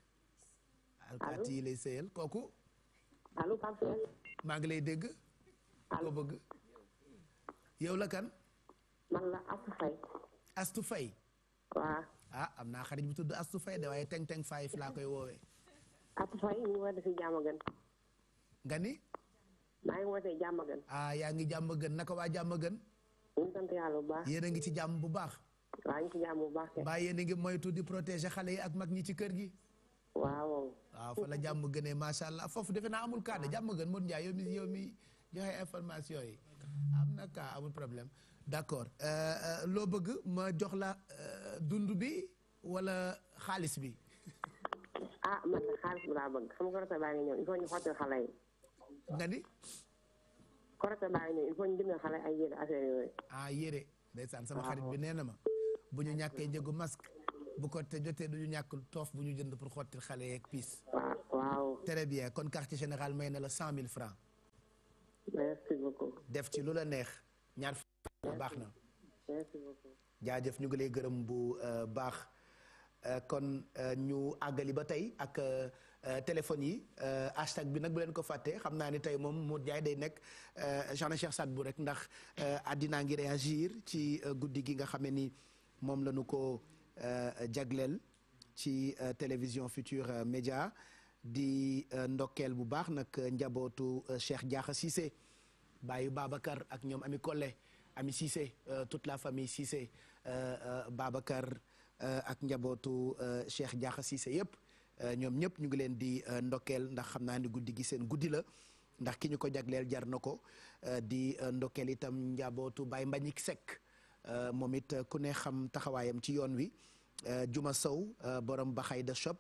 alkaati yi lay seeyal kooku. maa ngi lay dégg. allo ko bëgg. yow la kan. Astu Fay. ah am naa xarit bu tudd Astu Fay de waaye teng teng faay laa koy woowee. Astu Fay nga ni. maa ngi wootee jàmm gën. ah yaa ngi jàmm gën naka waa jàmm gën. ñu ngi a ngi ci jàmm bu baax. waa ñu ci jàmm bu yéen a ngi moytu di protéger xale yi ak mag ñi ci kër gi. waaw. waaw fa la jàmm gënee macha allah foofu defe naa amul cas de jàmm gën Modou Ndiaye mi yow information yi. amul problème d' accord euh, euh, loo bëgg ma jox la euh, dund bi wala xaalis bi. ah man de xaalis baa ngi ñëw il faut ñu xottil xale yi. nga ni. korite baa ngi ñëw il faut ñu jëndal xale ay ah yére ndeysaan sama xarit bi nee na ma. bu ñu ñàkkee njëgu masque bu ko te jotee du ñu ñàkk toof bu ñu jënd pour xottil xale yeeg piis waaw bien kon quartier général may na la cent mille francs def ci lu la neex ñaar fa baax na jaajëf ñu ngi lay gërëm bu euh, baax euh, kon euh, ñu àggali ba tey ak téléphone yi hashtag bi nag bu leen ko fàttee xam naa ni tey moom mu jaay day nekk Jean sat bu rek ndax àddinaa ngi réagir ci guddi gi nga xame ni moom lañu ñu ko euh, jagleel ci euh, télévision Futur euh, Média di ndokkeel bu baax nag njabootu Cheikh Diakha Cissé baayu Babacar ak ñoom Ami Collé Ami Cissé toute la famille Cissé Babacar ak njabootu Cheikh Diakha Cissé yëpp ñoom ñëpp ñu ngi leen di ndokkeel ndax xam naa ni guddi gi seen guddi la ndax ki ñu ko jagleel jar na ko di ndokkeel itam njabootu Baye Mbagnick Seck Euh, moom it euh, ku ne xam taxawaayam ci yoon wi euh, Juma Sow borom Baxayda shop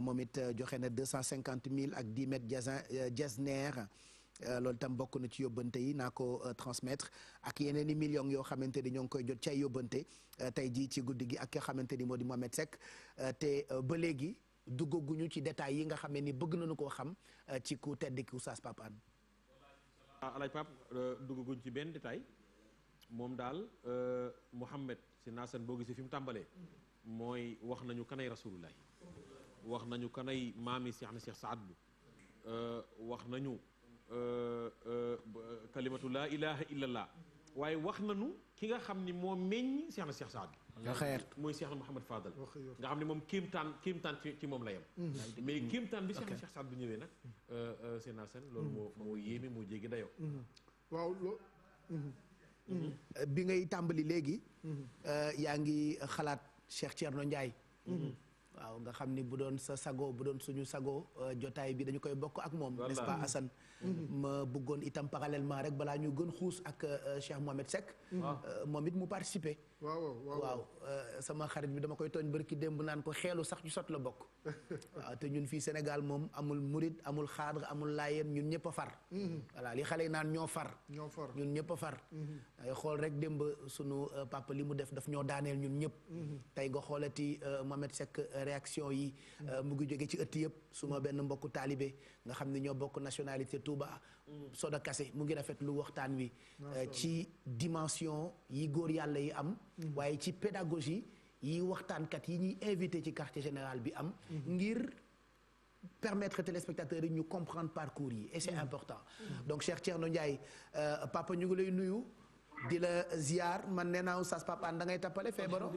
moom it joxe na deux cent cinquante mille ak dix mètres jasin jasner loolu tam bokk na ci yóbbante yi naa ko transmettre ak yeneen i million yoo xamante ni ñoo ngi koy jot ci ay yóbbante tey jii ci guddi gi ak nga xamante ni moo di Mohamed Seck te ba léegi duggaguñu ci détails yi nga xam ne ni bëgg nañu koo xam ci ku tedd ki Oustaz Pape Anne. Ah, Alaaji Pape ci benn détail. moom daal euh, Muhammad si naasan boo gisee fi mu tàmbalee mooy wax nañu kanay rasulullahi wax nañu kanay maami Seex na Seex Saad bu euh, wax nañu euh, kalimatu laa ilaha illallah waaye wax nañu ki nga xam ni moo meññ Seex na Seex Saad bu mooy Seex na Muhammad Fadal nga xam ne moom kéemtaan kéemtaan ci moom la yem mm. Mm. mais kéemtaan bi Seex na Seex Saad bu ñëwee nag si naasan loolu mm. moo moo yéeme moo jéggi dayoo Euh, bi ngay tàmbali léegi. Euh, yaa ngi xalaat Cheikh Thierno Ndiaye. waaw nga xam ni bu doon sa sago bu doon suñu sago euh, jotaay bi dañu koy bokk ak moom nest pas Assane Mm-hmm. ma bëggoon itam parallèlement rek balaa ñu gën xuus ak euh, Cheikh Mohamed Seck. Ah. Euh, moom it mu participer. waaw euh, sama xarit bi dama koy tooñ bërki démb naan ko xeelu sax ci sot la bokk. waaw te ñun fii Sénégal moom amul murid amul xaadra amul laayeen ñun ñëpp far. Mm-hmm. voilà li xale yi naan ñoo far. ñoo far ñun ñëpp a far. Mm-hmm. ay xool rek démb suñu papa li mu def daf ñoo daaneel ñun ñëpp. tey nga xoolati Mohamed Seck réaction yi. mu ngi jóge ci ëtt yëpp. suma benn mbokku taalibe nga ñoo bokk nationalité Touba. Soda Kase mu ngi rafetlu waxtaan wi. Euh, ci dimension yi góor yàlla yi am. Mhm. waaye ci pédagogie yi waxtaankat yi ñuy invité ci quartier général bi am. Mhm. ngir permettre téléspectateurs yi ñu comprendre parcours yi et c'est mhm. important. donc Cheikh Thierno Ndiaye euh, papa ñu ngi lay nuyu. di la ziar man nee naa oustaz Pape da ngay tappale feebaro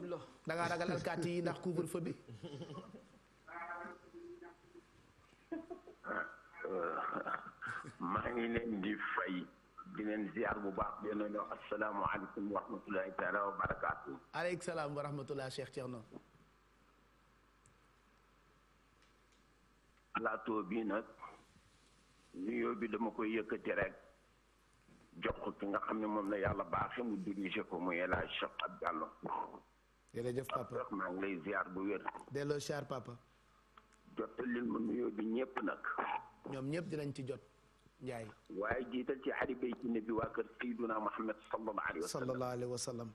da ngaa ragal alkaati yi ndax couvre feu bi. Euh, maa ngi leen di fay di leen ziar bu baax di leen wax wa rahmatulahi taala wa barakaatu. aleykum salaam wa rahmatulah Cheikh Thierno. plateau bii nag nuyoo bi dama koy yëkkati rek jox ko ki nga xam ne moom na yàlla baax mu dirigé ko muy El Hadj Cheikh Abdou Diallo. jërëjëf papa maa ngi lay ziar bu bi ñëpp nag. ñoom ñëpp dinañ ci jot. Ndiaye. waaye jiital ci ahli bayti nabi waa kër Sayyiduna Muhammad sallallahu alayhi wa sallam sallallahu alayhi wa sallam.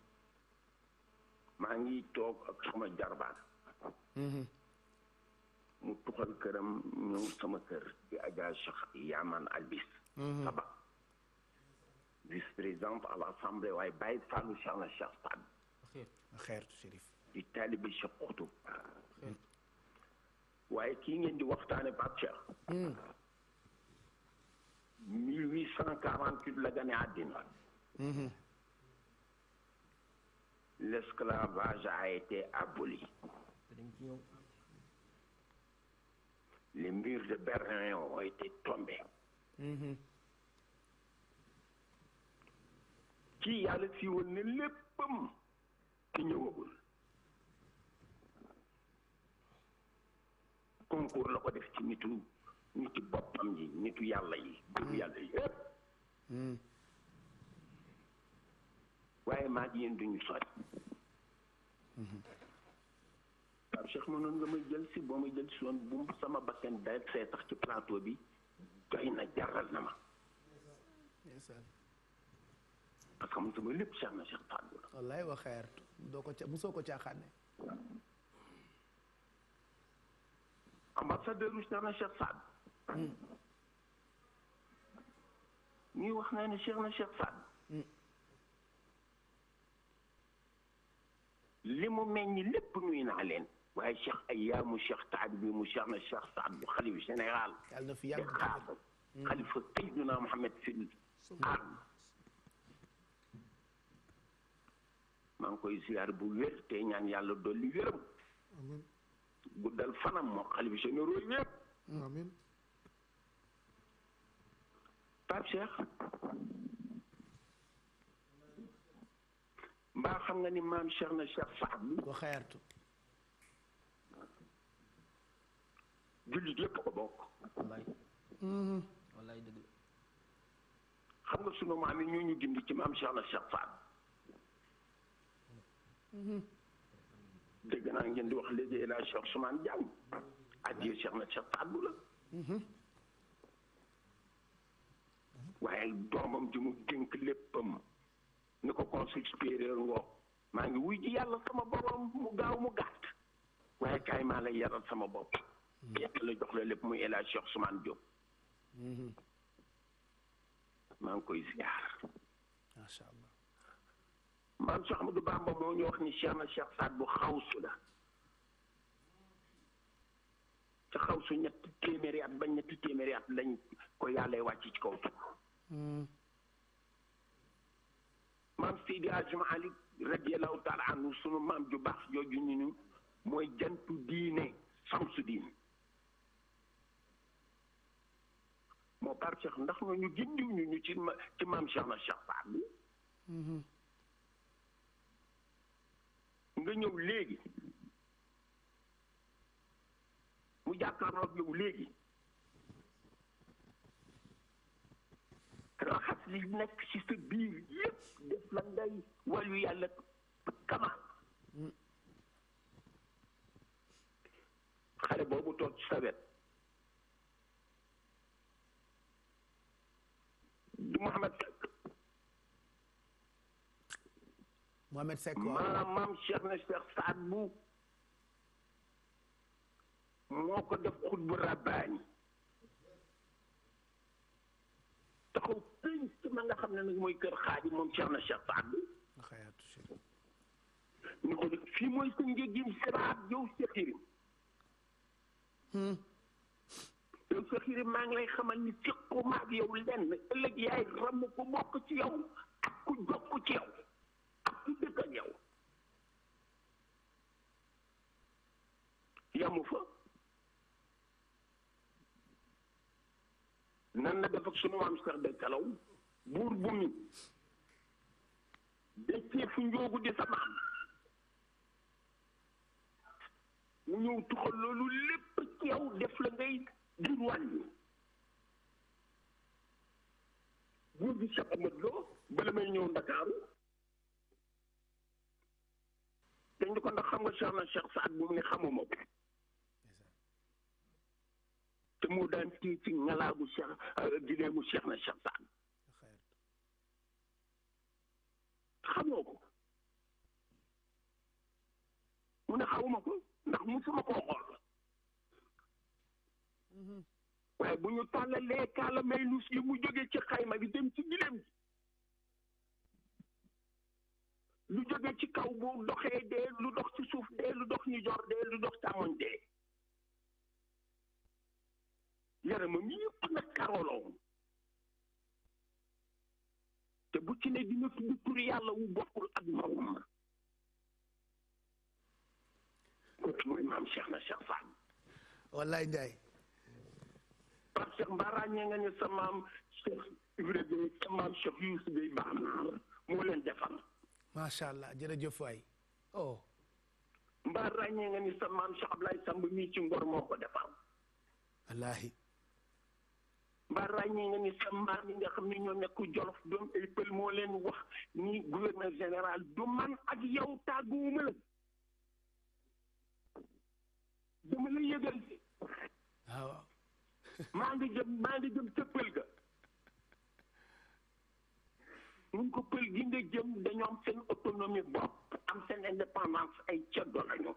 maa ngi toog ak sama jarbaan. Mhm. mu tuxal këram ñëw sama kër di Adja Cheikh Yaman Albis. Mhm. Saba. vice présidente à l'assemblée waaye Baye Fallou Cheikh na Cheikh Saad. xeertu Chérif. di taalibi Cheikh Xutub. waaye kii ngeen di waxtaane Pape Cheikh. Hmm. 1848 la gane àddina. Mhm. l'esclavage a été aboli. les murs de Berlin ont été tombés. Mm-hmm. ci yàlla si woon ki ñëwagul. concours la ko def ci nitu nitu boppam yàlla yi nitu yàlla yi hmm. yëpp hmm. waaye maa ngi yéen duñu sori waaw hmm. Cheikh mënoon nga may jël si boo ma jël si woon bu sama bakkan day see tax ci plateau bi doy na jaral na ma parce que sama lépp Cheikh na Cheikh Tadou la wallaay wa xeertu doo ko ca mosoo ko caaxaane ambassadeur u na Cheikh Saad Hmm. ñuy wax naa ne Cheikh na Cheikh Fall. Hmm. li mu meññ lépp nuyu naa leen. waaye Cheikh Aya mu Cheikh Taad bi mu Cheikh na Cheikh Saad bu xalif général. yàlla na fi yàgg xaaral xalifa hmm. Seydina Mohamed Fil Aam. maa ngi koy ziar bu wér te ñaan yàlla dolli wéram. guddal fanam moo xalif généraux yëpp. amiin. Pape Cheikh mbaa xam nga ni maam Cheikh na Cheikh Saad bi wa xayartu jullit yëpp ko bokk wallaay mm-hmm. wallaay xam nga sunu maam yi ñu ñu gindi ci maam Cheikh na Cheikh Saad mm-hmm. dégg naa ngeen di wax léegi El Hadj Cheikh Soumane Diagne adieu Cheikh na Cheikh Saad bu waaye ay doomam ju mu dénk léppam ni ko consul supérieur maa ngi wuy ji yàlla sama borom mu gaaw mu gàtt waaye kaay maa yaral sama bopp hmm. yàlla la jox la lépp muy El Hadj Cheikh Ousmane hmm. maa ngi koy ziar macha allah maam Cheikh Ahmadou Bamba moo ñu wax ni Cheikh na Cheikh Saad bu xawsu la ca xawsu ñetti téeméeri at ba ñetti téeméeri at lañ ko yàlla wàcc ci kaw tuuti maam Seydi Hadji Malick radiyallahu taala anhu sunu maam ju baax jooju ñu ñu mooy jantu diine samsu diine moo par Cheikh ndax na ñu gindiw ñu ñu ci ma maam Cheikh na Cheikh Saad bi nga ñëw léegi mu jàkkaarloog yow léegi raxas li nekk ci sa biir yëpp def la ngay walu yàlla kama xale boobu toog ci sa wet du Mohamed Seck Mohamed Seck maa maam na Cheikh Saad bu moo ko def xutbu rabbaani nga xam ne nag mooy kër xaaji moom Cheikh na Cheikh Saad bi ñu ko fii mooy sa njëgim siraat yow Cheikh Yérim hmm. yow Cheikh maa ngi lay xamal ni séqu maag yow lenn ëllëg yaay ramm ku bokk ci yow ak ku jokk ci yow ak ku dëkk ak yamu fa nan la def ak sunu maam Cheikh Béthio buur bu mi deccee fu njoogu di sa maam mu ñëw tuxal loolu lépp ci yow def la ngay jur wàññi buur bi Cheikh Ahmed Lo bala may ñëw Ndakaaru dañ di ko ndax xam nga Cheikh na Cheikh Saad bu mu ne xamuma te moo daan téye ci ngalaagu Cheikh euh, gileemu seex na Cheikh Saad xamoo ko mu ne xawuma ko ndax musuma koo xool mhm. waaye bu ñu tàllalee kaala may lus yi mu jóge ci xayma gi dem ci gileem gi lu jóge ci kaw bu doxee dee lu dox ci suuf dee lu dox ñu jor dee lu dox càmmoñ dee yaramam yëpp nag karooloo te bu ci ne dina tudd tur yàlla wu bokkul ak morom kooku mooy maam Cheikh na Cheikh Fall. wallaay Ndiaye. Pape Cheikh mbaa ràññee nga ne sa maam Cheikh Ibrahima sa maam Cheikh moo leen defal. macha allah jërëjëf waay oh. mbaa ràññee nga ni sa maam Cheikh Ablaye Samb mii ci ngor moo ko defal. wallaahi. mbaa ràññee nga ni sa mbaar mi nga xam ni ñoo nekkul jolof doom ay pël moo leen wax ni gouverneur général du man ak yow tàgguwuma la dama la yëgal si maa ngi jëm maa ngi jëm ca pël ga ñu ko pël gi nga jëm dañoo am seen autonomie bopp am seen indépendance ay ceddo lañu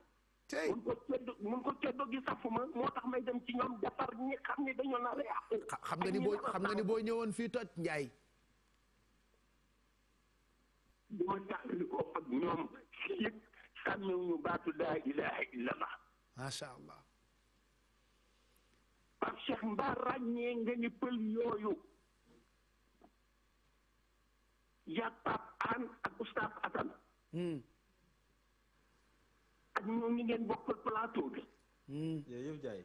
tey mun ko ceddo mun ko ceddo gi tax may dem ci ñoom defar ñi xam ne dañoo nar a yàqu. xam nga ni boo xam nga ni boo ñëwoon fii toj Ndiaye. ko ak ñoom fii it sàmmiwuñu baatu laa ilaaha illallah. macha allah. Pape Cheikh Mba ràññee nga ni pël yooyu. yaa Pape Hann ak Oustaz Assane. Hmm. ak ñoom ñi ngeen bokkal plateau bi. Hmm. yooyu yëpp jaay.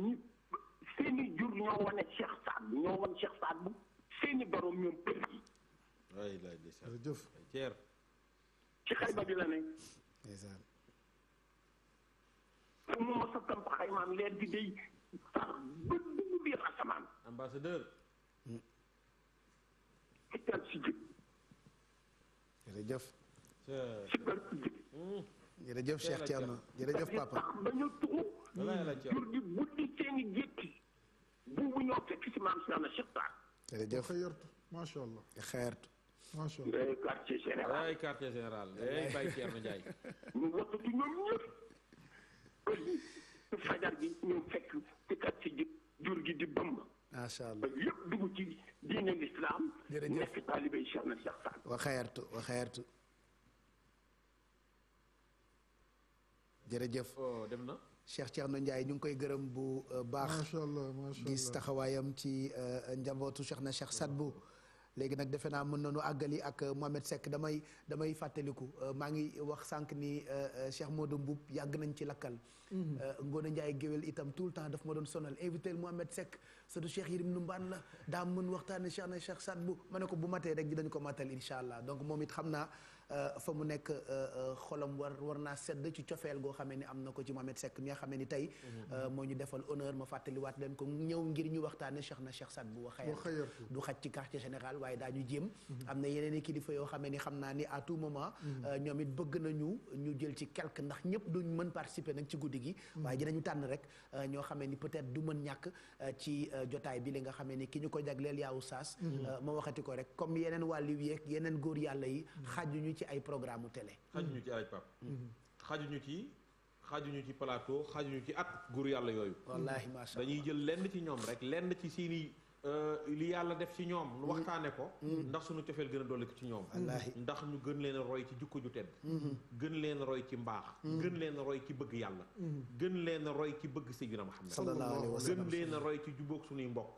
ñu seeni jur ñoo wane Cheikh Saad bu ñoo wan Cheikh Saad bu seeni borom ñoom pël yi. waay laay ndeysaan jërëjëf ceer ci xayma bi ne. ndeysaan. pour mu mos a tëmp xaymaam leer gi day far ba dugg biir asamaan. ambassadeur. état hmm. si jëf. jërëjëf. jërëjëf Cheikh Thierno jërëjëf papa. dañu tuxu. jur gi buddi seen i gétti. bu mu ñoo fekk si maam si naan Cheikh Baar. jërëjëf xeertu macha allah. quartier général. day quartier général day Baye Thierno Ndiaye. ñu waxatu ñoom ñëpp. nekk taalibe Cheikh na Cheikh wa xeertu wa xeertu. jërëjëf oh, dem na. Cheikh Thierno Ndiaye ñu ngi koy gërëm bu euh, baax. macha allah gis taxawaayam ci euh, njabootu Cheikh na sat Sadbu. léegi nag defe naa mën na nañu àggali ak euh, Mohamed sekk damay damay fàttaliku maa ngi wax sànq ni Cheikh Modou Mboub yàgg nañ ci lakkal. Mhm. Ngone Ndiaye géwél itam tout le temps daf ma doon sonal invité Mohamed Seck surtout Cheikh Yirim Numbaan la daa mën waxtaanee Cheikh na Cheikh Sadbu ma ne ko bu matee rek dinañ ko matal incha allah donc moom it xam naa. Euh, fa mu nekk euh, euh, xolam war war naa sedd ci cofeel goo xamee ni am na ko ci Mohamed Seck mi nga xamee ni tey mhm. moo ñu defal honneur ma fàttaliwaat leen ko ñëw ngir ñu waxtaane Cheikh na Cheikh Saad bu waxee du xaj ci quartier général waaye daañu jéem mhm. am na yeneen i kilifa yoo xamee ni xam naa ni à tout moment mhm. ñoom it bëgg nañu ñu jël ci quelque ndax ñëpp duñ mën participer nag ci guddi gi waaye dinañu tànn rek ñoo xamee ni peut-être du mën ñàkk ci jotaay bi li nga xamee ni ki ñu ko jagleel yaawu saas ma waxati ko rek comme ay programme télé xajuñu ci alaaj pap mm-hmm. xajuñu ci xajuñu ci plateau xajuñu ci at gur yàlla yooyu wallaahi maa sha Allah dañuy jël lenn ci ñoom rek lenn ci seeni euh, li yàlla def ci ñoom nu mm-hmm. waxtaane ko mm-hmm. ndax suñu cofeel gën a dolli ko ci ñoom ndax ñu gën leen roy ci jukko ju tedd gën leen roy ci mbaax gën leen roy ci bëgg yàlla gën leen roy ci bëgg Seydina Muhammad gën leen roy ci jubóog suñuy mbokk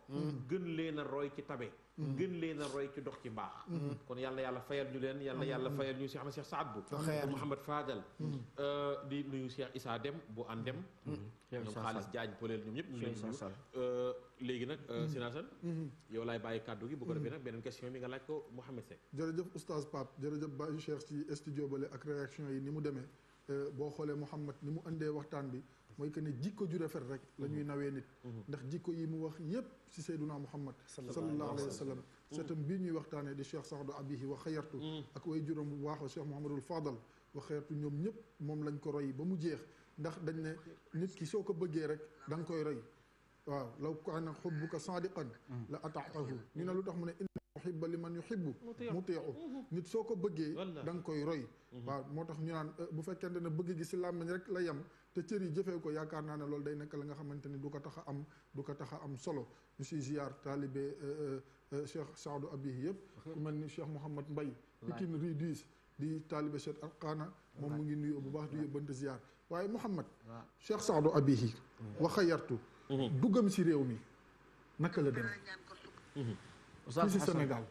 gën leen roy ci tabe Mm-hmm. ngën leen a roy ci dox ci mbaax mm-hmm. kon yàlla yàlla fayal ñu leen yàlla yàlla mm-hmm. fayal ñu Cheikh na Cheikh Saad bu Mouhamad Fadal euh, di nuyu Cheikh Issa Dem bu an Andem ñoom xaalis Jaañ poleel ñoom ñëpp ñu leen euh, léegi nag euh, sénateur yow laay bàyyi kàddu gi bu ko defee nag beneen question bi nga laaj ko Mouhamed Seck jërëjëf oustaz Pape jërëjëf Baye Cheikh ci studio bale ak réaction yi ni mu demee boo xoolee Mouhamed ni mu indee waxtaan bi mooy que ne jikko ju rafet rek la ñuy mhm. nawee nit mhm. ndax jikko yi mu wax yépp ci sayduna muhammad sallallahu alayhi wa sallam setam mhm. bii ñuy waxtaanee di cheikh saxdu abihi wa xayartu ak way juróom bu baax wa cheikh mouhamadul fadal wa xayartu ñoom ñëpp moom lañ ko roy ba mu jeex ndax dañ ne nit ki soo ko bëggee rek da nga koy roy waaw law kaana xubbuka sadiqan la ataatahu ñu ne lu tax mu ne inna li man yuhibbu mutiiu nit soo ko bëggee da nga koy roy waaw moo tax ñu naan eh, bu fekkente ne bëgg gi si làmmiñ rek la yam te cër yi jëfee ko yaakaar naa ne loolu day nekk la nga xamante ni du ko tax am du ko tax a am solo ñu siy ziar taalibe euh, euh, euh, Cheikh Saadou Abiy yëpp. ku mel ni Cheikh Mouhamad Mbay Pikine Rue di taalibe Cheikh Arqaana moom mu ngi nuyoo bu baax di yóbbante ziar waaye Mouhamad. waaw Cheikh Saadou Abiy. Mm-hmm. waxa mm-hmm. duggam si réew mi naka la dem. Mm-hmm. fii si senegal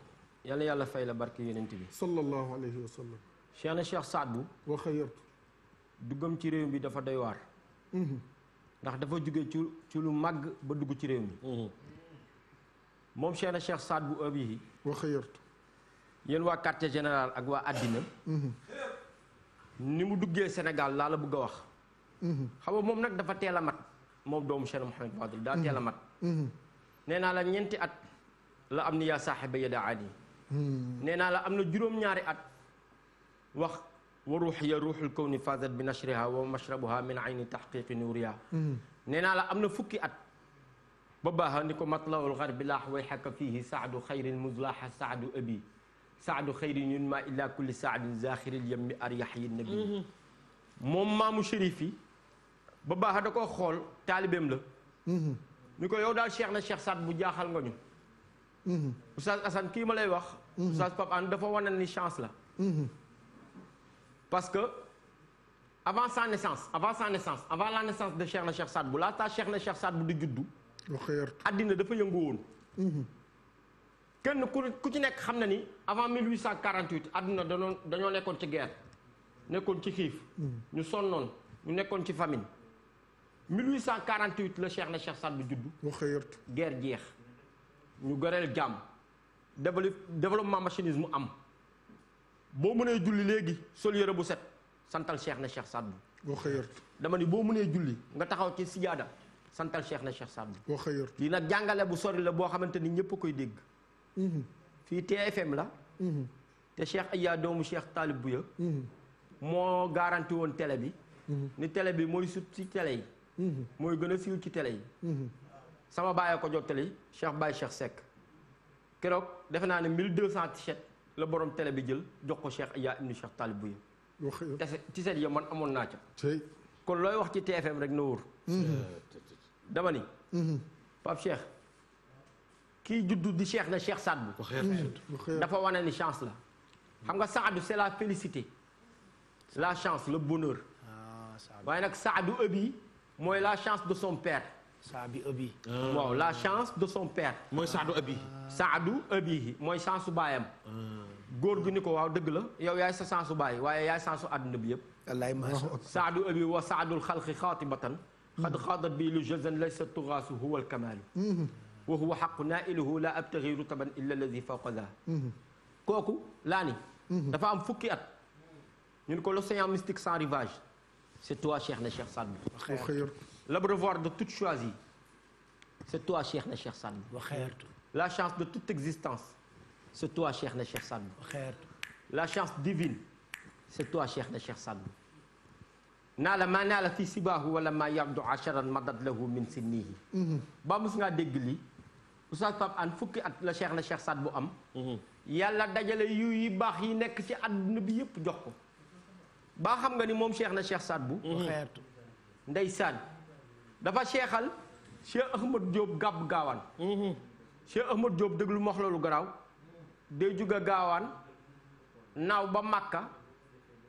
yàlla yàlla fay la barke yonent bi. sallallahu alayhi wa sallam. Cheikh na Cheikh Saadou. waxa yartu. duggam ci réew mi dafa doy waar mhm. ndax dafa jóge ci ci lu màgg ba dugg ci réew mi mhm. moom Cheikh na Cheikh Saad bu ëb yi waxa waa quartier général ak waa àddina mhm. ni mu duggee Sénégal laa la bëgg a wax xam nga moom nag dafa teel a mat moom doomu Cheikh Mouhamed Fadil daa teel a mat nee naa la ñeenti at la am ni yaa saaxiba yada aadi nee naa la am na juróom-ñaari at wax wa ruuxiya ruuxul kawni fasat bi nashriha wa mashrabuha min ayni taxqiqi nuuriha nee naa la am na fukki at ba baaxa ni ko matlaul garbi laax way xakka fiihi saadu xayrin muslaaxa saadu abi saadu xayrin yun ma illa kulli saadin zaxiril yammi aryax yi nabi moom maamu shérif yi ba baaxa da koo xool taalibeem la ni ko yow daal cheikh na cheikh saad bu jaaxal nga ñu oustaz Assane kii ma lay wax oustaz Pape Hann dafa wane ni chance la parce que avant sa naissance avant sa naissance avant la naissance de Cheikh na Cheikh Saad Bou laata Cheikh na Cheikh Saad Bou di juddu. addina dafa yëngu woon. Mhm. kenn ku ci nekk xam na ni avant 1848 adduna dañoo dañoo nekkoon ci guerre nekkoon ci xiif. Mhm. ñu sonnoon ñu nekkoon ci famine. 1848 la Cheikh na Cheikh Saad Bou juddu. guerre jeex. ñu goreel jàmm. développement machinisme am. boo mënee julli léegi sol yére bu set santal cheikh na cheikh Saad Bou. dama ni boo mënee julli nga taxaw ci sijaada santal cheikh na cheikh Saad Bou. lii nag jàngale bu sori la boo xamante ni ñëpp koy dégg. Mm-hmm. fii TFM la. Mm-hmm. te cheikh Aya doomu cheikh bu Bouya. Mm-hmm. moo garanti woon tele bi. ni télé bi mooy sut ci télé yi. mooy gën a siiw ci tele yi. sama baay ko jottali cheikh Baye cheikh Seck keroog defe naa ne mille 1200 t-shirt. la borom tele bi jël jox ko Cheikh Aya ibnu Cheikh Talib Bouye. wax tiset ya man amoon naa ca. kon looy wax ci TFM rek na wóor. dama ni. Mhm. Pape Cheikh kii juddu di Cheikh na Cheikh Saad mhm. dafa wane ni chance la. xam nga Saadu c'est la félicité la chance le bonheur. Ah, waaye nag Saadu ëbbi mooy la chance de son père. Saadu Abi. Ah. waaw la chance de son père. mooy Saadu Abi. Saadu Abi mooy chance su baayam. Ah. góor gi ni ko waaw dëgg la yow yaay sa chance su baay waaye yaay chance su àdduna bi yëpp. wallaay maa Saadu Abi wa Saadul xalqi xaatibatan. xad xaadat bi lu jazan laysa turaasu huwa alkamaalu. Mhm. wa huwa xaqu naailuhu laa abtaxi rutaban illa alladi fawqa daa. Mhm. kooku laa ni. Mhm. dafa am fukki at. ñu ne ko l'océan mystique sans rivage. c'est toi Cheikh na Cheikh Saad Bou. l'abreuvoir de toute choisie c'est toi Cheikhna Cheikh Sadbou wa xeertu la chance de toute existence c'est toi Cheikhna Cheikh Sadbou wa la chance divine c'est toi Cheikhna Cheikh Sadbou naala maa naala fii sibaahu wala maa yardu asharan madad lahu min sinnihi mhm. ba mos ngaa dégg lii Oustaz Pape Hann fukki at la Cheikhna Cheikh Sadbou am mhm. yàlla dajale yu yi baax yi nekk ci àdduna bi yépp jox ko baa xam nga ni moom Cheikhna Cheikh Sadbou wa xeertu ndeysaan dafa seexal Cheikh Ahmad Diop gàbb gaawaan mm-hmm. Cheikh Ahmad Diop déglu mox la lu garaaw day jóge gaawaan naaw ba Makka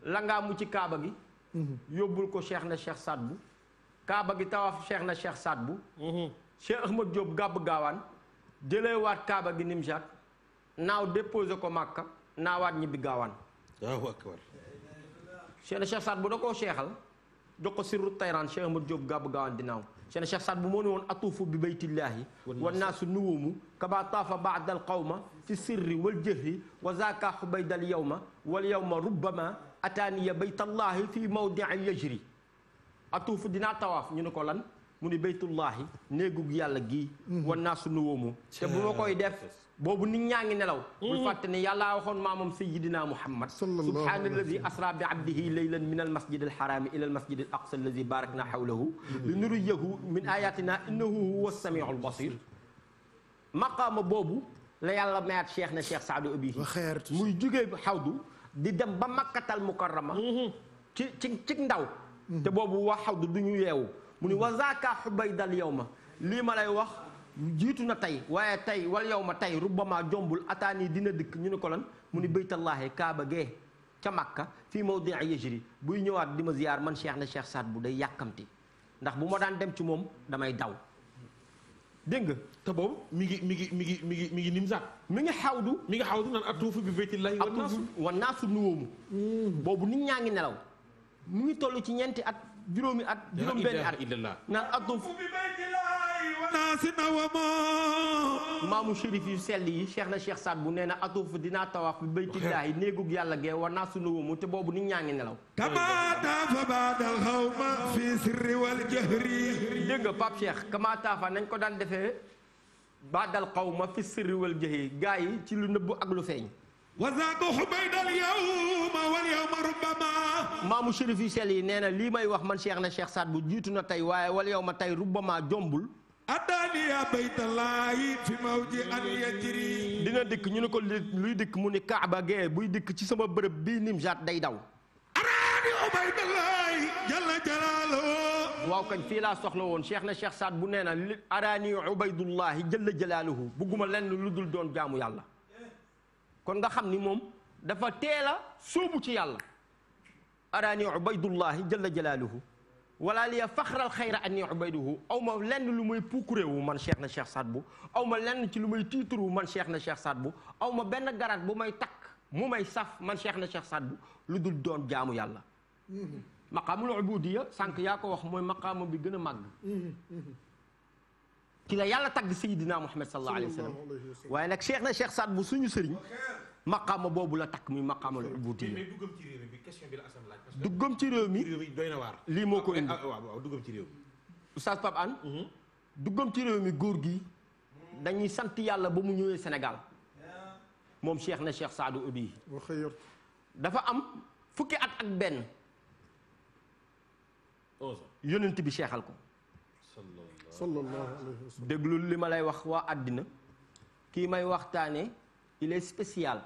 la ngaa mu ci kaaba gi mm-hmm. yóbbul ko Cheikh na Cheikh Saad bu kaaba gi tawaaf Cheikh na Cheikh Saad bu mm-hmm. Cheikh Ahmad Diop gàbb gaawaan jëlewaat kaaba gi Nimjaat naaw déposé ko Makka naawaat ñibbi gaawaan waaw Cheikh na bu da koo seexal jox ko sirru tayraan Cheikh gab Diop gàbb gaawan dinaaw seen Cheikh Saad bu moo ne woon atuufu bi baytillaahi wan naasu nuwumu kaba taafa baadal qawma fi sirri wal jëhri wa zaaka xubaydal yawma wal yawma rubbama ataaniya baytallaahi fi mawdiin yajri atuufu dinaa tawaaf ñu ne ko lan mu ni baytullaahi néegug yàlla gii mhm. wan naasu nuwumu te bu ma koy boobu nit ñaa ngi nelaw mm. bul fàtte ne yàllaa waxoon maamoom sayidina muhammad subhaana alladi asra bi abdihi laylan min al masjid al xaraami ila al masjid al aqsa alladi barak na xawlahu li nuriyahu min ayatina innahu huwa samiu al basir maqaama boobu la yàlla mayaat cheikh na cheikh saadu abi muy jógee xawdu di dem ba makkatal mukarrama mm-hmm. ci ci ci ndaw mm-hmm. te boobu waa xawdu du ñu yeewu mu ni wa zaaka xubaydal yowma lii ma lay wax jiitu na tey waaye tey wal yow ma tey rubbama jombul ataani dina dikk ñu ne ko lan mu ni baytallaahi kaaba gee ca màkka fii mawdia yajri buy ñëwaat di ma ziyaar man cheikh na cheikh saat bu day yàkkamti ndax bu ma daan dem ci moom damay daw dégg nga te boobu mi ngi mi ngi mi ngi mi ngi mi ngi nimsaat mi ngi xawdu mi ngi xawdu naan atuufu bi baytillahi wan naasu nuwoomu mm. boobu nit ñaa ngi nelaw mu ngi toll ci ñeenti at juróomi at juróom benn at maamu shérif yu sell yi cheikh na cheikh Saad bu nee na atuuf dinaa tawaaf bi baytillaahi néegug yàlla gee war naa sunu woomu te boobu nit ñaa ngi nelaw kamaataafa baadal xawma fi ko daan defee baadal xawma fi sirri wal gaa yi ci lu nëbb ak lu feeñ wasaako xubaydal yawma wal yawma rubbama maamu shérif yu sell yi nee na lii may wax man cheikh na cheikh Saad bu jiitu na tey waaye wal yawma tey rubbama jombul addaaliya baytallaahi fi mawji an yajri dina dikk ñu ne luy dikk mu ni kaaba gee buy dikk ci sama bërëb bii nimjaat day daw araani ubaydallaahi jalla jalaaluhu waaw kañ fii laa soxla woon cheikh na cheikh saad bu nee na li araani ubaydullaahi jalla jalaaluhu bugguma lenn lu dul doon jaamu yàlla kon nga xam ni moom dafa teel a sóobu ci yàlla araani ubaydullaahi jalla jalaaluhu wala liya faxaral xayra anni ubayduhu aw ma lenn lu may puukuréewu man cheikh na cheikh Saad Bou aw ma lenn ci lu may tiituru man cheikh na cheikh Saad Bou aw ma benn garaat bu may takk mu may saf man cheikh na cheikh Saad Bou lu dul doon jaamu yàlla maqaamul ubudiya sànq yaa ko wax mooy maqaama bi gën a màgg ci la yàlla tagg sayidina muhammad sallallahu alayhi wa sallam waaye nag cheikh na cheikh Saad Bou suñu sëriñ maqaama boobu la takk muy maqaama lu ubudiya. ci réew bi la Assane laaj. parce duggam ci réew mi doy na waar. lii moo ko ah, indi ah, waaw waaw duggam ci réew mi. Mhm. ci réew mi góor gi. dañuy sant yàlla ba mu ñëwee Sénégal. moom Cheikh na Cheikh Saadu Obi. dafa am fukki at ak benn. yonent bi seexal ko. sallallahu alayhi wa li ma lay wax waa àddina. kii may waxtaane il est spécial.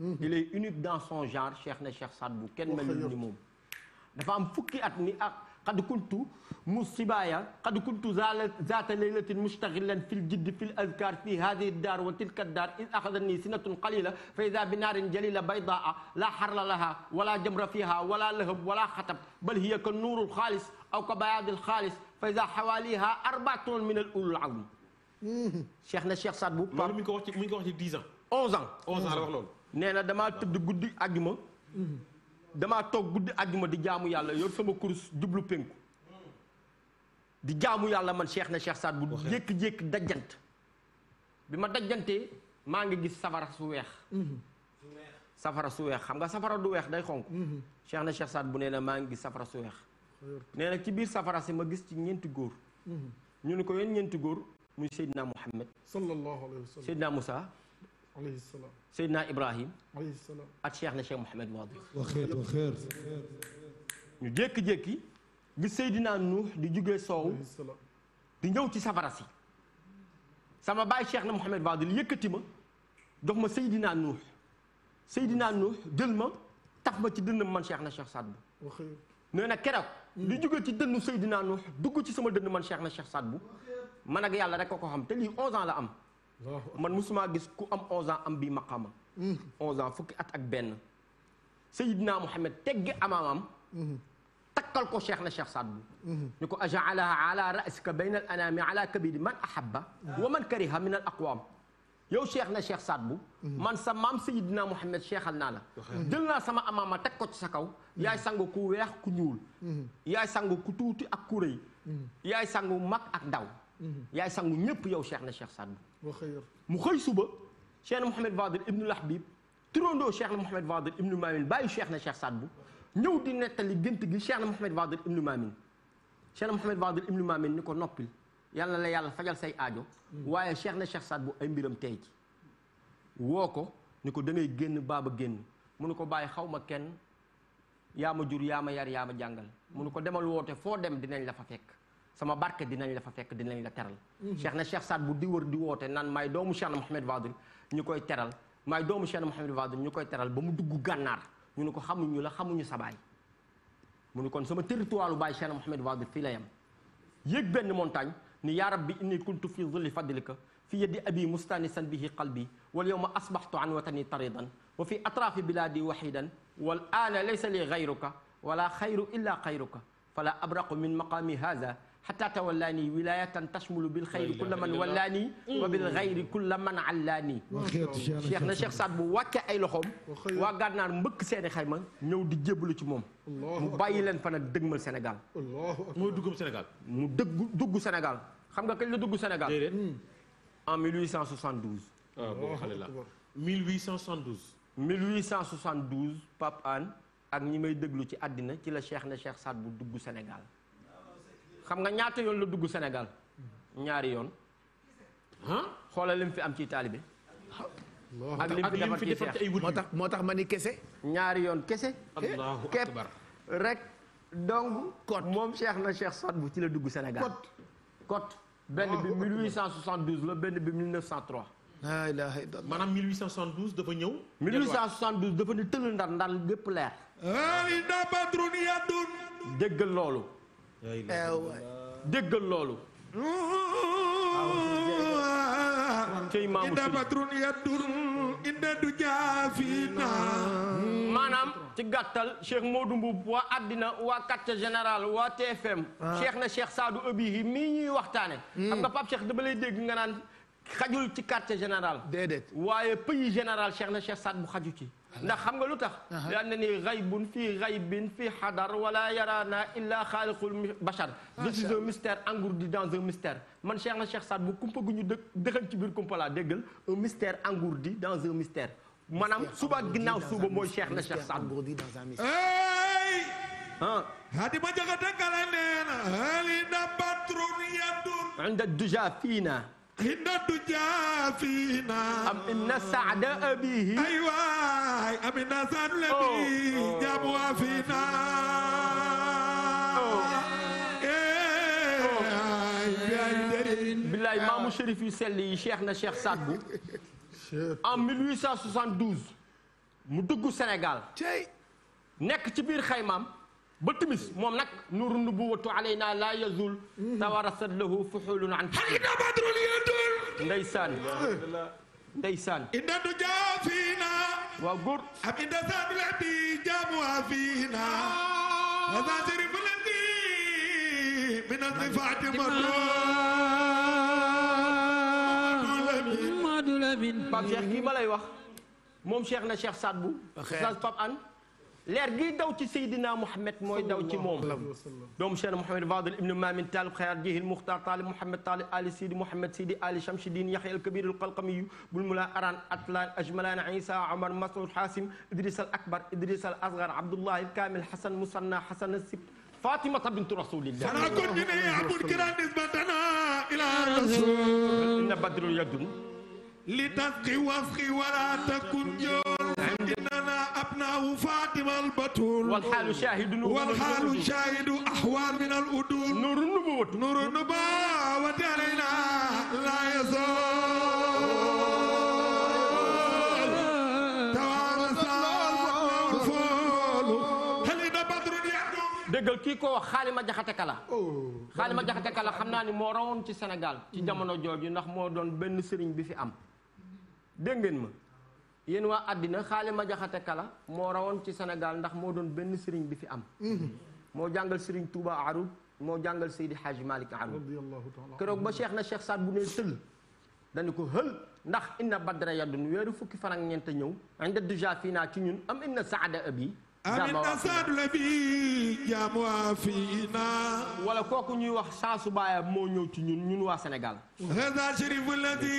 Mm-hmm. il est unique dans son genre cheikh na cheikh Saad Bou kenn melul ni moom dafa am fukki at ni ak xad kuntu mu sibaaya xad kuntu zaata laylatin mustaxilan fil jiddi fil azkar fi hadihi daar wa tilka daar is axadani sinatun qalila fa ida bi naarin jalila baydaa la xarla laha wala jamra fiha wala lahab wala xatab bal hiya ka nuurul xaalis aw ka bayaadil xaalis fa ida xawaliha arbaatun min al ulul azm mm-hmm. cheikh na cheikh Saad Bou loolu mi ngi ko wax ci mi ngi ko wax ci dix ans onze ans onze ans la wax loolu nee na damaa tëdd guddi àjjuma damaa toog guddi ajuma di jaamu yàlla yor sama kurus jublu pénku di jaamu yàlla man Cheikh na Cheikh Saad bu jékki-jékki dajjant bi ma dajjantee maa ngi gis safara su weex safara su weex xam nga safara du weex day xonk Cheikh na Cheikh Saad bu nee na maa ngi gis safara su weex nee na ci biir safara si ma gis ci ñeenti góor mhm. ñu ni ko yéen ñeenti góor muy Seydina Muhammad sallallahu alayhi wa sallam Seydina Moussa alayhi salaam Seydina Ibrahim. alayhi salaam ak Cheikh na Cheikh Mouhamed Wadi. wa xeer wa xeer. ñu jékki-jékki gis Seydina Nuux di jugee soow. di ñëw ci safara si. sama baay Cheikh na Mouhamed Wadi yëkkati ma jox ma Seydina Nuux Seydina Nuux jël ma taf ma ci dënnam man Cheikh na Cheikh Saad Bou. nee na keroog. li jóge ci dënnu Seydina Nuux dugg ci sama dënn man Cheikh na Cheikh Saad Bou man ak yàlla rek ko ko xam te lii 11 ans la am. man musuma gis ku am 11 ans am bii maqaama. 11 mm-hmm. ans fukki at ak benn. Seydina Mohamed teggi amaamam. Mm-hmm. takkal ko cheikh na cheikh Saad Bou ñu mm-hmm. ko ajaalaha ala rasika bayna al anami ala kabidi man ahabba wa man kariha min al aqwam yow cheikh na cheikh Saad Bou man sa maam sayidina Mouhamed cheikhal naa la jël naa sama amaama teg ko ci sa kaw yaay sangu ku weex ku ñuul yaay sangu ku tuuti ak ku rëy yaay sangu mag ak ndaw yaay sangu ñépp yow cheikh na cheikh Saad Bou mu xëy suba Cheikh Mouhamed Fadil ibnu Lahbib turandoo Cheikh Mouhamed Fadil ibnu Mamin bàyyi Cheikh na Cheikh Sadbu ñëw di nettali gént gi Cheikh Mouhamed Fadil ibnu Mamin Cheikh Mouhamed Fadil ibnu Mamin ni ko noppil yàlla la yàlla fajal say aajo mm. waaye Cheikh na Cheikh Sadbu ay mbiram tey ji woo ko ni ko da ngay génn baaba génn mu nu ko bàyyi xaw ma kenn yaa ma jur yaa ma yar yaa ma jàngal mu ne ko demal woote foo dem dinañ la fa fekk sama barke dinañ la fa fekk dinañ la teral mhm. cheikh na cheikh Saad bu di wër di woote naan maay doomu cheikh na Mouhamed Vadul ñu koy teral maay doomu cheikh na Mouhamed Vadul ñu koy teral ba mu dugg gànnaar ñu ne ko xamuñu la xamuñu sa baay mu ne kon sama territoire lu baay cheikh na Mouhamed Vadul fii la yem yéeg benn montagne ni yaa rabbi inni kuntu fi zulli fadlika fi yadi abi mustanisan bihi qalbi wal yawma asbaxtu an watani taridan wa fi atrafi biladi waxidan wal aana laysa li xayruka wala xayru illa xayruka fala abraqu min maqami hada xataa tawallaa nii wilaayatan tasmulu bil xayri kulla man wallaa nii wa bil xayri kulla man allaa nii cheikh na cheikh Saad bu wàccee ay loxoom waa gànnaar mbëkk seeni xayma ñëw di jébbalu ci moom mu bàyyi leen dëgg nag dëgmal Sénégal mooy duggam Sénégal mu dëgg dugg Sénégal xam nga kañ na dugg Sénégal hmm. en 1872 waaw ah xale la 1872 1872 Pape Anne ak ñi may déglu ci àddina ci la cheikh na cheikh Saad bu dugg Sénégal xam nga ñaata yoon la dugg Sénégal ñaari yoon xoolal lim fi am ci taalibe ak lim fi defar ci ay wut moo tax moo tax ma ni kese ñaari yoon kese képp rek donc kot moom cheikh na cheikh sat bu ci la dugg Sénégal kot benn bi 1872 la benn bi 1903 la ilaha illallah maanaam 1872 dafa ñëw 1872 dafa ni tëll ndar ndar lépp leer déggal loolu déggal loolu cey maamu maanaam ci gàttal Cheikh Modou Mbuub waa àddina waa quartier général waa TFM ah. Cheikh na Cheikh Sadou Abihi mii ñuy waxtaane hmm. xam nga Pape Cheikh dama lay dégg nga naan xajul ci quartier général déedéet waaye pays général Cheikh na Cheikh Sadou bu xaju ci ndax xam nga lu tax li am na ni raybun fii raybin fii xadar wala yarana illa xaaliqul bachar je suis un mystère engourdi dans un mystère man Cheikh na Cheikh Saad bu kumpa gu ñu dë dëxañ ci biir kumpa laa déggal un mystère engourdi dans un mystère maanaam suba ginnaaw suba mooy Cheikh na Cheikh Saad engourdi dans un mystère ah hadi ma jaxate kala neena hali na batrun yadun inda duja fiina hindatu jaafina amina saada abihi ay waay amina saadu labi jaamu waafina billaay maamu shérif yu sell yi cheikh na cheikh Saad Bou en 1872 mu dugg Sénégal nekk ci biir xaymaam ba timis moom nag nuurun nubuwatu alayna laa yazul tawarasat lahu fuxulun an xarida badrul yadul ndeysaan ndeysaan idadu jaafina waaw góor ab ida sadul abi jaamuwa fiina wasa sirif ladi min asifaati madulamin Pape Cheikh kii ma lay wax moom Cheikh na Cheikh Sadbu Oustaz Pape An leer giy daw ci Seydina Mouhamed mooy daw ci moom doomu Cheikh Mouhamed Fadel ibnu Mamin Talib Xayar Jihil Muxtar Talib Mouhamed Talib Ali Sidi Mouhamed Sidi Ali Chamsidine Yaxya al Kabir al Qalqami bul mulaa Aran Atlan Ajmalan Isa Omar Masoud Hasim Idris al Akbar Idris al Asgar Abdullah Kamil Hasan Musanna Hasan Sib Fatima bintu Rasulillah sanaa kon ñu ne abul kiran nisbatana ila rasul inna badru yadun li tasqi wasqi wala takun jool innana abnaahu fatimal batul walxaalu shaahidu ahwal min al udul nuru nubuwat nuru la yazal déggal kii ko wax xaalima jaxate kala oh. xaalima jaxate kala xam naa ni moo rawoon ci senegal ci jamono jooju ndax moo doon benn sëriñ bi fi am dégg ngeen ma yéen waa àddina xaali ma jaxate kala moo rawoon ci senegal ndax moo doon benn sëriñ bi fi am mm-hmm. moo jàngal sëriñ Touba arub moo jàngal Seydi Hadj Malick arub keroog ba Cheikh na Cheikh Saad bu ne tëll dañu ko hël ndax inna badra yadun weeru fukki fan ñeenta ñeent ñëw inde déjà fii naa ñun am inna saada abi amin asaadu la bi jaamu afina wala kooku ñuy wax saasu baaya moo ñëw ci ñun ñun waa Sénégal hada shérif alladi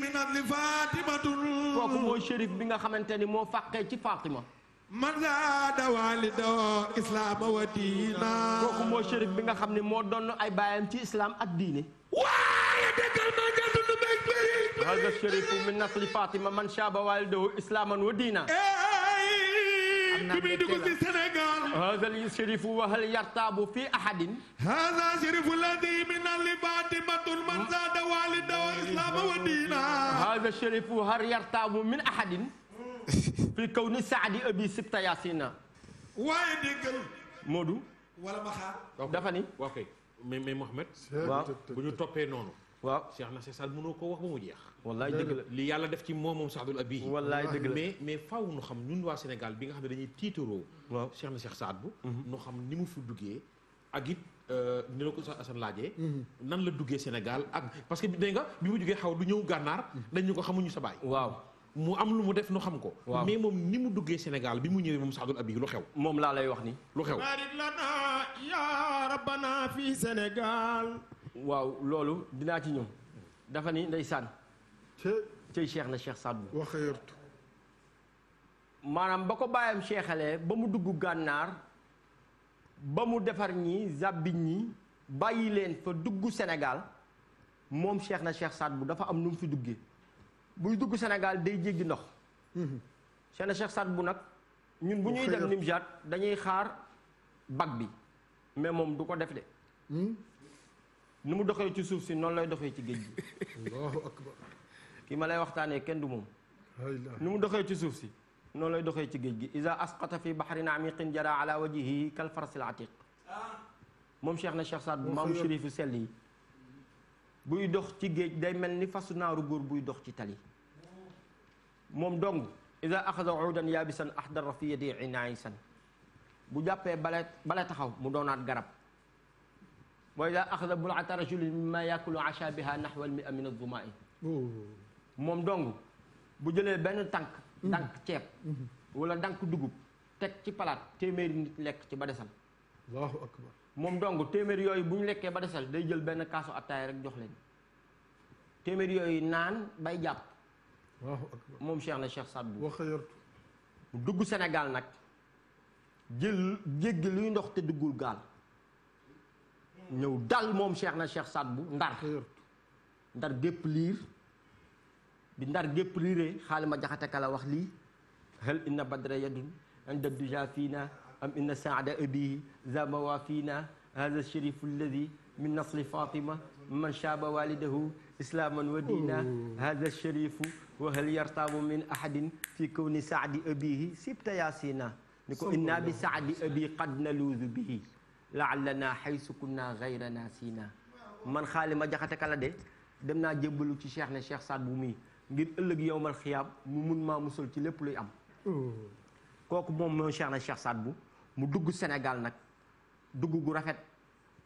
min adli fatimatun kooku mooy shérif bi nga xamante ni moo fàqee ci Fatima man zaada walido bi nga xam ni moo doon ay baayam ci islam ak diine waaye dëggal ma nga dund béy béy hada shérifu min nasli Fatima man shaaba walido islaaman wa diina eh, eh, bi muy dugg si Sénégal haazal shérifu wahal yartaabu fi ahadin haazal shérifu ladi min alibatimatul man zaada walida wa islaama wa diina haazal shérifu har yartaabu min ahadin fi kawni saadi abi sibta yasina waaye déggal Modou wala ma xaar dafa ni waaw kay mais mais Mohamed waaw bu ñu toppee noonu waaw Cheikh Nassir Sall mënoo ko wax ba mu jeex. wallaay dëgg li yàlla def ci moom moom ab bii. ko sax Assane laajee. Mhm. nan la duggee Sénégal ak parce que dégg nga bi mu duggee xaw du ñëw gànnaar. Mhm. dañu ko xamuñu sa baay. waaw. am lu mu def nu xam ko. waaw mais moom ni mu duggee Sénégal bi mu ñëwee moom Saadul Abi lu xew. moom laa lay wax ni lu xew. barik lana ya rabbana fi Sénégal. waaw loolu dinaa ci ñëw. dafa ni ndeysaan. cëy cheikh na cheikh Saad Bou. waxeertu maanaam ba ko bàyyam cheikhalee ba mu dugg gànnaar ba mu defar ñi zàbbi ñi bàyyi leen fa dugg Sénégal moom cheikh na cheikh Saad bu dafa am nu mu fi duggee buy dugg Sénégal day jéggi ndox. Mhm. cheikh na cheikh Saad Bou nag. ñun bu ñuy dem Nimjaat dañuy xaar bag bi mais moom du ko def de. Hmm? nu mu doxee ci suuf si noonu lay doxee ci géej gi. allahu ma lay waxtaanee kenn du moom. nu mu doxee ci suuf si noonu lay doxee ci géej gi. iza asqata fi bahrin amiqin jara ala wajhihi kal farasil moom Cheikh na Cheikh Saad bu maamu shérif buy dox ci géej day mel ni fasu naaru góor buy dox ci tali. moom dong iza axada uudan yaabisan ahdara fi yadi inaasan bu jàppee bale bale taxaw mu doonaat garab. wa ida axada bulata rajulin mimma yakulu acha biha nahwal mi amina zuma yi moom dong bu jëlee benn tànk mm-hmm. tànk ceeb mm-hmm. wala tànk dugub teg ci palaat téeméeri nit lekk ci ba desal moom dong téeméeri yooyu bu ñu lekkee ba desal day jël benn kaasu attaay rek jox leen téeméeri yooyu naan bay jàpp allahu akbar moom cheikh na cheikh Saad Bou dugg senegal nag jël jéggi luy ndox te duggul gaal ñëw dal moom Cheikh na Cheikh Saad bu ndar ndar gépp liir bi ndar gépp liiree xaalima jaxate kala wax lii hal inna badra yadun inda duja fii na am inna saada abihi zamawa fii na hada sharifu alladi min nasli fatima man shaaba walidahu islaaman wa diina hada sharifu wa hal yartaabu min ahadin fi kawni saadi abihi sibta yaasina ni ko inna bi saadi abi qad naluuzu bihi laalana xaysu kunna gayra nasina man xaalima ma jaxate kala de dem naa jébbalu ci cheikh na cheikh Saad bu mii ngir ëllëg yowmal xiyaam mu mun maa musal ci lépp luy am kooku moom mooy cheikh na cheikh Saad bu mu dugg Sénégal nag dugg gu rafet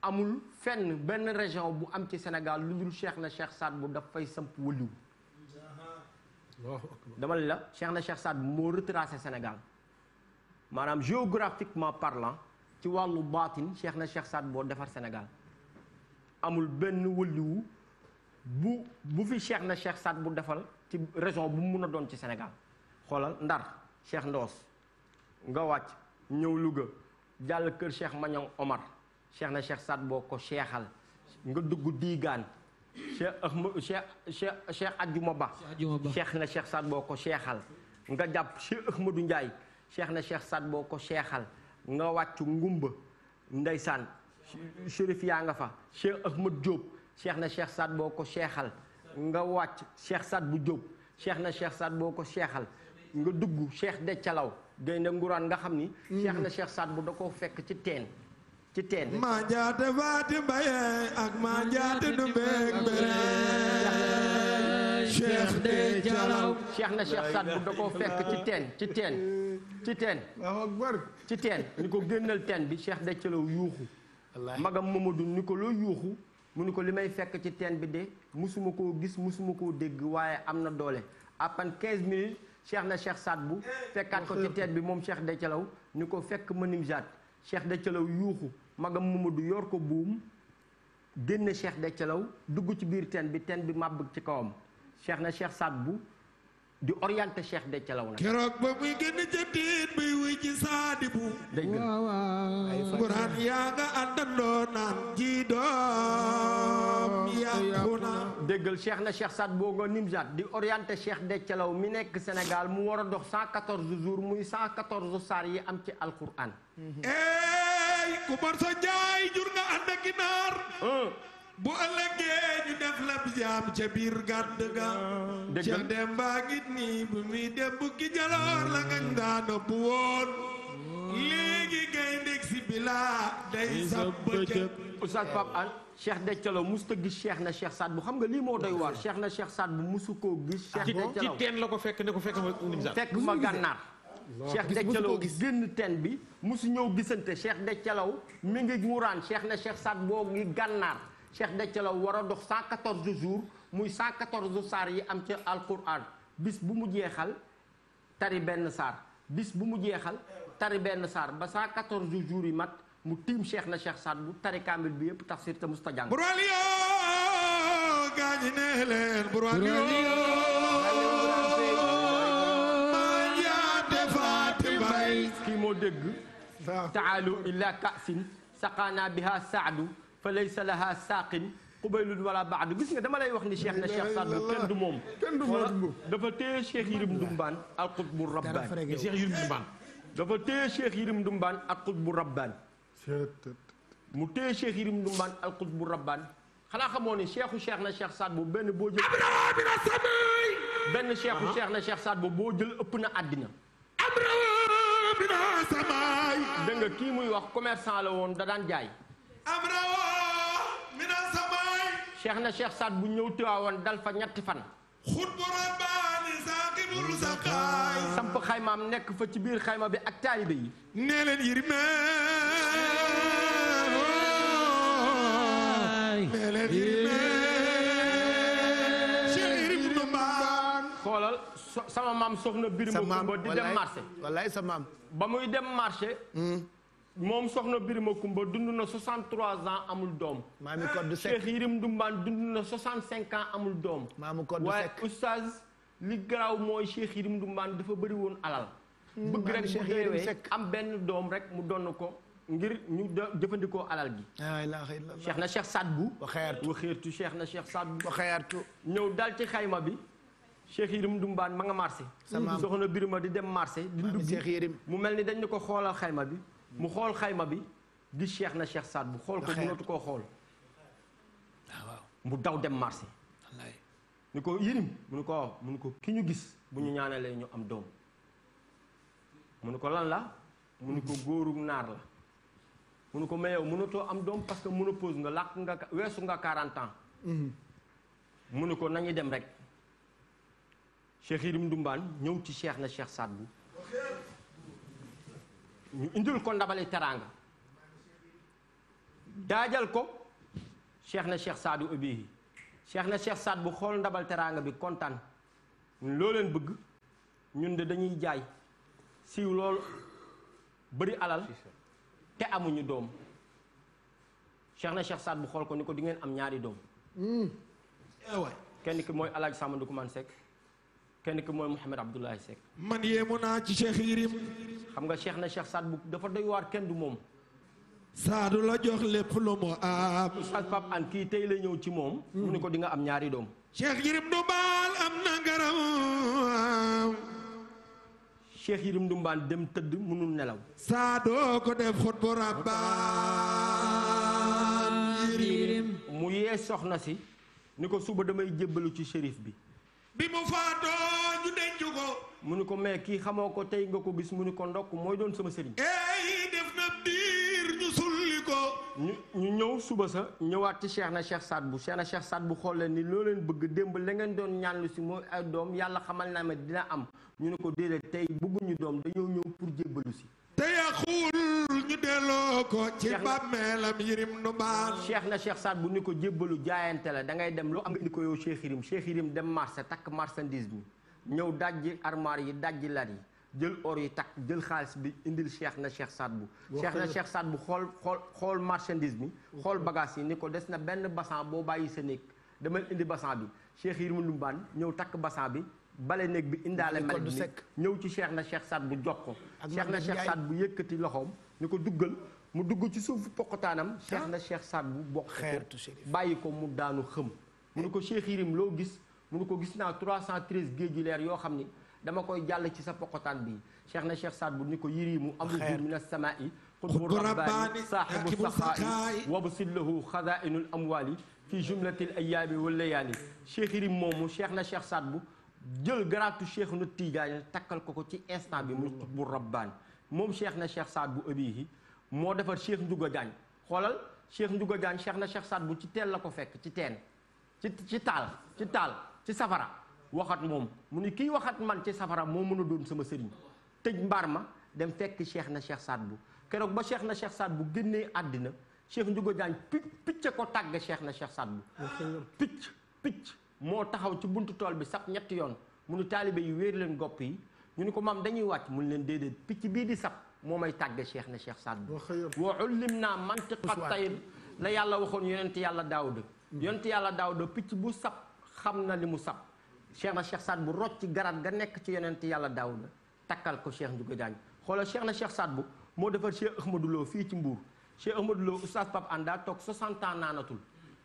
amul fenn benn région bu am ci Sénégal lu dul cheikh na cheikh Saad bu dafay samp wëliw dama la cheikh na cheikh Saad bu moo retracé Sénégal maanaam géographiquement parlant ci wàllu baatin cheikh na cheikh Saad Boo defar Sénégal amul benn wëlliwu bu bu fi cheikh na cheikh saat bu defal ci région bu mun a doon ci Sénégal xoolal ndar cheikh Ndoos nga wàcc ñëw Louga jàll kër cheikh mañoŋ Omar cheikh na cheikh Saad Boo ko seexal nga dugg diigaan cheikh ahmad cheikh cheikh cheikh Adjuma Ba cheikh na cheikh Saad Boo ko cheexal nga jàpp cheikh Ahmadou Ndiaye cheikh na cheikh Saad Boo ko seexal nga wàcc ngumba ndeysaan chérif yaa nga fa cheikh ahmad Diop cheikh na cheikh Saad boo ko cheexal nga wàcc cheikh Saad bu Diop cheikh na cheikh Saad boo ko cheexal nga dugg cheikh de calaw gaynde nguraan nga xam ni mm. cheikh na cheikh Saad bu da koo fekk ci teen ci teen maa jaate faati mbayee ak maa jaate du beeg mbere cheikh de na cheikh Saad bu da koo fekk ci teen ci teen ci teen ci teen ni ko génnal teen bi cheikh de jalaw yuuxu magam Mamadou ni ko loo yuuxu mu ni ko li may fekk ci teen bi de musuma koo gis musuma koo dégg waaye am na doole après 15 minutes cheikh na cheikh Saad bu fekkaat ko ci teen bi moom cheikh de jalaw ni ko fekk manim jaat cheikh de jalaw yuuxu magam Mamadou yor ko buum génn cheikh de jalaw dugg ci biir teen bi teen bi màbb ci kawam cheikh na cheikh Saad bu di orienté cheikh de calaw na. keroog ba muy gën ca teen bay wuy ji doom yàqu na. cheikh na cheikh Saad boo nga Nimzaat di orienté cheikh de calaw mi nekk Sénégal mu war dox cent quatorze jours muy cent quatorze saar yi am ci alquran. ey ku mor sa jaay jur nga ànd ginaar. bu ëllëgee ñu def la jaam ca biir gàdd ga Cheikh ah. Demba ngi nii bu muy dem bukki jaloor la ngañ daa nopp woon ah. léegi ngay ndég bilaa day sab bëccëg Oustaz Pape Hann Cheikh Dethialo musta gis Cheikh na Cheikh Saad bu xam nga lii moo doy waar Cheikh na Cheikh Saad bu musu koo gis ah Cheikh Dethialo ci teen la ko fekk ne ko fekk ma nimsa fekk ma gànnaar Cheikh Dethialo génn teen bi musu ñëw gisante Cheikh Dethialo mi ngi muraan Cheikh na Cheikh Saad boo ngi gànnaar Cheikh Béthio la war a dox 114 jours muy 114 saar yi am ca alquran bis bu mu jeexal tari benn saar bis bu mu jeexal tari benn saar ba 114 jours yi mat mu tiim Cheikh na Cheikh Saad bu tari kaamil bi yëpp tafsir te musta jàng gaañi ne leen kii moo dégg taalu illa kaasin saqaana biha saadu fa laysa laha saaqin xubaylun wala baadu gis nga dama lay wax ni cheikh na cheikh Sadbu kenn du moom kenn du moom dafa téye cheikh Yirim Dumbaan al qutbu rabbaan cheikh Yirim Dumbaan dafa téye cheikh Yirim Dumbaan al qutbu rabbaan mu téye cheikh Yirim Dumbaan al qutbu rabbaan xanaa xamoo ni cheikhu cheikh na cheikh Sadbu benn boo jël benn cheikhu cheikh na cheikh Sadbu boo jël ëpp na àddina dégg nga kii muy wax commerçant la woon da daan jaay amrawa mina samaay cheikh na cheikh Saad bu ñëw Tiwaawoon dal fa ñetti fan xutbu rabbaani saakibul sakaay samp xaymaam nekk fa ci biir xayma bi ak taalibe yi nee leen yërmee nee sama maam soxna biir mu muy dem marché hmm. moom soxna Birima Kumba dund na 63 ans amul doom. maamu code du sec Cheikh Yirim Dumbaan dund na 65 ans amul doom. maamu code du sec waaye oustaz li garaaw mooy Cheikh Yirim Dumbaan dafa bëri woon alal. Hmm, bëgg rek bu deewee am benn doom rek mu donn ko. ngir ñu jëfandikoo alal gi. la ilaha na Cheikh Sadbu. bu xeertu wa xeertu na Cheikh Sadbu. wa xeertu ñëw dal ci xayma bi. Cheikh Yirim Dumbaan ma nga marché. sama soxna Birima di dem marché. di dugg mu mel ni dañ ko xoolal xayma bi. mu xool xayma bi gis Cheikh na Cheikh Saad bu xool ko mënatu koo xool ah, waaw mu daw dem marché ni ko yërim mu ni ko waaw ah, mu ni ko ki ñu gis bu ñu ñaanalee ñu am doom mu ni ko lan la mu ni ko góoru naar la mu ni ko mais yow mënatoo am doom parce que ménopause nga làkk nga weesu nga 40 ans mhm. mu ni ko nañu dem rek Cheikh Yérim Ndumbaan ñëw ci Cheikh na Cheikh Saad bu ñu indil ko ndabali teraanga daajal ko cheikh na cheikh saadu abihi cheikh na cheikh saad bu xool ndabal teraanga bi kontaan loo leen bëgg ñun de dañuy jaay siiw lool bëri alal te amuñu doom cheikh na cheikh saad bu xool ko ni ko dingeen am ñaari doom hmm. eh kenn ki mooy alaaj Samba Ndoumane Seck kenn ki mooy Mouhamed Abdoulaye Seck. man yéemu naa ci Cheikh Yirim. xam nga Cheikh na Cheikh Saad bu dafa doy waar kenn du moom. Saadu la jox lépp lu mu am. Oustaz Pape kii tey la ñëw ci moom. mu ne ko dinga am ñaari doom. Cheikh Yirim du baal am na ngaram. Cheikh Dumbaan dem tëdd mënul nelaw. Saadoo ko def xut bu rabbaan Yirim mu yee soxna si. ni ko suba damay jébbalu ci shérif bi. bi mu faatoo ñu denc ko. mu ni ko mais kii xamoo ko tey nga ko gis mu ne ko ndokk mooy doon sama sëriñ. eey def na biir ñu sulli ko. ñu ñëw suba sa ñëwaat ci Cheikh na Cheikh saat bu Cheikh na Cheikh saat bu xool leen ni loo leen bëgg démb la ngeen doon ñaanlu si mooy ay doom yàlla xamal naa ma dina am ñu ne ko déedéet tey bëgguñu doom dañoo ñëw pour jébbalu si. te yàquwul. ñu delloo ko ci bàmmeelam yirim nu baal na cheikh Saad bu ni ko jébbalu jaayante la da ngay dem loo am nga indi ko yow cheikh yirim cheikh yirim dem marché takk marchandise bi ñëw dajji armoire yi dajji lar yi jël or yi takk jël xaalis bi indil cheikh na cheikh Saad bu cheikh na cheikh Saad bu xool xool xool marchandise bi xool bagage yi ni ko des na benn bassan boo bàyyi sa néeg demal indi bassan bi cheikh yirim nu ñëw takk bassan bi bale néeg bi indaale malik bi ñëw ci Cheikh na Cheikh Saad bu jox ko Cheikh na Cheikh Saad bu yëkkati loxoom ni ko duggal mu dugg ci suufu poqotaanam ah. Cheikh na Cheikh Saad bu bokk ko bàyyi ko mu daanu xëm mu ni ko Cheikh Yirim loo gis mu ni ko gis naa 313 géeju leer yoo xam ni dama koy jàll ci sa poqotaan bi Cheikh na Cheikh Saad bu ni ko yirimu amul jur min as-samaa'i qutbu rabbaani saaxibu saxaa'i wabsil lahu xazaa'inul amwaali fi jumlatil ayyaami wal layaali Cheikh Yirim moomu Cheikh na Cheikh Saad bu jël garaatu cheikh na tiijaan takkal ko ko ci instant bi mu bu rabbaan moom cheikh na cheikh saad bu abihi moo defar cheikh njuga jaañ xoolal cheikh njuga jaañ na cheikh saad bu ci teel la ko fekk ci teen ci ci taal ci taal ci safara waxat moom mu ni kii waxat man ci safara moo mën a doon sama sëriñ tëj mbaar ma dem fekk cheikh na cheikh saad bu keroog ba cheikh na cheikh saad bu génnee àddina cheikh njuga jaañ picc picc ko tàgg cheikh na cheikh saad bu picc picc moo taxaw ci buntu tool bi sab ñetti yoon mu ni taalibe yi wéer leen gopp yi ñu ni ko maam dañuy wàcc mun leen déedéet picc bii di sab moo may tàgge cheikh na cheikh Saad Bou wa ullim naa a tayr la yàlla waxoon yonent yàlla daawuda mm. yonent yàlla daawuda picc bu sab xam na li mu sab cheikh na cheikh Saad Bou rocc ci garat ga nekk ci yonent yàlla daawuda takkal ko cheikh Ndiouga Diagne xoolal cheikh na cheikh Saad bu moo defar cheikh Ahmadou fii ci mbuur cheikh Ahmadou Lo oustaz Pape toog 60 naanatul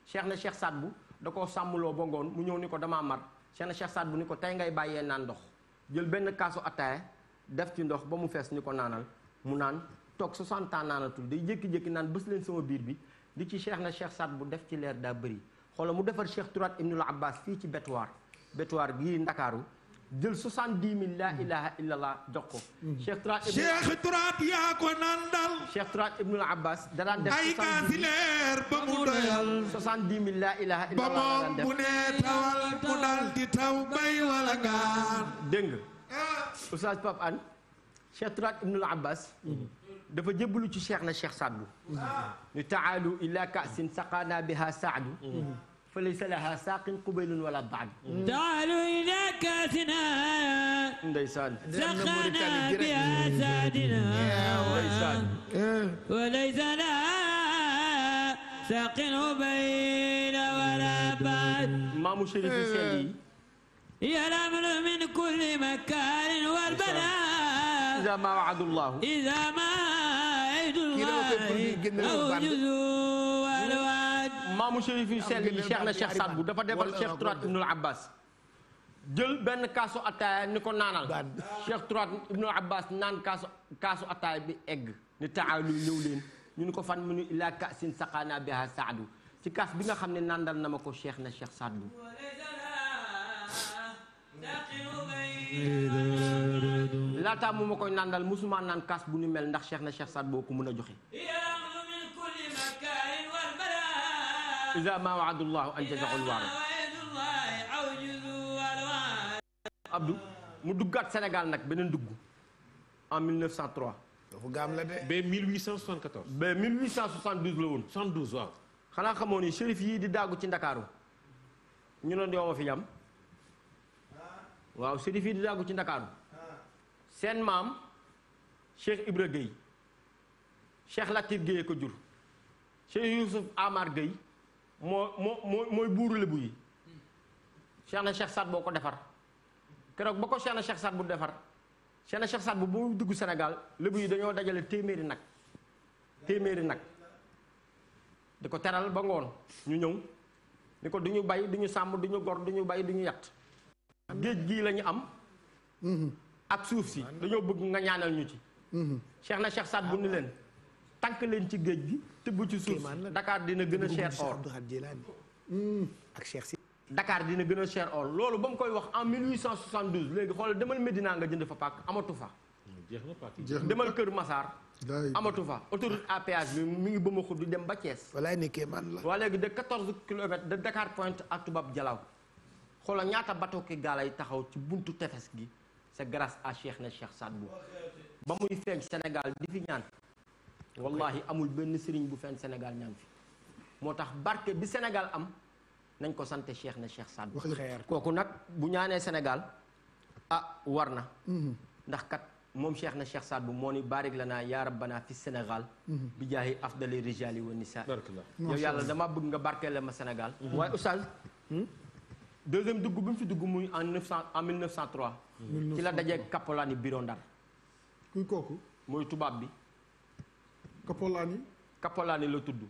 cheikh na cheikh Saad Bou da koo sàmmloo ba ngoon mu ñëw ni ko damaa mar seen Cheikh Saad bu ni ko tey ngay bàyyee naan ndox jël benn kaasu ataaya def ci ndox ba mu fees ni ko naanal mu naan toog 60 ans naanatul day jékki-jékki naan bés leen sama biir bi li ci Cheikh na Cheikh Saad bu def ci leer daa bëri xoolal mu defar Cheikh Turat Ibnul Abbas fii ci Betuwaar Betuwaar gii Ndakaaru jël soixante-dix mille la hmm. ilaha illallah jox ko turaat hmm. cheikh nandal cheikh turaat ibnul abbas da daan def ay gaasileer la ilaha illallah ba moom bu tawal mu di taw bay wala gaan dégg nga ah. oustaz Pape Hann turaat ibnul abbas hmm. dafa jébbalu ci cheikh na cheikh Sadou taalu ila kaasin saqaana biha saadu فليس لها ساق قبيل ولا بعد تعالوا إلى كاسنا ndeysaan سقنا بها سادنا ndeysaan وليس لها ساق قبيل ولا بعد maamu Chérif Sène yi ينال من كل مكان والبلاء إذا ما وعد الله إذا ما وعد الله maamu chérif yu sell yi na cheikh Saad Bou dafa defal cheikh Turat Ibnul Abbas jël benn kaasu ataaya ni ko naanal cheikh Turat Ibnul Abbas naan kaasu kaasu ataaya bi egg ni taalu ñëw leen ñu ni ko fan mu ni ilaa kaasin saqaana biha saadu ci kaas bi nga xam ne nandal na ma ko cheikh na cheikh Saad Bou laataa mu ma koy nandal musuma naan kaas bu ni mel ndax cheikh na cheikh Saad Bou ko mën a joxe إذا ma وعد الله أن تزعوا الوعد mu duggaat Sénégal nag beneen dugg en 1903. dafa gaam la de. ba 1874. ba 1872 la woon. 72 waaw. xanaa xamoo ni shérif yii di daagu ci Ndakaaru ñu doon yow fi yam waaw shérif yii di daagu ci Ndakaaru seen maam Cheikh Ibra Gueye Cheikh Latif Gueye ko jur Cheikh Youssouf Amar Gueye. moo moo moo mooy buuru lebu yi Cheikh na Cheikh Saad boo ko defar keroog ba ko Cheikh na Cheikh Saad bu defar Cheikh na Cheikh Saad bu bu dugg Sénégal lebu yi dañoo dajale téeméeri nag téeméeri nag di ko teral ba ngoon ñu ñëw ni ko du ñu bay du ñu sàmm du ñu gor du ñu bay du ñu yat géej gii lañu am mm-hmm. ak suuf si dañoo bëgg nga ñaanal ñu ci mm-hmm. Cheikh na Cheikh Saad bu ni leen tànk leen ci géej gi tibb ci suuf dakaar dina gën a cher or hmm. ak Cheikh si. Dakar dina gën a cher or loolu ba mu koy wax en 1872 léegi xoolal demal Medina nga jënd fa pàkk amatu fa. jeex na pàkk demal Kër Massar. amatu fa autoroute à péage bi mi ngi ma a di dem ba Thiès. walaay ni kéemaan la. waa léegi de 14 kilomètres de Dakar Pointe à Toubab Dialaw xoola ñaata bateau ki gaal ay taxaw ci buntu tefes gi c'est grace à Cheikh na saat Sadbou ba muy feeñ Sénégal di fi ñaan. wallahi amul benn sëriñ bu fenn Sénégal ñaan fi moo tax barke bi Sénégal am nañ ko sant Cheikh na Cheikh Saad Bou kooku nag bu ñaanee Sénégal ah war na mhm. ndax kat moom Cheikh na Cheikh Saad Bou moo ni baarik la naa yaa rabbana fi Sénégal mhm. bi jaahi afdali rijali wa nisa yow yàlla dama bëgg nga barkeele ma Sénégal mhm. waaye oustaz hmm? deuxième dugg bi mu fi dugg muy en 900 en 1903 ci la dajee Kappalaani Biro Ndar kuy kooku mooy tubaab bi Kapolaani. Kapolaani la tudd.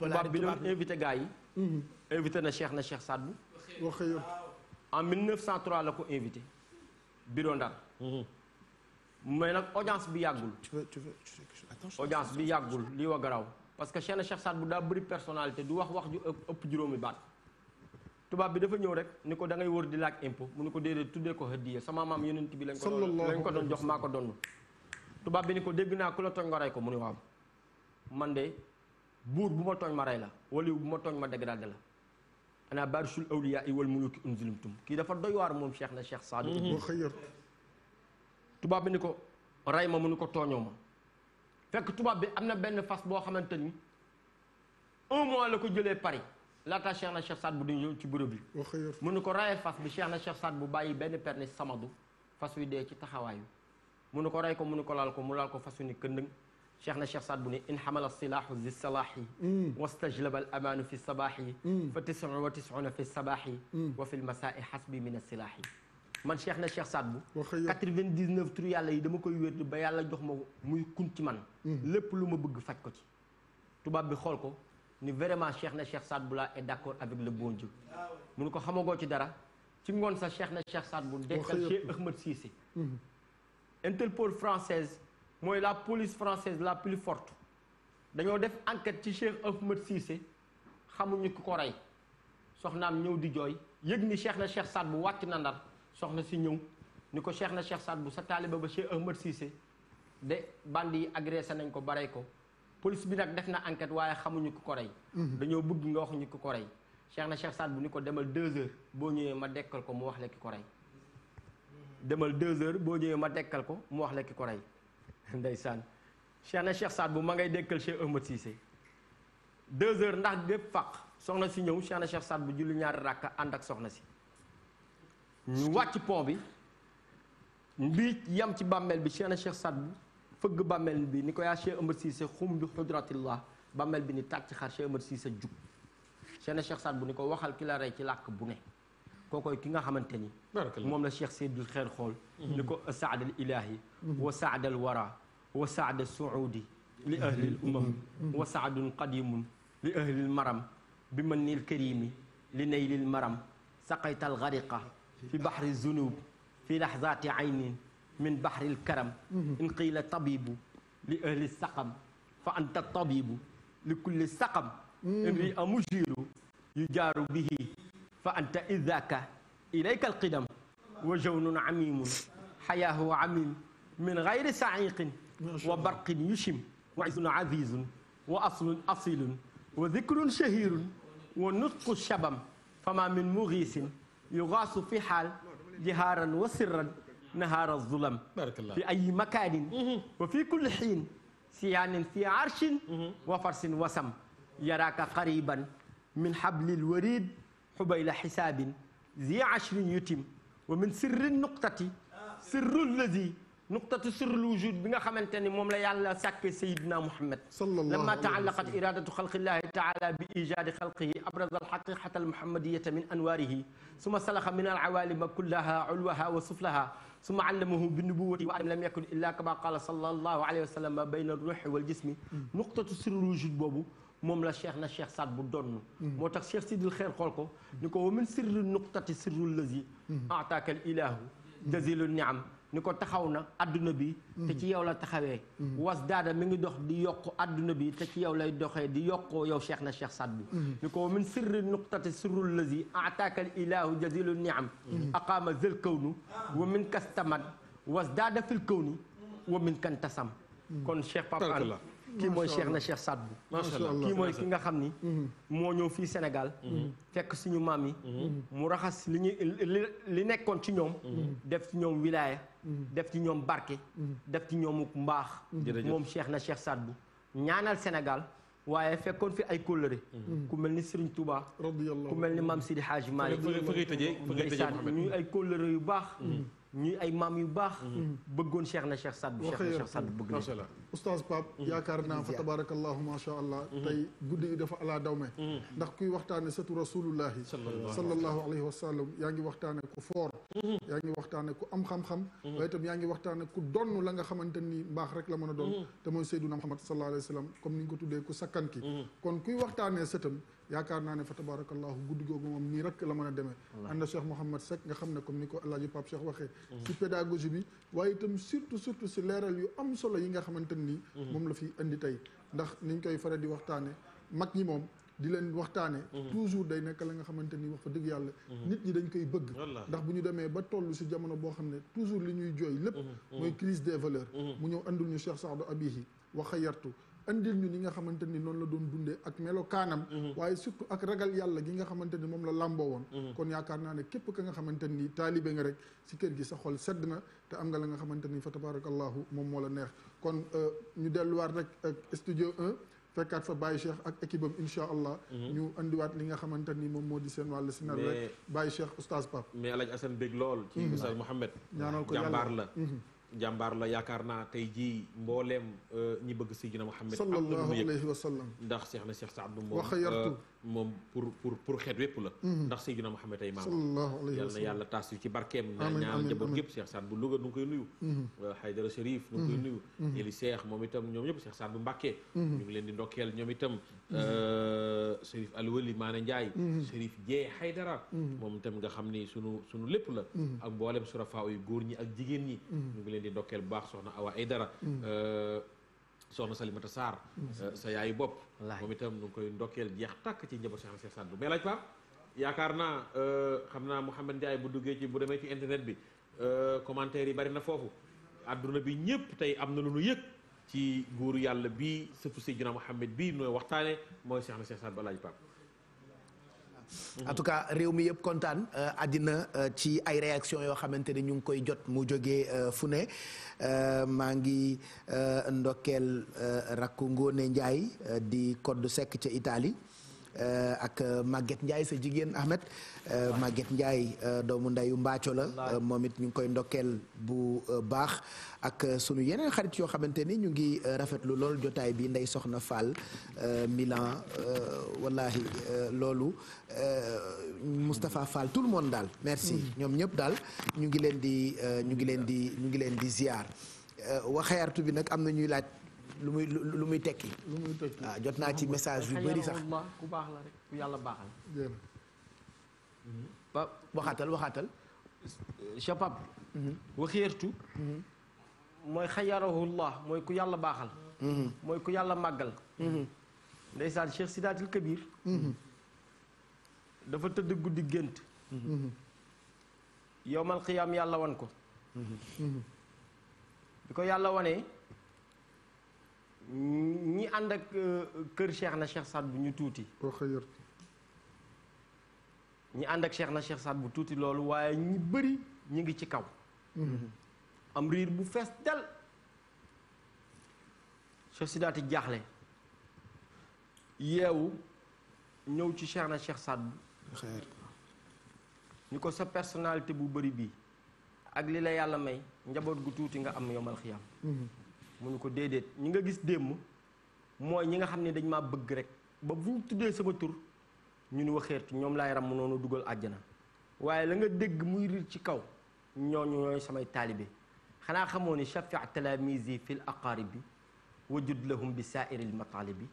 tubaab bi doon invité gars yi. Mhm. invité na Cheikh na Cheikh Sadbu. waxee en 1903 la ko invité. biro Ndar. Mhm. mais nag audience bi yàggul. audience bi yàggul lii wa garaaw. parce que Cheikh na Cheikh bu daa bëri personnalité du wax wax ju ëpp juróomi baat. tubaab bi dafa ñëw rek ni ko da ngay wër di laaj impôt mu ni ko déedéet tuddee ko hëddiya sama maam yonent bi lañ ko doon jox maa ko doon. tubaab bi ni ko dégg naa ku la tooñ nga rey ko mu ne waaw man de buur bu ma tooñ ma rey la waliw bu ma tooñ ma dégradé la ana barisul awliya i wal muluki kii dafa doy waar moom cheikh na cheikh Saadu mm-hmm. tubaab bi ni ko rey ma mu ni ko tooñoo ma fekk tubaab bi am na benn fas boo xamante ni mois la ko jëlee Paris laata cheikh na cheikh Saad bu di ñëw ci bureau bi mu ni ko reyee fas bi cheikh na cheikh saat bu bàyyi benn perni samadu fas wi dee ci taxawaayu munu ko rey ko munu ko laal ko mu laal ko fasu ni këndëng cheikh na cheikh Saad bu ne in xamala silaahu zi salaahi mm. wastajlaba al amaanu fi sabaahi mm. fa tisron wa tisrona fi sabaahi mm. wa fi lmasaai xasbi min asilaahi man cheikh na cheikh Saad bu quatre-vingt-dix-neuf tur yàlla yi dama koy wéetu ba yàlla jox ma muy kun ci man lépp lu ma bëgg faj ko ci tubaab bi xool ko ni vraiment cheikh na cheikh Saad bu laa est d'accord avec le bon ah mu nu ko xamagoo ci dara ci ngoon sa cheikh na cheikh Saad bu dekkal Cheikh Ahmed Cissé pole française mooy la police française la plus forte dañoo def enquête ci Cheikh Ahmed Cissé xamuñu ku ko rey soxnaam ñëw di jooy yëg ni Cheikh na Cheikh Saad bu wàcc na ndar soxna si ñëw ni ko Cheikh na Cheikh Saad bu sa taaliba ba Cheikh Ahmed Cissé de bandi yi agressé nañ ko barey ko police bi nag def na enquête waaye xamuñu ku ko rey mhm. dañoo bëgg nga wax ñu ku ko rey Cheikh na Cheikh Saad bu ni ko demal deux heures boo ñëwee ma dekkal ko mu wax la ko rey demal deux heures boo ñëwee ma dekkal ko mu wax lekk ko rey ndeysaan cheikh na cheikh bu ma ngay dekkal cheikh Ahmad Cissé deux heures ndax lépp faq soxna si ñëw cheikh na cheikh bu julli ñaari rakka ànd ak soxna si ñu wàcc pont bi bi yam ci bàmmeel bi cheikh na cheikh Saad bu fëgg bàmmeel bi ni ko yaa cheikh Ahmad Cissé xum bi xudratillah bàmmeel bi ni tàcc xar cheikh Ahmad Cissé jug cheikh na cheikh bu ni ko waxal ki la rey ci làkk bu ne kookoy ki nga xamante ni moom la cheikh seydul xeer xool ni ko saadal ilahi wa saadal wara wa saada suudi li ahlil umam wa saadun qadimun li ahlil maram bi man nil karimi li naylil maram saqaytal gariqa fi baxri zunub fi lahzati aynin min baxril karam in qiila tabibu li ahli saqam fa anta tabibu li kulli saqam in ri a mujiru yu jaaru bihi fa anta idaka ilayka alqidam wa jawnun amimun xayaahu amim min gayri saiqin wa barqin yushim wa izun azizun wa aslun asilun wa dikrun shahirun wa nutqu shabam fama min mugiisin yugaasu fi xaal jihaaran wa sirran nahaara zulam fi ayi makaanin mhm. wa fi kulli xiin siyaanin fi arshin mhm. wa farsin wasam yaraaka qariban min xablil warid xubayla xisaabin zi ashrin yutim wa min sirri nuqtati sirrul lazi nuqtatu sirrul wujud bi nga xamante ni moom la yàlla sàkke sayidina muhammad lamma taallaqat iradatu xalqillahi taala bi ijaadi xalqihi abraza alxaqiqata almuhammadiyata min anwaarihi suma salaxa min alawalima kullaha ulwaha wa suflaha suma allamahu bi nubuwati wa lam yakun illa kama qala sallallahu alayhi wa sallam bayna alruuxi waljismi mm. nuqtatu sirrul wujud boobu moom la cheikh na cheikh Saad bu donn moo tax cheikh sidil xeer xool ko ni ko wa min sirri nuqtati sirrul lazi ataakal ilahu jazilu niam ni ko taxaw na adduna bi te ci yow la taxawee was daada mi ngi dox di yokk adduna bi te ci yow lay doxee di yokkoo yow cheikh na cheikh Saad bu ni ko wa min sirri nuqtati sirrul lazi ataakal ilahu jazilu niam aqaama zël kawnu wa min kastamad was daada fil kawni wa min kantasam kon cheikh papa kii mooy Cheikh na Cheikh Sadbu kii mooy ki nga xam ni mm-hmm. Mm-hmm. moo ñëw fii Sénégal mm-hmm. fekk suñu maam yi mu raxas li ñu li nekkoon ci ñoom def ci ñoom wilaaya def ci ñoom barke def ci ñoom mbaax moom Cheikh na Cheikh Sadbu ñaanal Sénégal waaye fekkoon fi ay kóllëre ku mel ni Serigne tubaa ku mel ni maam Sidi Hadj Malick fa ngay tëjee fa ngay tëjee ñu ay kóllëre yu baax ñuy ay maam yu baax. Mm-hmm. bëggoon Cheikh na Cheikh Saad bu Cheikh na Cheikh Saad bu bëgg na. macha allah oustaz Pape. Mm-hmm. yaakaar naa fa tabarakallahu macha allah. Mm-hmm. tey guddi gi dafa ala dawme. ndax kuy waxtaane sëtu rasulullahi. sallallahu alayhi wa sallam yaa ngi waxtaane ku foor. yaa ngi waxtaane ku am xam-xam. waaye itam yaa ngi waxtaane ku donn la nga xamante ni mbaax rek la mën a doon. te mooy Seydina Muhammad sallallahu alayhi wa sallam comme ni nga ko tuddee ku sakkan ki kon kuy waxtaanee yaakaar naa ne fa tabarakallahu guddi googu moom nii rek la mën a demee ànd ak Cheikh Mouhamed Seck nga xam ne comme ni ko El Hadji Pape Cheikh waxee si pédagogie bi waaye itam surtout surtout si leeral yu am solo yi nga xamante nii mhm. moom la fi indi tey ndax niñ koy faral di waxtaane mag ñi moom di leen waxtaane mhm. toujours day nekk la nga xamante ni wax fa dëgg yàlla mhm. nit ñi dañ koy bëgg ndax bu ñu demee ba toll si jamono boo xam ne toujours li ñuy jooy lépp mooy crise des valeurs mu ñëw andul ñu Cheikh Saadou Abihi wa xayartu andil ñu ni nga xamante ni noonu la doon dundee ak melokaanam mhm. waaye surtout ak ragal yàlla gi nga xamante ni moom la làmboo woon mhm. kon yaakaar naa ne képp nga xamante ni taalibe nga rek si kër gi sa sedd na te am nga la xamante ni fa tabarakallahu moom moo la neex kon euh, ñu delluwaat rek ak fekkaat fa Baye Cheikh ak équipe am incha mhm. ñu andiwaat li nga xamante ni moom moo di seen wàllu sinar rek Baye Cheikh oustaz Pape mais El Hadj Assane bég lool. ci oustaz Mouhamed. ñaanal ko la. jàmbaar la yaakaar naa tey jii mbooleem euh, ñi bëgg Seydina Muhammad sallallahu alayhi wa sallam ndax Cheikh na Cheikh Saadu moom waxayartu euh, moom pour pour pour xeet wépp la mhm. ndax Seydina Mouhamed ay maamam yal na yàlla taas yu ci barkeem naa ñaan njaboot gépp Cheikh Saad bu Louga nu ngi koy nuyu mhm. Haydara Chérif nu ngi koy mhm. nuyu Eli Cheikh moom itam ñoom ñëpp Cheikh Saad bu Mbàkke ñu ngi leen di ndokkeel ñoom itam euh, Chérif Alwali Maana Ndiaye Chérif Dieye Haydara moom itam nga xam ni sunu sunu lépp la ak mboolem surafaa yu góor ñi ak jigéen ñi ñu ngi leen di ndokkeel baax soxna Awa Aydara euh, soxna Salimata saar euh, sa yaayu bopp moom itam nu ngi koy ndokkeel jeex tàkk ci njaboot Cheikh Cheikh Saddu mais laaj Pape yaakaar naa euh, xam naa Mouhamed Ndiaye bu duggee ci bu demee ci internet bi euh, commentaire yi bari na foofu adduna bi ñëpp tey am na lu nu yëg ci góor yàlla bii sëfu Seydina Mouhamed bii nooy waxtaane mooy Cheikh na Cheikh Saddu Alaaji Pape en tout cas réew mi yëpp kontaan euh, àddina euh, ci ay réaction yoo xamante ni ñu ngi koy jot mu jógee euh, fu ne maa ngi ndokkeel rakku Ngóone Njaay di code sec ca Italie Euh, ak euh, màgget Ndiaye sa jigéen Ahmed euh, màgget Ndiaye doomu ndeyu mbaaco la moom it ñu ngi koy ndokkeel bu baax ak sunu yeneen xarit yoo xamante ni ñu ngi rafetlu lool jotaay bi ndey soxna Fall Milan wallahi loolu Moustapha Fall tout le monde daal merci mm. ñoom ñëpp daal ñu ngi leen di ñu ngi leen di ñu ngi leen di ziar bi nag am na ñuy laaj lu muy lu muy tekki. lu ah, jot naa ci message yu bëri sax ku baax la rek ku yàlla baaxal. waxaatal waxaatal. Mm-hmm. waxeertu. Mm-hmm. mooy xayarahullah mooy ku yàlla baaxal. Mm-hmm. mooy ku yàlla màggal. ndeysaan Cheikh Sidatil Kabir. dafa tëdd guddi gént. yowmal qiyaam yàlla won ko. bi ko yàlla wanee. ñi ànd ak euh, kër Cheikh na Cheikh Saad bu ñu tuuti. ñi ànd ak Cheikh na Cheikh Saad bu tuuti loolu waaye ñi bëri ñu ngi ci kaw. Mm-hmm. am riir bu fees del Cheikh jaaxle yeewu ñëw ci Cheikh na Cheikh Saad bu ñu ko sa personnalité bu bari bii ak li la yàlla may njaboot gu tuuti nga am yomal xiyam. Mm-hmm. mu ne ko déedéet ñi nga gis démb mooy ñi nga xam ne dañ ma bëgg rek ba bu ñu tuddee sama tur ñu ni waxeetu ñoom laay ram noonu dugal àjjana waaye la nga dégg muy riir ci kaw ñooñu ñooy samay taalibe xanaa xamoo ni shafia talaamisi fil aqaaribi wajud lahum bi saairil mataalibi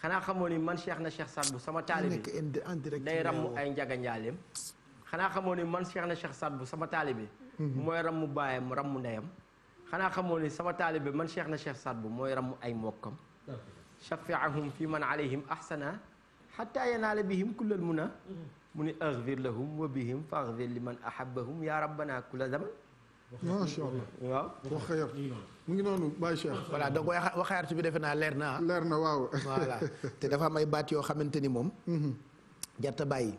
xanaa xamoo ni man cheikh na cheikh Saad bu sama taalibe day ramm ay njaganjaaleem xanaa xamoo ni man cheikh na cheikh Saad bu sama taalibe mhm. mooy ramm baayam ramm ndeyam xanaa xamoo sama taalibe man cheikh na cheikh Saad moo mooy ramu ay mokkam shafiahum fi man alayhim ahsana xatta yanaala bihim kullal muna mu ni axfir lahum wa bihim fa axfir li man ahabahum zaman macha allah waaw waxa yëpp mu ngi noonu Baye naa leer na leer te dafa am baat yoo xamante ni moom mhm. jarta bàyyi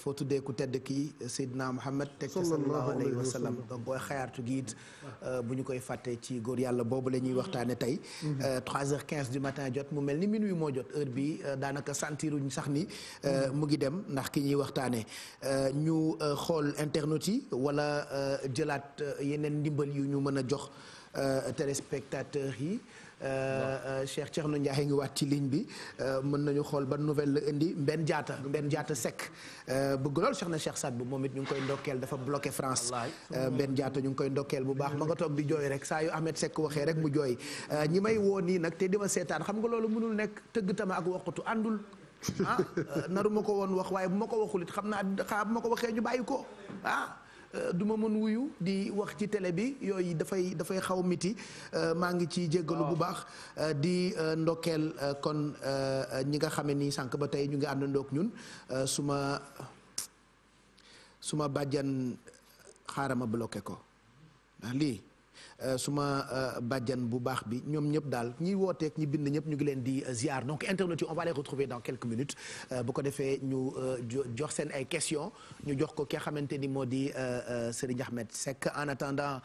foo tuddee ku tedd kii Seydina Muhammad teg ci sallallahu alayhi wa donc booy xayaatu giit euh, bu ñu koy fàttee ci góor yàlla boobu la ñuy waxtaane tey euh, trois heures quinze du matin jot mu mel ni minuit moo jot heure bi euh, daanaka sentiruñ sax ni mu ngi dem ndax ki ñuy waxtaane ñu xool internet yi wala jëlaat yeneen ndimbal yu ñu mën a jox téléspectateurs yi Euh, euh, Cheikh Thierno Ndiaye ngi waat ci ligne bi euh, mën nañu xool ba nouvelle la indi Mbenn Diatta Mbenn jaata Seck bëgg lool Cheikh na sat bu moom it ñu ngi koy ndokkeel dafa bloqué France Mbenn Diatta ñu ngi koy ndokkeel bu baax ma nga toog di jooy rek saa yu Ahmed Seck waxee rek mu jooy ñi may woo nii nag te di ma seetaan xam nga loolu mënul nekk tëgg tama ak waxtu àndul ah naru ma ko woon wax waaye bu ma ko waxul it xam naa xam bu ma ko waxee ñu bàyyi ko ah Euh, du ma mën wuyu di wax ci tele bi yooyu dafay dafay xaw miti euh, maa ngi ci jéggalu bu ah. baax euh, di ndokkeel kon ñi nga xame ni sànq ba tey ñu ngi àndandoog ñun suma ma su ma bàjjan ko lii Euh, suma euh, bàjjan bu baax bi ñoom ñëpp daal ñiy wooteek ñi bind ñëpp ñu ngi leen di euh, ziar donc internet yi on va les retrouver dans quelques minutes bu ko defee ñu jox seen ay questions ñu jox ko ki xamante ni moo di Serigne Ahmed Seck en attendant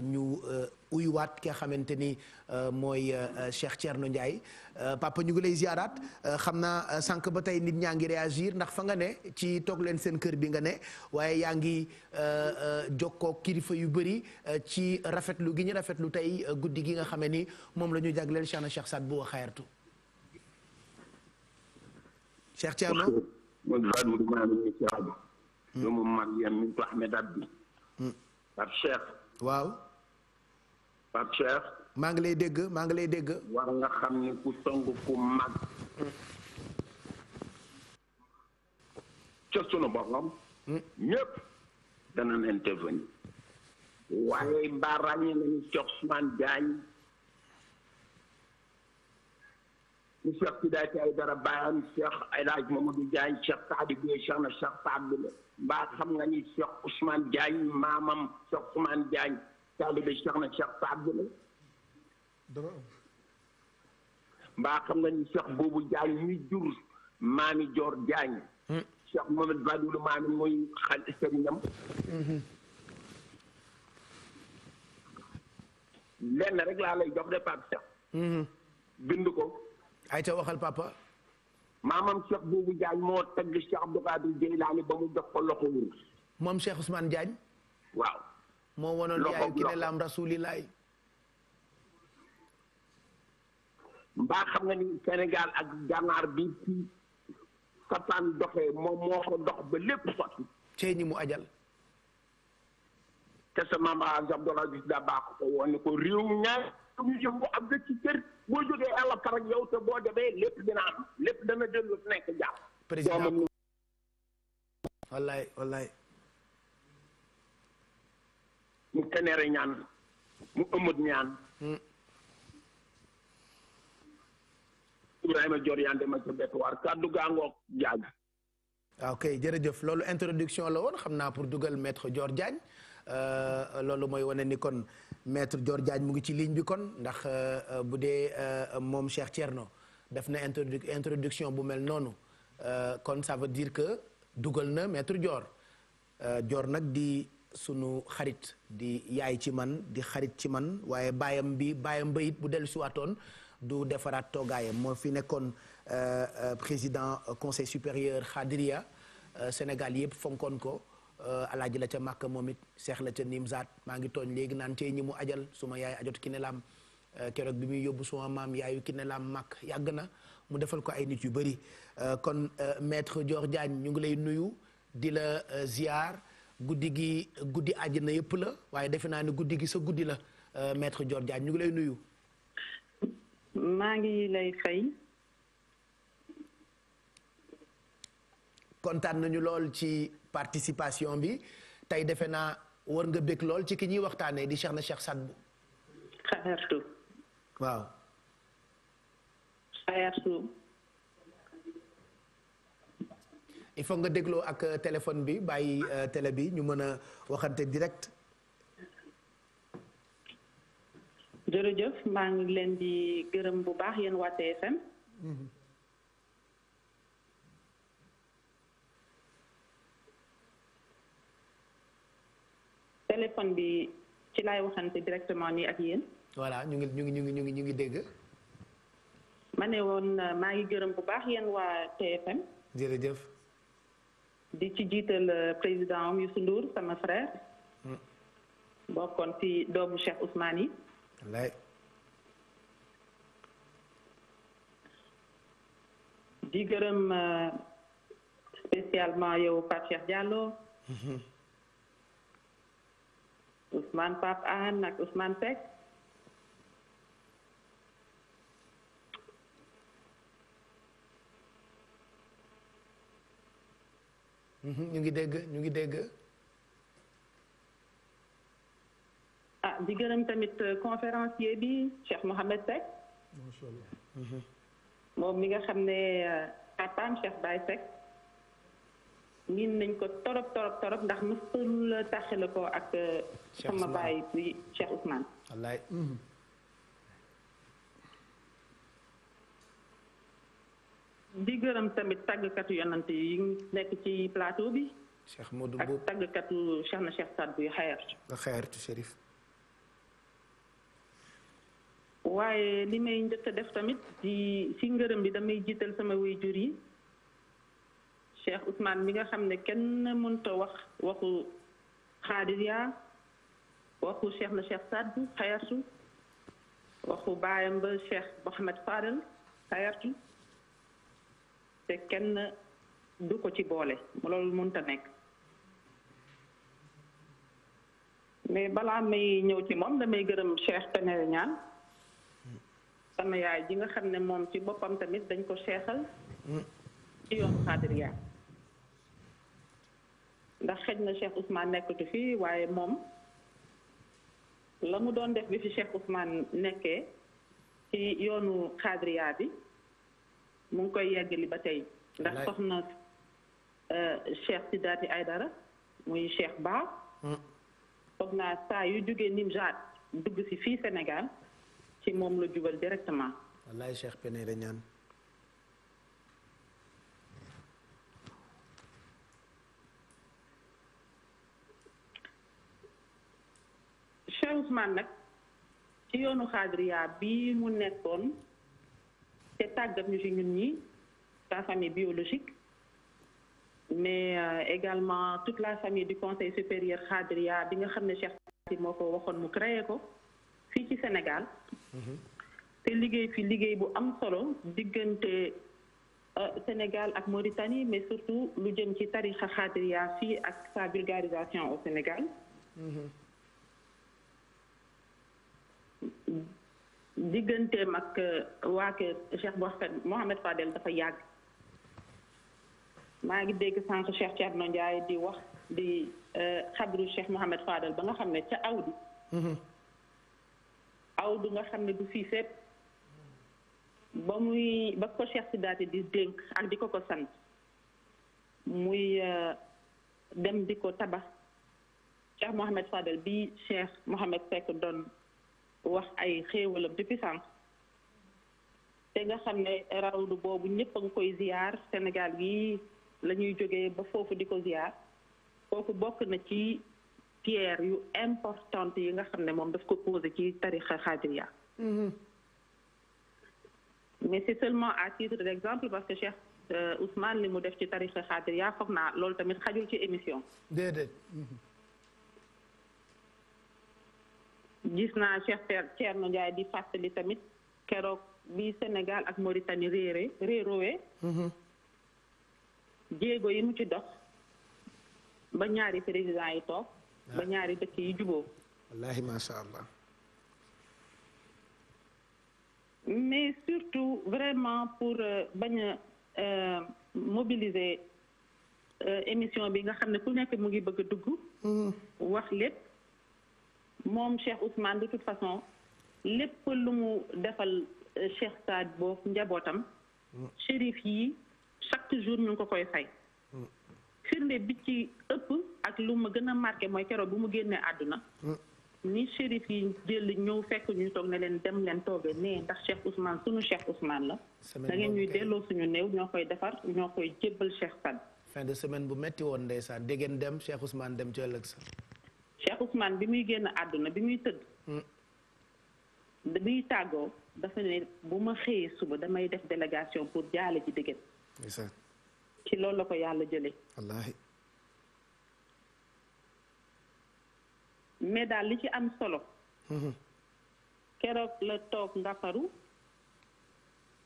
ñu. uyuwaat ki nga xamante ni euh, mooy euh, euh, Cheikh Thierno Ndiaye papa ñu ngi lay ziaraat xam naa sànq ba tey nit ñaa ngi réagir ndax fa nga ne ci toog leen seen kër bi nga ne waaye yaa ngi jokkoo kilifa yu bëri ci rafetlu gi ñu rafetlu tey guddi gi nga xame ni moom la ñu jagleel Cheikhna Cheikh Saad Bou xayartu Cheikh Thierno من Pape maa ngi lay dégg maa ngi lay dégg. war nga xam ni ku tong ku mag. ca sunu boppam. Hmm. ñëpp danañ intervenir. waaye ba ràññee nañu ci Ousmane Diagne. mu Cheikh Sidaati Aydara baayam Cheikh El Hadj Mamadou Diagne Cheikh Saadi Gueye Cheikh na Cheikh Saad Bile mbaa xam nga ni Cheikh Ousmane Diagne maamam Cheikh Ousmane Diagne. taalibe Cheikh na Cheikh Saad Bou la mbaa xam nga ni Cheikh boobu Jaañ ñuy jur maami Joor Jaañ hmm. Cheikh Mohamed Badulu maami mooy xal sëriñam hmm. lenn rek laa lay jox de Pape Cheikh hmm. bind ko ay ca waxal papa maamam Cheikh boobu Jaañ moo tagg Cheikh Abdou Qadir Jeylaani ba mu jox ko loxo wur moom Cheikh Ousmane Jaañ waaw moo wonoon yaayu ki ne laam rasulilaay mbaa xam nga ni Sénégal ak gànnaar bi ci satan doxee moom moo ko ba lépp sotti cey mu ajal te sa maam a Aziz da baax ko woon ne ko réew ñaar ñu jëm boo jógee yàlla par ak yow te boo demee lépp dina am lépp dana dellu nekk jàpp président wallaay wallaay mu Ténéré ñaan mu Amad ñaan. Hmm. Ibrahima Dior yande ma ca bett waar kàddu gaa ngoog jaag. waaw ah, kay jërëjëf loolu introduction la woon xam naa pour dugal maître Dior Diagne euh, loolu mooy wane ni kon maître Dior Diagne mu ngi ci ligne bi kon ndax euh, bu dee euh, moom Cheikh Thierno def na introdu introduction bu mel noonu kon ça veut dire que dugal na metre Dior Dior nag di. sunu xarit di yaay ci man di xarit ci man waaye baayam bi baayam bayit bu dellu si waatoon du defaraat toogaayam moo fi nekkoon euh, euh, président euh, conseil supérieur xaadiriya Sénégal yëpp fonkoon ko alaaji la ca màkk moom it seex la ca nimzaat maa ngi tooñ léegi naan tey ñi mu ajal suma yaay ajot ki ne laam keroog bi muy yóbbu suma maam yaayu ki ne laam màkk yàgg na mu defal ko ay nit yu bëri kon maître Dior Diagne ñu ngi lay nuyu di la ziar guddi gi guddi àjjana yëpp la waaye defe naa ne guddi gi sa guddi la euh, maître Dior Diagne ñu ngi lay nuyu. maa ngi lay fay. kontaan nañu lool ci participation bi tey defe naa war nga bég lool ci ki ñuy waxtaanee di na Cheikh Sadbou. xaartu. waaw. il faut nga dégloo ak euh, téléphone bi bàyyi euh, télé bi ñu mën a waxante direct. jërëjëf maa ngi leen di gërëm bu baax yéen waa TFM. Mhm. téléphone bi ci laay waxante directement nii ak yéen. voilà ñu ngi ñu ngi ñu ngi ñu ngi ñu ngi dégg. ma ne woon euh, maa ngi gërëm bu baax yéen waa TFM. jërëjëf. di ci jiital euh, président am Youssou Ndour sama frère. Hmm. bokkoon doomu Cheikh Ousmane yi. di gërëm euh, spécialement yow Pape Cheikh Diallo. Mhm. Ousmane Pape Anne ak Ousmane Seck. Mhm, ñu ngi dégg ñu ngi dégg. ah di gërëm tamit euh, conférencier bi Cheikh Mohamed Seck. Mhm. moom mi nga xam ne euh, papaam Cheikh Baye Seck. miin nañ ko torop torop torop ndax mësul taxale ko ak. Euh, sama baay bi Cheikh wallaay. Mhm. di gërëm tamit tàggkatu yonante yi nekk ci plateau bi. Cheikh Modou Mbow ak tàggkatu Cheikh na Cheikh Saad Buy xayartu. nga xayartu Chérif. waaye li may njëkk a def tamit di ci ngërëm bi damay jiital sama waajur yi Cheikh Ousmane mi nga xam ne kenn mënta wax waxu Xaadiriya waxu Cheikh na Cheikh Saad Buy xayartu waxu baayam ba Cheikh Mohamed Fadel xayartu. te kenn du ko ci boole loolu mënut a nekk mais balaa may ñëw ci moom damay gërëm Cheikh Tanor Niane sama yaay ji nga xam ne moom ci boppam tamit dañ ko seexal ci yoon xaadiriya ndax xëj na Cheikh Ousmane nekkatu fii waaye moom la mu doon def bi fi Cheikh Ousmane nekkee ci yoonu xaadiriya bi mu ngi koy yeggali ba tey ndax soxna euh, Cheikh Sidaati Aydara muy Cheikh Ba hmm. foog naa saa yu jógee Nimjaat dugg si fii Sénégal ci moom la jugal directement wallaay Cheikh Pene la ñaan Cheikh nag ci yoonu xaadriya bi mu nekkoon te tàggat ñu fi ñun ñi la famille biologique mais euh, également toute la famille du conseil supérieur Khadria bi nga xam ne Cheikh Fatim moo ko waxoon mu créé ko fii ci Sénégal mhm. te liggéey fi liggéey bu am solo diggante euh, Sénégal ak Mauritanie mais surtout lu jëm ci tarixa Khadria fii ak sa vulgarisation au Sénégal mhm. mm. digganteem ak euh, waa kër Cheikh Mohamed Fadel dafa yàgg maa ngi dégg sànq Cheikh Thierno Ndiaye di wax di euh, xabru Cheikh Mohamed fadal ba nga xam ne ca awdu mhm. awdu nga xam ne du fii fépp ba muy ba ko Cheikh Sidaati di dénk ak di ko ko san muy euh, dem di ko tabax Cheikh Mohamed Fadel bi Cheikh Mohamed Seck doon wax ay xéewalam depuis sànq te nga xam ne rawdu boobu ñëpp a nga koy ziar Sénégal gi la ñuy jógee ba foofu di ko ziar kooku bokk na ci pierre yu importante yi nga xam ne moom daf ko posé ci tarixa xaadiriya mm-hmm. mais c'est seulement à titre d'exemple parce que Cheikh euh, Ousmane li mu def ci tarixa xaadiriya foog naa loolu tamit xajul ci émission déedéet mm-hmm. gis naa Cheikh Thierno Ndiaye di fàttali tamit keroog bi Sénégal ak Mauritanie réeré réerowee mhm. jéego yi mu ci dox ba ñaari président yi toog ba ñaari dëkk yi juboo mais surtout vraiment pour euh, bañ a euh, mobiliser euh, émission bi nga xam ne ku nekk mu ngi bëgg a dugg mhm. wax lépp moom Cheikh Ousmane de toute façon lépp lu mu defal euh, Cheikh Saad Boof njabootam. Mm. shérif yi chaque jour ñu ngi ko koy fay. Mm. firnde bi ci ëpp ak lu ma gën a marqué mooy keroog bu mu génnee àdduna. Mm. ni shérif yi jël ñëw fekk ñu toog ne leen dem leen toogee nee ndax Cheikh Ousmane suñu Cheikh Ousmane la. da ngeen ñuy delloo suñu néew ñoo koy defar ñoo koy jébbal Cheikh Saad. fin de semaine bu metti woon ndeysaan dégg ngeen dem Cheikh Ousmane dem ci ëllëg sa Cheikh Ousmane bi muy génn àdduna bi muy tëdd. Mm. bi tàggoo dafa ne bu ma xëyee suba damay def délégation pour jaale ji dëgg. ci loolu la ko yàlla jëlee. mais daal li ci am solo. Mm-hmm. keroog la toog Ndaparu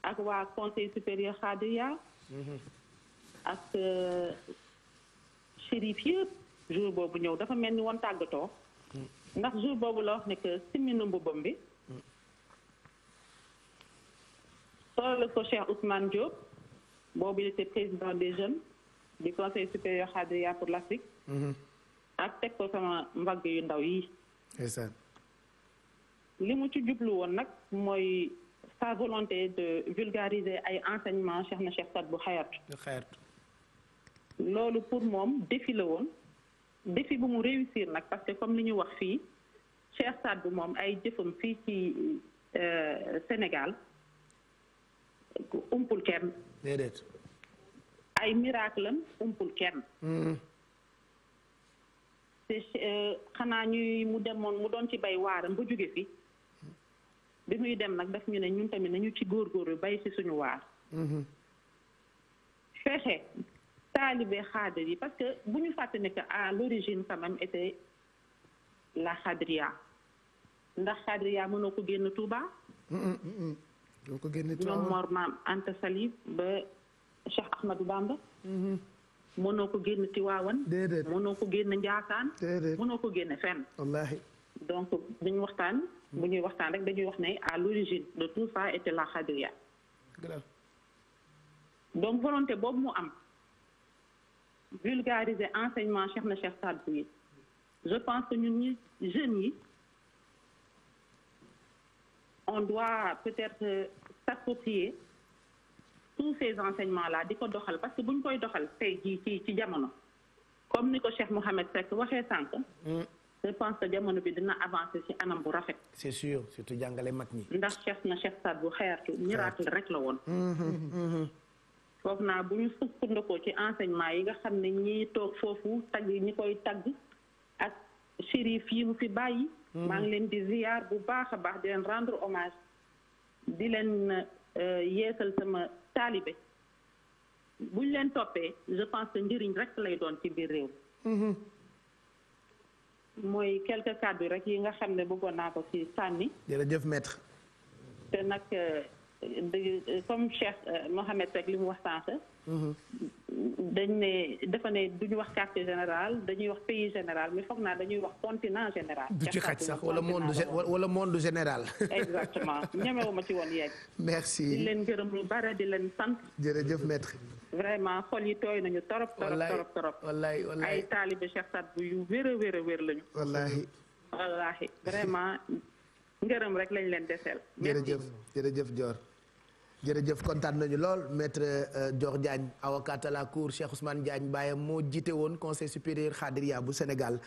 ak waa conseil supérieur Xaadiya. Mm-hmm. ak euh, chérif yëpp. jour boobu ñëw dafa mel ni woon tàggatoo ndax jour boobu la wax ne que simmi na mbubbam bi solal ko Cheikh Ousmane Diop boobu il était président des jeunes di conseil supérieur Khadria pour l'Afrique mhm. ak teg ko sama mbagg yu ndaw yi li mu ci jublu woon nag mooy sa volonté de vulgariser ay enseignement Cheikh na Cheikh Sadbou Hayatou loolu pour moom défi la woon défi bu mu réussir nag parce que comme li ñu wax fii Cheikh Saad bu moom ay jëfam fii ci euh, Sénégal umpul kenn. ay miracle am umpul kenn. Hmm. Euh, xanaa ñuy mu demoon mu doon ci bay waaram ba jóge fi bi muy dem nag daf ñu ne ñun tamit nañu ci góor góor yu bay ci suñu waar. Hmm. fexe taalibe xaadir yi parce que bu ñu fàtte ne que à l'origine quand même était la xadria ndax xadria mënoo ko génn Touba. Mm, mm, mm, doo ko génn Touba ñoom Mor Maam Anta Sali ba Cheikh mm-hmm. mënoo ko génn Tiwaawan. déedéet mënoo ko génn Njaasaan. déedéet mënoo ko génn fenn. wallaahi. donc buñu waxtaan. bu ñuy waxtaan rek dañuy wax ne à l'origine de tout ça était la xadria. donc volonté boobu mu am. vulgariser enseignement Cheikh na Cheikh Saad Bou yi je pense que ñun ñi jeunes yi on doit peut-être euh, s'approprier tous ces enseignements là di ko doxal parce que bu ñu koy doxal tey jii ci ci jamono comme ni ko Cheikh Mouhamed Seck waxee sànq. Mm. je pense que jamono bi dina avancer ci anam bu rafet. c'est sûr surtout jàngale mag ñi. ndax Cheikh na Cheikh Saad Bou xeertu miracle rek la woon. Mm-hmm, mm-hmm. foog naa bu ñu sukkandikoo ci enseignement yi nga xam ne ñi toog foofu tagg ñi koy tagg ak shérif yi mu fi bàyyi. Hmm. maa ngi leen di ziar bu baax a baax di leen rendre hommage di leen euh, yeesal sama taalibe buñ leen toppee je pense que njëriñ rek lay doon ci biir réew. Hmm. mooy quelques kàddu rek yi nga xam ne bëggoon ko ci sànni. te nag. Euh, dëgg comme Cheikh euh, Mohamed Seck li mu wax sànq. Mhm. dañ ne dafa ne du ñu wax quartier général dañuy wax pays général mais foog naa dañuy wax continent général. du ci xaj sax wala monde wala monde général. exactement ñemewuma ci woon yegg. merci di leen gërëm lu bare di leen sant. jërëjëf maître. vraiment xool yi tooy nañu torop torop torop wallaay wallaay ay taalibe Cheikh Saad bu yu wér a wér wér lañu. wallaahi. wallaahi vraiment. ngërëm rek lañ leen deseel. jërëjëf jërëjëf Dior. jërëjëf kontaan nañu lool maître euh, Dior Diagne avocat à la cour Cheikh Ousmane Diagne baayam moo jiite woon conseil supérieur xaadiriya bu Sénégal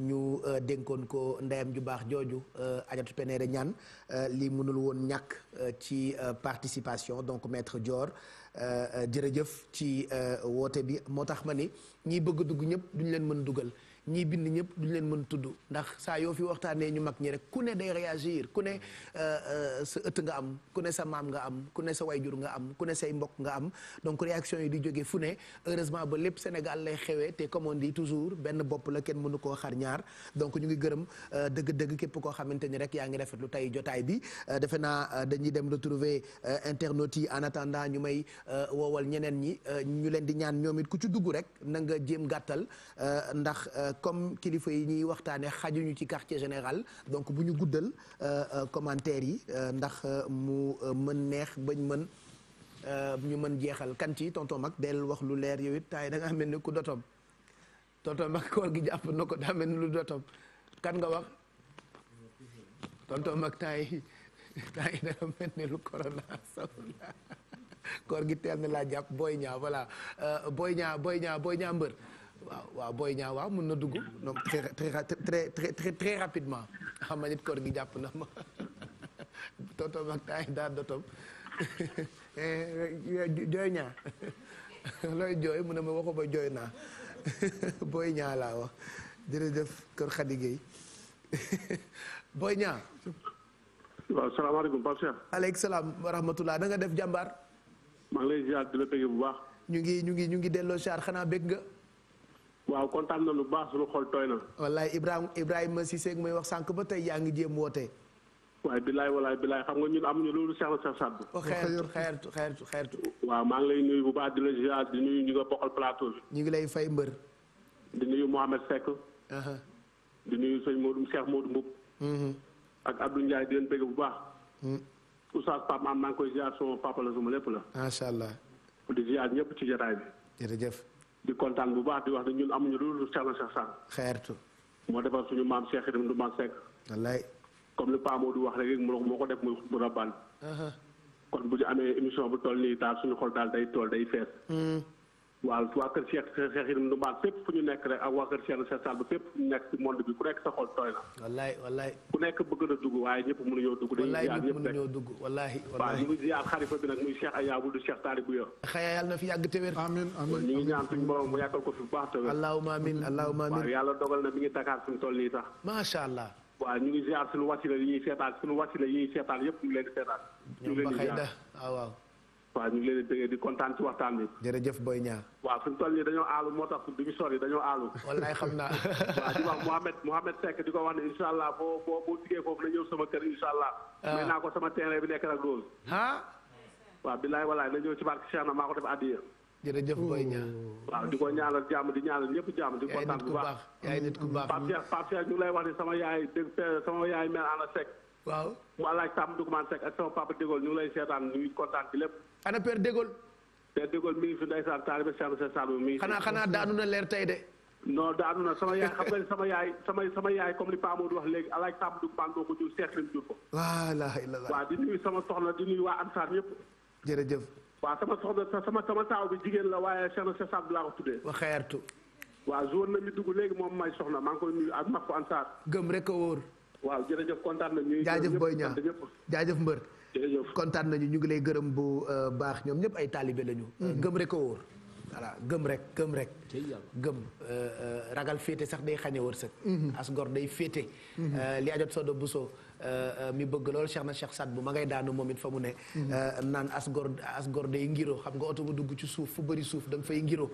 ñu euh, dénkoon ko ndeyam ju baax jooju euh, ajatu peneere ñaan lii mënul woon ñàkk ci participation donc maître Dior jërëjëf ci woote bi moo tax ma ni ñiy bëgg dugg ñëpp duñ leen mën dugal. ñiy bind ñëpp duñ leen mën tudd ndax saa yoo fi waxtaanee ñu mag ñi rek ku ne day réagir ku ne euh, euh, sa ëtt nga am ku ne sa maam nga am ku ne sa wayjur nga am ku ne say mbokk nga am donc réaction yi di jóge fu ne heureusement ba Sénégal lay xewee te comme on toujours benn bopp la kenn mënu koo xar ñaar donc ñu ngi gërëm euh, dëgg-dëgg képp koo xamante ni rek yaa ngi rafetlu tey jotaay bi defe naa dañuy dem retrouver internautes yi en attendant ñu may woowal ñeneen ñi ñu leen di ñaan ñoom it ku ci dugg rek na nga jéem gàttal ndax comme kilifa yi ñuy waxtaane xajuñu ci quartier général donc bu ñu guddal euh, euh, commentaires yi euh, ndax mu mën neex bañ mën ñu mën jeexal kant ci tonton mag del wax lu leer yow it taay da nga mel ni ku dotom tonton mag koor gi jàpp na ko daa mel ni lu dotom kan nga wax tonton mag taay taay da nga mel ni lu corona sawla koor gi teel na laa jàpp booy ñaa voilà booy ñaa booy ñaa booy ñaa mbër waaw waaw Boy Niang waaw mën na dugg donc très très très très très rapidement xam nga nit koor gi jàpp na ma totom ak taay daal dotom jooy ñaa looy jooy mu ne ma waxu ba jooy naa Boy Niang laa wax jërëjëf kër Khady Gueye Boy Niang waaw salaamaaleykum Pape Cheikh. aleykum salaam wa rahmatulah da nga def jàmbaar. maa ngi lay ziar di la bëgg bu baax. ñu ngi ñu ngi ñu ngi delloo ziar xanaa bëgg nga. waaw kontaan na lu baax suñu xol tooy na. wallaay Ibrahima Ibrahima Cissé mooy wax sànq ba tey yaa ngi jéem woote. waaye bilaay walaay billaay xam nga ñun am amuñu loolu seex na seex Saddu. xeertu xeertu xeertu xeertu. waaw maa ngi lay nuyu bu baax di la ziar di nuyu ñu nga bokkal plateau bi. ñu ngi lay fay mbër. di nuyu Mohamed Seck. di nuyu sëñ Modou Cheikh Modou Mboup. Mhm. ak Abdou Ndiaye di leen bëgg bu baax. Mhm. Oustaz Pape Am maa ngi koy ziar sama papa la sama lépp la. macha allah. di ziar ñëpp ci jotaay bi. jërëjëf. di kontaan bu baax di wax ne ñun amuñu loolu Cheikh na Cheikh Sall. xeertu. moo defar suñu maam Cheikh Ibrahima du maam Seck. wallaay. comme li Paa du wax rek moo ko def muy bu rabaan. kon bu ñu amee émission bu toll nii daal suñu xol daal day tool day fees. Hmm. waaw waa kër Cheikh Cheikh Ibrahima Ndoumane fépp fu ñu nekk rek ak waa kër Cheikh Cheikh Sall ba fépp fu ñu nekk ci monde bi ku nekk sa xol tooy na. wallaay bëgg na dugg waaye ñëpp mënuñoo dugg. wallaay dugg wallaay. wallaay waaw ñu ngi ziar xalifa bi nag muy Cheikh Ayabu du Cheikh Talibou Yo. xëy yàlla na fi yàgg te wér. amiin amiin ñu ngi ñaan suñu borom mu yàggal ko fi bu baax te wér. allahumma amiin allahumma amiin. waaw yàlla dogal na mi ngi Dakar suñu toll nii sax. macha allah. waaw ñu ngi ziar suñu wasila yi ñuy seetaan suñu yëpp ñu leen di seetaan. ñu leen di ziar waaw waaw waaw ñu ngi leen di déggee di kontaan ci waxtaan bi. jërëjëf Boy Niang. waaw fi mu toll nii dañoo aalu moo tax du ñu sori dañoo aalu. wallaay xam naa. waaw di wax Mouhamed allah foofu la ñëw sama kër incha allah. Ah. may naa ko sama terrain bi nekk ak Rose. ah. waaw billaay walaay la ñëw ci barke Cheikh na maa ko def a jërëjëf Boy Niang. waaw di ko ñaanal jàmm di ñaanal ñëpp jàmm. di kontaan bu baax yaay nit ku baax yaay nit ku ñu lay wax ne sama yaay dégg sama yaay mère Anna Seck waaw mu alaaj Samb Ndoukoumane Seck ak sama papa Dégol ñu lay seetaan ñu ngi kontaan ci lépp. ana père Dégol. père Dégol mi ngi fi ndeysaan taalibe Cheikh Moussa Sall mi ngi. xanaa xanaa daanu na leer tey de. non daanu na sama yaay sama yaay sama sama yaay comme li Pa Modou wax léegi alaaj Samb Ndoukoumane doo ko jur di nuyu sama soxna di nuyu waa Ansar ñëpp. jërëjëf. waaw sama soxna sama sama bi jigéen la waaye Cheikh Moussa Sall laa ko tuddee. wa xeertu. waa jour na mi dugg léegi moom may soxna maa ngi koy nuyu ak Makko Ansar. gëm rek a wóor waaw jërëjëf kontaan nañu. jaajëf Boy Niang jaajëf Mbër. kontaan nañu ñu ngi lay gërëm bu euh, baax ñoom ñëpp ay taalibe lañu. Euh, mhm. gëm rek a wóor. voilà gëm rek gëm rek. gëm euh, ragal féete sax day xañe wërsëg. Mhm. as gor day féete. Mhm. li ajot Sodo Bousso mi bëgg loolu Cheikh na Cheikh Saad bu ma ngay daanu moom it fa mu ne. naan as gor as gor day ngiro xam nga oto bu dugg ci suuf fu bëri suuf da nga fay ngiro.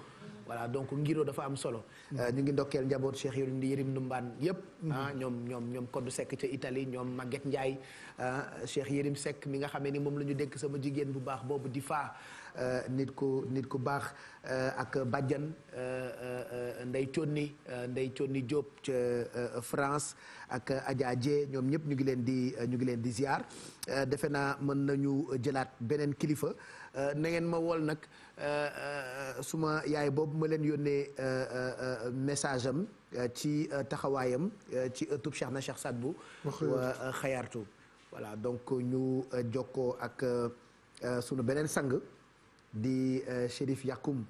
voilà donc ngiroo dafa am solo. Mm. Euh, ñu ngi ndokkeel njaboot Cheikh Yérim Ndumbaan yëpp. Mm. Ah, ñoom ñoom ñoom Codou sekk ca itali ñoom Maguette Ndiaye ah, Cheikh Yérim sekk mi nga xamee ni moom lañu ñu sama jigéen bu baax boobu di faa euh, nit ku nit ku baax euh, ak bàjjan Ndey Conni Ndey Conni Diop ca France ak Adja ñoom ñëpp ñu ngi leen di ñu ngi leen di ziar defe naa mën nañu jëlaat beneen kilifa na ngeen ma wol nag. Euh, euh, euh, suma yaay boobu ma leen yónnee message am ci taxawaayam ci ëttub Cheikh na Cheikh Sadbu xayaartu voilà donc ñu jokkoo ak sunu beneen sang di Chérif Yakoum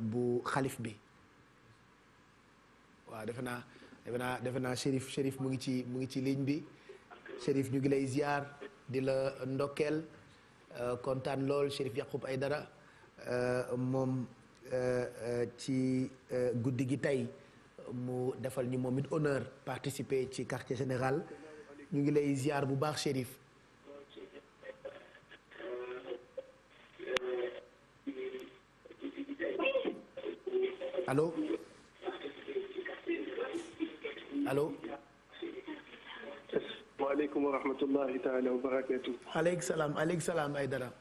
bu xalif bi waaw defe naa defe naa defe naa Chérif Chérif mu ngi ci mu ngi ci ligne bi Chérif ñu ngi lay ziar di la ndokkeel kontaan lool Chérif Yakoum ay dara Euh, moom euh, euh, ci guddi gi tey mu defal ñu moom it honneur participer ci quartier général ñu ngi lay ziar bu baax Chérif. allo allo. waaleykum wa rahmatullahi taala wa barakaatu. aleyk salaam aleyk salaam Aydara.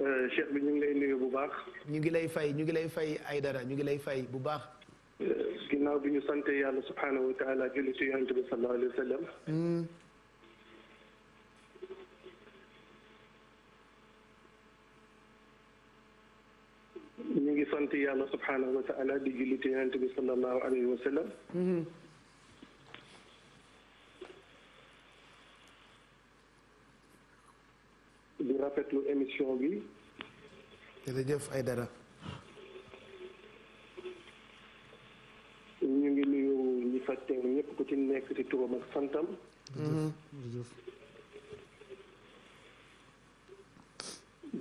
Euh, cheikh bi ñu ngi lay nuyu bu baax. ñu ngi lay fay ñu ngi lay fay ay dara ñu ngi lay fay bu baax. Euh, ginnaaw bi ñu sant yàlla subhaanahu wa taala julli ci yonent bi sallallahu alayhi wa sallam. Hmm. ñu ngi sant yàlla subhaanahu wa taala di julli ci yonent bi sallallahu alayhi wa sallam. Hmm. di rafetlu émission bi. jërëjëf ay dara. ñu ngi nuyu ñu fa teew ñëpp ku ci nekk turam ak santam.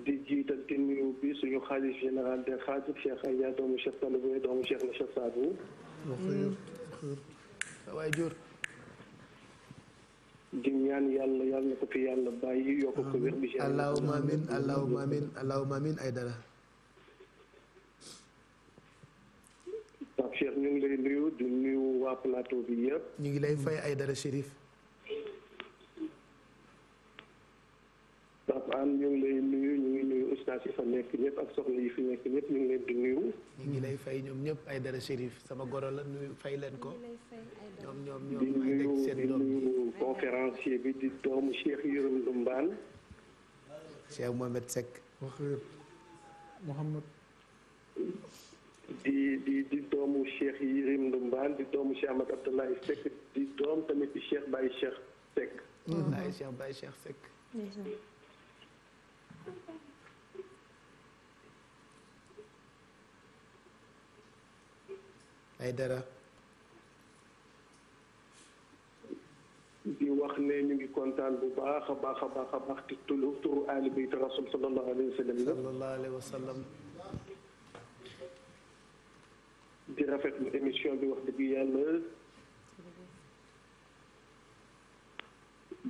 di jiital te nuyu bi suñu xaalis général de xaalis Cheikh Aya doomu doomu Cheikh la Cheikh Sadou. waaye jur. di ñaan yàlla yàlla na ko fi yàlla bàyyi yokk ko wér bi. allahumma amin allahumma amin allahumma amin ay dara. Pape Cheikh ñu ngi la nuyu di nuyu waa plateau bi yëpp. ñu ngi lay fay ay dara Chérif. Pape An ñu ngi lay nuyu ñu ngi nuyu ustaas yi fa nekk ñëpp ak soxna yi fi nekk ñëpp ñu ngi leen di nuyu. ñu ngi lay fay ñoom ñëpp ay dara shérif sama goro la nuyu fay leen ko. ñoom ñoom ñoom ay dëkk seen bi di doomu Cheikh Yérim Ndumbaan. Cheikh Mohamed Seck. wax Mohamed. di di di doomu Cheikh Yérim Ndumbaan di doomu Cheikh Ahmad Abdoulaye Seck di doom tamit di Cheikh Baye Cheikh Seck. Baye Cheikh Baye Cheikh Seck. ay dara di wax ne ñu ngi kontaan bu baax a baax a baax a baax ci tulu turu aali bayt rasul sallallahu alayhi wa sallam sallallahu alayhi wa sallam di rafetlu émission bi wax dëgg yàlla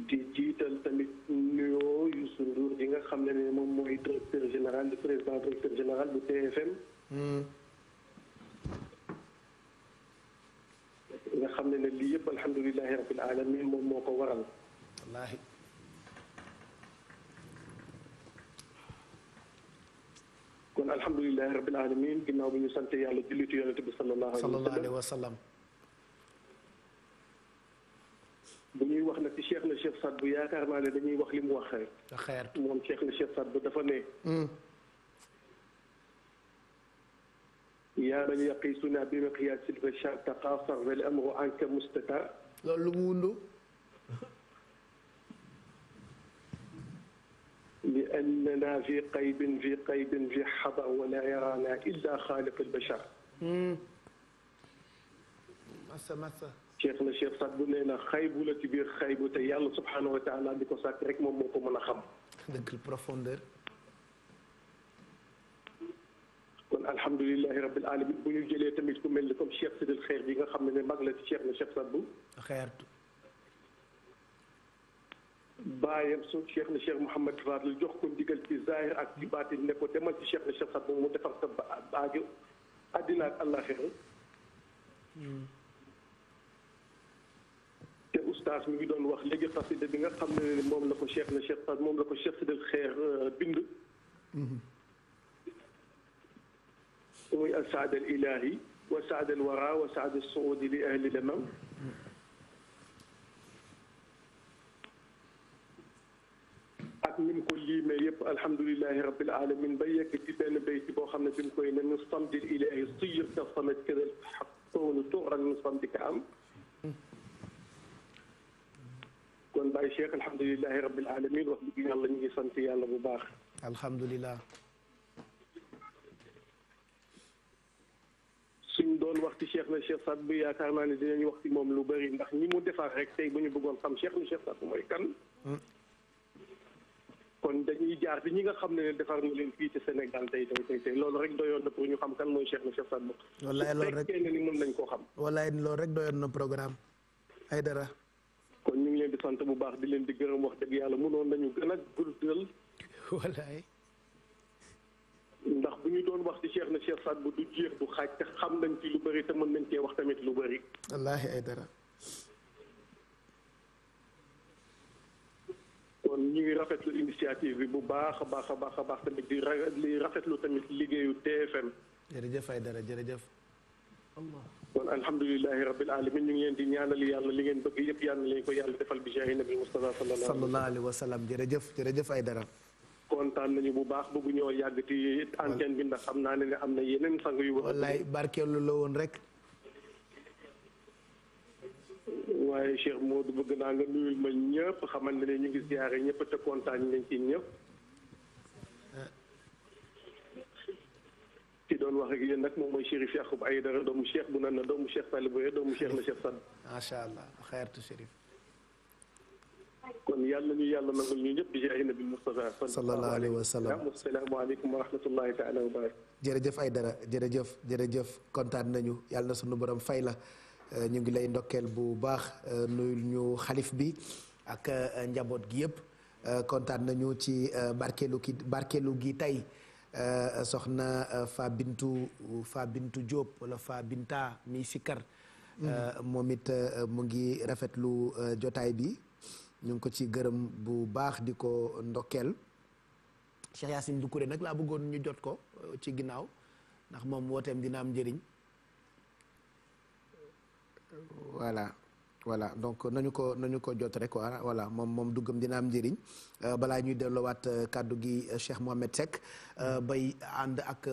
di tamit nuyoo Youssou Ndour di nga xam ne ne moom mooy directeur général di président directeur général bu TFM hmm. nga xam ne ne lii yëpp alhamdulilahi rabbil alamin moom moo ko waral wallaahi kon alhamdulilahi rabbil alamin ginnaaw bi ñu sante yàlla jullitu yonente bi sallallahu alayhi bu ñuy wax nag ci Cheikh na Cheikh Saad bu yaakaar naa ne dañuy wax li mu wax rek. moom Cheikh na Cheikh Saad bu dafa ne. Hmm. yaa man yaqiisunaa bi miqyaasil ghashaa taqaasar wal amru anka mustatar. loolu lu mu wundu. li annanaa fi qaybin fi qaybin fi xada wala yaraanaa illaa xaaliq albashar. Hmm. masa masa. cheikh la cheikh Saad bu nee na xaybu la ci biir xaybu te yàlla subhaanahu wa taala di ko sàkk rek moom moo ko mën a xam. dëgg profondeur. kon alhamdulilahi rabil alamin bu ñu jëlee tamit ku mel ni comme cheikh Sidil Xeer bi nga xam ne mag la ci cheikh la cheikh Saad bu. xeertu. baayam su cheikh na cheikh Mouhamed Fadl jox ko ndigal ci zahir ak ci baatin ne ko demal ci cheikh na cheikh Saad bu mu defar sa ba aajo àddina ak àllaaxira hmm. oustaz mi ngi doon wax léegi xasida bi nga xam ne moom la ko cheikh na cheikh moom la ko cheikh sidal xeer euh, bind mm-hmm. muy al saad al ilahi wa saad al wara wa saad al suudi li ahli lamam ak ni mu ko liimee yëpp alhamdulilahi rabil alamin ba yegg ci benn bayt boo xam ne bi mu koy ne nu samdil ilahi siyir ka samat kadal xaq toonu tuuran nu samdika am Baye Cheikh alhamdulilahi rabbil alamin wax dëgg yàlla ñu ngi sant yàlla bu baax. alhamdulilah. suñ doon wax ci Cheikh na Cheikh Saad bu yaakaar naa ne dinañ wax ci moom lu bari ndax ñi mu defar rek tey bu ñu bëggoon xam Cheikh na Cheikh Saad bu mooy kan. Mm. kon dañuy jaar ci ñi nga xam ne defar na leen fii ci Sénégal tey tey tey tey loolu rek doyoon na pour ñu xam kan mooy Cheikh na Cheikh Saad bu. wallaay loolu rek fekkee na ni mën nañ koo xam. wallaay loolu rek doyoon na programme ay dara. leen di sant bu baax di leen di gërëm wax dëgg yàlla mënoon nañu gën a guddal. walaay. ndax bu ñu doon wax ci Cheikh na Cheikh Saad bu du jeex du xaaj te xam nañ ci lu bari te mën nañ cee wax tamit lu bëri. wallaahi ay dara. kon ñu ngi rafetlu initiative bi bu baax a baax a baax a baax tamit di rafetlu tamit liggéeyu TFM. jërëjëf ay dara jërëjëf. kon alhamdulilahi rabbil alamin ñu ngi leen di ñaanal yàlla li ngeen bëgg yëpp yàlla leen ko yàlla defal bi jaahi nabi mustafa sallallahu alayhi wa sallam jërëjëf jërëjëf ay dara kontaan nañu bu baax bëggu ñoo yàgg ti antenne bi ndax xam naa ne ne am na yeneen sang yu wallaay barkeelu la woon rek waaye Cheikh Modou bëgg naa nga nuyul ñëpp xamante ne ñu ngi ziyaare ñëpp te nañ ci ñëpp doon wax ak yéen nag moom mooy Chérif Yacoub Aïdara doomu Cheikh bu nan na doomu Cheikh Sall Boye doomu Cheikh la Cheikh Sadd. macha allah kon yàlla ñu yàlla nangul ñu ñëpp di jaahi nabi Mustafa. sallallahu alayhi wa sallam jërëjëf jërëjëf jërëjëf kontaan nañu yàlla suñu sunu borom fay la euh, ñu ngi lay ndokkeel bu baax euh, nuyul ñu xalif bi ak euh, njaboot gi yëpp kontaan nañu ci barkeelu ki barkeelu gi tey. Euh, soxna euh, Fa Bintu Fa Bintu Diop wala Fa Binta mi sikkar mm. euh, moom it mu ngi rafetlu jotaay bi ñu ngi ko ci gërëm bu baax di ko ndokkeel Cheikh Yacine Doucouré nag laa bëggoon ñu jot ko ci ginnaaw ndax moom wooteem dina am njëriñ voilà voilà donc nañu ko nañu ko jot rek quoi voilà moom moom duggam dina am njëriñ euh, balaa ñuy delloowaat euh, kàddu gi euh, Cheikh Mohamed Seck mm-hmm. bay ànd ak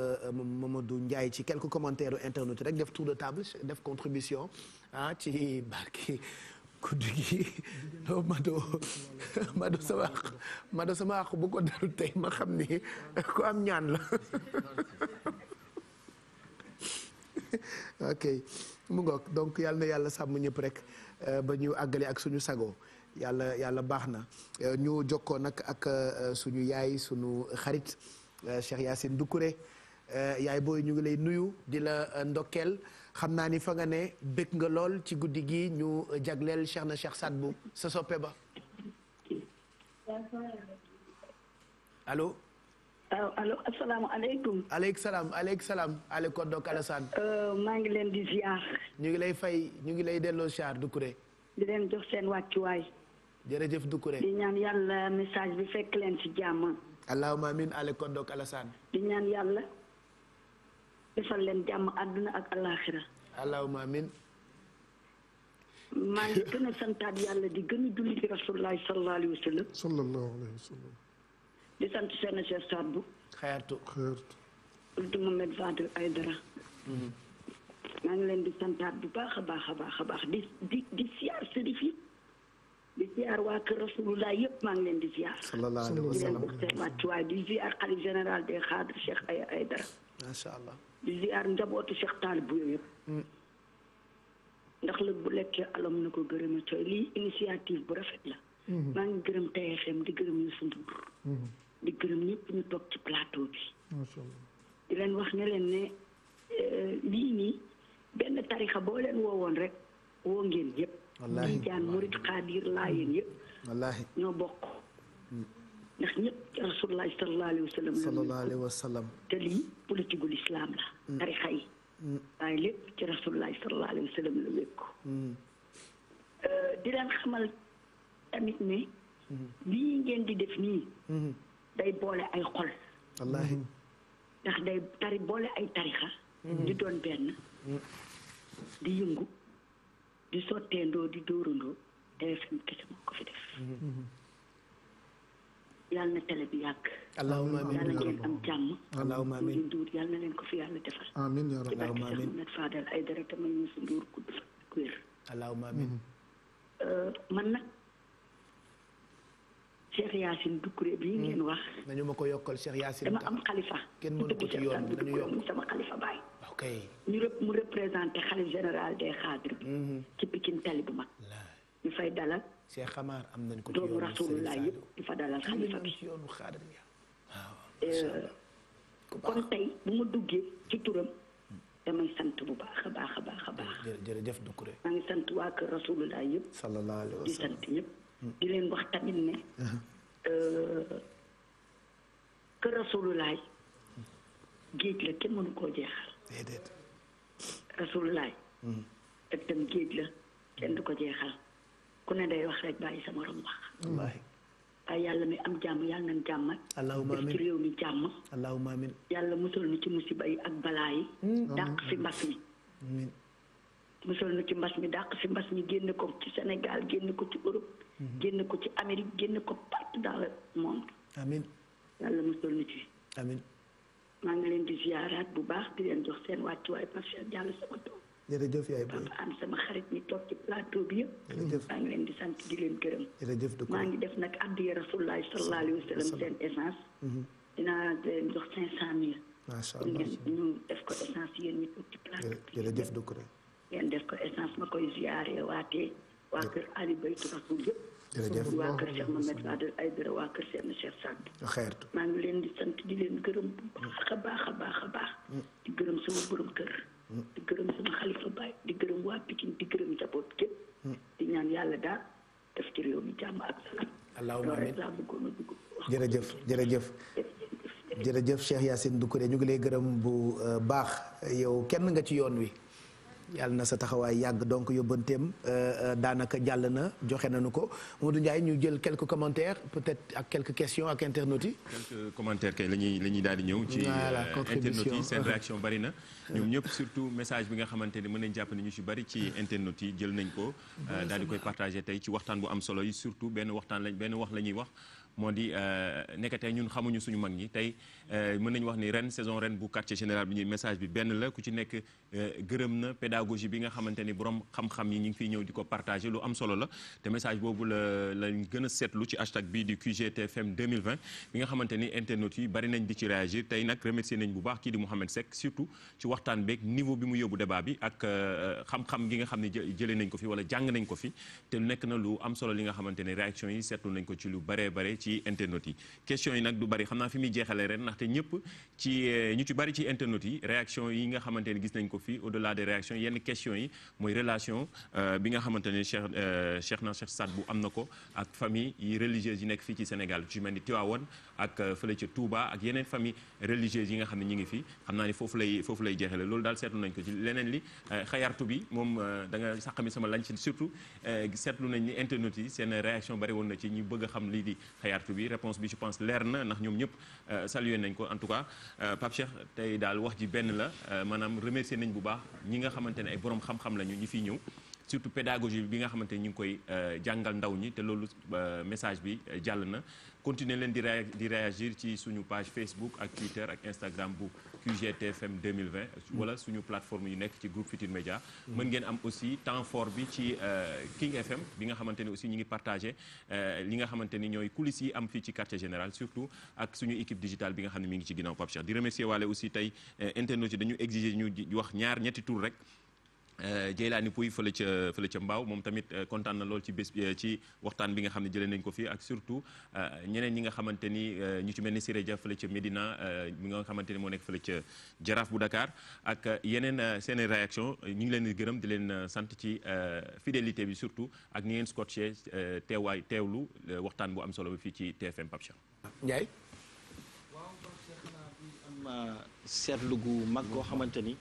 du Ndiaye ci quelques commentaires internet rek def tour de table def contribution ah ci barki guddi gi non oh, Mado Mado sama àq Mado sama àq bu ko dalu tey ma xam ni ku am ñaan la ok mu ngoog donc yàlla na yàlla sàmm ñëpp rek. Euh, ba ñu àggalee ak suñu sago yàlla yàlla baax na euh, ñu jokkoo nag ak euh, suñu yaay suñu xarit Cheikh Yacine Doucouré yaay booy ñu ngi lay nuyu di la ndokkeel xam naa ni fa nga ne bëgg nga lool ci guddi gi ñu jagleel Cheikh na sat bu sa soppe ba allo waaw allo asalaamaaleykum. aleyk salaam aleyk salaam ale Koddo Kalasaan. Euh, maa ngi leen di ziar. ñu ngi lay fay ñu ngi lay delloo ziar Doucouré. di leen jox seen wàccuwaay. jërëjëf Doucouré. di ñaan yàlla message bi fekk leen ci jàmm. allahumma amin ale Koddo Kalasaan. di ñaan yàlla. defal leen jàmm àdduna ak alaaxira. allahumma amin. maa ngi gën santaat yàlla di gën a julli ci rasulullahi sallallahu di sant seen Cheikh Sadbou. xayatu xayatu. Ould Mohamed Fadel Aïdara. Mhm. maa ngi leen di santaat bu baax a baax a baax a baax di di di siyaar sërif yi di siyaar waa kër Rasulullah yëpp maa ngi leen di siyaar. sallallahu alayhi wa sallam di leen di seen wàccuwaay di siyaar xalif général des xaadr Cheikh ay Aïdara. macha allah di siyaar njabootu Cheikh Taalib bu yooyu yëpp. Mm. ndax lëg bu lekkee alam na ko gërëma cooy lii initiative bu rafet la. Mm-hmm. maa ngi gërëm TFM di gërëm Youssou Ndour. Mm-hmm. di gërëm ñëpp ñu toog ci plateau bi. di leen wax nga leen ne eh, lii nii benn tarixa boo leen woowoon rek woo ngeen yëpp. wallaahi Tijaan Murit Xaadir Laayeen yëpp. ñoo bokk. Mm. ndax ñëpp ci rasulullah sallallahu alayhi wa te lii politique gu lislaam la. Mm. tarixa yi. Mm. waaye lépp ci rasulullah sallallahu alayhi wa eh, di leen xamal tamit ne. lii ngeen di def nii. day boole ay xol. wallaahi. day tari boole ay tarixa di mm-hmm. doon benn. di yëngu di sotteendoo di dóorandoo TFM kese moo ko fi def. Mm-hmm. yàlla na télé bi yàgg. yàlla ngeen am jàmm. allahumma amiin Youssou yàlla leen ko fi yàlla defal. amiin yaa rabbi allahumma amiin ci barke ay dara tamit Youssou Ndour ku wér. allahumma amiin euh, man nag. Cheikh Yacine Doucouré bii hmm. ngeen wax. nañu ma ko yokkal Cheikh Yacine. dama am xalifa. kenn mënu ko ci yoon nañu yokk sama xalifa baay. ok ñu rep mu représenté xalif général des xaadir bi. Hmm. ci Pikine tali bu mag. ñu fay dalal. Cheikh Xamar am nañu ko ci yoonu doomu Rasulullah yëpp di fa dalal xalifa bi. yoonu xaadir bi euh, kon tey bu ma duggee ci turam. damay sant bu baax a baax a baax a baax. jërëjëf Doucouré. maa ngi sant waa kër Rasulullah yëpp. sallallahu alayhi wa sallam sant ñëpp. di leen wax tamit ne que euh, rasulullaay géej la kenn mënu koo jeexal déedéet hmm. ak tam géej la kenn du ko jeexal ku ne day wax rek bàyyi sa morom wax waaye yàlla mi am jàmm yàlla nañ jàmm allahumma amin ci réew mi jàmm allahumma amin yàlla musal ni ci musiba yi ak balaa yi hmm. dàq fi mbas mi musal nu ci mbas mi dàq fi mbas mi génn ko ci Sénégal génn ko ci Europe. Mhm. génn ko ci Amérique génn ko partout dans le monde. amiin yàlla musal nu ci. amiin maa ngi leen di ziaraat bu baax di leen jox seen wàccuwaay parce que yàlla sama doom. jërëjëf yaay booy am sama xarit ñi toog ci plateau yëpp. jërëjëf maa ngi leen di sant di leen gërëm. jërëjëf maa ngi def nag addiya Rasulullah sallallahu alayhi wa sallam seen essence. Mhm. dinaa leen jox cinq cent mille. macha allah ñu def ko essence yéen ñi toog ci plateau bi. jërëjëf ngeen def ko essence ma koy ziare waatee waa kër Ali Baytu Rasul yëpp. jërëjëf waa kër Cheikh Mohamed Fadel Aïdara waa jërëjëf jërëjëf jërëjëf Cheikh Yacine Doucouré ñu ngi lay gërëm bu euh, baax yow kenn nga ci yoon wi yàlla na sa taxawaay yàgg donc yóbbanteem euh, euh, daanaka jàll na joxe nañu ko Modou Ndiaye ñu jël quelques commentaires peut-être ak quelques questions ak internautes yi. quelques commentaires kay la ñuy la ñuy daal di ñëw. ci euh, internautes yi seen réaction bari na. ñoom ñëpp surtout message bi nga xamante ni mën nañ jàpp ne ñu ci bari ci internautes yi jël nañ ko. daal koy partagé tey ci waxtaan bu am solo yi surtout benn waxtaan lañ benn wax la ñuy wax. moo di euh, nekk tey ñun xamuñu suñu mag ñi tey euh, mën nañu wax ni ren saison ren bu quartier général bi ñuy message bi benn la ku ci nekk euh, gërëm na bi nga xamante ni borom xam-xam ñu ngi fiy ñëw di ko partagé lu am solo la te message boobu la lañ gën a seetlu ci hashtag bii di QGTFM 2020 bi nga xamante ni internautes yi bari nañ di ci réagir tey nag remercier nañ bu baax kii di Mouhamed Seck surtout ci waxtaan beek niveau bi mu yóbbu débat bi ak xam-xam gi nga xam ne jëlee nañ ko fi wala jàng nañ ko fi te nekk na lu am solo li nga xamante ni réaction yi seetlu nañ ko ci lu baree bare ci internet yi question yi nag du bari xam naa fi muy jeexalee ren ndaxte ñëpp ci euh, ñu ci bari ci internet yi réaction yi nga xamante ni gis nañ ko fii au delà des réactions yenn question yi mooy relation euh, bi nga xamante ne Cheikh euh, Cheikh na Cheikh Saad bu am na ko ak famille yi religieuse yi nekk fii ci Sénégal ci mel ni Tivaouane ak fële ca Touba ak yeneen famille religieuse yi nga xam ne ñu ngi fi xam naa ni foofu lay foofu lay jeexale loolu daal seetlu nañ ko ci leneen li bi moom da nga sama lañ ci surtout seetlu nañ ni internet yi seen réaction bari woon na ci ñu bëgg xam lii di tertu bi réponse bi je pense leer na ndax ñoom ñëpp euh, salué nañ ko en tout cas euh, Pape Cheikh tey daal wax ji benn la euh, maanaam remercier nañ bu baax ñi nga xamante ne ay borom xam-xam lañu ñi fiy ñëw surtout pédagogie bi nga xamante ni ñu ngi koy jàngal ndaw ñi te loolu message bi jàll na continuer leen di di réagir ci suñu page Facebook ak Twitter ak Instagram bu QGTFM 2020 wala suñu plateforme yu nekk ci groupe Futurs média mën ngeen am aussi temps fort bi ci euh, King FM bi nga xamante ni aussi ngi partagé euh, li nga xamante ni ñooy coulisses yi am fii ci quartier général surtout ak suñu équipe digitale bi nga xam ne mi ngi ci ginnaaw Pape Cheikh di remercier waale aussi tey euh, internautes dañu exiger ñu wax ñaar ñetti tour rek Euh, Jeylaani Pouy fële ca fële ca Mbaaw moom tamit euh, kontaan na lool ci bés euh, ci waxtaan bi nga xam ne jëlee nañ ko fii ak surtout ñeneen ñi nga xamante ni ñu ci mel ni Siré Dia fële ca Médina mi nga xamante ni moo nekk fële ca Jaraaf bu Dakar ak yeneen seen réaction ñu ngi leen di gërëm di leen sant ci fidélité bi surtout ak ni ngeen scotché teewaayu teewlu waxtaan bu am solo bi fii ci TFM Pape Cheikh. Ndiaye. waaw seetlu gu mag goo xamante ni.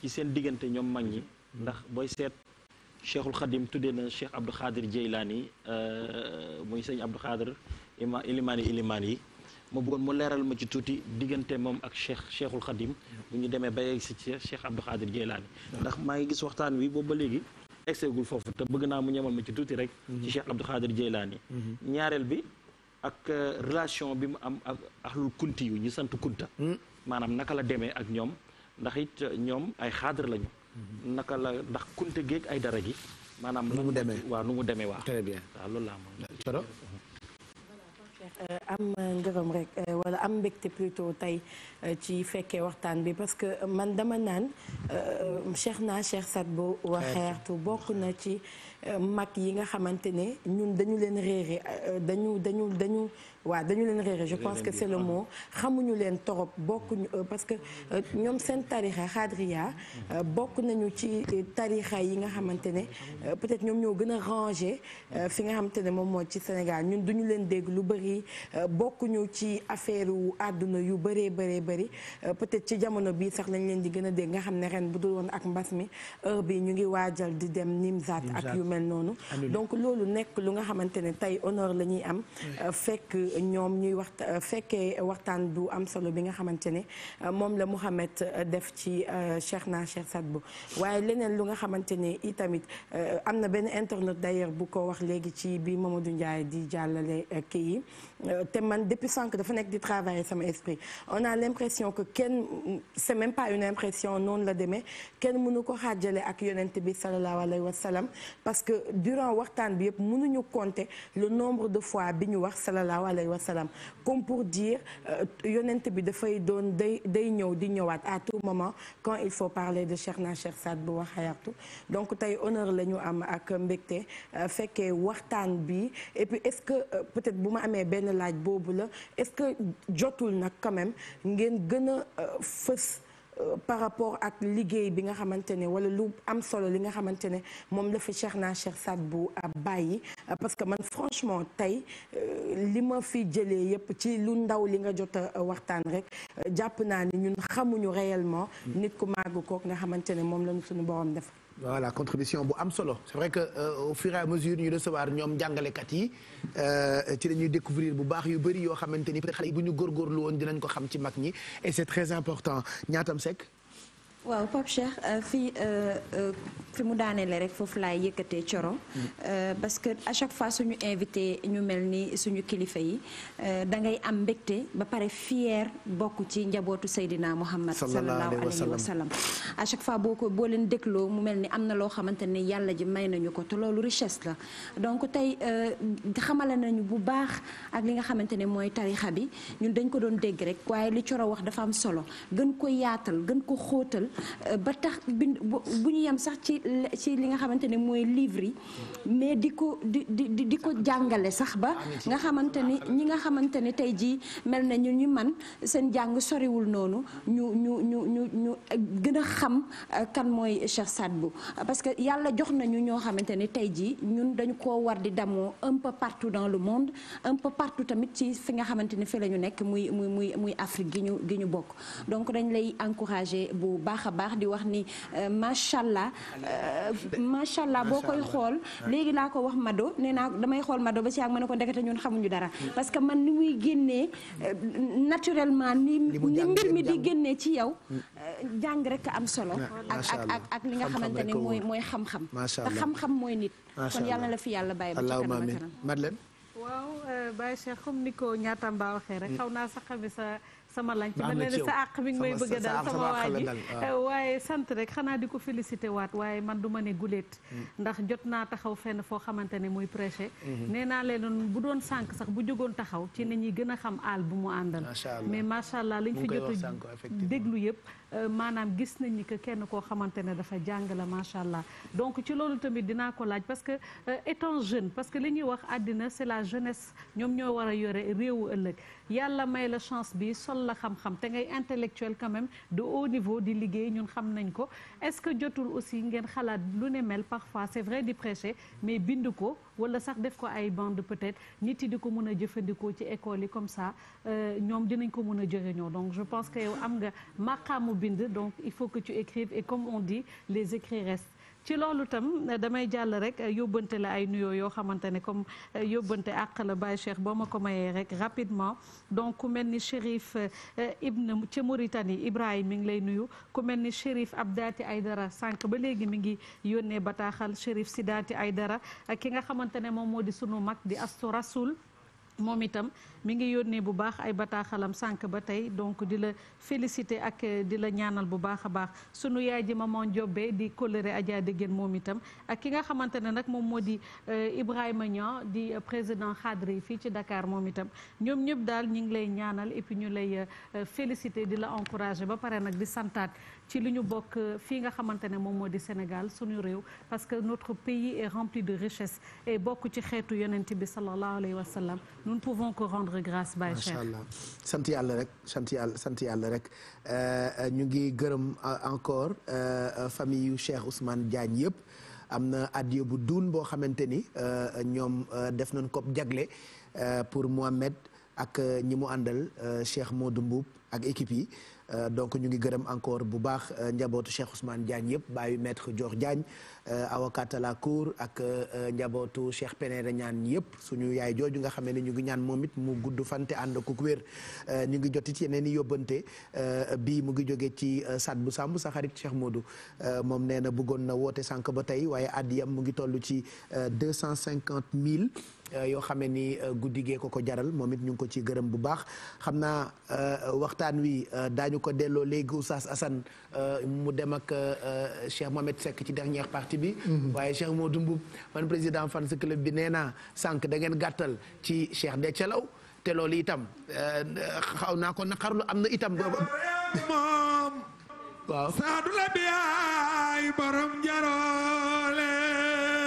ci seen diggante ñoom mag ñi. ndax booy seet cheikhul xadim tuddee na cheikh abdou xaadir jeylaani euh, muy sëñ abdou xaadir ima ilimaan yi yi ma bëggoon mu leeral ma ci tuuti diggante moom ak cheikh cheikhul xadim bu ñu demee ba yegg si ci cheikh abdou xaadir jeylaani ndax maa ngi gis waxtaan wi boobu ba léegi egseegul foofu te bëgg naa mu ñemal ma ci tuuti rek ci cheikh abdou xaadir jeylaani mm-hmm. ñaareel bi ak euh, relation bi mu am ak ahlul kunti yu ñu sant kunta mm-hmm. maanaam naka la demee ak ñoom ndax it euh, ñoom ay xaadir lañu naka la ndax kunte géeg ay dara gi maanaam nu mu demee waa lu mu demee waaw très bien waaw loolu laa moom euh, am ngërëm rek euh, wala am mbégte plutôt tey euh, ci fekkee waxtaan bi parce que man dama naan Cheikh naa Cheikh Sadbou wa xeertu bokk na ci mag yi nga xamante ne ñun dañu leen réere dañu dañu dañu waaw dañu leen réeré je pense que c'est le xamuñu leen torop bokkuñu euh, parce que euh, ñoom seen tarixa xaadriya euh, bokk nañu ci tarixa yi nga xamante ne peut-être ñoom ñoo gën a rangé fi nga xamante ne moom moo ci Sénégal ñun ñu leen dégg lu bëri bokkuñu ci affaire wu àdduna yu bëree bëree bëri peut-être ci jamono bii sax lañ leen di gën a dégg nga xam ne ren bu dul woon ak mbas mi heure bi ñu ngi waajal di dem Nimzat ak yu mel noonu donc loolu nekk lu nga xamante ne tey honneur la ñuy am ñoom ñuy wax euh, fekkee waxtaan bu am solo bi nga xamante ne euh, moom la Mouhamed euh, def ci Cheikhna Cheikh Sadbou waaye leneen lu nga xamante ne i tamit am na benn internaute d'ailleurs bu ko wax léegi ci bi Mamadou Ndiaye di jàllale kii yi Euh, te man depuis sànq dafa nekk di travailler sama esprit on a l'impression que kenn c'est même pas une impression noonu la demee kenn mënu ko xaajale ak yonent bi sallallahu alayhi wa sallam parce que durant waxtaan bi yëpp ñu compter le nombre de fois bi ñu wax sallallahu alayhi wa sallam comme pour dire euh, yonent bi dafay doon day day ñëw di ñëwaat à tout moment quand il faut parler de Cheikhna Cheikh Saad Bou wa xayartu donc tey honneur la am ak mbégte euh, fekkee waxtaan bi ce que peut-être bu ma amee benn laaj boobu la est-ce que jotul nag quand ngeen gën a euh, fës euh, par rapport ak liggéey bi nga xamante ne wala lu am solo li nga xamante ne moom la fi Cheikhna Cheikh Sadbou euh, bàyyi parce que man franchement tey li ma fi jëlee yépp ci lu ndaw li nga jot a waxtaan rek jàpp naa ni ñun xamuñu réellement mm. nit ku màgg kook nga xamante ne moom lañu suñu borom def voilà contribution bu am solo c'est vrai que euh, au fur et à mesure ñu recevoir ñoom jàngalekat yi euh, ci la ñuy découvrir bu baax yu bëri yoo xamante ni peut xale yi bu ñu góorgóorlu woon dinañ ko xam ci mag ñi et c'est très important ñaatam sekk waaw Pape Cheikh euh, fii euh, euh, fi mu daaneele rek foofu laay yëkkatee coro mm. parce que à chaque fois suñu invité ñu mel ni suñu kilifa yi da ngay am mbégte ba pare fier bokk ci njabootu Seydina Muhammad sallallahu alayhi wa sallam à chaque fa boo ko boo leen dégloo mu mel ni am na loo xamante ne yàlla ji may nañu ko te loolu richesse la donc tey xamale nañu bu baax ak li nga xamante ne mooy tarixa bi ñun dañ ko doon dégg rek waaye li coro wax dafa am solo gën ko yaatal gën ko xóotal ba tax bind bu ñu yem sax ci ci li nga xamante ne mooy livre yi mais di ko di di di ko jàngale sax ba nga xamante ni ñi nga xamante ne tey jii mel na ñu ñu man seen jàng soriwul noonu ñu ñu ñu ñu ñu gën a xam euh, kan mooy Cheikh Sadbou parce que yàlla jox nañu ñoo xamante ne tey jii ñun dañu ko war di damoo un peu partout dans le monde un peu partout tamit ci fi nga xamante ne fi la ñu nekk muy muy muy muy Afrique gi ñu gi ñu bokk donc dañ lay encourager bu baax baax a baax di wax ni euh, macha euh, allah macha allah boo koy xool léegi laa ko wax Mado ne naa damay xool Mado ba si ak ma ne ko ndekete ñun xamuñu dara mm. parce que man ni muy génnee euh, naturellement ni ni mbir mi di génnee ci yow mm. jàng rek am solo ak ak ak li nga xamante mooy mooy xam-xam mooy nit kon yàlla la fi yàlla bàyyi ba ci kanam Madeleine waaw Baye Cheikh ni ko ñaata mbaa mm. xaw naa sax xame sama lañ ci mel ne sa àq mi ngi may bëgg a dal sama waa eh, waaye sant rek xanaa di ko félicité waat waaye man du ma ne guléet mm. ndax jot naa taxaw fenn foo xamante ne muy prêché mm-hmm. nee naa leen bu doon sànq sax bu jógoon taxaw ci ne ñuy gën a xam àll bu mu àndal mais macha allah liñ fi jot a déglu yëpp Euh, maanaam gis nañ ni que kenn koo xamante ne dafa jàng la macha allah donc ci loolu tamit dinaa ko laaj parce que euh, étant jeune parce que li ñuy wax àddina c'est la jeunesse ñoom ñoo war a yore réewu ëllëg yàlla may la chance bi sol la xam-xam te ngay intellectuel quand même de haut niveau di liggéey ñun xam nañ ko est-ce que jotul aussi ngeen xalaat lu ne mel parfois c'est vrai di prêcher mais bind ko. wala sax def ko ay bande peut-être nit yi di ko mën a jëfandikoo ci école yi comme ça euh, ñoom dinañ ko mun a jëriñoo donc je pense que yow am nga maqaamu bind donc il faut que tu écrives et comme on dit les écrits restent ci loolu tam eh, damay jàll rek eh, yóbbante la ay nuyoo yoo xamante ne comme eh, yóbbante àq la Baye Cheikh boo ma ko mayee rek rapidement donc ku mel ni Chérif Ibn ca Mauritanie Ibrahima mi ngi lay nuyu ku mel ni ab Chérif ay dara sànq ba léegi mi ngi yónnee bataaxal si Chérif ay dara ki nga xamante ne moom moo di sunu mag di Astu Rasul moom itam mi ngi yónnee bu baax ay bataaxalam sànq ba tey donc di la féliciter ak di la ñaanal bu baax a baax sunu yaay ji maman Diobé di coloré Adja génn moom itam ak ki nga xamante ne nag moom moo di euh, Ibrahima Niang di président xadri fii ci Dakar moom itam ñoom ñëpp daal ñu ngi lay ñaanal épp ñu lay euh, félicité di la encourager ba pare nag di santaat ci li ñu bokk euh, fii nga xamante ne moom moo di Sénégal sunu réew parce que notre pays est rempli de richesses et bokk ci xeetu yonent bi sallallahu alayhi wa sallam nous ne pouvons rendre grâce allah sant yàlla rek sant yàlla sant yàlla rek euh, euh, ñu ngi gërëm euh, encore famille yu Cheikh Ousmane Diagne yëpp am na adiya bu duun boo xamante ni ñoom def nañ ko jagle pour Mohamed ak ñi mu àndal Cheikh Modou Mbuub ak équipe yi. Euh, donc ñu ngi gërëm encore bu baax euh, njabootu Cheikh Ousmane Diagne yëpp bàyyi maître Dior Diagne euh, avocat à la cour ak njabootu Cheikh Pénère ñaan yëpp suñu yaay jooju nga xamee ne ñu ngi ñaan moom it mu gudd fante ànd ak wér ñu ngi joti ci yeneen i yóbbante bii mu ngi jóge ci sat bu sàmb sa xarit Cheikh Modou moom nee na bëggoon na woote sànq ba tey waaye àddiyam mu ngi toll ci deux cent cinquante mille Euh, yoo xamee ni euh, guddi gee ko ko jaral moom it ñu ngi ko ci gërëm bu baax xam naa euh, waxtaan wi daañu ko delloo léegi Oustaz Assane mu dem ak Cheikh Mohamed Seck ci dernière partie bi. Mhm. waaye Cheikh Modou dumb man président fan club bi nee naa sànq da ngeen gàttal ci Cheikh de Law te loolu itam xaw naa ko naqarlu am na itam. waaw. Sadou Labiaye borom jaroole.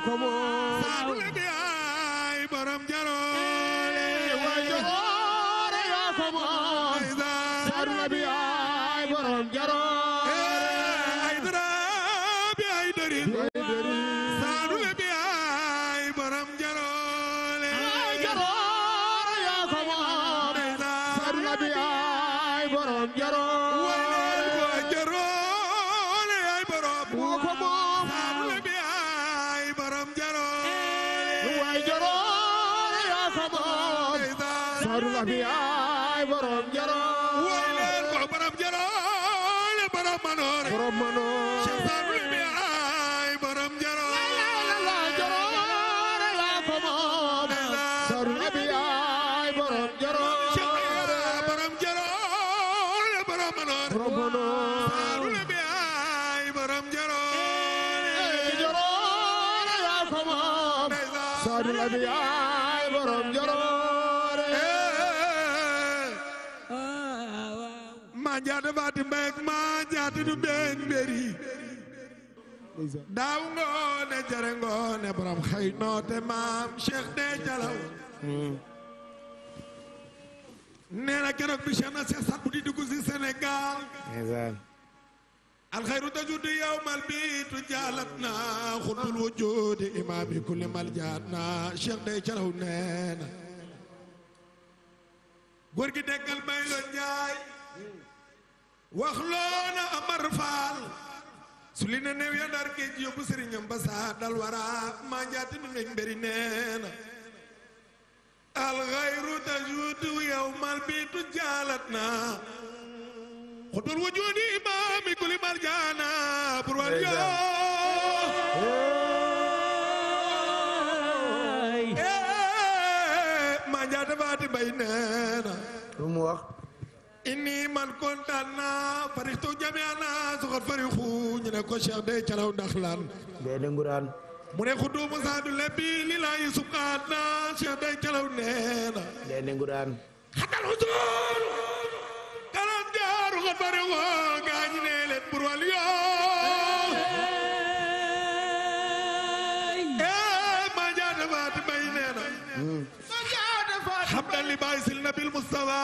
ko moom tabaati mbay ak maa jaati du beeg mbéri daaw jare ngoone borom xëy noote maam Cheikh de Jalaw hmm. nee na bi Cheikh na Cheikh Saad bu di dugg si Sénégal alxayru tajud yowmal biitu jaalat na xudul wujudi imaami kulli mal jaat na Cheikh de Jalaw nee na góor gi déggal may lo wax loona amar faal su li ya ndar géej yóbbu sëriñam ba saa waraa maa njaati nu ngañ mbéri neena alxayru yow mal biitu jaalat na xutul wujuudi imaami kuli marjaana pour wan yoo eh, maa njaata baati bay neena inni man kontaan naa faritu jamiana soxor farixu ñu ne ko Cheikh day calaw ndax laan dee de nguraan mu ne xuddu Musa du lebbi li laa yi suqaat naa Cheikh day calaw nee na dee de nguraan xatal xusuur kalan jaaru xot fari woo gaañ ne leen burwal yoo ee eh, maa jaata faat bay nee na maa hmm. jaata faat xam na li baay sil nabil Mustafa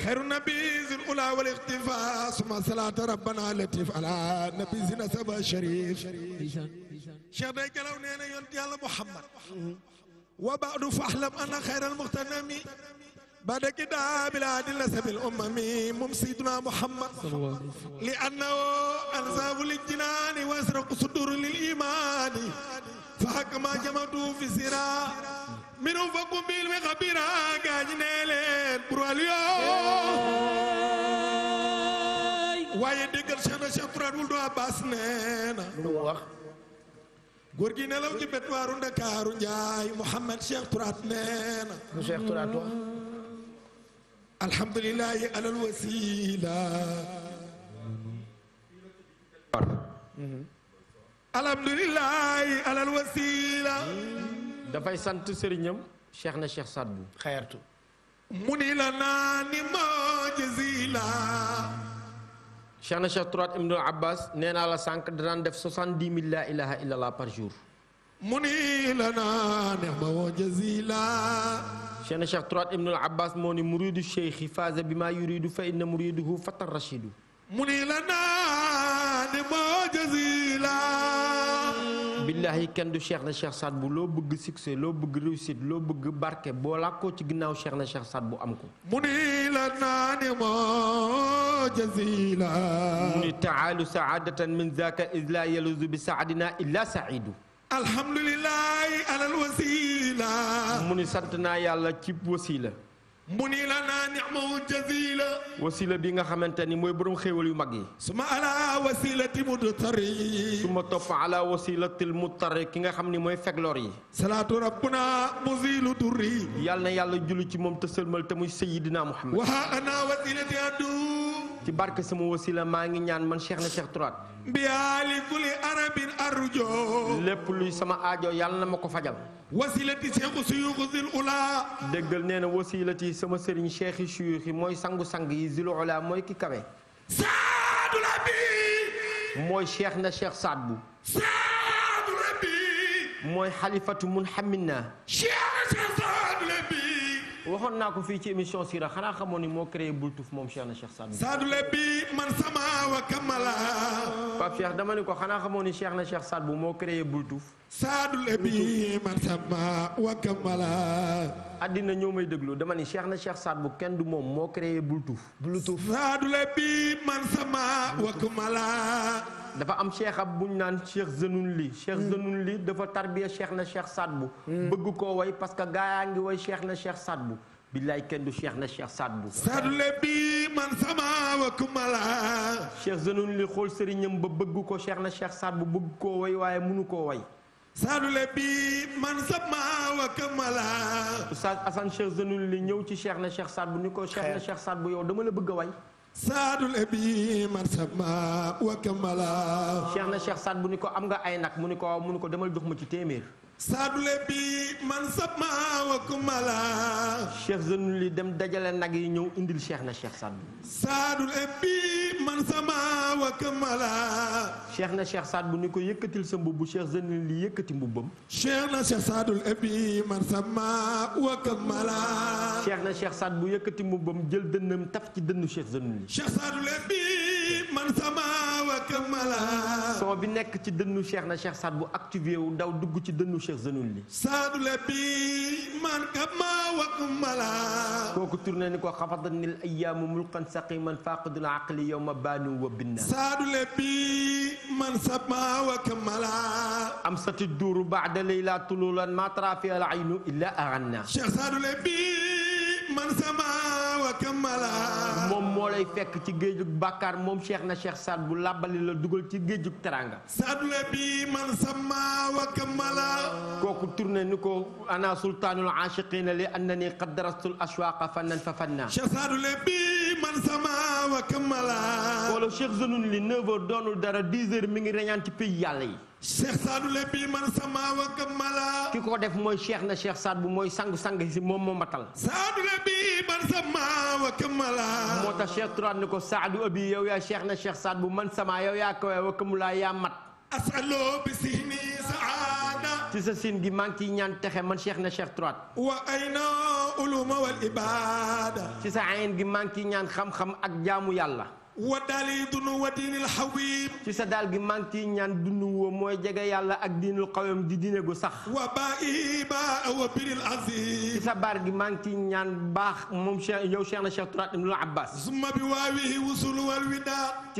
خير نبي ذي الأولى والاختفاء ثم صلاة ربنا لطيف على نبي ذي نسب الشريف شيخ day gelaw nee na yonent Yàlla Muhammad wa ba'du fa'lam anna khayra al-mughtanami بعد كده بلاد النسب الأممي moom سيدنا محمد لأنه أنساب للجنان وأسرق صدور للإيمان فحكما جمدوا في سراء minum fokkum bil wi xabira gaañ nee leen bural yoo waaye déggal seena seen turaat wul doo abbas nee na lu mu wax góor gi nelaw ci betwaaru ndakaaru njaay alhamdulillahi alal wasila mm-hmm. alhamdulillahi dafay sant sëriñam cheikh na cheikh Saad Bou xayartu mu ni la naa ni majzila cheikh na cheikh turat ibnu abbas nee naa la sànq danaan def soixante-dix mille la ilaha illallah par jour mu ni la naa ni majzila cheikh na cheikh turat ibnu abbas moo ni muridu cheikhi faasa bi yuridu fa inna muriduhu fatar rashidu mu ni la naa ni majzila billaahi kenn du Cheikh na Cheikh Saad bu loo bëgg succès loo bëgg réussite loo bëgg barke boo làkkoo ci ginnaaw Cheikh na Cheikh Saad bu am ko. mu ni la moo jazila. mu ni taalu saadatan min zaaka is laa yaluzu bi saadina illa saidu. mu sant naa yàlla ci wasila. mu nii la naa ni'mahu jazila bi nga xamante ni mooy boroom xéewal yu mag yi su ma ala wasilati mudtari su ma topp ala wasilatil mudtari ki nga xam ni mooy fegloor yi salaatu rabbuna muzilu turri yàlla na yàlla julli ci moom te sëlmal te muy sayidina muhammad wa ana wasilati adu ci barke sama wasila maa ngi ñaan man cheikh na cheikh turaat biyaali kulli arabin arjo lépp luy sama aajo yàlla na ma ko fajal. wasilati seexu suyuxu zil ula. déggal nee na wasilati sama sëriñ seexi suyuxi mooy sangu sang yi zil ula mooy ki kawe. saadu rabbi. mooy cheikh na cheikh saad bu. saadu rabbi. mooy xalifatu mun xamin waxoon naa ko fii ci émission Sira xanaa xamoon ni moo créé Bultuf moom Cheikh na Cheikh Saad Bou. dama ni ko xanaa xamoon ni Cheikh na Cheikh Saad Bou moo créé Bultuf. Saadu la bi man sama wa kamala. àddina ñoo may déglu dama ni Cheikh na Cheikh Saad Bou kenn du moom moo créé Bultuf. Saadu la man sama wa dafa am cheikh bu ñu naan cheikh Zenoun li cheikh hmm. Zenoun li dafa tarbiya cheikh na cheikh Sadbu. Hmm. bëgg koo way parce que gaa yaa ngi way cheikh na cheikh Sadbu. billaay kenn du cheikh na cheikh Sadbu. Sadbu le bii man sama wakumala. cheikh Zenoun li xool sëriñam ba bëgg ko cheikh na cheikh Sadbu bëgg koo way waaye munu koo way. saadule bi man sama wa kamala Oustaz Assane Cheikh Zenoun li ñëw ci Cheikh na Cheikh Sadbu ni ko Cheikh na Cheikh Sadbu yow dama la bëgg a way saadul ebi marsama wa kamala. Cheikh na Cheikh Saad bu ni ko am nga ay nag mu ni ko mu ni ko demal jox ma ci téeméer. saadule bi man sama wakumala. cheikh Zanul li dem dajale nag yi ñëw indil cheikh na cheikh Sadbou. saadule bi man sama wakumala. cheikh na cheikh Sadbou ni ko yëkkatil sa mbubb cheikh Zanul li yëkkati mbubbam. cheikh na cheikh saadule bi man sama wakumala. cheikh na cheikh Sadbou yëkkati mbubbam jël dënnam taf ci dënnu cheikh Zanul li. cheikh saadule bi man sama wakumala. son bi nekk ci dënnu cheikh na cheikh Sadbou activé wu daw dugg ci dënnu cheikh. Cheikh Zenoun li saadu la bi man kama wa mala kooku tourné ni ko xafadanil ayyaamu mulqan saqiman faqidul aqli yawma baanu wa binna saadu la bi man sama wa mala am sati duuru baada layla tululan ma tara fi al aynu illa aghanna Cheikh saadu la bi man sama wa kamala moom moo lay fekk ci géejug bàkkaar moom cheikh na cheikh Saad bu làbbali la dugal ci géejug teranga Saad la bi man sama wa kamala kooku tourné ni ko ana sultaanul aashiqiina li annani qad darastul ashwaaqa fannan fa fanna cheikh Saad la bi man sama wa kamala wala cheikh Zanoun li 9 heures doonul dara 10 heures mi ngi reñaan ci pays yàlla yi cheikh Sadou Lebi man sama wa kamala. ki ko def mooy cheikh na cheikh Sadou mooy sangu sang si moom moo matal. Sadou Lebi man sama wa kamala. moo tax cheikh Tourane ko Sadou abi yow yaa cheikh na cheikh Sadou man sama yow yaa kawe wa kamala yaa mat. asalo bi sihni saada. ci sa gi maa ngi ciy ñaan texe man cheikh na cheikh Tourane. wa ayna uluma wal ibada. ci sa gi maa ngi ciy ñaan xam-xam ak jaamu yàlla. wa daali dunu wa diinil xawim ci sa daal gi maa ngi ciy ñaan dunu woo mooy jege yàlla ak diinul xawim di diine gu sax wa ba i ba wa biril azim ci sa baar gi maa ngi ciy ñaan baax moom cheikh yow cheikh na cheikh turat ibnul abbas summa bi waawihi wusul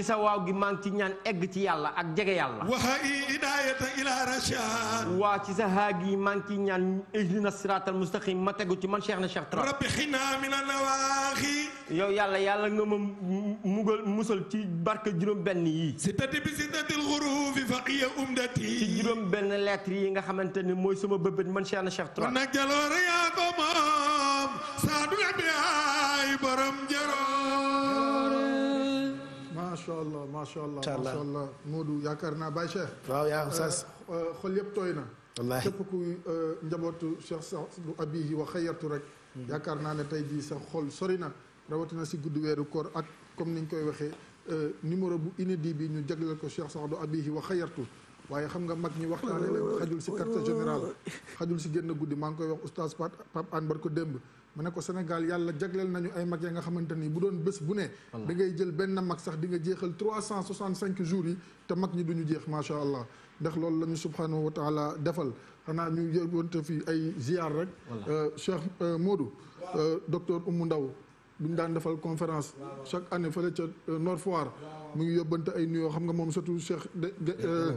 sa waaw gi maa ngi ciy ñaan egg ci yàlla ak jege yàlla waa ci sa haa gi maa ngi ciy ñaan ihdina siratal mustaqim ma tegu ci man cheikh na cheikh turat rabbi xinaa mina nawaaxi yow yàlla yàlla nga ma mugal musal ci barke juróom-benn yi. si tati bi si tatil xuruufi faqiya umdati. ci juróom-benn lettre yi nga xamante ni mooy sama bëbët man Cheikh na Cheikh Touré. kon nag jaloore yaa ko moom Sadou Ndiaye borom jaroom. macha allah macha allah macha allah Modou yaakaar naa Baye Cheikh. waaw yaa xam sas. Euh, euh, xol yëpp tooy na. wallaahi képp ku euh, njabootu Cheikh Sadou Abihi wa xayartu rek. Hmm. yaakaar naa ne tey jii sa xol sori na rawatina si gudd weeru koor ak. comme ni ñu koy waxee euh, numéro bu inédit bi ñu jagleel ko Cheikh Saadou abihi wa xayartu waaye xam nga mag ñi waxtaane leen xajul si carte générale xajul si génn guddi maa ngi koy wax oustaz Pape Pape Anbar ko démb ma ne ko Sénégal yàlla jagleel nañu ay mag ya nga xamante ni bu doon bés bu ne da ngay jël benn mag sax di nga jeexal trois cent soixante cinq jours yi te mag ñi duñu jeex macha allah ndax loolu la ñu subhanahu wa taala defal xanaa ñu yëwante fi ay ziar rek euh, Cheikh euh, Modou docteur Oumou Ndaw bi daan defal conférence chaque année fële ca euh, Nord Foire mu ngi yóbbante ay nuyoo xam nga moom surtout Cheikh de de euh,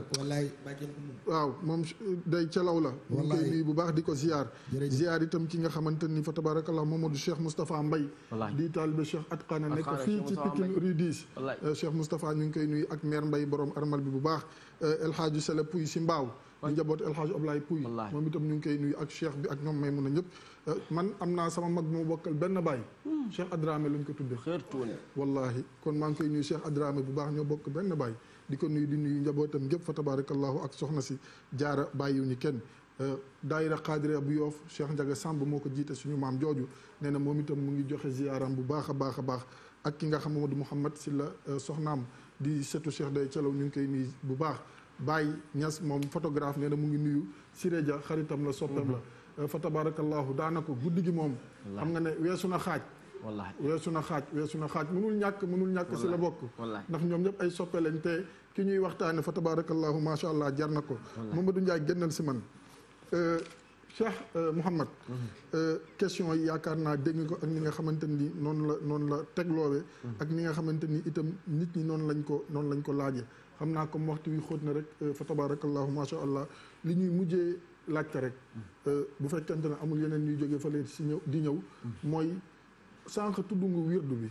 waaw moom day celaw la mu ngi koy nuyu bu baax di ko ziar ziar itam ci nga xamante ni fa moo Mamadou Cheikh Moustapha Mbaye di taalibe Cheikh Atqana nekk fii ci Pikine rue 10 euh, Cheikh Moustapha ñu ngi koy nuyu ak maire mbay borom armal bi bu baax El Hadji Sele Pouy si mbaaw di njaboot El Hadji Ablaye Pouy moom itam ñu ngi koy nuyu ak Cheikh bi ak ñoom may mun a ñëpp man am naa sama mag mu bokkal benn baay. Hmm. Cheikh Adramé lañ ko tuddee. xeertuwul wallaahi kon maa ngi koy nuyu Cheikh Adramé bu baax ñoo bokk benn baay di ko nuyu di nuyu njabootam gépp fa tabarakallahu ak soxna si jaara ñu kenn. Euh, daayira Qadiriya bu yoof Cheikh Ndiaga Samb moo ko jiite suñu maam jooju nee na moom itam mu ngi joxe ziyaaram bu baax a baax a baax ak ki nga xam Mamadou Mouhamad si la euh, soxnaam di setu Cheikh Day Calaw ñu ngi koy nuy bu baax Baye Niass moom photographe nee na mu ngi nuyu Siré Dia xaritam la soppeem la fa tabarakallahu daanako guddi gi moom xam nga ne weesu na xaaj wallaay weesu na xaaj weesu na xaaj mënul ñàkk mënul ñàkk si la bokk ndax ñoom ñëpp ay soppe lañ te ki ñuy waxtaane fa tabarakallahu macha allah jar na ko Mamadou Ndiaye génnal si man euh, Cheikh euh, Mouhamad mhm. euh, question yi yaakaar naa dégg ko ak ni nga xamante ni noonu la noonu la tegloowee mhm. ak ni nga xamante ni itam nit ñi noonu lañ ko noonu lañ ko laajee xam naa comme waxtu wi xóot na rek fa tabarakallahu macha allah li ñuy mujjee laajte rek euh, bu fekkente ne amul yeneen ñuy jógee fële si ñëw di ñëw mooy sànq tudd nga wirdu bi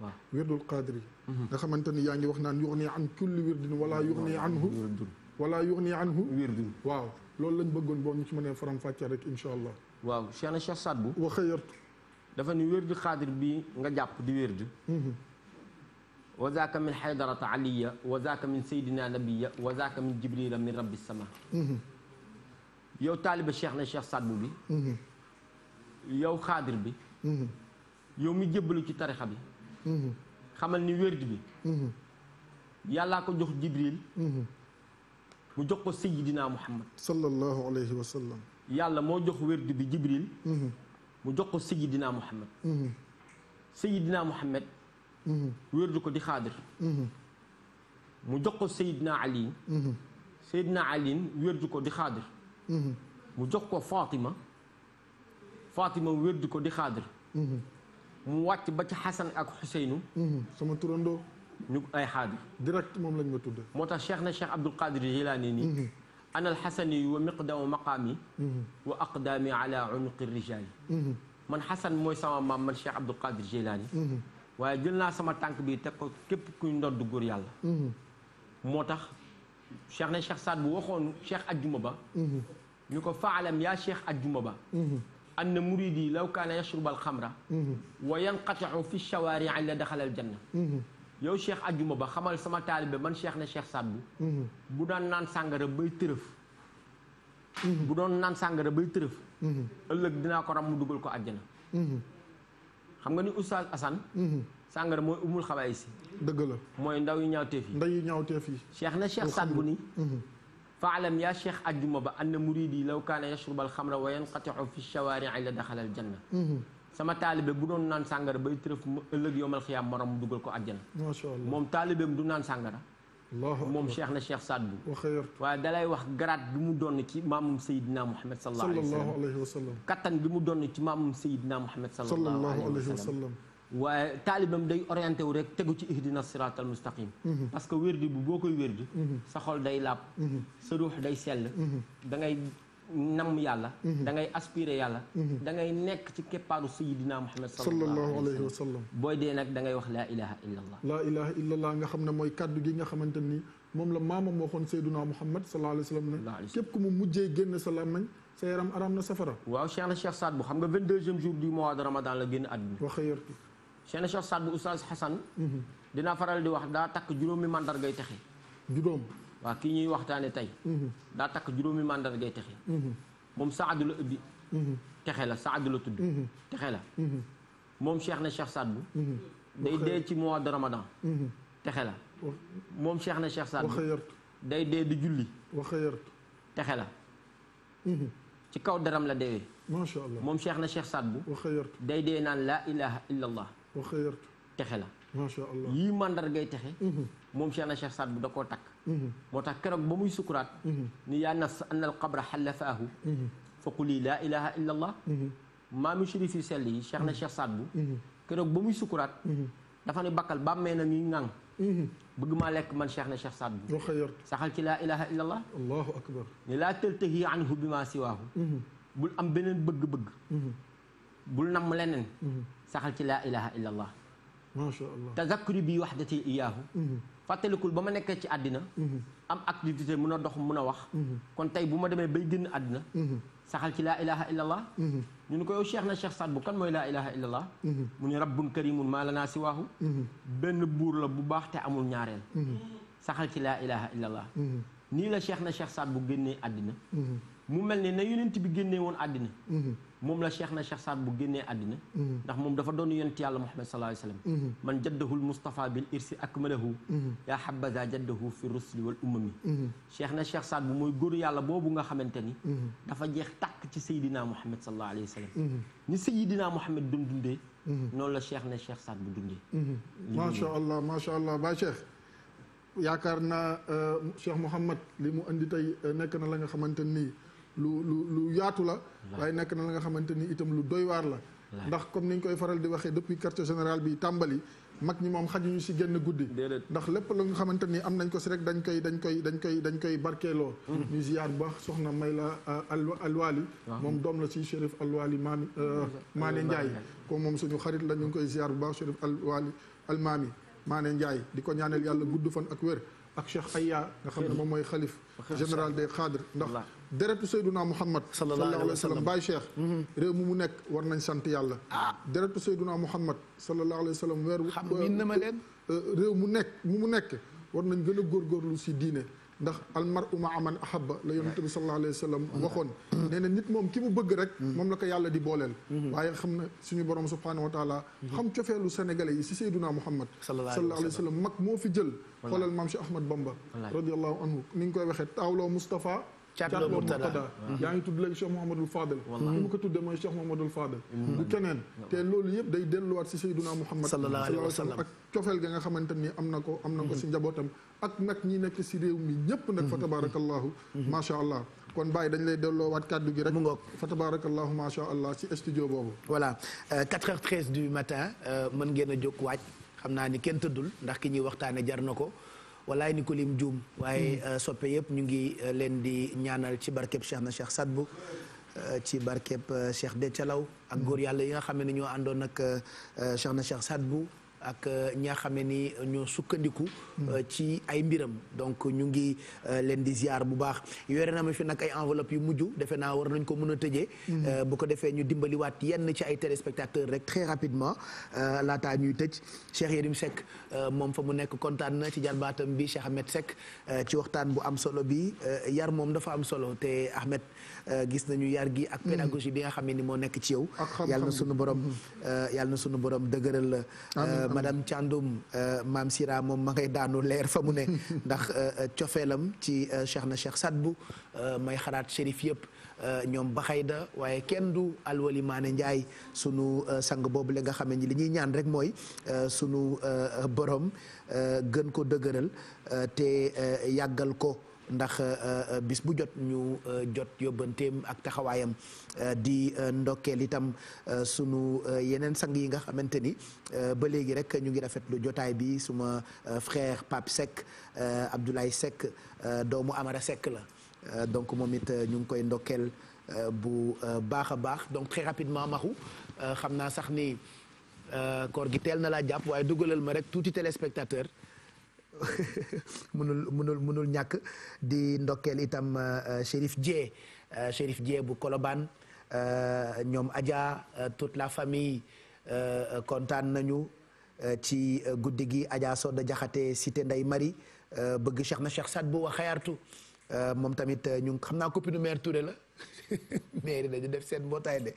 waaw wirdul qadri mhm. nga xamante ni yaa ngi wax naan yuxni an kulli wirdin wala yuxni anhu wala yuxni anhu wirdun waaw loolu lañ bëggoon boo ñu ci mënee faram fàccee rek incha allah waaw Cheikh na Cheikh Saad Bou waxa yartu dafa ni wérdu xaadir bi nga jàpp di wérdu mhm. wa zaaka min xaydarata aliya wa zaaka min saydina nabiya wa zaaka min jibrila min rabbi sama mhm. yow taaliba cheikh na cheikh Sadbu bi. Mm-hmm. yow xaadir bi. Mm-hmm. yow mi jébbalu ci tarixa bi. Mm-hmm. xamal ni wérd bi. yàllaa ko jox Jibril. mu jox ko Seydina Muhammad. sallallahu yàlla moo jox wérd bi Jibril. jox ko Seydina Muhammad. Seydina Muhammad. wérdu ko di xaadir. mu jox ko Seydina Ali. Seydina Ali ko di xaadir. mu jox ko Fatima Fatima wérdi ko di xaadir mu wàcc ba ci Xasan ak Xuseynu sama turandoo ñu ay xaadir direct moom lañ ma tudd moo tax cheikh na cheikh Abdul Qadir Jilaani nii mhm. ana alxasani wa miqdamu maqaami wa aqdaami ala unuqi rijaali mhm. man xasan mooy sama maam man cheikh Abdul Qadir Jilaani mhm. waaye jël naa sama tànk bi teg ko ku kuy ndodd góor yàlla cheikh na cheikh Saad bu waxoon cheikh ajjuma ba ñu mhm. ko faalam yaa cheikh ajjuma ba na mhm. anna muridi law kaana yashrub alxamra mhm. wa yanqati'u fi shawaari la daxala aljanna yow cheikh ajjuma ba xamal sama taalibe man seex na cheikh Saad bu bu daan naan sàngara bay tërëf bu doon naan sàngara bay tërëf ëllëg dinaa ko ram mu dugal ko àjjana xam nga ni oustaz Assane sàngara mooy umul xabaay si dëgg la mooy ndaw yu ñaawteef yi ndaw yu ñaawteef yi cheikh na cheikh Saad bu ni mm-hmm. faalam yaa cheikh ajjuma ba anna muridi law kaana yashrub alxamra wa yanqatixu fi shawaarici la daxala aljanna mm-hmm. sama taalibe bu doon naan sàngara bay tërëf ëllëg yowmal xiyaam morom mu dugal ko àjjana macha allah moom taalibeem du naan sàngara moom cheikh na cheikh Saad bu waaye dalay wax garaat bi mu doon ci maamum sayidina muhammad sallallahu alayhi wa sallam kattan bi mu doon ci maamum sayidina muhammad sallallahu alayhi wa sallam waaye taalibam day orienté wu rek tegu ci ihdina siraatal mustaqim mhm. parce que wérdi bu boo koy wérdi mhm. sa xol day laab mhm. sa ruux day sell da ngay namm yàlla da ngay aspiré yàlla da ngay nekk ci keppaaru sayidina muhammad sallallahu alayhi wa sallam booy dee nag da ngay wax laa ilaha illa allah laa ilaha illa allah nga xam ne mooy kàddu gi nga xamante ni moom la maamam waxoon sayidina muhammad sallallahu alayhi wa sallam ne képp ku mu mujjee génn sa làmmañ sa yaram aram na safara waaw cheikh na cheikh Saad bu xam nga vingt-deuxième jour du mois de ramadan la génn àdduna wa xëyarti Cheikh Cheikh Saad bu Oustaz Hassan dinaa faral di wax daa takk juróomi màndargay texe juróom waa kii ñuy waxtaane tey mhm. daa takk juróomi màndargay texe mhm. moom saadu la mhm. texe la saadu la tudd texe la moom Cheikh na Cheikh Saad bu day dee ci mois de ramadan texe la moom Cheikh na Cheikh Saad day dee di julli texe la ci kaw daram la deewee macha allah moom seex na Cheikh Saad bu day dee naan laa ilaha illa wa xëyartu texe la macha allah yii màndargay texe mhm. moom Cheikh na Cheikh Saad bu da koo takk mhm. moo tax keroog ba muy sukuraat mhm. ni yaa nafs anna alqabra xallafaahu fa quli laa ilaha illa allah maami shérif yu sell yi Cheikh na muy sukuraat dafa ne bakkal na ngi ŋàng bëgg maa lekk man Cheikh na Cheikh Saad bu saxal laa ilaha illa allah allahu akbar ni anhu bi maa siwaahu bul am beneen bëgg-bëgg bul namm leneen saxal ci laa ilaha illa allah macha allah tazakkuri bi waxdati iyaahu mhm. fàttalikul ba ma nekkee ci àddina mhm. am activité mun a dox mun a wax mhm. kon tey bu ma demee bay génn àddina saxal ci laa ilaha illa allah ñu ni ko yow na cheikh Saad bu kan mooy laa ilaha illa allah mu ni rabbun karimun maa la lanaa siwaahu benn buur la bu baax te amul ñaareel saxal ci laa ilaha illa allah nii la cheikh na cheikh Saad bu génnee àddina mu mel ne na yonent bi génnee woon àddina moom la cheikh na cheikh Saad bu génnee àddina mm-hmm. ndax moom dafa doon yonent yàlla muhammad sallallahu alayhi wa sallam mm-hmm. man jaddahul mustafa bil irsi akmalahu mm-hmm. yaa habaza jaddahu fi rusli wal umami cheikh na cheikh Saad bu mooy góoru yàlla boobu nga xamante ni dafa jeex tàkk ci sayidina muhammad sallallahu alayhi wa sallam ni sayidina muhammad doon dundee noonu la cheikh na cheikh Saad bu dundee macha allah macha allah ba cheikh yaakaar naa euh, cheikh muhammad li mu andi tey euh, nekk na la nga xamante nii lu lu lu yaatu la waaye nekk na la nga xamante ni itam lu doy waar la ndax comme ni ñu koy faral di waxee depuis quartier général bi tàmbali mag ñi moom xajuñu si génn guddi ndax lépp la nga xamante ni am nañ ko si rek dañ koy dañ koy dañ koy dañ koy barkeeloo mm-hmm. ñu ziar bu baax soxna may la euh, alwaali moom doom la si chérif alwaali maami euh, maane Ndiaye ko moom suñu xarit la ñu ngi koy ziar bu baax chérif alwaali almaami maane Ndiaye di ko ñaaneel yàlla gudd fan ak wér ak Cheikh Aya nga xam ne moom mooy xalif général des cadres ndax deretu Seydouna Muhammad sallallahu alayhi wa sallam Baye Cheikh mm-hmm. réew mi mu nekk war nañ sant yàlla ah. deretu Seydouna Muhammad sallallahu alayhi wa sallam weer xam na ma leen euh, euh, réew mu nekk mu mu nekk war nañ gën a u si diine ndax almaru ma aman ahabba la yonent bi sallallahu alayhi wa sallam waxoon nee na nit moom ki mu bëgg rek mm-hmm. moom la ko yàlla di booleel mm-hmm. waaye xam na suñu borom subhanahu wa taala xam cofeelu sénégalais yi si Seydouna Muhammad sallallahu alayhi wa sallam mag moo fi jël xoolal maam Cheikh Ahmad Bamba radiallahu anhu ni nga koy waxee taawloo Caatlo Murtada mm-hmm. yaa ngi tudd léegi Cheikh Mouhamadul Fadel ku mu ko tuddee mooy Cheikh Mouhamadul Fadel mm-hmm. du keneen te loolu yëpp day delluwaat si Seydina Muhammad sallallahu alayhi wa sallam ak cofeel ga nga xamante ni am na ko am na ko si njabootam ak nag ñi nekk si réew mi ñëpp nag mm-hmm. fa tabarakallahu macha allah kon Baye dañ lay delloowaat kàddu gi rek mu ngoog fa tabarakallahu macha allah si studio boobu voilà 4h13 euh, du matin euh, mën ngeen jóg waaj xam naa ni kenn tëddul ndax ki ñuy waxtaane jar na ko walaay ni ko lim juum waaye mm. euh, soppe yëpp ñu ngi euh, leen di ñaanal ci barkeb Cheikh na Cheikh Sadbu euh, ci barkeb Cheikh Dethialaw ak góor yàlla yi nga xam ne ñoo àndoon ak Cheikh na sad bu ak euh, ñi nga xamee ni ñoo sukkandiku. Hmm. Euh, ci ay mbiram donc ñu ngi euh, leen di ziar bu baax yore na ma fi nag ay enveloppe yu mujj defe naa war nañ ko mën a tëjee. Hmm. bu ko defee ñu dimbaliwaat yenn ci ay téléspectateurs rek très rapidement laataa ñuy tëj Cheikh Yérim Seck moom fa mu nekk kontaan na ci jarbaatam bi Cheikh Ahmed Seck ci waxtaan bu am solo bi yar moom dafa am solo te Ahmed. Euh, gis nañu yar gi ak mm. pédagogie bi nga xam ne ni moo nekk ci yow yàlla na sunu borom euh, yàlla na sunu borom dëgëral la euh, madame Thiandoum maam Sira moom ma ngay daanu leer fa mu ne ndax cofeelam ci Cheikh na Cheikh bu may xalaat shérif yëpp ñoom baxayda waaye kenn du alwali maane Njaay sunu sang boobu la nga xam ni li ñuy ñaan rek mooy sunu boroom gën ko dëgëral te yàggal ko ndax euh, euh, bis bu jot ñu euh, jot yóbbanteem ak taxawaayam di ndokkeel itam sunu yeneen sang yi nga xamante ni ba léegi rek ñu ngi rafetlu jotaay bi suma frère Pape Seck Abdoulaye Seck doomu Amara sekk la donc moom it ñu ngi koy ndokkeel bu baax a baax donc très rapidement maxu xam naa sax ni koor gi teel na laa jàpp waaye dugalal ma rek tuuti téléspectateur mënul mënul mënul ñàkk di ndokkeel itam euh, Chérif Dié euh, Chérif Dié bu Colobane euh, ñoom Adja tout la famille kontaan nañu ci guddi gi Adja Soda Jaxate cité Ndey Marie bëgg Cheikh na Cheikh Saad bu wa xayaartu moom tamit ñu xam naa copine maire Touré la mairie dañu def seet mbootaay de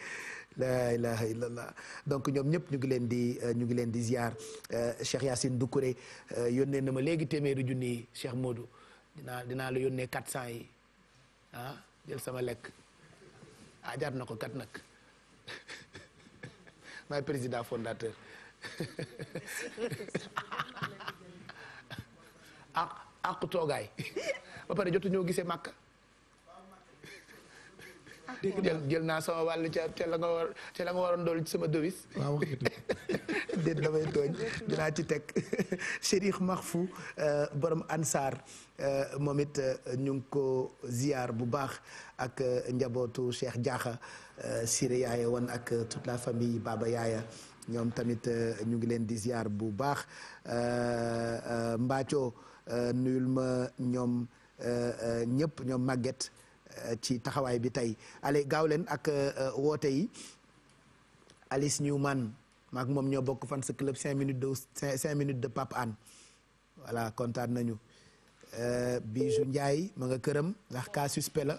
la ilaha illallah donc ñoom ñëpp ñu ngi leen di euh, ñu ngi leen di ziar euh, Cheikh Yacine Doucouré euh, yónnee na ma léegi téeméeri junni yi Cheikh Modou dinaa la yónnee quatre cent yi ah jël sama lekk ah na ko kat nag maay président fondateur ak ak ah, ba pare jotu ñoo gisee màkk jël jël naa sama wàll ca ca nga waroon dool sama dowis waaw damay tooñ dinaa ci teg Chérif Mahfou euh, borom Ansar euh, moom it euh, ñu ko ziar bu baax ak njabootu Cheikh Diakha Siré Yaaya woon ak toute la famille Baba Yaaya ñoom tamit ñu ngi leen di ziar bu baax Mbacco nuyul ma ñoom ñëpp ñoom Maguette ci taxawaay bi tey ale gaaw leen ak euh, woote yi Alice Newman maak moom ñoo bokk fan sa club cinq minutes de cinq minutes de Pape voilà kontaan nañu euh, Bijou Ndiaye ma nga këram ndax cas suspect la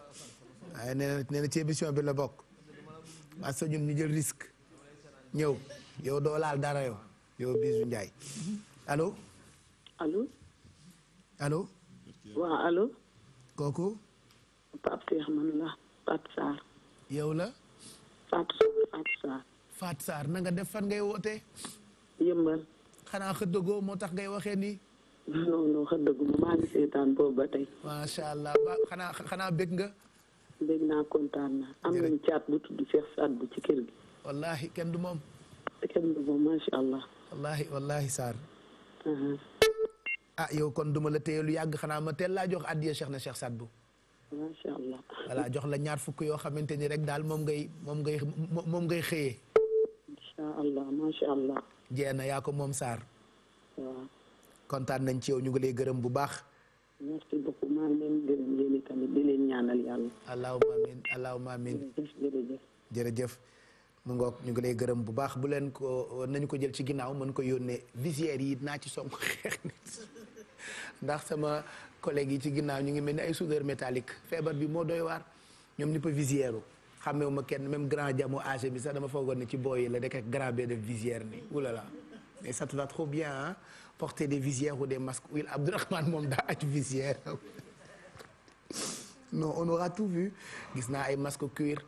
waaye nee ci émission bi la bokk parce que ñun ñu jël risque ñëw yow doo laal dara yow yow Bijou Ndiaye allo. allo. allo. Pape Seex man la Fatou Sarr. yow la. Fatou na nga def fan ngay wootee. yëmbal. xanaa xëddëgoo moo tax ngay waxee nii. non non ba tey. macha allah ba xanaa xanaa bég nga. bég naa kontaan naa. am nañ caat bu tudd Cheikh Saad bu ci kër gi. wallahi kenn du moom. kenn du moom macha allah. wallahi wallahi ah yow kon duma la téye lu yàgg xanaa ma teel laa jox addiya Cheikh na Cheikh Saad bu. macha allah voilà jox la ñaar fukk yoo xamante ni rek daal moom ngay moom ngay moom ngay xëyee. macha allah macha yaa ko moom saar kontaan nañ ci yow ñu ngi lay gërëm bu baax. merci beaucoup maa jërëjëf mu ngoog ñu ngi lay gërëm bu baax bu leen ko nañu ko jël ci ginnaaw mën ko yónnee visières yi naa ci song xeex nit ndax sama. collègues yi ci ginnaaw ñu ngi mel ni ay soudeur métallique feebar bi moo doy waar ñoom ñëpp a visière xamewu ma kenn même grand jamu âgé bi sax dama foogoon ne ci booy yi la dekk ak grand bee def visière nii oulala mais ça te va trop des visières ou des masques moom daa aj visière non tout vu gis naa ay masque cuir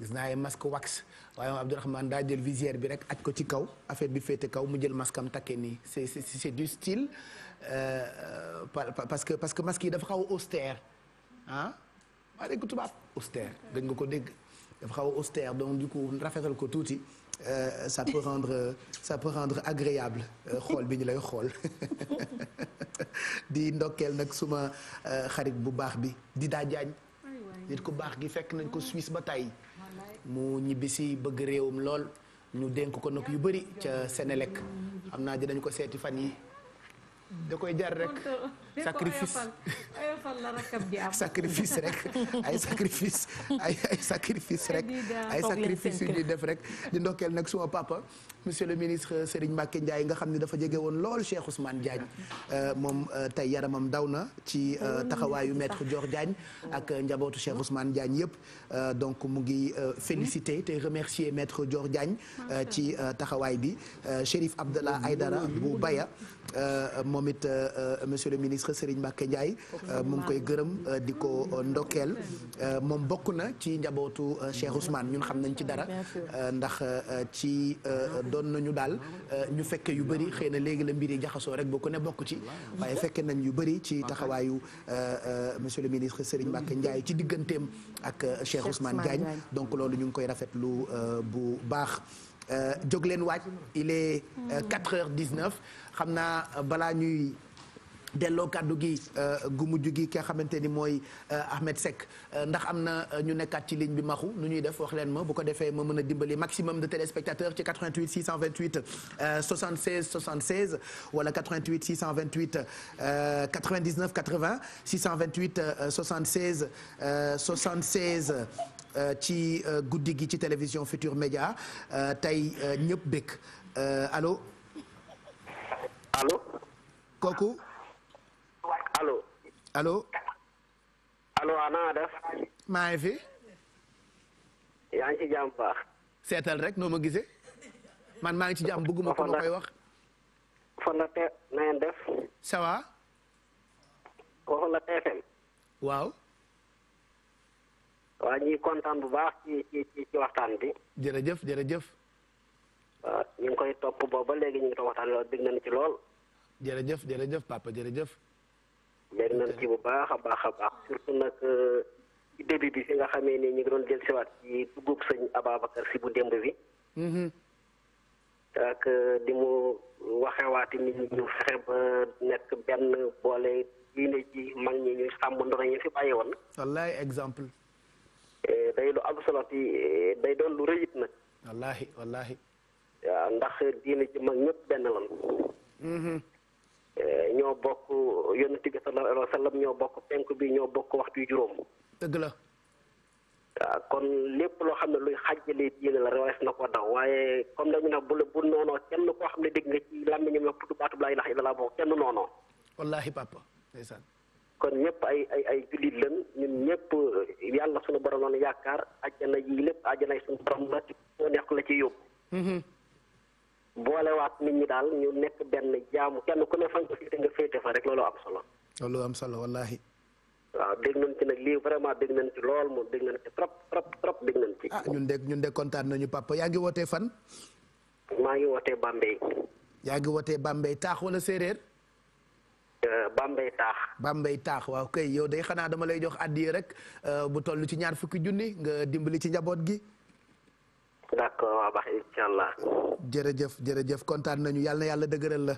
gis naa ay masque wax waaye moom Abdourahmane daa jël visière bi rek aj ko ci kaw affaire bi féete kaw mu jël masque am takke nii c'est c'est du style Euh, parce que parce que masque yi dafa xaw a austère ah maa dégg tubaab austère ko dégg dafa xaw a donc du rafetal ko tuuti euh, ça peut rendre ça peut euh, xool bi ñu lay xool di ndokkeel nag suma xarit bu baax bi di daa jaañ nit ku baax gi fekk nañ ko Suisse ba tey mu ñibbisi bëgg réewum lool ñu dénk ko nag yu bëri ca Sénélec xam naa dinañ ko seeti fan yi da koy jar rek sacrifice rek ay sacrifice ay ay rek ay sacrifice yu ñuy def rek di ndokkeel nag suma papa monsieur le ministre Serigne Mbacké Ndiaye nga xam ne dafa jege woon lool Cheikh Ousmane Diagne euh, moom euh, tey yaramam daw na ci euh, taxawaayu maître Dior Diagne ak njabootu Cheikh Ousmane Diagne yëpp donc mu ngi féliciter te remercier maître Dior Diagne ci taxawaay bi Chérif Abdallah Aydara bu Baya Euh, moom it euh, monsieur le ministre Serigne Mbacké Ndiaye euh, mu ngi koy gërëm di ko ndokkeel moom bokk na ci njabootu Cheikh Ousmane ñun xam nañ ci dara ndax ci doon nañu daal ñu fekke yu bëri xëy na léegi la mbir yi jaxasoo rek ba ku ne bokk ci waaye fekke nañ yu bëri ci taxawaayu monsieur le ministre Serigne Mbacké Ndiaye ci digganteem ak Cheikh Ousmane Diagne donc loolu ñu ngi koy rafetlu bu baax jóg leen waaj il est 4 heures 19 xam naa euh, balaa ñuy delloo kàddu gi euh, gu mujj gi ki nga xamante ni mooy euh, Ahmed Seck ndax am na ñu nekkaat ci ligne bi maxu nu ñuy def wax leen ma bu ko defee ma mën a dimbali maximum de téléspectateurs ci 88 628 76 76 wala 88 628 99 80 628 76 76 ci guddi gi ci télévision Futur Média tey ñëpp békk allo. allo. kooku. alo alo allo waaw def. maa ngi fi. yaa ngi ci jàmm baax. seetal rek noo ma gisee. man maa ngi ci jàmm bëgguma ko ma koy wax. fan la te na ngeen def. ça va. waaw. waa ñuy kontaan bu baax ci ci ci waxtaan bi. jërëjëf jërëjëf. waaw ñu ngi koy topp boobu ba léegi ñu ngi ko waxtaan lool dégg nañu ci lool. jërëjëf jërëjëf papa jërëjëf. dégg nañu bu baax a baax a baax surtout nag ci euh, début nga xamee ni ñu doon jël siwaat ci dugub sëñ Ababacar si bu démb bi. di mm-hmm. euh, mu waxewaati nit ñu fexe ba nekk benn boole diine ji mag ñi ñu sàmm ndono ñu fi bàyyi woon. wallahi exemple. day lu am solo day doon lu rëyit nag. wallahi wallahi ndax diine ji mag ñëpp benn lan mm-hmm. eh, ñoo bokk yonent bi sallallahu la wa sallam ñoo bokk penk bi ñoo bokk waxtu yu juróom dëgg la waaw kon lépp loo xam ne luy xàjjale diine la na ko daw waaye comme dañu ne bu la noonoo kenn koo xam ne dégg nga ci làmmiñam wax putu baatub laa ilaha illallah boo kenn noonoo wallahi papa ndeysaan kon ñëpp ay ay ay jullit lañ ñun ñëpp yàlla suñu borom lañu yaakaar àjjana yi lépp àjjana yi suñu borom la nekk la ci yóbbu mm-hmm. waat nit ñi daal ñu nekk benn jaamu kenn ku ne fa nga féete nga féete fa rek loolu am solo. loolu am solo wallaahi. waaw dégg nañ ci nag lii vraiment dégg nañ ci lool moom dégg nañ ci trop trop trop dégg nañ ci. ah ñun de ñun de nañu papa yaa ngi wootee fan. maa ngi wootee Bambey. yaa ngi wootee Bambey taax wala séeréer. Euh, Bambey taax. Bambey taax waa kay yow day xanaa dama lay jox addi rek euh, bu toll ci ñaar fukki junni nga dimbali ci njaboot gi. d'accord waaw baax incha allah. jërëjëf jërëjëf kontaan nañu yàlla yàlla dëgëral la.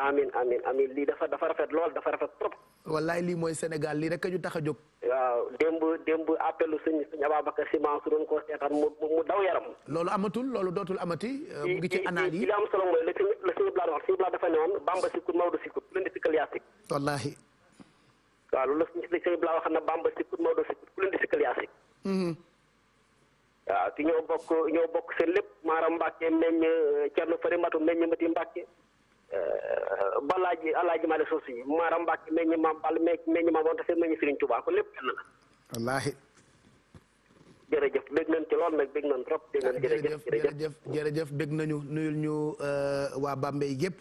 amin amin amin lii dafa dafa rafet lool dafa rafet trop. wallaay lii mooy Sénégal lii rek a ñu tax a jóg. waaw démb démb appelu sëñ sëñ Ababacar Sy Mansour doon koo seetaan mu daw yaram. loolu amatul loolu dootul amati. Euh, mu ngi ci anaan yi li am solo mooy la sëñ la sëñ dafa newoon Bamba sikku Maodo sikku ku na Bamba sikku Maodo sikku ku leen di sikkal yaa waaw te ñoo bokk ñoo bokk seen lépp maaram Mbacke meññ Thierno Fari Mbatu meññ Mati Mbacke euh, balaaji alaaji Malick Sow si maaram Mbacke meññ maam Bal meññ maam Anta Sène meññ Serigne Touba ko lépp kenn la. wallaahi. jërëjëf bég nañ ci lool nag bég nañ trop. jërëjëf jërëjëf jërëjëf nañu nuyul ñu euh, waa Bambey yëpp.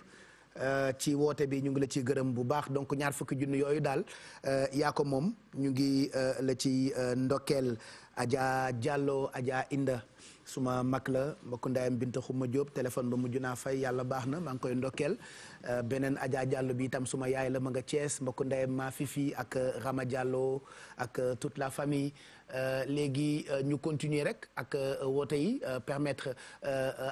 Euh, ci woote bi ñu ngi la ciy gërëm bu baax donc ñaar fukki junn yooyu daal euh, yaa moom ñu ngi euh, la ci ndokkeel Adja Diallo Adja Inda suma mag la mbokk ndayam Binta Xuma Diop téléphone ba mujj naa fay yàlla baax na maa ngi koy ndokkeel beneen Adja jàllo bi itam suma yaay la ma nga Thiès mbokk ndayam maa fifi ak Rama Diallo ak toute la famille léegi ñu continuer rek ak woote yi permettre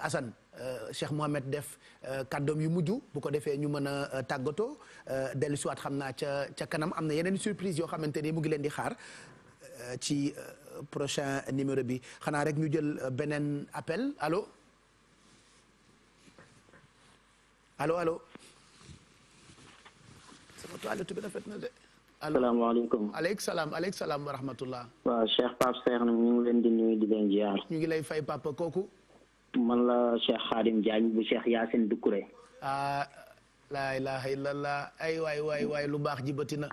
Assane Euh, Cheikh Mohamed def euh, kàddoom yu mujj bu ko defee ñu mën a euh, tàggatoo dellu siwaat xam naa ca ca kanam am na yeneen surprise yoo xamante ni mu ngi leen di xaar ci prochain numéro bi xanaa rek ñu jël beneen appel allo allo allo. salaamaaleykum aleykum salaam aleykum salaam wa rahmatullah. waaw Cheikh Pape Cheikh ñu ngi leen di nuyu di leen ziar. ñu ngi lay fay papa kooku. man la Cheikh Khadim Diagne bu Cheikh Yacine Doucouré. ah laa ilaha illallah ay waay waay waay lu baax jibati na.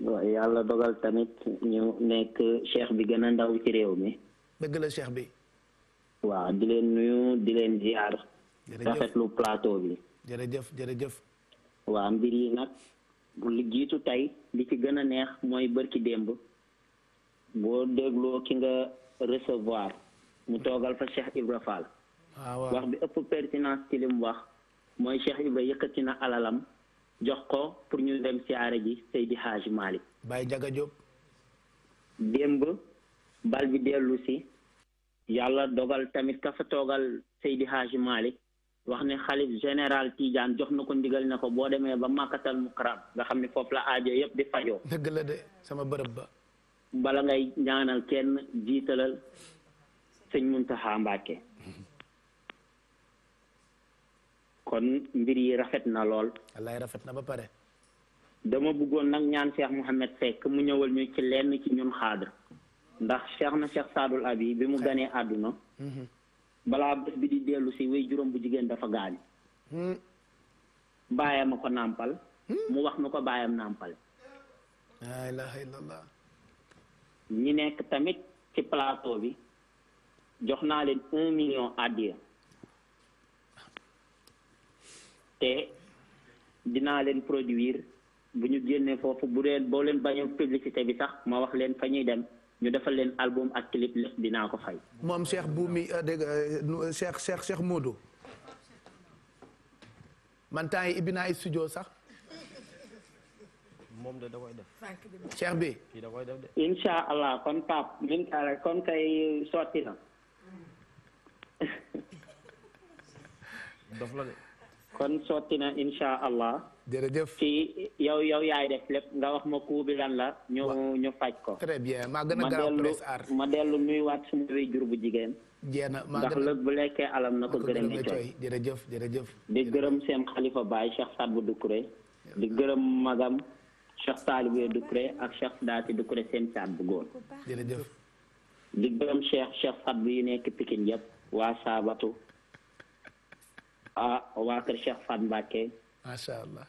waaw yàlla dogal tamit ñu nekk cheikh bi gën a ndaw ci réew mi. dëgg la cheikh bi. waaw di leen nuyu di leen ziar. rafetlu plateau bi. jërëjëf jërëjëf. waa mbir yi nag li jiitu tey li ci gën a neex mooy bërki démb boo dégloo ki nga recevoir mu toogal fa Cheikh Ibra Fall ah, wax bi ëpp pertinence ci lim wax mooy Cheikh Ibra yëkkati na alalam jox ko pour ñu dem siyaare ji Seydi Hadj Malick Baye Njaga Jóob démb bal bi dellu si yàlla dogal tamit ka fa toogal Seydi Hadj Malick wax ne xalif général Tidiane jox na ko ndigal ne ko boo demee ba mu mukaram nga xam ne foofu la aajo yépp di fajo dëgg la de sama bërëb ba bala ngay ñaanal kenn jiitalal sëñ Muntaxa Mbàkke kon mbir yi rafet na lool wallaay rafet na ba pare dama buggoon nag ñaan Cheikh Mouhamed Seck mu ñëwal ñu ci lenn ci ñun xaadar ndax Cheikh na Cheikh Saadul Abi bi mu ganee àdduna mhm. balaa bés bi di dellu si way juróom bu jigéen dafa gaañ mhm. baayam a ko nàmpal mhm. mu wax nu ko baayam nàmpal laa nekk tamit ci plateau bi jox naa leen un million àddiya te dinaa leen produire bu ñu génnee foofu bu leen boo leen bañu publicité bi sax ma wax leen fa ñuy dem ñu defal leen album ak clip lépp dinaa ko fay. moom Cheikh Boumi euh, dégg euh, Cheikh Cheikh Cheikh Modou man temps ibbi naa ay studio sax. moom de da koy def. Cheikh bi. kii da koy def incha allah kon Pape. Euh, kon kay sotti na. dof la kon sotti na incha allah. jërëjëf ci yow yow yaay def lépp nga wax ma kuu bi lan la. ñu ñu faj ko. très bien maa gën a gaaw ma dellu nuyuwaat suma waajur bu jigéen. jéem a ndax lëg bu lekkee alam na ko gërëm di jërëjëf jërëjëf. di gërëm seen xalifa baay Cheikh Saad bu Dukkure. di gërëm magam Cheikh Saliou Dukkure ak Cheikh Daati Dukkure seen Saad bu góor. jërëjëf. di gërëm Cheikh Cheikh Saad bu yi nekk Pikine yëpp waa Saabatu. ah waa kër Cheikh Fat Mbacke. allah.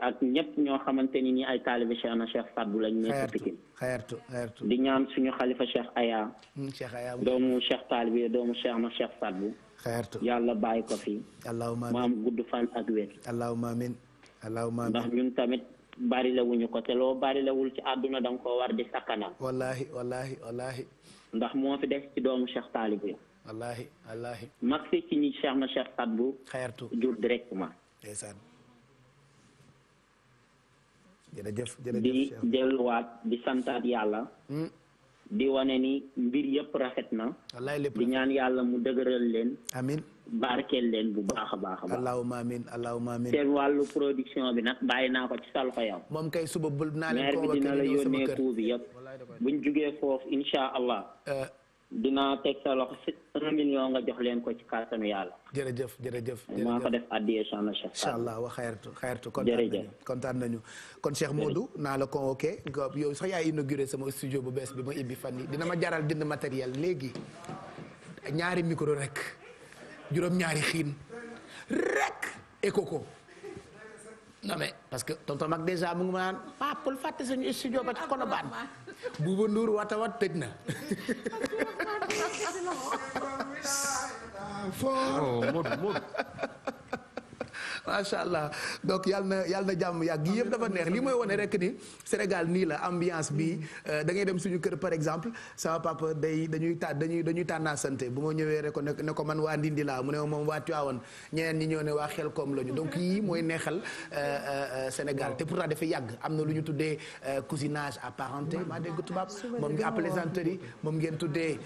ak ñoo xamante ni nii ay taalibe Cheikh na Cheikh Fat bu lañ nekk Pikine xeertu xeertu di ñaan suñu xalifa Cheikh Aya. Mm, Cheikh Aya doomu Cheikh doomu Cheikh na Cheikh Fat bu. xeertu yàlla bàyyi ko fi. allahumma amiin maam gudd fan ak wér. allahumma amiin ndax ñun tamit. barilewuñu ko te loo bari ci àdduna danga koo war di sakkanal. wallahi wallahi wallahi ndax moo fi des ci doomu Cheikh taalibe wallaahi wallaahi. mag fekk ci ñi seex na Cheikh Sadbou. xayartu jur directement. ndeysaan. jërëjëf jërëjëf di delluwaat di santaat yàlla. Hmm. di wane ni mbir yëpp rafet na. wallaay lépp di ñaan yàlla mu dëgëral leen. amin barkeel leen bu baax a baax a baax. allahumma amin allahumma wàllu production bi nag bàyyi naa ko ci sa loxo moom kay suba bul naa leen ko. dina la yónnee kuu bi buñ jugee foofu incha allah. Euh, dinaa teg sa loxo si un million nga jox leen ko ci kàttanu yàlla. jërëjëf jërëjëf jërëjëf maa ko def addiya soxna Cheikh. incha allah kontaan nañu kon Cheikh Modou naa la convoqué yow sax yaay inauguré sama studio bu bees bi ma ibbi fan yi dina ma jaral dind matériel léegi ñaari micro rek juróom ñaari xiin rek éco ko. non mais parce que tonton mag dèjà mu ngi ma naan ah pour fàtte suñu studio ba ci Colobane Bouba wata wat tëj na. fort. Oh, macha allah donc yàlla na yàlla na jàmm yàgg yi yëpp dafa neex li mooy wane rek ni Sénégal nii la ambiance bi euh, da ngay dem suñu kër par exemple sama papa day dañuy ta dañuy dañuy tànnaa sante bu ma ñëwee rek ne ne ko man waa Ndindi laa mu ne moom waa Tivaouane ñeneen ñi ñëw ne waa Xelkom lañu donc yii mooy neexal euh, euh, Sénégal te pourtant dafa yàgg am na lu ñu tuddee cousinage apparenté maa dégg tubaab moom nga plaisanterie moom ngeen tuddee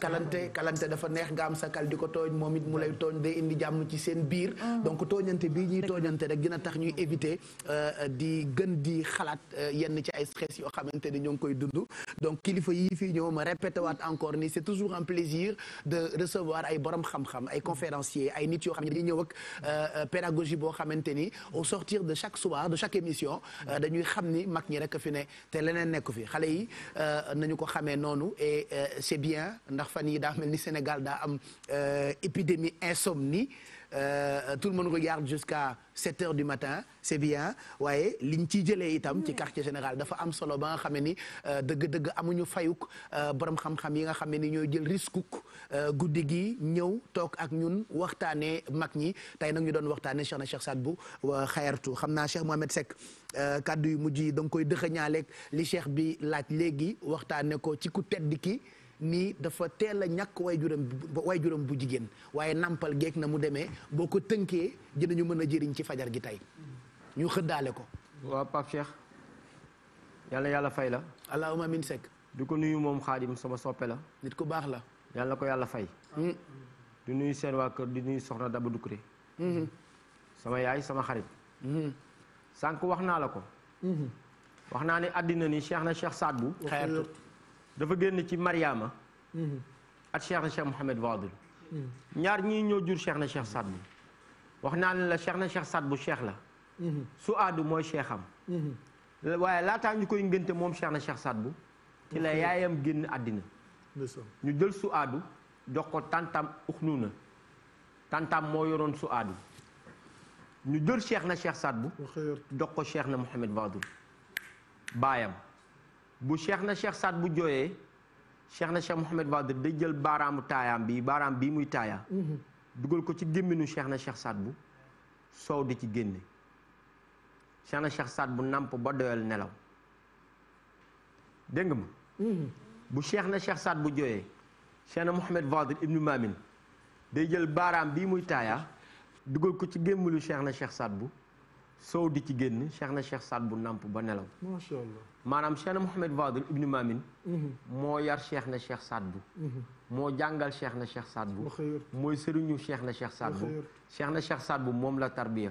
kalante kalante dafa neex nga am sa kal di ko tooñ moom it mu lay tooñ day indi jàmm ci seen biir ah. tooñante bii ñuy tooñante rek dina tax ñuy éviter euh, di gën di xalaat euh, yenn ci ay stress yoo xamante ni ñoo ngi koy dund donc kilifa yi fii ñëw ma répété waat encore ni c'est toujours un plaisir de recevoir ay borom xam-xam ay conférenciers ay nit yoo xam ne dañuy ñëw ak euh, pédagogie boo xamante ni au sortir de chaque soir de chaque émission dañuy xam ni mag ñi rek fi ne te leneen nekk fi xale yi nañu ko xamee noonu et c'est bien ndax fan yi daa mel ni Sénégal daa am épidémie ni euh, tout le ko regarde jusqu'à 7 heures du matin c'est bien waaye liñ ciy jëlee itam ci quartier général dafa am solo ba nga xam ne ni euh, dëgg-dëgg amuñu fayuk euh, borom xam-xam yi nga xam ne ni ñooy jël risque euh, guddi gi ñëw toog ak ñun waxtaanee mag ñi tey nag ñu doon waxtaanee Cheikh na Cheikh Saad bu xayartu xam naa Cheikh Mohamed Seck kàddu yu mujj yi da nga koy dëxëñaaleeg li Cheikh bi laaj léegi waxtaanee ko ci ku tedd ki nii dafa teel ñàkk way juróom way juróom bu jigéen waaye nàmpal géeg na mu demee boo ko tënkee dinañu mën a jëriñ ci fajar gi tey ñu xëddaale ko waaw Pape Cheikh yàlla yàlla fay la allahumma min sek du ko nuyu moom xaadim sama soppe la nit ku baax la yàlla ko yàlla fay hmm. du nuyu seen waa kër di nuy soxna Daba Doucouré hmm. sama yaay sama xarit hmm. sànq wax naa la ko wax naa ne àddina ni cheikh na cheikh Saad bu dafa génn ci Mariama mm-hmm. ak Cheikh na Cheikh Mouhamed Vadul mm-hmm. ñaar ñii ñoo jur Cheikh na Cheikh Saad bu wax naa ne la Cheikh na bu Cheikh la mm-hmm. su aadu mooy Cheikh waaye laataa ñu koy ngénte moom Cheikh na Cheikh Saad bu ci la yaayam génn àddina ñu jël su aadu jox ko tantam uxnuuna tantam moo yoroon su aadu ñu jël Cheikh na Cheikh Saad bu jox ko Cheikh na Mouhamed Vadul baayam bu cheikh na cheikh Saad bu jooyee cheikh na cheikh Mouhamed Fadel day jël baaraamu taayaam bi baaraam bii muy taaya mhm. dugal ko ci gémminu cheikh na cheikh Saad bu soow di ci génne cheikh cheikh Saad bu namp ba doyal nelaw dégg mhm. cheikh na cheikh Saad bu jooyee cheikh Mouhamed Fadel day jël baaraam bii muy taaya dugal ko ci gémminu cheikh na cheikh Saad bu soow di ci génn cheikh na cheikh Saad bu nampu ba nelaw. maanaam cheikh na Mouhamed Vadul ibnu Mamin. Mhm. moo yar cheikh na cheikh sad bu. Mhm. moo jàngal cheikh na cheikh Saad bu. mooy sëriñu cheikh na cheikh Saad cheikh na cheikh Saad bu moom la tarbiya.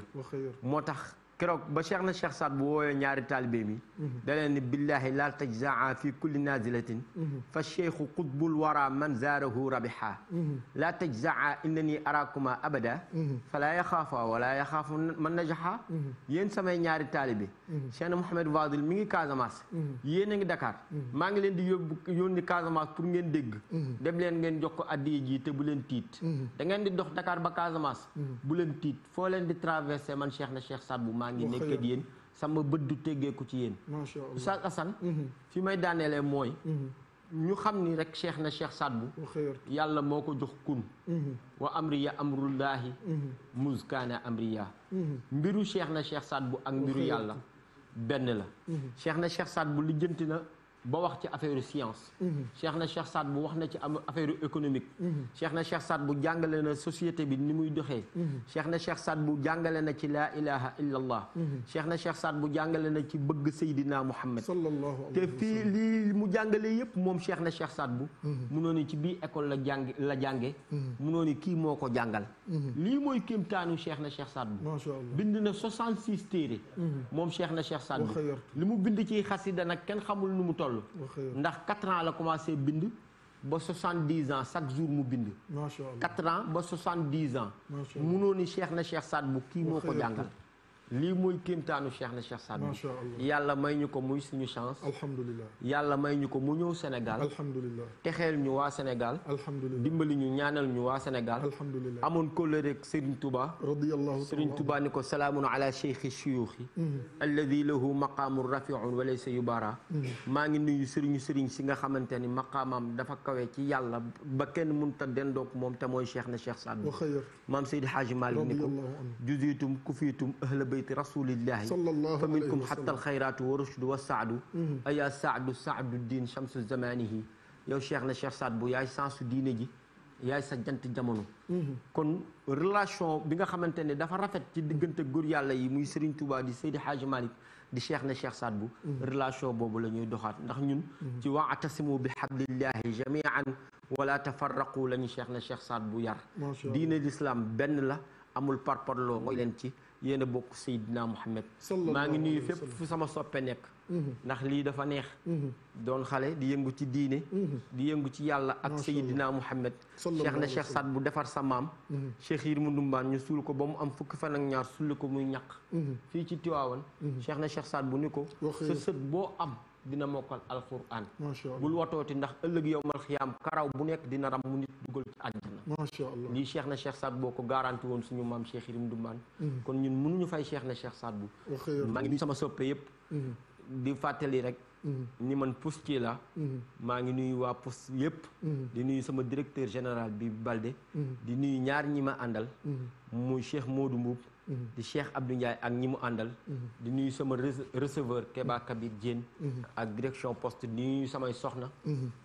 moo tax. keroog ba Cheikh na Cheikh Saad bu woowee ñaari taalibe mi mhm. da leen la billaahi laa tajzaa fi kulli nazilatin mhm. fa cheikhu qutbul wara man zaarahu rabiha mhm. laa tajzaa innani arakuma abada falaa yaxaafa wala yaxaafu man najaha yéen samay ñaari taalibe Cheikh na Mouhamed Fadil mi ngi Casamance yéen a ngi Dakar maa ngi leen di yóbbu yónni Casamance pour ngeen dégg dem leen ngeen jox ko addiye ji te tiit da di dox Dakar ba Casamance bu tiit foo leen di traversé man Cheikh na Cheikh ngi nekk ak yéen sama bët du teggee ko ci yéen macha allah Oustaz mhm. fi may daaneele mooy mhm. ñu xam ni rek cheikh na cheikh Sadbu yàlla moo ko jox kun mhm. wa amriya amrullahi muskaana amriya mbiru cheikh na cheikh Sadbu ak mbiru yàlla benn la cheikh na cheikh Sadbu lijjanti na ba wax ci affaire science. Mhm. Cheikh na Cheikh Saad bu wax na ci am affaire économique. Mhm. Cheikh na Cheikh Saad bu jàngale na société bi ni muy doxee. Mhm. Cheikh na Cheikh Saad bu jàngale na ci laa ilaha illallah. Cheikh na Cheikh Saad bu jàngale na ci bëgg Seydina Muhammad. te fii lii mu jàngale yépp moom Cheikh na Cheikh Saad bu. munoon ni ci biir école la jàng la jànge munoon ni kii moo ko jàngal. lii mooy kéemtaanu Cheikh na Cheikh Saad bu. macha allah bind na 66 téere. moom Cheikh na Cheikh Saad bu. li mu bind ci xasida nag kenn xamul nu mu toll. ndax 4 ans la commencé bind. ba 70 ans chaque jour mu bind. macha allah 4 ba 70 ans. macha allah munoo na Cheikh Saad bu kii moo ko jàngal. lii mooy kéemtaanu Cheikh na Cheikh Saad Bou yàlla may ñu ko muy suñu chance alhamdulilah yàlla may ñu ko mu ñëw Sénégal alhamdulilah texeel ñu waa Sénégal alhamdulilah dimbali ñu ñaanal ñu waa Sénégal alhamdulilah amoon kóllëre ak Serigne Touba radiyallahu Serigne Touba ni ko salaamun ala cheikhi shuyuuxi mhm. alladi lahu maqaamun rafiun wa laysa yubara mhm. maa ngi nuyu yu sëriñ si nga xamante ni maqaamam dafa kawe ci yàlla ba kenn mënta dendook moom te mooy Cheikh na Cheikh Saad Bou maam Seydi Hadji Malick ni ko juziitum kufiitum ahla bayt bayti rasulillahi fa minkum xatta alxayratu wa rushdu wa saadu mhm. aya saadu saadu diin chamsu zamanihi yow cheikh na cheikh saad bu yaay sansu diine ji yaay sa jant jamono mhm. kon relation bi nga xamante ne dafa rafet ci diggante góor yàlla yi muy Serigne Touba di Seydi Hadji Malick di cheikh na cheikh saad bu mhm. relation boobu la ñuy doxaat ndax ñun ci wa atasimu bi hablillahi jamian wala tafarraqu la ñu cheikh na cheikh saad bu yar diine l'islam benn la amul parparloo ngoy leen ci yéen a bokk Seydina Muhammad maa ngi nuyu fépp fu sama soppe nekk mhm. ndax lii dafa neex mhm. doon xale di yëngu ci diine mhm. di yëngu ci yàlla ak Seydina Muhammad cheikh na cheikh Saad bu defar sa maam cheikh Yir mu ndumbaan ñu suul ko ba mu am fukki fan ak ñaar sulli ko muy ñaq fii ci Tiwaawan cheikh na cheikh Saad bu ni ko sa sët boo am dina mokkal alquran bul watooti ndax ëllëg yowmal xiyaam karaw bu nekk dina ram mu nit dugal ci àjjana macha allah na cheikh saad boo ko garanti woon suñu maam cheikh irim dumbaan mm-hmm. kon ñun mënuñu fay cheikh na cheikh saad bu maa ngi sama soppe yëpp mm-hmm. di fàttali rek mm-hmm. ni man ci la maa ngi nuyu waa Pouss yëpp di nuyu sama directeur général bi Balde di nuyu ñaar ñi ma àndal muy cheikh Modou Mbuub Mm-hmm. di Cheikh Abdou Ndiaye ak ñi mu àndal. Mm-hmm. di nuyu sama receveur Keba mm-hmm. Kabir jén ak direction poste di nuyu samay soxna.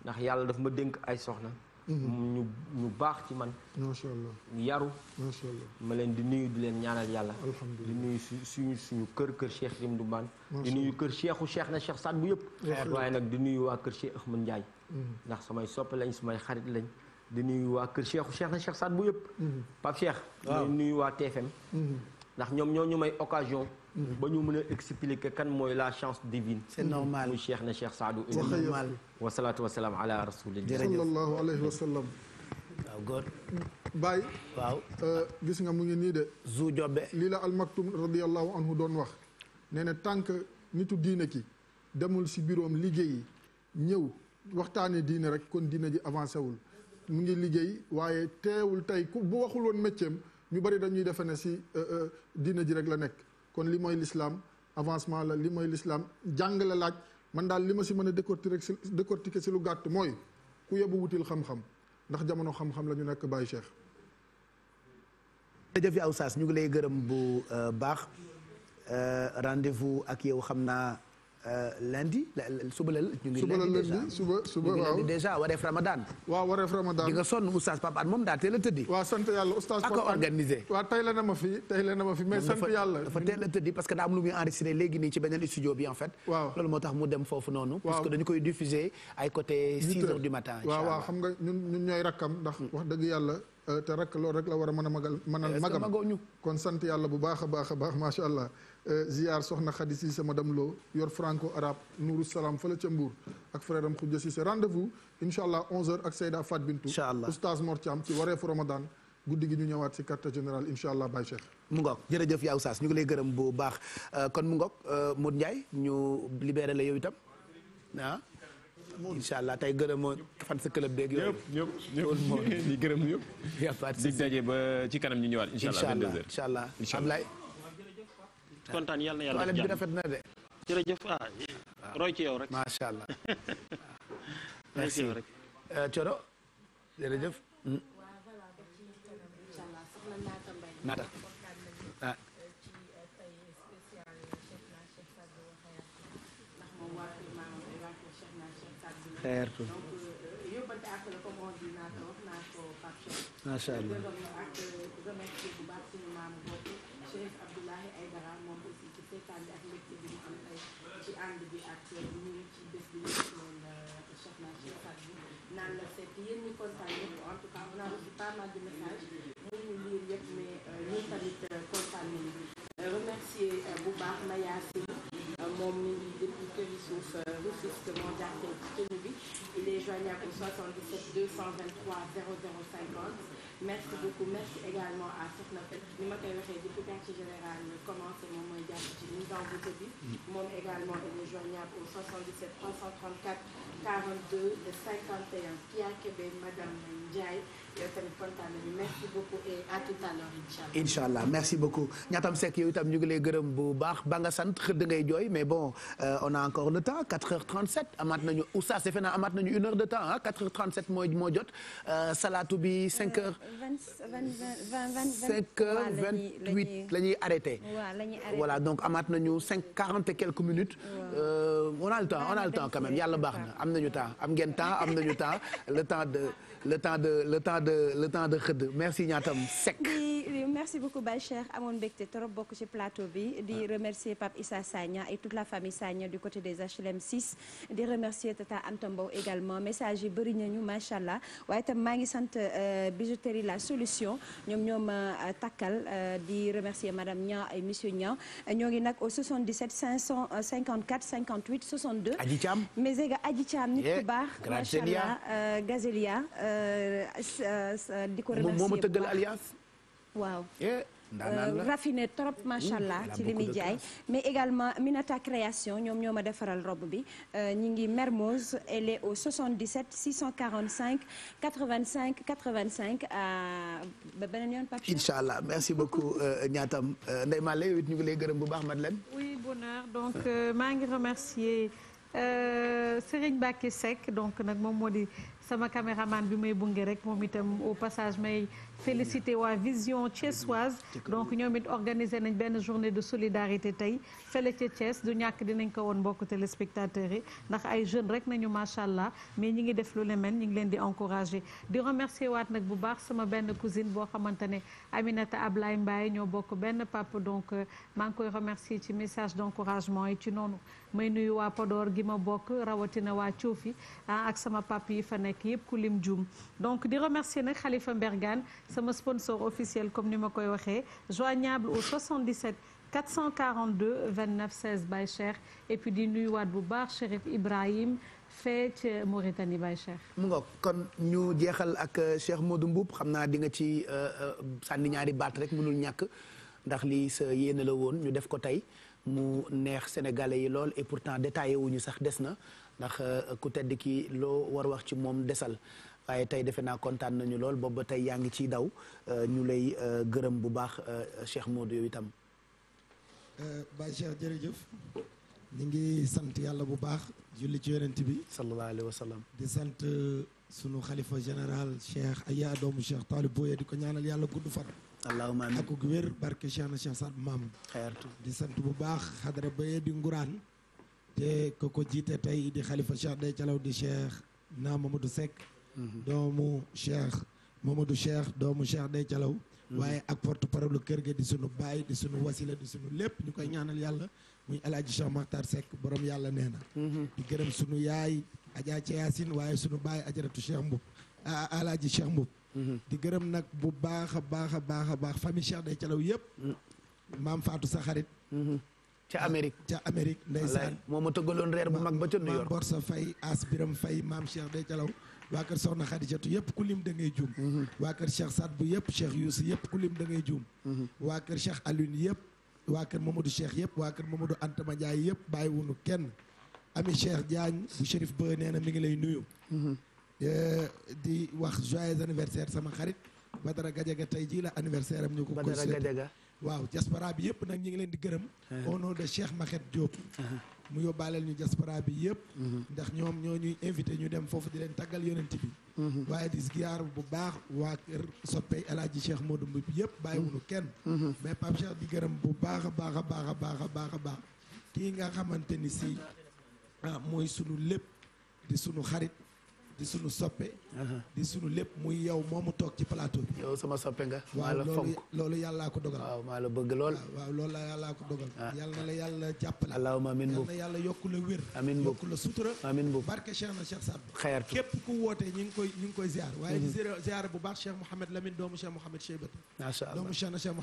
ndax yàlla dafa ma dénk ay soxna. ñu ñu baax ci man. macha allah yaru. macha allah ma leen di nuyu di leen ñaanal yàlla. di nuyu suñu suñu kër kër Cheikh Rimdou Bane. di nuyu kër Cheikhu Cheikh na Cheikh Saad bu yëpp. waaye nag di nuyu waa kër Cheikh Ahmed Ndiaye. ndax samay soppe lañ samay xarit lañ. di nuyu waa kër Cheikh Cheikh na Cheikh Saad bu yëpp. Mhm. Pape Cheikh. waaw di waa TFM. Mhm. ndax ñoom ñoo ñu may occasion. Mhm. ba ñu mën a expliquer kan mooy la chance divine. c'est normal muy Cheikh na Cheikh Saadu. c'est normal wasalaatu wasalaam ala rasulillah. wa sallam. waaw euh, gis nga mu ngi nii de. Zou lii la almaktum radiyallahu anhu doon wax. nee na tant que nitu diine ki demul si biroom liggéeyi ñëw waxtaanee diine rek kon diine ji avancé wul. mu ngi liggéey waaye teewul tey ku bu waxul woon ñu bari dañuy defe ne si euh, euh, diina ji rek la nekk kon li mooy l'islam avancement la li mooy l'islam jàng la laaj man daal li ma si mën a décortiquer si si lu gàtt mooy ku yebu wutil xam-xam ndax jamono xam-xam la ñu nekk Baye Cheikh. jërëjëf yi aw saas ñu ngi lay gërëm bu euh, baax rendez-vous ak yow xam naa. Euh, lundi suba la ñu ngi lundi suba suba waaw ñu ngi dèjà wareef Ramadan. waaw wareef Ramadan di sonn oustaz Pape moom daa teel a tëddi. waaw sant yàlla oustaz Pape An ak la na ma fi tey la ma fi mais sant yàlla. dafa teel a tëddi parce que daa am lu muy enregistré léegi nii ci beneen studio bi en fait. waaw loolu moo tax mu dem foofu noonu. waaw parce que dañu koy diffuser ay côté 6 heures du matin. waaw waaw xam nga ñun ñun rakkam ndax hmm. wax dëgg yàlla. Euh, te rek loolu rek la war a mën a magal mënal magam kon sant yàlla bu baax a baax a baax macha allah euh, ziar soxna Khady Cissé madame Lo yor franco arabe Nourou Salam fële ca Mbour ak frère am Khoudia Cissé rendez-vous incha allah 11h ak Seyda Fat Bintou incha allah oustaz Mor Thiam ci wareefu Ramadan guddi gi ñu ñëwaat si carte générale incha allah Baye Cheikh mu ngoog jërëjëf yaa oustaz ñu ngi lay gërëm bu baax euh, kon mu ngoog Modou Ndiaye ñu libéré la yow itam ah incha allah tey gërëm fan sa club beeg yooyu. ñëpp ñëpp di gërëm ñëpp. di daje ba ci kanam ñu ñëwaat incha allah 22h incha allah incha allah Ablaye. kontaan yàlla na yàlla jàmm bi rafet na de. jërëjëf ah, ah. roy ci yow rek. macha allah. merci euh, Thioro jërëjëf. Hmm? naata. xeertu macha allah naan la fekk yéen ñi kontaan en tout cas on a reçu pas mal de messages mun ñu lire yëpp mais ñun tamit kontaan nañu bu baax Maya Sy Euh, moom mi ngi depuis Kër Suuf Rufisque moo jàppee ci tenu bi il est joignable au à Soxna Fët ma koy waxee commencé moom mooy bi mm. moom également il est joignable au 77 334 42 51 Pierre Kébé yow tamit kontaan nañu merci beaucoup et à tout à l'heure incha allah. incha allah merci beaucoup ñaatam Seck yow itam ñu ngi lay gërëm bu baax ba nga sant xëdd ngay jooy mais bon euh, on a encore le temps 4h37 amaat nañu oustaz defe naa amaat nañu une heure de temps ah 4h37 moo moo jot euh, salaatu bi 5h. 5h28 la ñuy arrêté. voilà donc amaat nañu 5 40 et quelques minutes. Euh, on a le temps ah, on a le temps quand même yàlla baax na am nañu temps am ngeen temps am nañu temps le temps de. le temps de de le temps de xëdd merci ñaatam Seck. merci beaucoup Baye Cheikh amoon mbégte trop bokk ci la famille Sagna du côté des HLM 6 di remercier Tata Anta yi bëri nañu macha allah waaye itam maa ngi sant euh, bijouterie la solution ñoom ñoo euh, takkal euh, di remercier madame Niang et monsieur Niang ñoo ngi nag au 77 554 58 62. Adji Thiam mais également Adji Thiam nit ku baax. macha allah Euh, euh, euh, di ko remercier moom moo ma tëggal alliance. waaw. Eh, euh, raffiné trop macha allah ci li muy jaay mais également Minata Création ñoom ñoo ma defaral robe bi ñu ngi Mermoz elle est au 77 645 85 85 ba beneen yoon Pape Cheikh. incha allah merci beaucoup ñaatam Ndeye Malle yow it ñu ngi lay gërëm bu baax Madeleine. oui bonheur donc maa ngi remercier Serigne Bakke Seck donc nag moom moo di. sama caméraman bi may bunge rek moom itam au passage may félicité waa vision thiessoise donc ñoom it organisé nañ benn journée de solidarité tey fële ca Thiès du ñàkk dinañ ko woon mbokk téléspectateurs yi ndax ay jeune rek nañu macha allah mais ñi ngi def lu lemel ñi ngi leen di encouragé di remercier waat nag bu baax sama benn cousine boo xamante ne Aminata Ablaye Mbaye ñoo bokk benn papa donc euh, maa ngi koy remercier ci message d' encouragement yi ci noonu may nuyu waa Podor gi ma bokk rawatina waa Thiofi ah, ak sama papa yi fa nekk yëpp ku lim juum donc di remercier sama sponsor officiel comme ni ma koy waxee joignable au 77 442 29 16 Baye Cheikh et puis di nuyuwaat bu baax Chérif Ibrahim fee ca Mauritanie Baye Cheikh. mu ngoog kon ñu jeexal ak euh, Cheikh Modou Mboup xam naa di nga ci euh, euh, sànni ñaari baat rek mënul ñàkk ndax lii sa yéene la woon ñu def ko tey mu neex sénégalais yi lool et pourtant détaillé wuñu sax des na ndax ku tedd ki loo war wax ci moom desal. waaye tey defe naa kontaan nañu lool boobu ba tey yaa ngi ciy daw euh, ñu lay euh, gërëm bu baax euh, Cheikh Modou yow itam. Baye Cheikh jërëjëf ñu ngi sant yàlla bu baax julli ci yonent bi. sallallahu alayhi wa di sant sunu xalifa général Cheikh Aya doomu Cheikh Talib Boye di ko ñaanal yàlla gudd fan. allahumma amiin ak wér barke Cheikh na Cheikh Saad Maam. di sant bu baax xadara Boye di nguraan. te ko ko jiite tey di xalifa Cheikh day calaw di Cheikh naa Mamadou Seck. Mhm. doomu Cheikh Mamadou Cheikh doomu Cheikh day calaw mhm. waaye ak porte parole kër ga di sunu baay di sunu wasila di sunu lépp ñu koy ñaanal yàlla muy alaaji Cheikh Makhtar Seck borom yàlla nee na mhm. di gërëm sunu yaay Adja Thiassine waaye sunu baay ajaratu Cheikh Mboup alaaji Cheikh Mboup di gërëm nag bu baax a baax a baax a baax famille Cheikh day calaw yëpp maam Fatou sa xarit ca ah, Amérique ca Amérique ndeysaan moom ma tëggaloon reer bu mag ba ca New York maam Borsa Faye As maam Cheikh day calaw waa kër soxna xadijatu yëpp ku lim da ngay juum mhm. waa kër cheikh Saad bu yëpp cheikh Youssou yëpp ku lim da ngay juum mhm. waa kër cheikh Alioune yëpp waa kër mamadou cheikh yëpp waa kër mamadou antama Ndiaye yëpp bàyyi wunu kenn ami cheikh Diagne bu shérif ba nee na mi ngi lay nuyu mhm. eh, di wax joyeux anniversaire sama xarit Badara Gadiaga tey jii la anniversaire am ñu ko Badara Gadiaga waaw diaspora bi yëpp nag ñu ngi leen di gërëm eh. au nom de Cheikh Makhète Diop eh. mu yóbbaaleel ñu diaspora bi yëpp mm-hmm. ndax ñoom ñoo ñuy invité ñu dem foofu di leen taggal yonent bi mm-hmm. waaye di ziar bu baax waa kër soppe El Hadji Cheikh Modou Mboup yëpp bàyyiwunu kenn mm-hmm. mais Pape Cheikh di gërëm bu baax a baax a baax a baax a baax a baax kii nga xamante ni si ah, mooy sunu lépp di sunu xarit di sunu soppe di sunu lépp muy yow moomu toog ci plateau bi yow sama soppe nga maa la fonk loolu yàllaa ko dogal waaw maa la bëgg lool waaw loolu la yàllaa ko dogal ah. yàlla na la yàlla jàppale allahumma amin yàlla yokku la képp ku woote ñu ngi koy ñu waaye di bu baax Cheikh Mouhamed Lamine doomu Cheikh Mouhamed Cheybet macha allah doomu Cheikh na Cheikh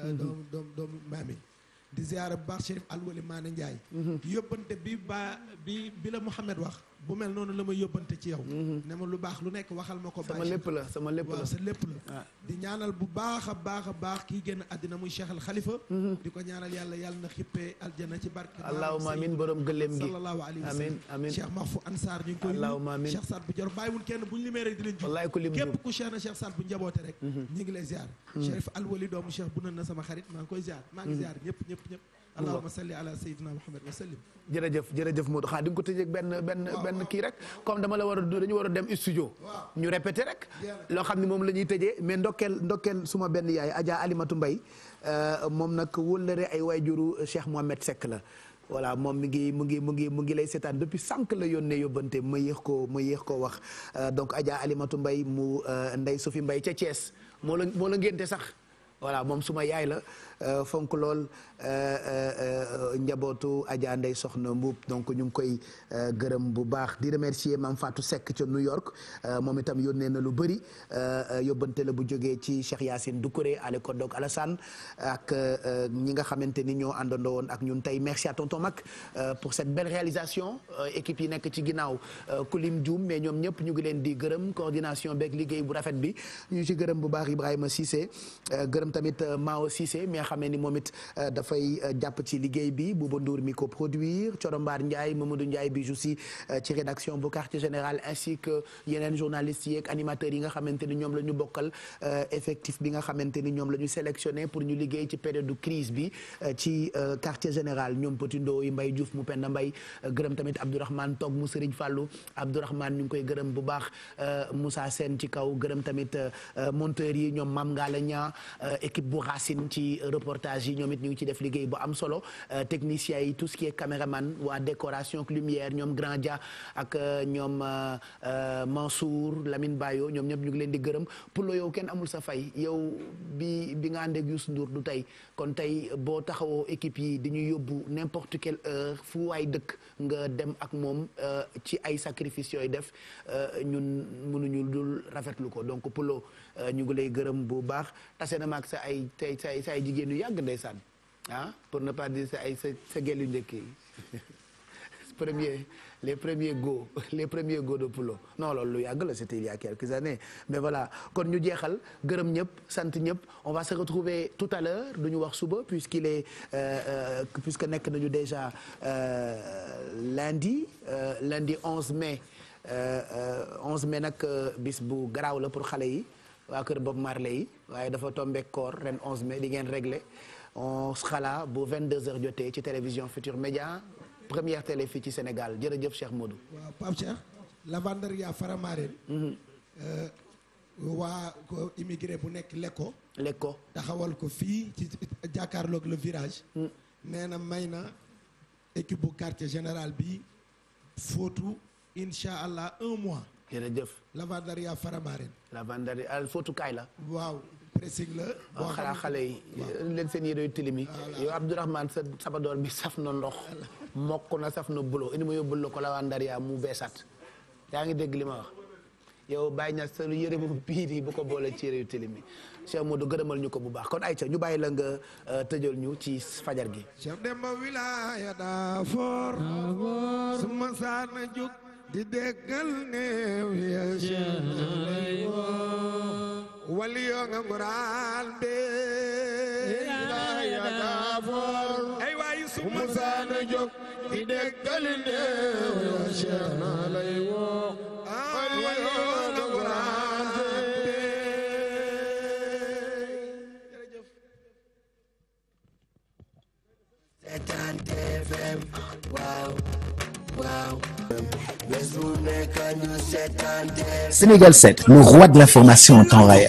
mhm. di ziar bu baax Chérif Alwali Maane Ndiaye mhm. yóbbante bi ba bi bi la Mouhamed wax bu mel noonu la ma yóbbante ci yow mm-hmm. ne ma lu baax lu nekk waxal ma ko sama lépp la sama lépp la sa lépp la ah. di ñaanal bu baax a baax a baax kii génn àddina muy Cheikh xalifa Khalifa mm-hmm. di ko ñaanal yàlla yàlla na xippee aljana ci barke allahumma amin borom gëléem gi sallallahu alayhi wa sallam amin amin Cheikh Mahfou Ansar ñu ngi koy allahumma amin Cheikh Saad bu jor bàyyiwul kenn bu ñu limee rek di leen wallaay ku lim képp ku Cheikh na Cheikh Saad bu njaboote rek mm-hmm. ñu ngi lay ziar Chérif Alwali doomu Cheikh bu nan na sama xarit maa ngi koy ziar maa ngi ziar ñëpp ñëpp ñëpp allahumma salli ala sayyidina muhammad wa sallim jërëjëf jërëjëf Modou xaa di nga benn benn benn kii rek comme dama war a dañu war a dem studio ñu répété rek loo xam ni moom la ñuy tëjee mais ndokkeel ndokkeel suma benn yaay Adja Alimatu Mbay euh, moom nag wëllëre ay waajuru Cheikh Mohamed Seck la voilà moom mi ngi mu ngi mu ngi mu ngi lay seetaan depuis sànq la yónnee yóbbante ma yéex ko ma yéex koo wax euh, donc Adja Alimatu Mbay mu euh, Ndey Sufi Mbay ca Thiès moo la moo la sax voilà moom suma yaay la Euh, fonk lool euh, euh, njabootu Adja Ndeye Soxna Mbuub donc ñu ngi koy gërëm bu baax di remercier Mame Fatou Seck ca New York moom itam yónnee na lu bëri yóbbante la bu jógee ci Cheikh Yacine Doucouré Ale Kodog Alassane ak ñi nga xamante ni ñoo àndandoo woon ak ñun tey merci à mag Mac pour cette belle réalisation équipe yi nekk ci ginnaaw Kulim Dioum mais ñoom ñëpp ñu ngi leen di gërëm coordination beeg liggéey bu rafet bi ñu ci gërëm bu baax Ibrahima Cissé gërëm tamit Mao Cissé xamee ni moom it euh, dafay euh, jàpp ci liggéey bi Bouba Ndour mi ko produire Corombaar Ndiaye Mamadou Ndiaye Bijou si euh, ci rédaction bu quartier général ainsi que yeneen journalistes yeeg animateurs yi nga xamante ni ñoom la ñu bokkal effectif bi nga xamante ni ñoom la ñu sélectionné pour ñu liggéey ci période de crise bi ci quartier général ñoom Petit Ndoy Mbay Diouf mu Penda Mbay gërëm tamit Abdourahmane Toog mu Serigne Fallou Abdourahmane ñu ngi koy gërëm bu baax Moussa Sène ci kaw gërëm tamit monteurs yi ñoom Mame Ngalaña équipe reportage yi ñoom it ñu ngi ci def liggéey bu am solo euh, technicien yi tout ce qui est caméraman waa décoration lumière ñoom Grand Dia ak euh, ñoom euh, Mansour lamin Bayo ñoom ñëpp ñu ngi leen di gërëm pour yow kenn amul sa fay yow bi bi nga ànd ak Youssou Ndour du tey kon tey boo taxawoo équipe yi di ñu yóbbu n'importe quelle heure fu waay dëkk nga dem ak moom euh, ci ay sacrifice yooyu def euh, ñun mënuñu dul rafetlu ko donc Poulo euh, ñu ngi lay gërëm bu baax tase na maak sa ay tey sa ay sa jigéen yu yàgg ndeysaan ah pour ne pas sa ay sa sa gel njëkk yi les premiers go les premiers go de Poulo non loolu lu yàgg la c'était il y quelques années mais voilà kon ñu jeexal gërëm ñëpp sant ñëpp on va se retrouver tout à l'heure du ñu wax suba puisqu'il est euh, euh, puisque nekk nañu déjà euh, lundi euh, lundi 11 mai 11 euh, mai nag bis bu garaaw la pour xale yi waa kër Bob Marley yi waaye dafa tombé koor ren 11 mai di ngeen réglé on sera là bu 22 jotee ci télévision Futur Média première télé fii ci Sénégal jërëjëf Cheikh Modou. waaw Pape Cheikh. Lavandaria Faramareen. Mhm. Euh, waa immigré bu nekk Lekko. Lekko taxawal ko fii ci jàkkaarloog le virage. Mhm. nee na may na équipe bu quartier général bi fóotu incha allah un mois. jërëjëf Lavandaria Faramareen. Lavandaria fóotu kaay la. waaw. pressing la ah, boo xanaa xale yi leen seen yére tilim yi yow Abdourahmane sa sabadoor bi saf na ndox mokk na saf na bulo indi ma yóbbul la ko la waa ndar yaa mu beesat yaa ngi dégg ma yow bàyyi ña sa yëre bu biir yi bu ko boole ci yëre yu tilim yi Cheikh Modou gërëmal ñu ko bu baax kon ayca ñu bàyyi la nga euh, tëjal ñu ci fajar gi Cheikh Demba wilaaya daa su ma saana jóg di déggal néew ya Cheikh wali yoo nga nguraan de wilaaya fu mu saana jóg di dekkali néew yaa Cheikh naa lay woo seetaan TFM waaw waaw Sénégal 7, le roi de l'information en temps réel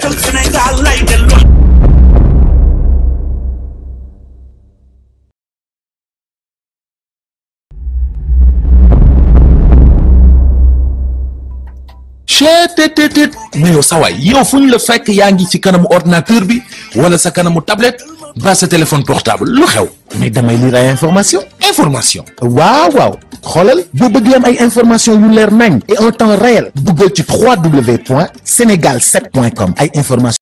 cttt te yow sawaay yow fu ñu la fekk yaa ngi ci kanamu ordinateur bi wala sa kanamu tablette ba sa téléphone portable lu xew mais damay lire information information waaw waaw xoolal boo bëgg am ay information yu leer nañ et en temps réel duggal ci 3w point sénégal 7 point com ay information